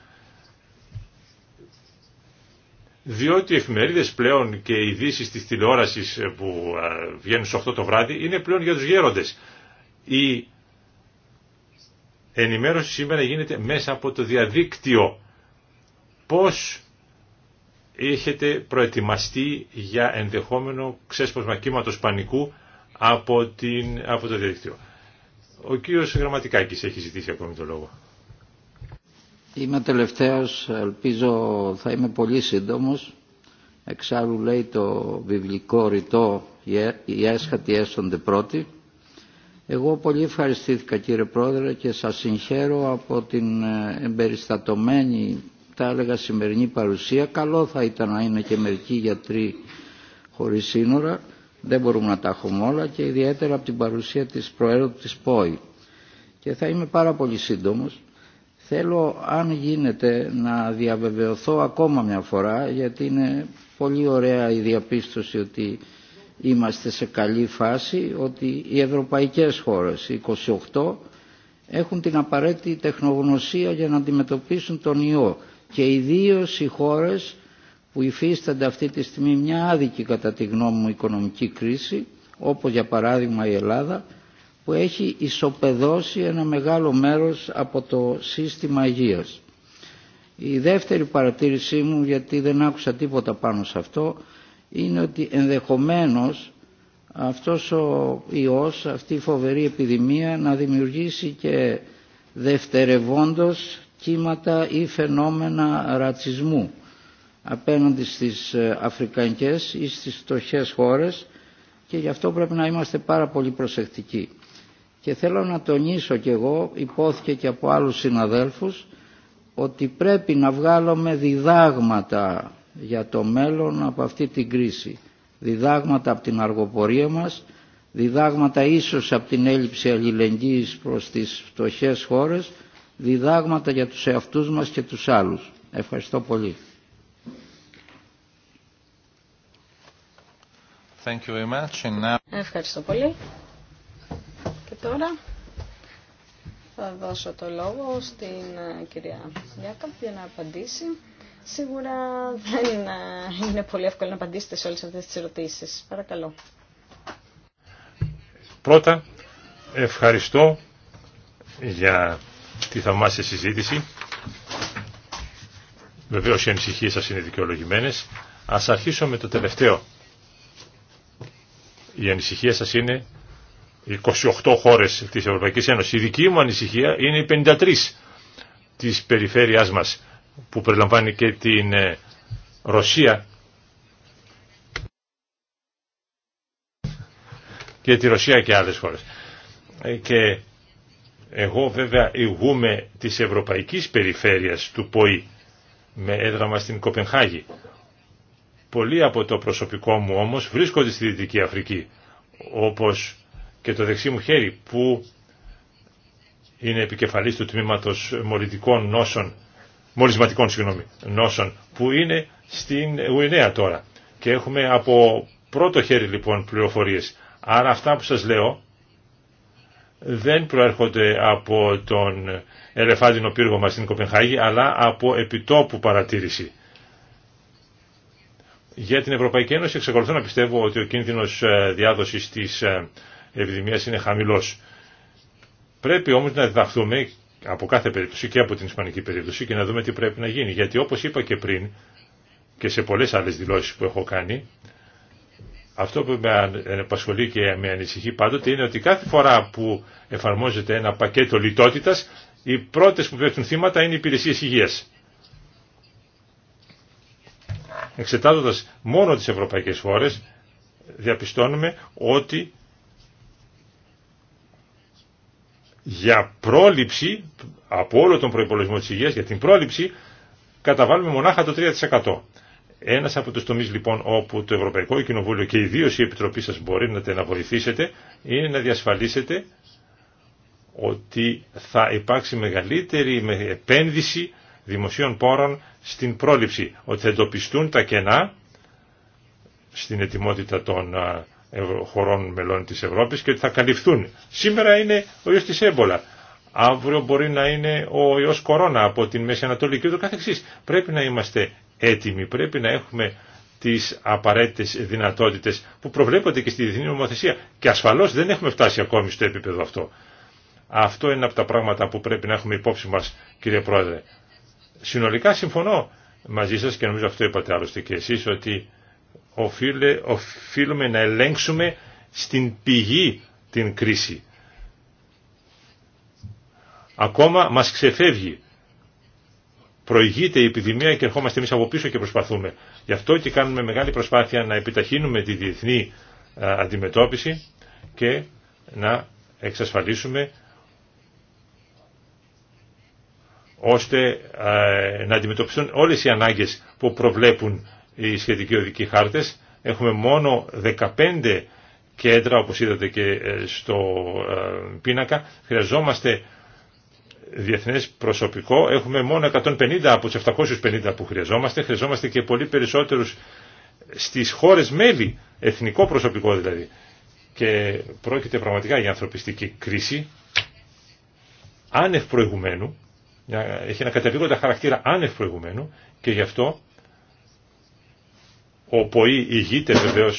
διότι οι εφημερίδες πλέον και οι ειδήσει της τηλεόρασης που ε, βγαίνουν στις 8 το βράδυ είναι πλέον για τους γέροντες. Οι ενημέρωση σήμερα γίνεται μέσα από το διαδίκτυο. Πώς έχετε προετοιμαστεί για ενδεχόμενο ξέσπασμα κύματος πανικού από, την, από το διαδίκτυο. Ο κύριος Γραμματικάκης έχει ζητήσει ακόμη το λόγο. Είμαι τελευταίος, ελπίζω θα είμαι πολύ σύντομος. Εξάλλου λέει το βιβλικό ρητό «Η έσχατη έσονται πρώτοι». Εγώ πολύ ευχαριστήθηκα κύριε Πρόεδρε και σας συγχαίρω από την ε, εμπεριστατωμένη τα έλεγα σημερινή παρουσία. Καλό θα ήταν να είναι και μερικοί γιατροί χωρίς σύνορα. Δεν μπορούμε να τα έχουμε όλα και ιδιαίτερα από την παρουσία της Προέδρου της ΠΟΗ. Και θα είμαι πάρα πολύ σύντομος. Θέλω αν γίνεται να διαβεβαιωθώ ακόμα μια φορά γιατί είναι πολύ ωραία η διαπίστωση ότι είμαστε σε καλή φάση ότι οι ευρωπαϊκές χώρες, οι 28, έχουν την απαραίτητη τεχνογνωσία για να αντιμετωπίσουν τον ιό και ιδίω οι χώρες που υφίστανται αυτή τη στιγμή μια άδικη κατά τη γνώμη μου οικονομική κρίση όπως για παράδειγμα η Ελλάδα που έχει ισοπεδώσει ένα μεγάλο μέρος από το σύστημα υγείας. Η δεύτερη παρατήρησή μου γιατί δεν άκουσα τίποτα πάνω σε αυτό είναι ότι ενδεχομένως αυτός ο ιός, αυτή η φοβερή επιδημία να δημιουργήσει και δευτερευόντως κύματα ή φαινόμενα ρατσισμού απέναντι στις αφρικανικές ή στις φτωχές χώρες και γι' αυτό πρέπει να είμαστε πάρα πολύ προσεκτικοί. Και θέλω να τονίσω κι εγώ, υπόθηκε και από άλλους συναδέλφους, ότι πρέπει να βγάλουμε διδάγματα για το μέλλον από αυτή την κρίση. Διδάγματα από την αργοπορία μας, διδάγματα ίσως από την έλλειψη αλληλεγγύης προς τις φτωχές χώρες, διδάγματα για τους εαυτούς μας και τους άλλους. Ευχαριστώ πολύ. Thank you very much. And now... Ευχαριστώ πολύ. Και τώρα θα δώσω το λόγο στην ε, κυρία Γιάκαπ για να απαντήσει. Σίγουρα δεν ε, είναι πολύ εύκολο να απαντήσετε σε όλες αυτές τις ερωτήσεις. Παρακαλώ. Πρώτα, ευχαριστώ για τη θαυμάσια συζήτηση. Βεβαίως οι ανησυχίες σας είναι δικαιολογημένες. Ας αρχίσω με το τελευταίο. Η ανησυχία σας είναι 28 χώρες της Ευρωπαϊκής Ένωσης. Η δική μου ανησυχία είναι οι 53 της περιφέρειάς μας που περιλαμβάνει και την ε, Ρωσία και τη Ρωσία και άλλες χώρες. Ε, και εγώ βέβαια ηγούμε της ευρωπαϊκής περιφέρειας του ΠΟΗ με έδρα στην Κοπενχάγη. Πολλοί από το προσωπικό μου όμως βρίσκονται στη Δυτική Αφρική, όπως και το δεξί μου χέρι που είναι επικεφαλής του τμήματος μολυντικών νόσων μολυσματικών συγγνώμη, νόσων που είναι στην Ουινέα τώρα. Και έχουμε από πρώτο χέρι λοιπόν πληροφορίες. Άρα αυτά που σας λέω δεν προέρχονται από τον ελεφάντινο πύργο μας στην Κοπενχάγη αλλά από επιτόπου παρατήρηση. Για την Ευρωπαϊκή Ένωση εξακολουθώ να πιστεύω ότι ο κίνδυνος ε, διάδοσης της ε, επιδημίας είναι χαμηλός. Πρέπει όμως να διδαχθούμε από κάθε περίπτωση και από την ισπανική περίπτωση και να δούμε τι πρέπει να γίνει. Γιατί όπως είπα και πριν και σε πολλές άλλες δηλώσεις που έχω κάνει, αυτό που με απασχολεί και με ανησυχεί πάντοτε είναι ότι κάθε φορά που εφαρμόζεται ένα πακέτο λιτότητας, οι πρώτες που πέφτουν θύματα είναι οι υπηρεσίες υγείας. Εξετάζοντας μόνο τις ευρωπαϊκές χώρες, διαπιστώνουμε ότι για πρόληψη από όλο τον προϋπολογισμό της υγείας, για την πρόληψη καταβάλουμε μονάχα το 3%. Ένας από τους τομείς λοιπόν όπου το Ευρωπαϊκό Κοινοβούλιο και ιδίω η Επιτροπή σας μπορεί να βοηθήσετε είναι να διασφαλίσετε ότι θα υπάρξει μεγαλύτερη επένδυση δημοσίων πόρων στην πρόληψη, ότι θα εντοπιστούν τα κενά στην ετοιμότητα των χωρών μελών της Ευρώπης και ότι θα καλυφθούν. Σήμερα είναι ο ιός της έμπολα. Αύριο μπορεί να είναι ο ιός κορώνα από την Μέση Ανατολή και ούτω καθεξής. Πρέπει να είμαστε έτοιμοι, πρέπει να έχουμε τις απαραίτητες δυνατότητες που προβλέπονται και στη διεθνή νομοθεσία. Και ασφαλώς δεν έχουμε φτάσει ακόμη στο επίπεδο αυτό. Αυτό είναι από τα πράγματα που πρέπει να έχουμε υπόψη μας, κύριε Πρόεδρε. Συνολικά συμφωνώ μαζί σας και νομίζω αυτό είπατε άλλωστε και εσείς, ότι οφείλουμε να ελέγξουμε στην πηγή την κρίση. Ακόμα μας ξεφεύγει. Προηγείται η επιδημία και ερχόμαστε εμείς από πίσω και προσπαθούμε. Γι' αυτό και κάνουμε μεγάλη προσπάθεια να επιταχύνουμε τη διεθνή αντιμετώπιση και να εξασφαλίσουμε ώστε να αντιμετωπιστούν όλες οι ανάγκες που προβλέπουν οι σχετικοί οδικοί χάρτες. Έχουμε μόνο 15 κέντρα, όπως είδατε και ε, στο ε, πίνακα. Χρειαζόμαστε διεθνές προσωπικό. Έχουμε μόνο 150 από τους 750 που χρειαζόμαστε. Χρειαζόμαστε και πολύ περισσότερους στις χώρες μέλη, εθνικό προσωπικό δηλαδή. Και πρόκειται πραγματικά για ανθρωπιστική κρίση άνευ προηγουμένου, έχει ένα καταβήγοντα χαρακτήρα άνευ προηγουμένου και γι' αυτό ο ΠΟΗ ηγείται βεβαίω,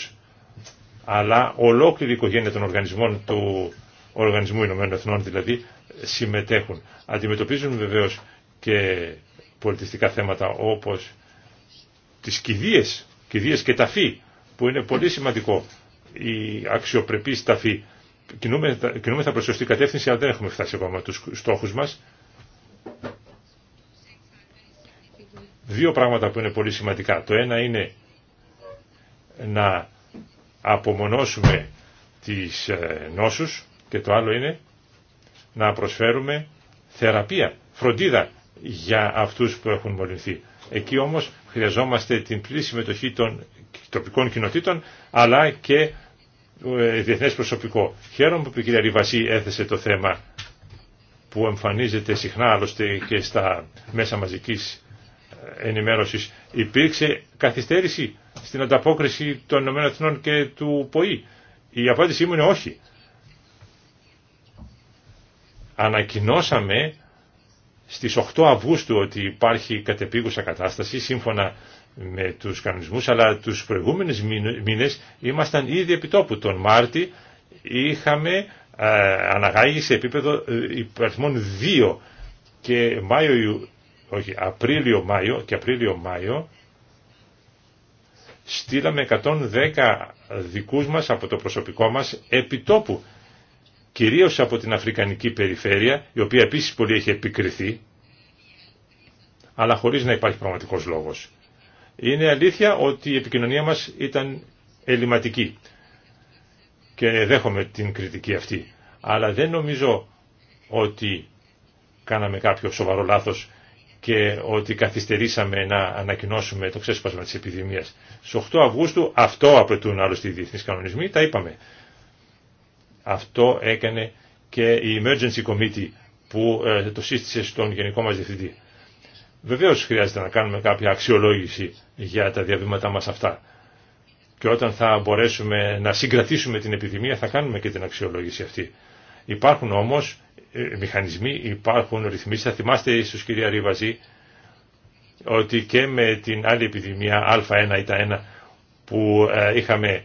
αλλά ολόκληρη η οικογένεια των οργανισμών του Οργανισμού Ηνωμένων Εθνών δηλαδή συμμετέχουν. Αντιμετωπίζουν βεβαίω και πολιτιστικά θέματα όπως τις κηδείε και ταφή που είναι πολύ σημαντικό η αξιοπρεπή ταφή. Κινούμεθα προς σωστή κατεύθυνση αλλά δεν έχουμε φτάσει ακόμα του στόχου μα. Δύο πράγματα που είναι πολύ σημαντικά. Το ένα είναι να απομονώσουμε τις ε, νόσους και το άλλο είναι να προσφέρουμε θεραπεία, φροντίδα για αυτούς που έχουν μολυνθεί. Εκεί όμως χρειαζόμαστε την πλήρη συμμετοχή των τοπικών κοινοτήτων αλλά και ε, διεθνές προσωπικό. Χαίρομαι που η κυρία Ριβασί έθεσε το θέμα που εμφανίζεται συχνά άλλωστε και στα μέσα μαζικής ε, ενημέρωσης. Υπήρξε καθυστέρηση στην ανταπόκριση των ΗΠΑ και του ΠΟΗ. Η απάντησή μου είναι όχι. Ανακοινώσαμε στις 8 Αυγούστου ότι υπάρχει κατεπίγουσα κατάσταση σύμφωνα με τους κανονισμούς, αλλά τους προηγούμενους μήνες ήμασταν ήδη επιτόπου. Τον Μάρτι είχαμε ε, αναγάγει σε επίπεδο ε, υπερθμών 2 και Μάιο, όχι, Απρίλιο-Μάιο και Απρίλιο-Μάιο στείλαμε 110 δικούς μας από το προσωπικό μας επιτόπου, κυρίως από την Αφρικανική περιφέρεια, η οποία επίσης πολύ έχει επικριθεί, αλλά χωρίς να υπάρχει πραγματικός λόγος. Είναι αλήθεια ότι η επικοινωνία μας ήταν ελληματική και δέχομαι την κριτική αυτή, αλλά δεν νομίζω ότι κάναμε κάποιο σοβαρό λάθος και ότι καθυστερήσαμε να ανακοινώσουμε το ξέσπασμα της επιδημίας. Στις 8 Αυγούστου αυτό απαιτούν άλλωστε οι διεθνείς κανονισμοί, τα είπαμε. Αυτό έκανε και η Emergency Committee που ε, το σύστησε στον Γενικό μας Διευθυντή. Βεβαίως χρειάζεται να κάνουμε κάποια αξιολόγηση για τα διαβήματά μας αυτά. Και όταν θα μπορέσουμε να συγκρατήσουμε την επιδημία θα κάνουμε και την αξιολόγηση αυτή. Υπάρχουν όμως ε, μηχανισμοί υπάρχουν ρυθμίσεις. Θα θυμάστε ίσως κυρία Ρίβαζη ότι και με την άλλη επιδημία Α1 ή τα 1 που ε, είχαμε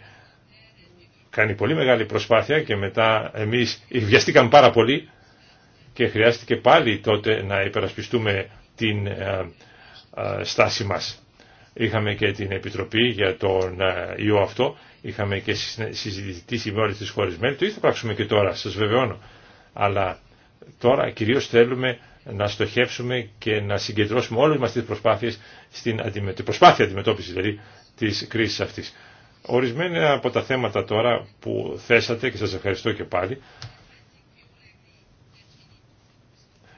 κάνει πολύ μεγάλη προσπάθεια και μετά εμείς βιαστήκαμε πάρα πολύ και χρειάστηκε πάλι τότε να υπερασπιστούμε την ε, στάση μας. Είχαμε και την Επιτροπή για τον ιό αυτό, είχαμε και συζητήσει με όλες τις χώρες μέλη, το ίδιο θα πράξουμε και τώρα, σας βεβαιώνω. Αλλά Τώρα κυρίως θέλουμε να στοχεύσουμε και να συγκεντρώσουμε όλες μας τις προσπάθειες στην προσπάθεια αντιμετώπισης δηλαδή της κρίσης αυτής. Ορισμένα από τα θέματα τώρα που θέσατε και σας ευχαριστώ και πάλι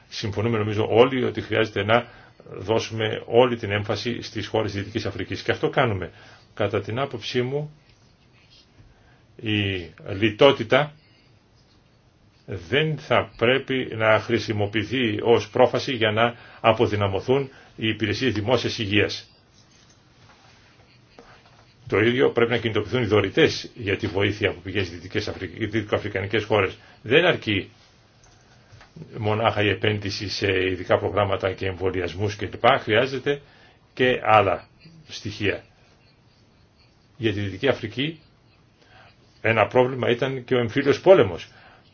συμφωνούμε νομίζω όλοι ότι χρειάζεται να δώσουμε όλη την έμφαση στις χώρες της Δυτικής Αφρικής και αυτό κάνουμε. Κατά την άποψή μου η λιτότητα δεν θα πρέπει να χρησιμοποιηθεί ως πρόφαση για να αποδυναμωθούν οι υπηρεσίες δημόσιας υγείας. Το ίδιο πρέπει να κινητοποιηθούν οι δωρητέ για τη βοήθεια από δυτικές αφρικανικές χώρες. Δεν αρκεί μονάχα η επένδυση σε ειδικά προγράμματα και εμβολιασμού κλπ. Χρειάζεται και άλλα στοιχεία. Για τη Δυτική Αφρική ένα πρόβλημα ήταν και ο εμφύλιος πόλεμος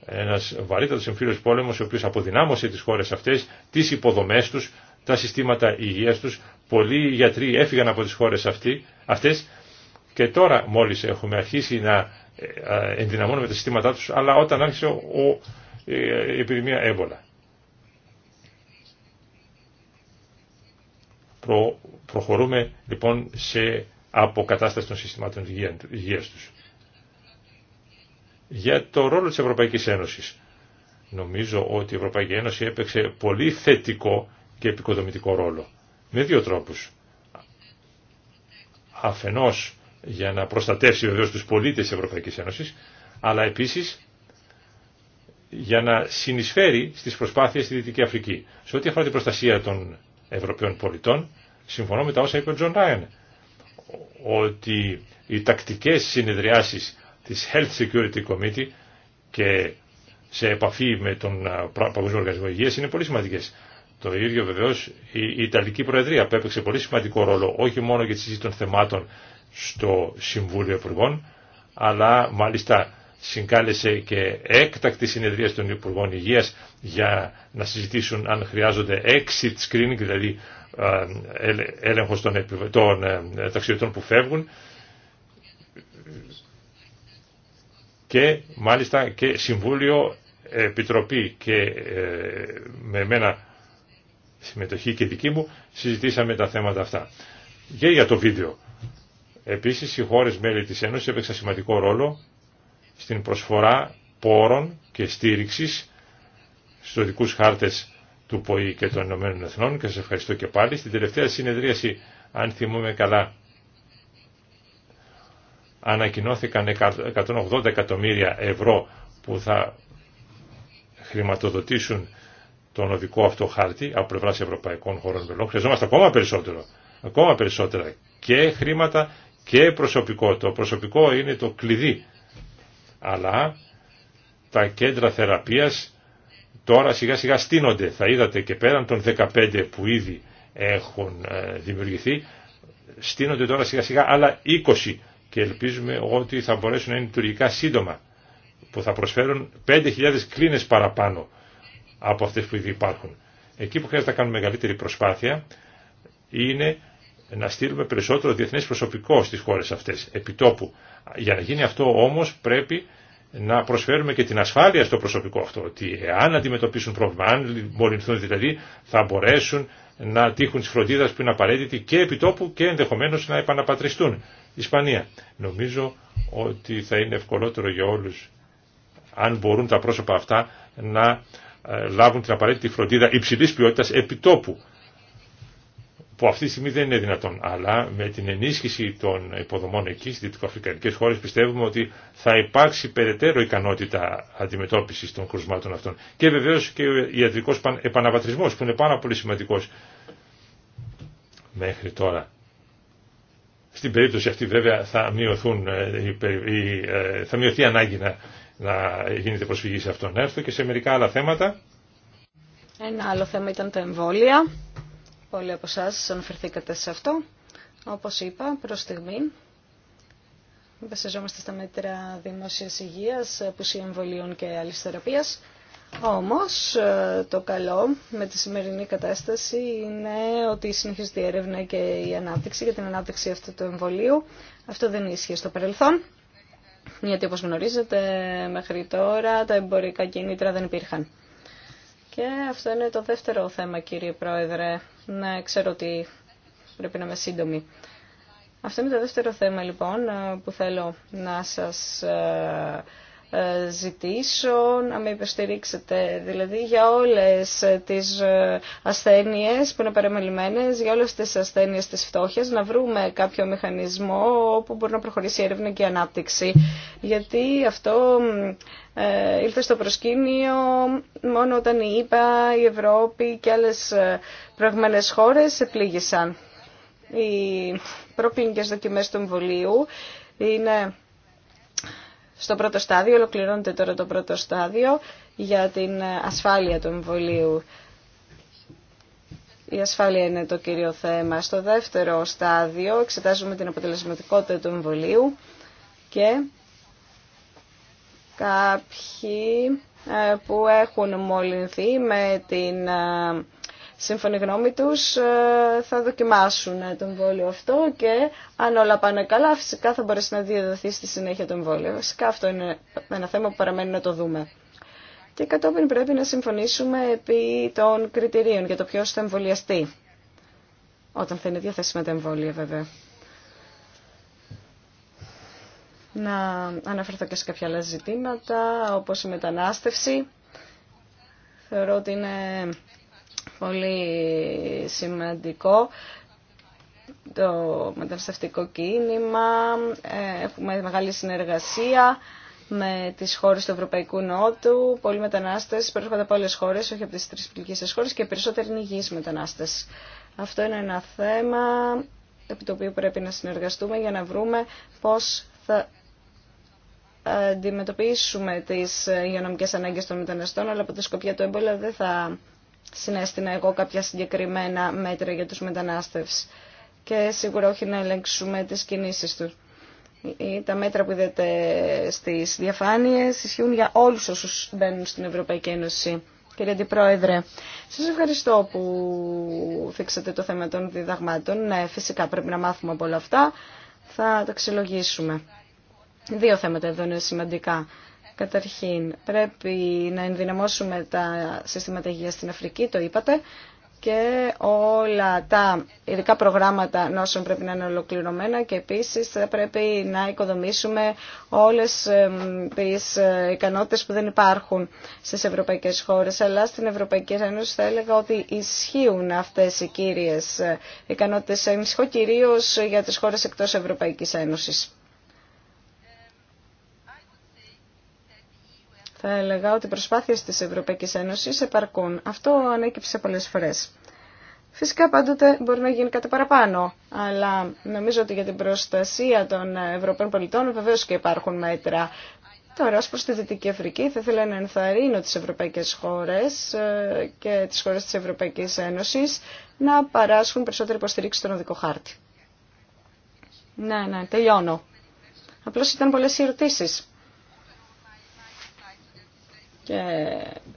ένας βαρύτατος εμφύλιος πόλεμος ο οποίος αποδυνάμωσε τις χώρες αυτές, τις υποδομές τους, τα συστήματα υγείας τους. Πολλοί γιατροί έφυγαν από τις χώρες αυτέ αυτές και τώρα μόλις έχουμε αρχίσει να ε, ενδυναμώνουμε τα συστήματά τους, αλλά όταν άρχισε ο, ε, η επιδημία έμπολα. προχωρούμε λοιπόν σε αποκατάσταση των συστημάτων υγείας τους για το ρόλο της Ευρωπαϊκής Ένωσης. Νομίζω ότι η Ευρωπαϊκή Ένωση έπαιξε πολύ θετικό και επικοδομητικό ρόλο. Με δύο τρόπους. Αφενός για να προστατεύσει βεβαίως τους πολίτες της Ευρωπαϊκής Ένωσης, αλλά επίσης για να συνεισφέρει στις προσπάθειες στη Δυτική Αφρική. Σε ό,τι αφορά την προστασία των Ευρωπαίων πολιτών, συμφωνώ με τα όσα είπε ο Τζον Ράιν, ότι οι τακτικές συνεδριάσεις της Health Security Committee και σε επαφή με τον Παγκόσμιο Οργανισμό Υγείας είναι πολύ σημαντικές. Το ίδιο βεβαίως η Ιταλική Προεδρία που έπαιξε πολύ σημαντικό ρόλο όχι μόνο για τη συζήτηση των θεμάτων στο Συμβούλιο Υπουργών αλλά μάλιστα συγκάλεσε και έκτακτη συνεδρία των Υπουργών Υγείας για να συζητήσουν αν χρειάζονται exit screening, δηλαδή ε, έλεγχος των, των ε, ταξιδιωτών που φεύγουν και μάλιστα και Συμβούλιο, Επιτροπή και ε, με μένα συμμετοχή και δική μου συζητήσαμε τα θέματα αυτά. Και για το βίντεο. Επίσης οι χώρες μέλη της Ένωσης έπαιξαν σημαντικό ρόλο στην προσφορά πόρων και στήριξης στους δικούς χάρτες του ΠΟΗ και των Ηνωμένων Εθνών και σας ευχαριστώ και πάλι. Στην τελευταία συνεδρίαση, αν θυμούμε καλά, ανακοινώθηκαν 180 εκατομμύρια ευρώ που θα χρηματοδοτήσουν τον οδικό αυτό χάρτη από πλευρά ευρωπαϊκών χωρών μελών. Χρειαζόμαστε ακόμα περισσότερο. Ακόμα περισσότερα και χρήματα και προσωπικό. Το προσωπικό είναι το κλειδί. Αλλά τα κέντρα θεραπείας τώρα σιγά σιγά στείνονται. Θα είδατε και πέραν των 15 που ήδη έχουν ε, δημιουργηθεί, στείνονται τώρα σιγά σιγά άλλα 20 και ελπίζουμε ότι θα μπορέσουν να είναι λειτουργικά σύντομα που θα προσφέρουν 5.000 κλίνες παραπάνω από αυτές που ήδη υπάρχουν. Εκεί που χρειάζεται να κάνουμε μεγαλύτερη προσπάθεια είναι να στείλουμε περισσότερο διεθνές προσωπικό στις χώρες αυτές, επιτόπου. Για να γίνει αυτό όμως πρέπει να προσφέρουμε και την ασφάλεια στο προσωπικό αυτό, ότι εάν αντιμετωπίσουν πρόβλημα, αν μολυνθούν δηλαδή, θα μπορέσουν να τύχουν τη φροντίδα που είναι απαραίτητη και επιτόπου και ενδεχομένως να επαναπατριστούν. Ισπανία. Νομίζω ότι θα είναι ευκολότερο για όλους αν μπορούν τα πρόσωπα αυτά να ε, λάβουν την απαραίτητη φροντίδα υψηλής ποιότητας επιτόπου που αυτή τη στιγμή δεν είναι δυνατόν. Αλλά με την ενίσχυση των υποδομών εκεί στις δυτικοαφρικανικές χώρες πιστεύουμε ότι θα υπάρξει περαιτέρω ικανότητα αντιμετώπισης των κρουσμάτων αυτών. Και βεβαίως και ο ιατρικός επαναβατρισμός που είναι πάρα πολύ σημαντικός μέχρι τώρα στην περίπτωση αυτή βέβαια θα, μειωθούν, ε, ε, θα μειωθεί ανάγκη να, να γίνεται προσφυγή σε αυτόν έρθω και σε μερικά άλλα θέματα. Ένα άλλο θέμα ήταν τα εμβόλια. Πολλοί από εσά αναφερθήκατε σε αυτό. Όπως είπα, προς στιγμή βασιζόμαστε στα μέτρα δημόσιας υγείας, απουσία εμβολίων και άλλη θεραπεία. Όμως ε, το καλό με τη σημερινή κατάσταση είναι ότι συνεχίζεται η έρευνα και η ανάπτυξη για την ανάπτυξη αυτού του εμβολίου. Αυτό δεν ίσχυε στο παρελθόν, γιατί όπως γνωρίζετε μέχρι τώρα τα εμπορικά κινήτρα δεν υπήρχαν. Και αυτό είναι το δεύτερο θέμα κύριε Πρόεδρε. να ξέρω ότι πρέπει να είμαι σύντομη. Αυτό είναι το δεύτερο θέμα λοιπόν ε, που θέλω να σας ε, ε, ζητήσω να με υποστηρίξετε. Δηλαδή για όλες τις ε, ασθένειες που είναι παραμελημένες, για όλες τις ασθένειες της φτώχειας, να βρούμε κάποιο μηχανισμό όπου μπορεί να προχωρήσει η έρευνα και η ανάπτυξη. Γιατί αυτό ε, ήλθε στο προσκήνιο μόνο όταν η ΕΠΑ, η Ευρώπη και άλλες ε, προηγμένες χώρες επλήγησαν. Οι προκλήνικες δοκιμές του εμβολίου είναι στο πρώτο στάδιο, ολοκληρώνεται τώρα το πρώτο στάδιο για την ασφάλεια του εμβολίου. Η ασφάλεια είναι το κύριο θέμα. Στο δεύτερο στάδιο εξετάζουμε την αποτελεσματικότητα του εμβολίου και κάποιοι ε, που έχουν μολυνθεί με την ε, σύμφωνη γνώμη τους ε, θα δοκιμάσουν ε, το εμβόλιο αυτό και αν όλα πάνε καλά φυσικά θα μπορέσει να διαδοθεί στη συνέχεια το εμβόλιο. Φυσικά αυτό είναι ένα θέμα που παραμένει να το δούμε. Και κατόπιν πρέπει να συμφωνήσουμε επί των κριτηρίων για το ποιος θα εμβολιαστεί. Όταν θα είναι διαθέσιμα τα εμβόλια βέβαια. Να αναφερθώ και σε κάποια άλλα ζητήματα όπως η μετανάστευση. Θεωρώ ότι είναι πολύ σημαντικό το μεταναστευτικό κίνημα, ε, έχουμε μεγάλη συνεργασία με τις χώρες του Ευρωπαϊκού Νότου, πολλοί μετανάστες προέρχονται από όλες χώρες, όχι από τις τρεις πληγικές χώρες και περισσότεροι είναι υγιείς μετανάστες. Αυτό είναι ένα θέμα επί το οποίο πρέπει να συνεργαστούμε για να βρούμε πώς θα αντιμετωπίσουμε τις υγειονομικές ανάγκες των μεταναστών, αλλά από τη σκοπιά του έμπολα δεν θα συνέστηνα εγώ κάποια συγκεκριμένα μέτρα για τους μετανάστευς και σίγουρα όχι να ελέγξουμε τις κινήσεις του. Τα μέτρα που είδατε στις διαφάνειες ισχύουν για όλους όσους μπαίνουν στην Ευρωπαϊκή Ένωση. Κύριε Αντιπρόεδρε, σας ευχαριστώ που θίξατε το θέμα των διδαγμάτων. Ναι, φυσικά πρέπει να μάθουμε από όλα αυτά. Θα τα ξελογίσουμε. Δύο θέματα εδώ είναι σημαντικά. Καταρχήν, πρέπει να ενδυναμώσουμε τα συστήματα υγείας στην Αφρική, το είπατε, και όλα τα ειδικά προγράμματα νόσων πρέπει να είναι ολοκληρωμένα και επίσης θα πρέπει να οικοδομήσουμε όλες τις ε, ικανότητες που δεν υπάρχουν στις ευρωπαϊκές χώρες αλλά στην Ευρωπαϊκή Ένωση θα έλεγα ότι ισχύουν αυτές οι κύριες ε, ικανότητες Ενισχύω κυρίως για τις χώρες εκτός Ευρωπαϊκής Ένωσης. Θα έλεγα ότι οι προσπάθειες της Ευρωπαϊκής Ένωσης επαρκούν. Αυτό ανέκυψε πολλές φορές. Φυσικά πάντοτε μπορεί να γίνει κάτι παραπάνω, αλλά νομίζω ότι για την προστασία των Ευρωπαίων πολιτών βεβαίω και υπάρχουν μέτρα. Τώρα, ω προ τη Δυτική Αφρική, θα ήθελα να ενθαρρύνω τι ευρωπαϊκέ χώρε ε, και τι χώρε τη Ευρωπαϊκή Ένωση να παράσχουν περισσότερη υποστηρίξη στον οδικό χάρτη. Ναι, ναι, τελειώνω. Απλώ ήταν πολλέ οι ερωτήσει και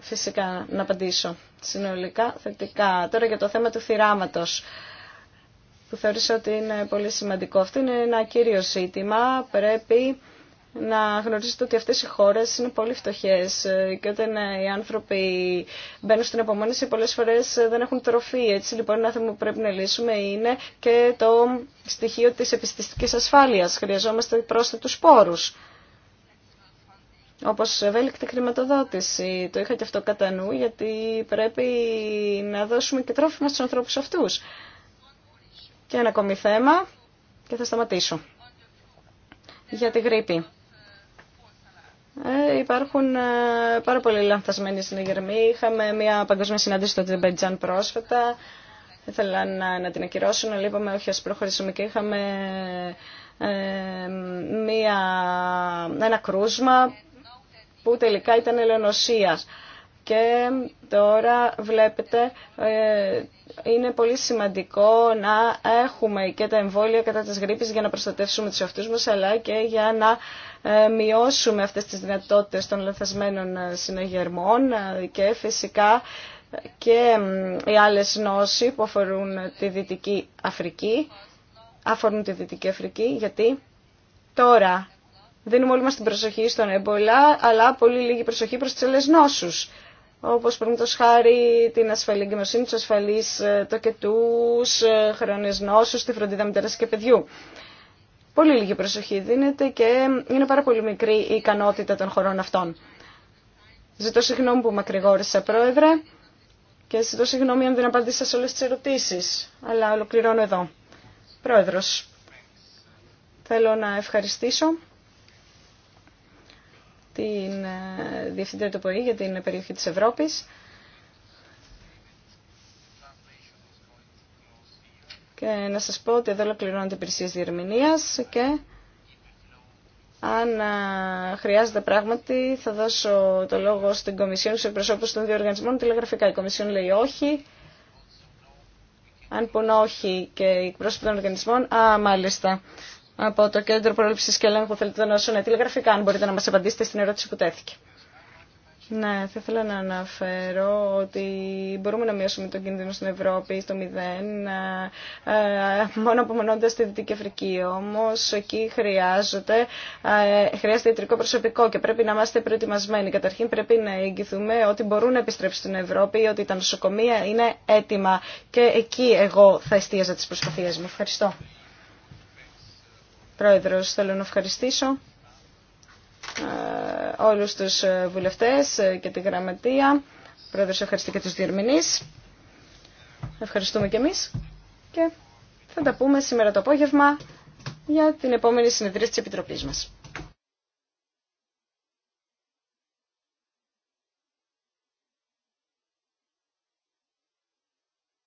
φυσικά να απαντήσω συνολικά θετικά. Τώρα για το θέμα του θυράματος που θεωρήσα ότι είναι πολύ σημαντικό. Αυτό είναι ένα κύριο ζήτημα. Πρέπει να γνωρίζετε ότι αυτές οι χώρες είναι πολύ φτωχές ε, και όταν ε, οι άνθρωποι μπαίνουν στην απομόνωση πολλές φορές ε, δεν έχουν τροφή. Έτσι λοιπόν ένα θέμα που πρέπει να λύσουμε είναι και το στοιχείο της επιστηστικής ασφάλειας. Χρειαζόμαστε πρόσθετους πόρους όπως ευέλικτη χρηματοδότηση. Το είχα και αυτό κατά νου, γιατί πρέπει να δώσουμε και τρόφιμα στους ανθρώπους αυτούς. Και ένα ακόμη θέμα, και θα σταματήσω, για τη γρήπη. Ε, υπάρχουν ε, πάρα πολλοί λανθασμένοι συνεγερμοί. Είχαμε μια παγκόσμια συνάντηση στο Τζιμπετζάν πρόσφατα. Ήθελα να, να την ακυρώσουν, αλλά είπαμε όχι, ας προχωρήσουμε και είχαμε ε, ε μια, ένα κρούσμα που τελικά ήταν ελαιονοσίας. Και τώρα βλέπετε ε, είναι πολύ σημαντικό να έχουμε και τα εμβόλια κατά της γρήπης για να προστατεύσουμε τους αυτούς μας αλλά και για να ε, μειώσουμε αυτές τις δυνατότητες των λαθασμένων ε, συναγερμών και φυσικά και οι άλλες νόσοι που αφορούν τη Δυτική Αφρική αφορούν τη Δυτική Αφρική γιατί τώρα Δίνουμε όλοι μας την προσοχή στον εμπολά, αλλά πολύ λίγη προσοχή προς τις άλλες νόσους. Όπως το χάρη την ασφαλή εγκυμοσύνη, του ασφαλείς ε, τοκετούς, ε, χρόνες νόσους, τη φροντίδα μητέρας και παιδιού. Πολύ λίγη προσοχή δίνεται και είναι πάρα πολύ μικρή η ικανότητα των χωρών αυτών. Ζητώ συγγνώμη που μακρηγόρησα, Πρόεδρε, και ζητώ συγγνώμη αν δεν απαντήσα σε όλες τις ερωτήσεις, αλλά ολοκληρώνω εδώ. Πρόεδρος, θέλω να ευχαριστήσω την ε, διευθύντρια του ΠΟΗ για την περιοχή της Ευρώπης. Και να σας πω ότι εδώ ολοκληρώνονται υπηρεσίες διερμηνίας και αν ε, χρειάζεται πράγματι θα δώσω το λόγο στην Κομισιόν στους εκπροσώπους των δύο οργανισμών τηλεγραφικά. Η Κομισιόν λέει όχι. Αν πούν όχι και οι εκπρόσωποι των οργανισμών, α, μάλιστα από το Κέντρο Πρόληψη και Ελέγχου Θέλετε να νόσων τηλεγραφικά, αν μπορείτε να μα απαντήσετε στην ερώτηση που τέθηκε. Ναι, θα ήθελα να αναφέρω ότι μπορούμε να μειώσουμε τον κίνδυνο στην Ευρώπη στο μηδέν, ε, μόνο απομονώντα τη Δυτική Αφρική. Όμω εκεί χρειάζεται, ε, χρειάζεται ιατρικό προσωπικό και πρέπει να είμαστε προετοιμασμένοι. Καταρχήν πρέπει να εγγυθούμε ότι μπορούν να επιστρέψουν στην Ευρώπη, ότι τα νοσοκομεία είναι έτοιμα. Και εκεί εγώ θα εστίαζα τι προσπαθίε μου. Ευχαριστώ. Πρόεδρος, θέλω να ευχαριστήσω ε, όλους τους ε, βουλευτές ε, και τη Γραμματεία. Πρόεδρος, ευχαριστώ και τους διερμηνείς. Ευχαριστούμε και εμείς και θα τα πούμε σήμερα το απόγευμα για την επόμενη συνεδρία της Επιτροπής μας.